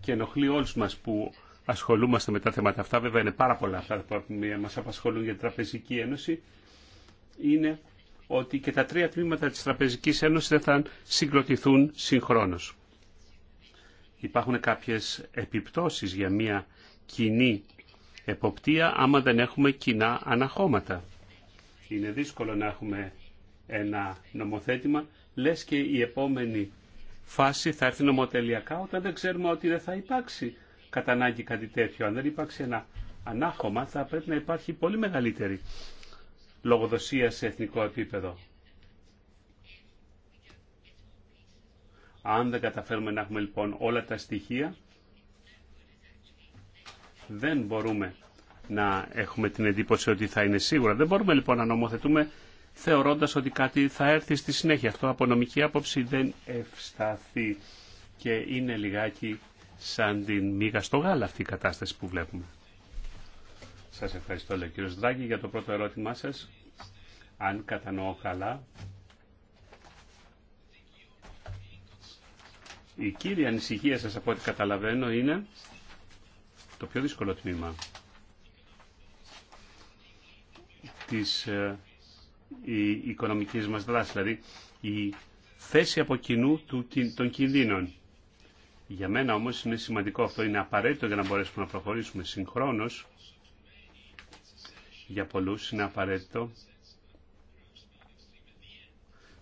και ενοχλεί όλους μας που ασχολούμαστε με τα θέματα αυτά, βέβαια είναι πάρα πολλά αυτά που μας απασχολούν για την Τραπεζική Ένωση, είναι ότι και τα τρία τμήματα της Τραπεζικής Ένωσης δεν θα συγκροτηθούν συγχρόνως. Υπάρχουν κάποιες επιπτώσεις για μια κοινή εποπτεία άμα δεν έχουμε κοινά αναχώματα είναι δύσκολο να έχουμε ένα νομοθέτημα, λες και η επόμενη φάση θα έρθει νομοτελειακά όταν δεν ξέρουμε ότι δεν θα υπάρξει κατά ανάγκη κάτι τέτοιο. Αν δεν υπάρξει ένα ανάχωμα θα πρέπει να υπάρχει πολύ μεγαλύτερη λογοδοσία σε εθνικό επίπεδο. Αν δεν καταφέρουμε να έχουμε λοιπόν όλα τα στοιχεία, δεν μπορούμε να έχουμε την εντύπωση ότι θα είναι σίγουρα. Δεν μπορούμε λοιπόν να νομοθετούμε θεωρώντας ότι κάτι θα έρθει στη συνέχεια. Αυτό από νομική άποψη δεν ευσταθεί και είναι λιγάκι σαν την μίγα στο γάλα αυτή η κατάσταση που βλέπουμε. Σας ευχαριστώ λέει κύριος Δράκη για το πρώτο ερώτημά σας. Αν κατανοώ καλά, η κύρια ανησυχία σας από ό,τι καταλαβαίνω είναι το πιο δύσκολο τμήμα της ε, η οικονομικής μας δράσης, δηλαδή η θέση από κοινού του, των κινδύνων. Για μένα όμως είναι σημαντικό αυτό, είναι απαραίτητο για να μπορέσουμε να προχωρήσουμε συγχρόνως. Για πολλούς είναι απαραίτητο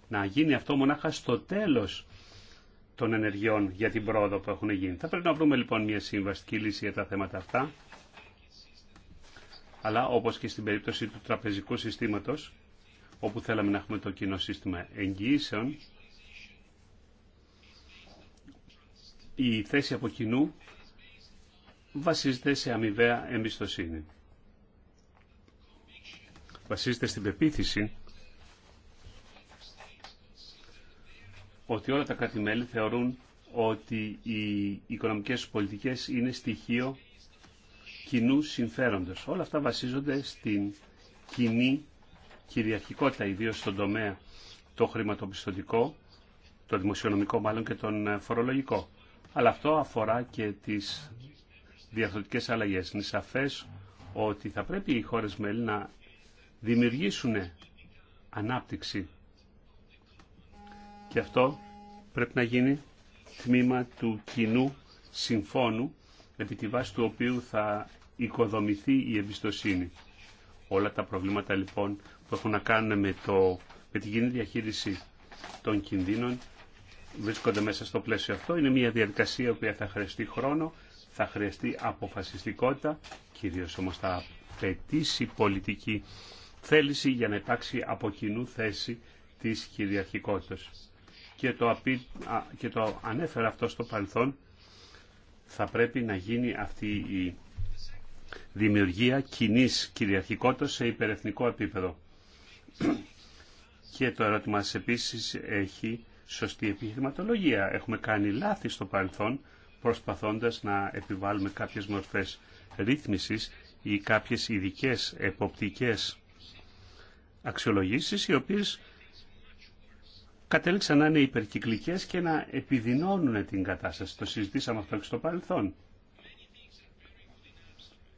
να γίνει αυτό μονάχα στο τέλος των ενεργειών για την πρόοδο που έχουν γίνει. Θα πρέπει να βρούμε λοιπόν μια συμβαστική λύση για τα θέματα αυτά αλλά όπως και στην περίπτωση του τραπεζικού συστήματος, όπου θέλαμε να έχουμε το κοινό σύστημα εγγυήσεων, η θέση από κοινού βασίζεται σε αμοιβαία εμπιστοσύνη. Βασίζεται στην πεποίθηση ότι όλα τα κράτη-μέλη θεωρούν ότι οι οικονομικές πολιτικές είναι στοιχείο κοινού συμφέροντος. Όλα αυτά βασίζονται στην κοινή κυριαρχικότητα, ιδίως στον τομέα το χρηματοπιστωτικό, το δημοσιονομικό μάλλον και τον ε, φορολογικό. Αλλά αυτό αφορά και τις διαρθρωτικές αλλαγές. Είναι σαφές ότι θα πρέπει οι χώρες μέλη να δημιουργήσουν ανάπτυξη. Και αυτό πρέπει να γίνει τμήμα του κοινού συμφώνου, επί τη βάση του οποίου θα οικοδομηθεί η εμπιστοσύνη. Όλα τα προβλήματα λοιπόν που έχουν να κάνουν με, το, με την κοινή διαχείριση των κινδύνων βρίσκονται μέσα στο πλαίσιο αυτό. Είναι μια διαδικασία που θα χρειαστεί χρόνο, θα χρειαστεί αποφασιστικότητα, κυρίως όμως θα απαιτήσει πολιτική θέληση για να υπάρξει από κοινού θέση της κυριαρχικότητας. Και το, και το ανέφερα αυτό στο παρελθόν, θα πρέπει να γίνει αυτή η δημιουργία κοινή κυριαρχικότητα σε υπερεθνικό επίπεδο. Και το ερώτημά σα επίση έχει σωστή επιχειρηματολογία. Έχουμε κάνει λάθη στο παρελθόν προσπαθώντας να επιβάλλουμε κάποιες μορφές ρύθμισης ή κάποιες ειδικέ εποπτικές αξιολογήσεις οι οποίες κατέληξαν να είναι υπερκυκλικές και να επιδεινώνουν την κατάσταση. Το συζητήσαμε αυτό και στο παρελθόν.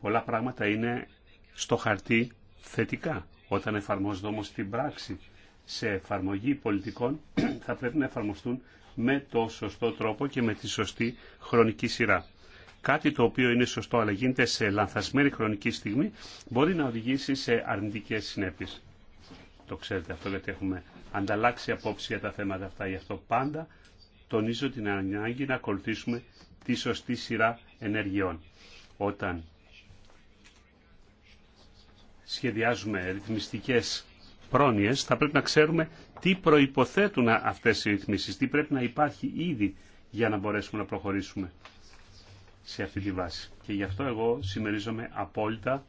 Πολλά πράγματα είναι στο χαρτί θετικά. Όταν εφαρμόζονται όμως την πράξη σε εφαρμογή πολιτικών θα πρέπει να εφαρμοστούν με το σωστό τρόπο και με τη σωστή χρονική σειρά. Κάτι το οποίο είναι σωστό αλλά γίνεται σε λανθασμένη χρονική στιγμή μπορεί να οδηγήσει σε αρνητικές συνέπειες. Το ξέρετε αυτό γιατί έχουμε ανταλλάξει απόψη για τα θέματα αυτά. Γι' αυτό πάντα τονίζω την ανάγκη να ακολουθήσουμε τη σωστή σειρά ενεργειών σχεδιάζουμε ρυθμιστικές πρόνοιες, θα πρέπει να ξέρουμε τι προϋποθέτουν αυτές οι ρυθμίσεις, τι πρέπει να υπάρχει ήδη για να μπορέσουμε να προχωρήσουμε σε αυτή τη βάση. Και γι' αυτό εγώ συμμερίζομαι απόλυτα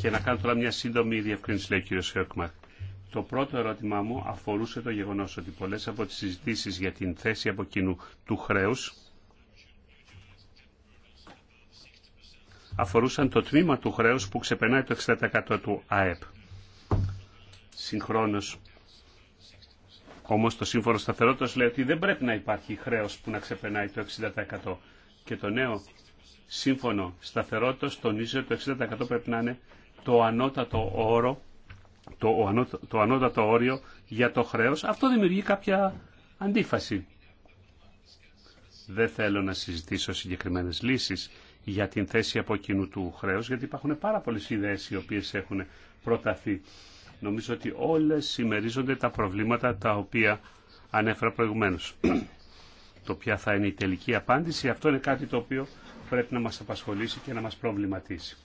και να κάνω τώρα μια σύντομη διευκρίνηση, λέει ο κ. Το πρώτο ερώτημά μου αφορούσε το γεγονός ότι πολλές από τις συζητήσεις για την θέση από κοινού του χρέους αφορούσαν το τμήμα του χρέους που ξεπερνάει το 60% του ΑΕΠ. Συγχρόνως, όμως το Σύμφωνο Σταθερότητας λέει ότι δεν πρέπει να υπάρχει χρέος που να ξεπερνάει το 60%. Και το νέο Σύμφωνο Σταθερότητας τονίζει ότι το 60% πρέπει να είναι το ανώτατο όρο το, το ανώτατο όριο για το χρέος, αυτό δημιουργεί κάποια αντίφαση. Δεν θέλω να συζητήσω συγκεκριμένες λύσεις για την θέση από κοινού του χρέους, γιατί υπάρχουν πάρα πολλές ιδέες οι οποίες έχουν προταθεί. Νομίζω ότι όλες συμμερίζονται τα προβλήματα τα οποία ανέφερα προηγουμένως. το ποια θα είναι η τελική απάντηση, αυτό είναι κάτι το οποίο πρέπει να μας απασχολήσει και να μας προβληματίσει.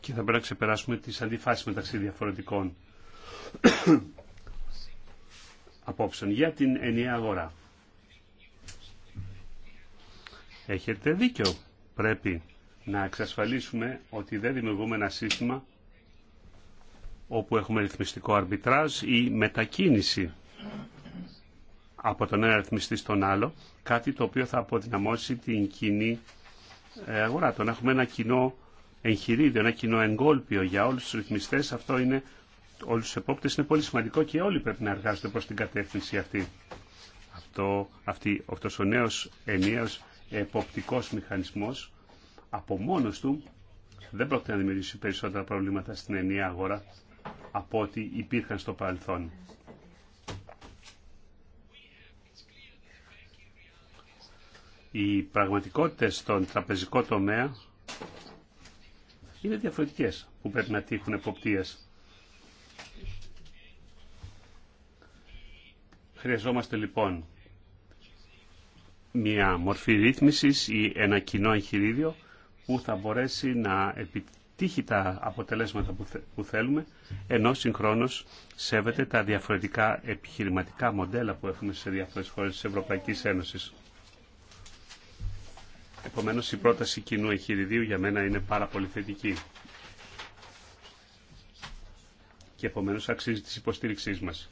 Και θα πρέπει να ξεπεράσουμε τις αντιφάσεις μεταξύ διαφορετικών απόψεων για την ενιαία αγορά. Έχετε δίκιο. Πρέπει να εξασφαλίσουμε ότι δεν δημιουργούμε ένα σύστημα όπου έχουμε ρυθμιστικό αρμπιτράζ ή μετακίνηση από τον ένα ρυθμιστή στον άλλο, κάτι το οποίο θα αποδυναμώσει την κοινή ε, αγορά. Το να έχουμε ένα κοινό εγχειρίδιο, ένα κοινό εγκόλπιο για όλους τους ρυθμιστές, αυτό είναι όλους τους επόπτες είναι πολύ σημαντικό και όλοι πρέπει να εργάζονται προς την κατεύθυνση αυτή. Αυτό, αυτή αυτός ο νέος ενιαίος εποπτικός μηχανισμός από μόνος του δεν πρόκειται να δημιουργήσει περισσότερα προβλήματα στην ενιαία αγορά από ό,τι υπήρχαν στο παρελθόν. Οι πραγματικότητες στον τραπεζικό τομέα είναι διαφορετικές που πρέπει να τύχουν εποπτείες. Χρειαζόμαστε λοιπόν μια μορφή ρύθμισης ή ένα κοινό εγχειρίδιο που θα μπορέσει να επιτύχει τα αποτελέσματα που θέλουμε, ενώ συγχρόνως σέβεται τα διαφορετικά επιχειρηματικά μοντέλα που έχουμε σε διάφορες χώρες της Ευρωπαϊκής Ένωσης. Επομένως, η πρόταση κοινού εγχειριδίου για μένα είναι πάρα πολύ θετική και επομένως αξίζει της υποστήριξής μας.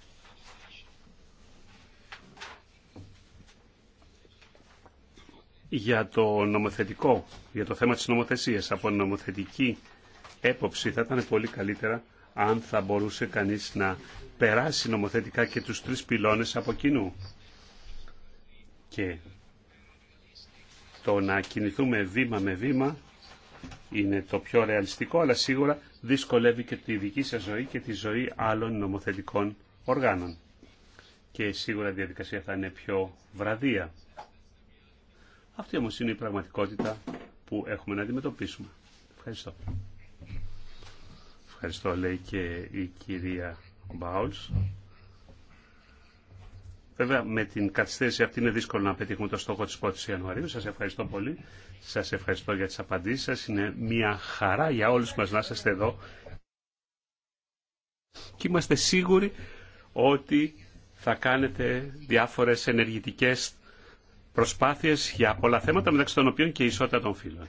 για το νομοθετικό, για το θέμα της νομοθεσίας. Από νομοθετική έποψη θα ήταν πολύ καλύτερα αν θα μπορούσε κανείς να περάσει νομοθετικά και τους τρεις πυλώνες από κοινού. Και το να κινηθούμε βήμα με βήμα είναι το πιο ρεαλιστικό, αλλά σίγουρα δυσκολεύει και τη δική σας ζωή και τη ζωή άλλων νομοθετικών οργάνων. Και σίγουρα η διαδικασία θα είναι πιο βραδία. Αυτή όμως είναι η πραγματικότητα που έχουμε να αντιμετωπίσουμε. Ευχαριστώ. Ευχαριστώ λέει και η κυρία Μπάουλς. Βέβαια με την καθυστέρηση αυτή είναι δύσκολο να πετύχουμε το στόχο της 1ης Ιανουαρίου. Σας ευχαριστώ πολύ. Σας ευχαριστώ για τις απαντήσεις σας. Είναι μια χαρά για όλους μας να είστε εδώ. Και είμαστε σίγουροι ότι θα κάνετε διάφορες ενεργητικές προσπάθειες για πολλά θέματα μεταξύ των οποίων και η ισότητα των φύλων.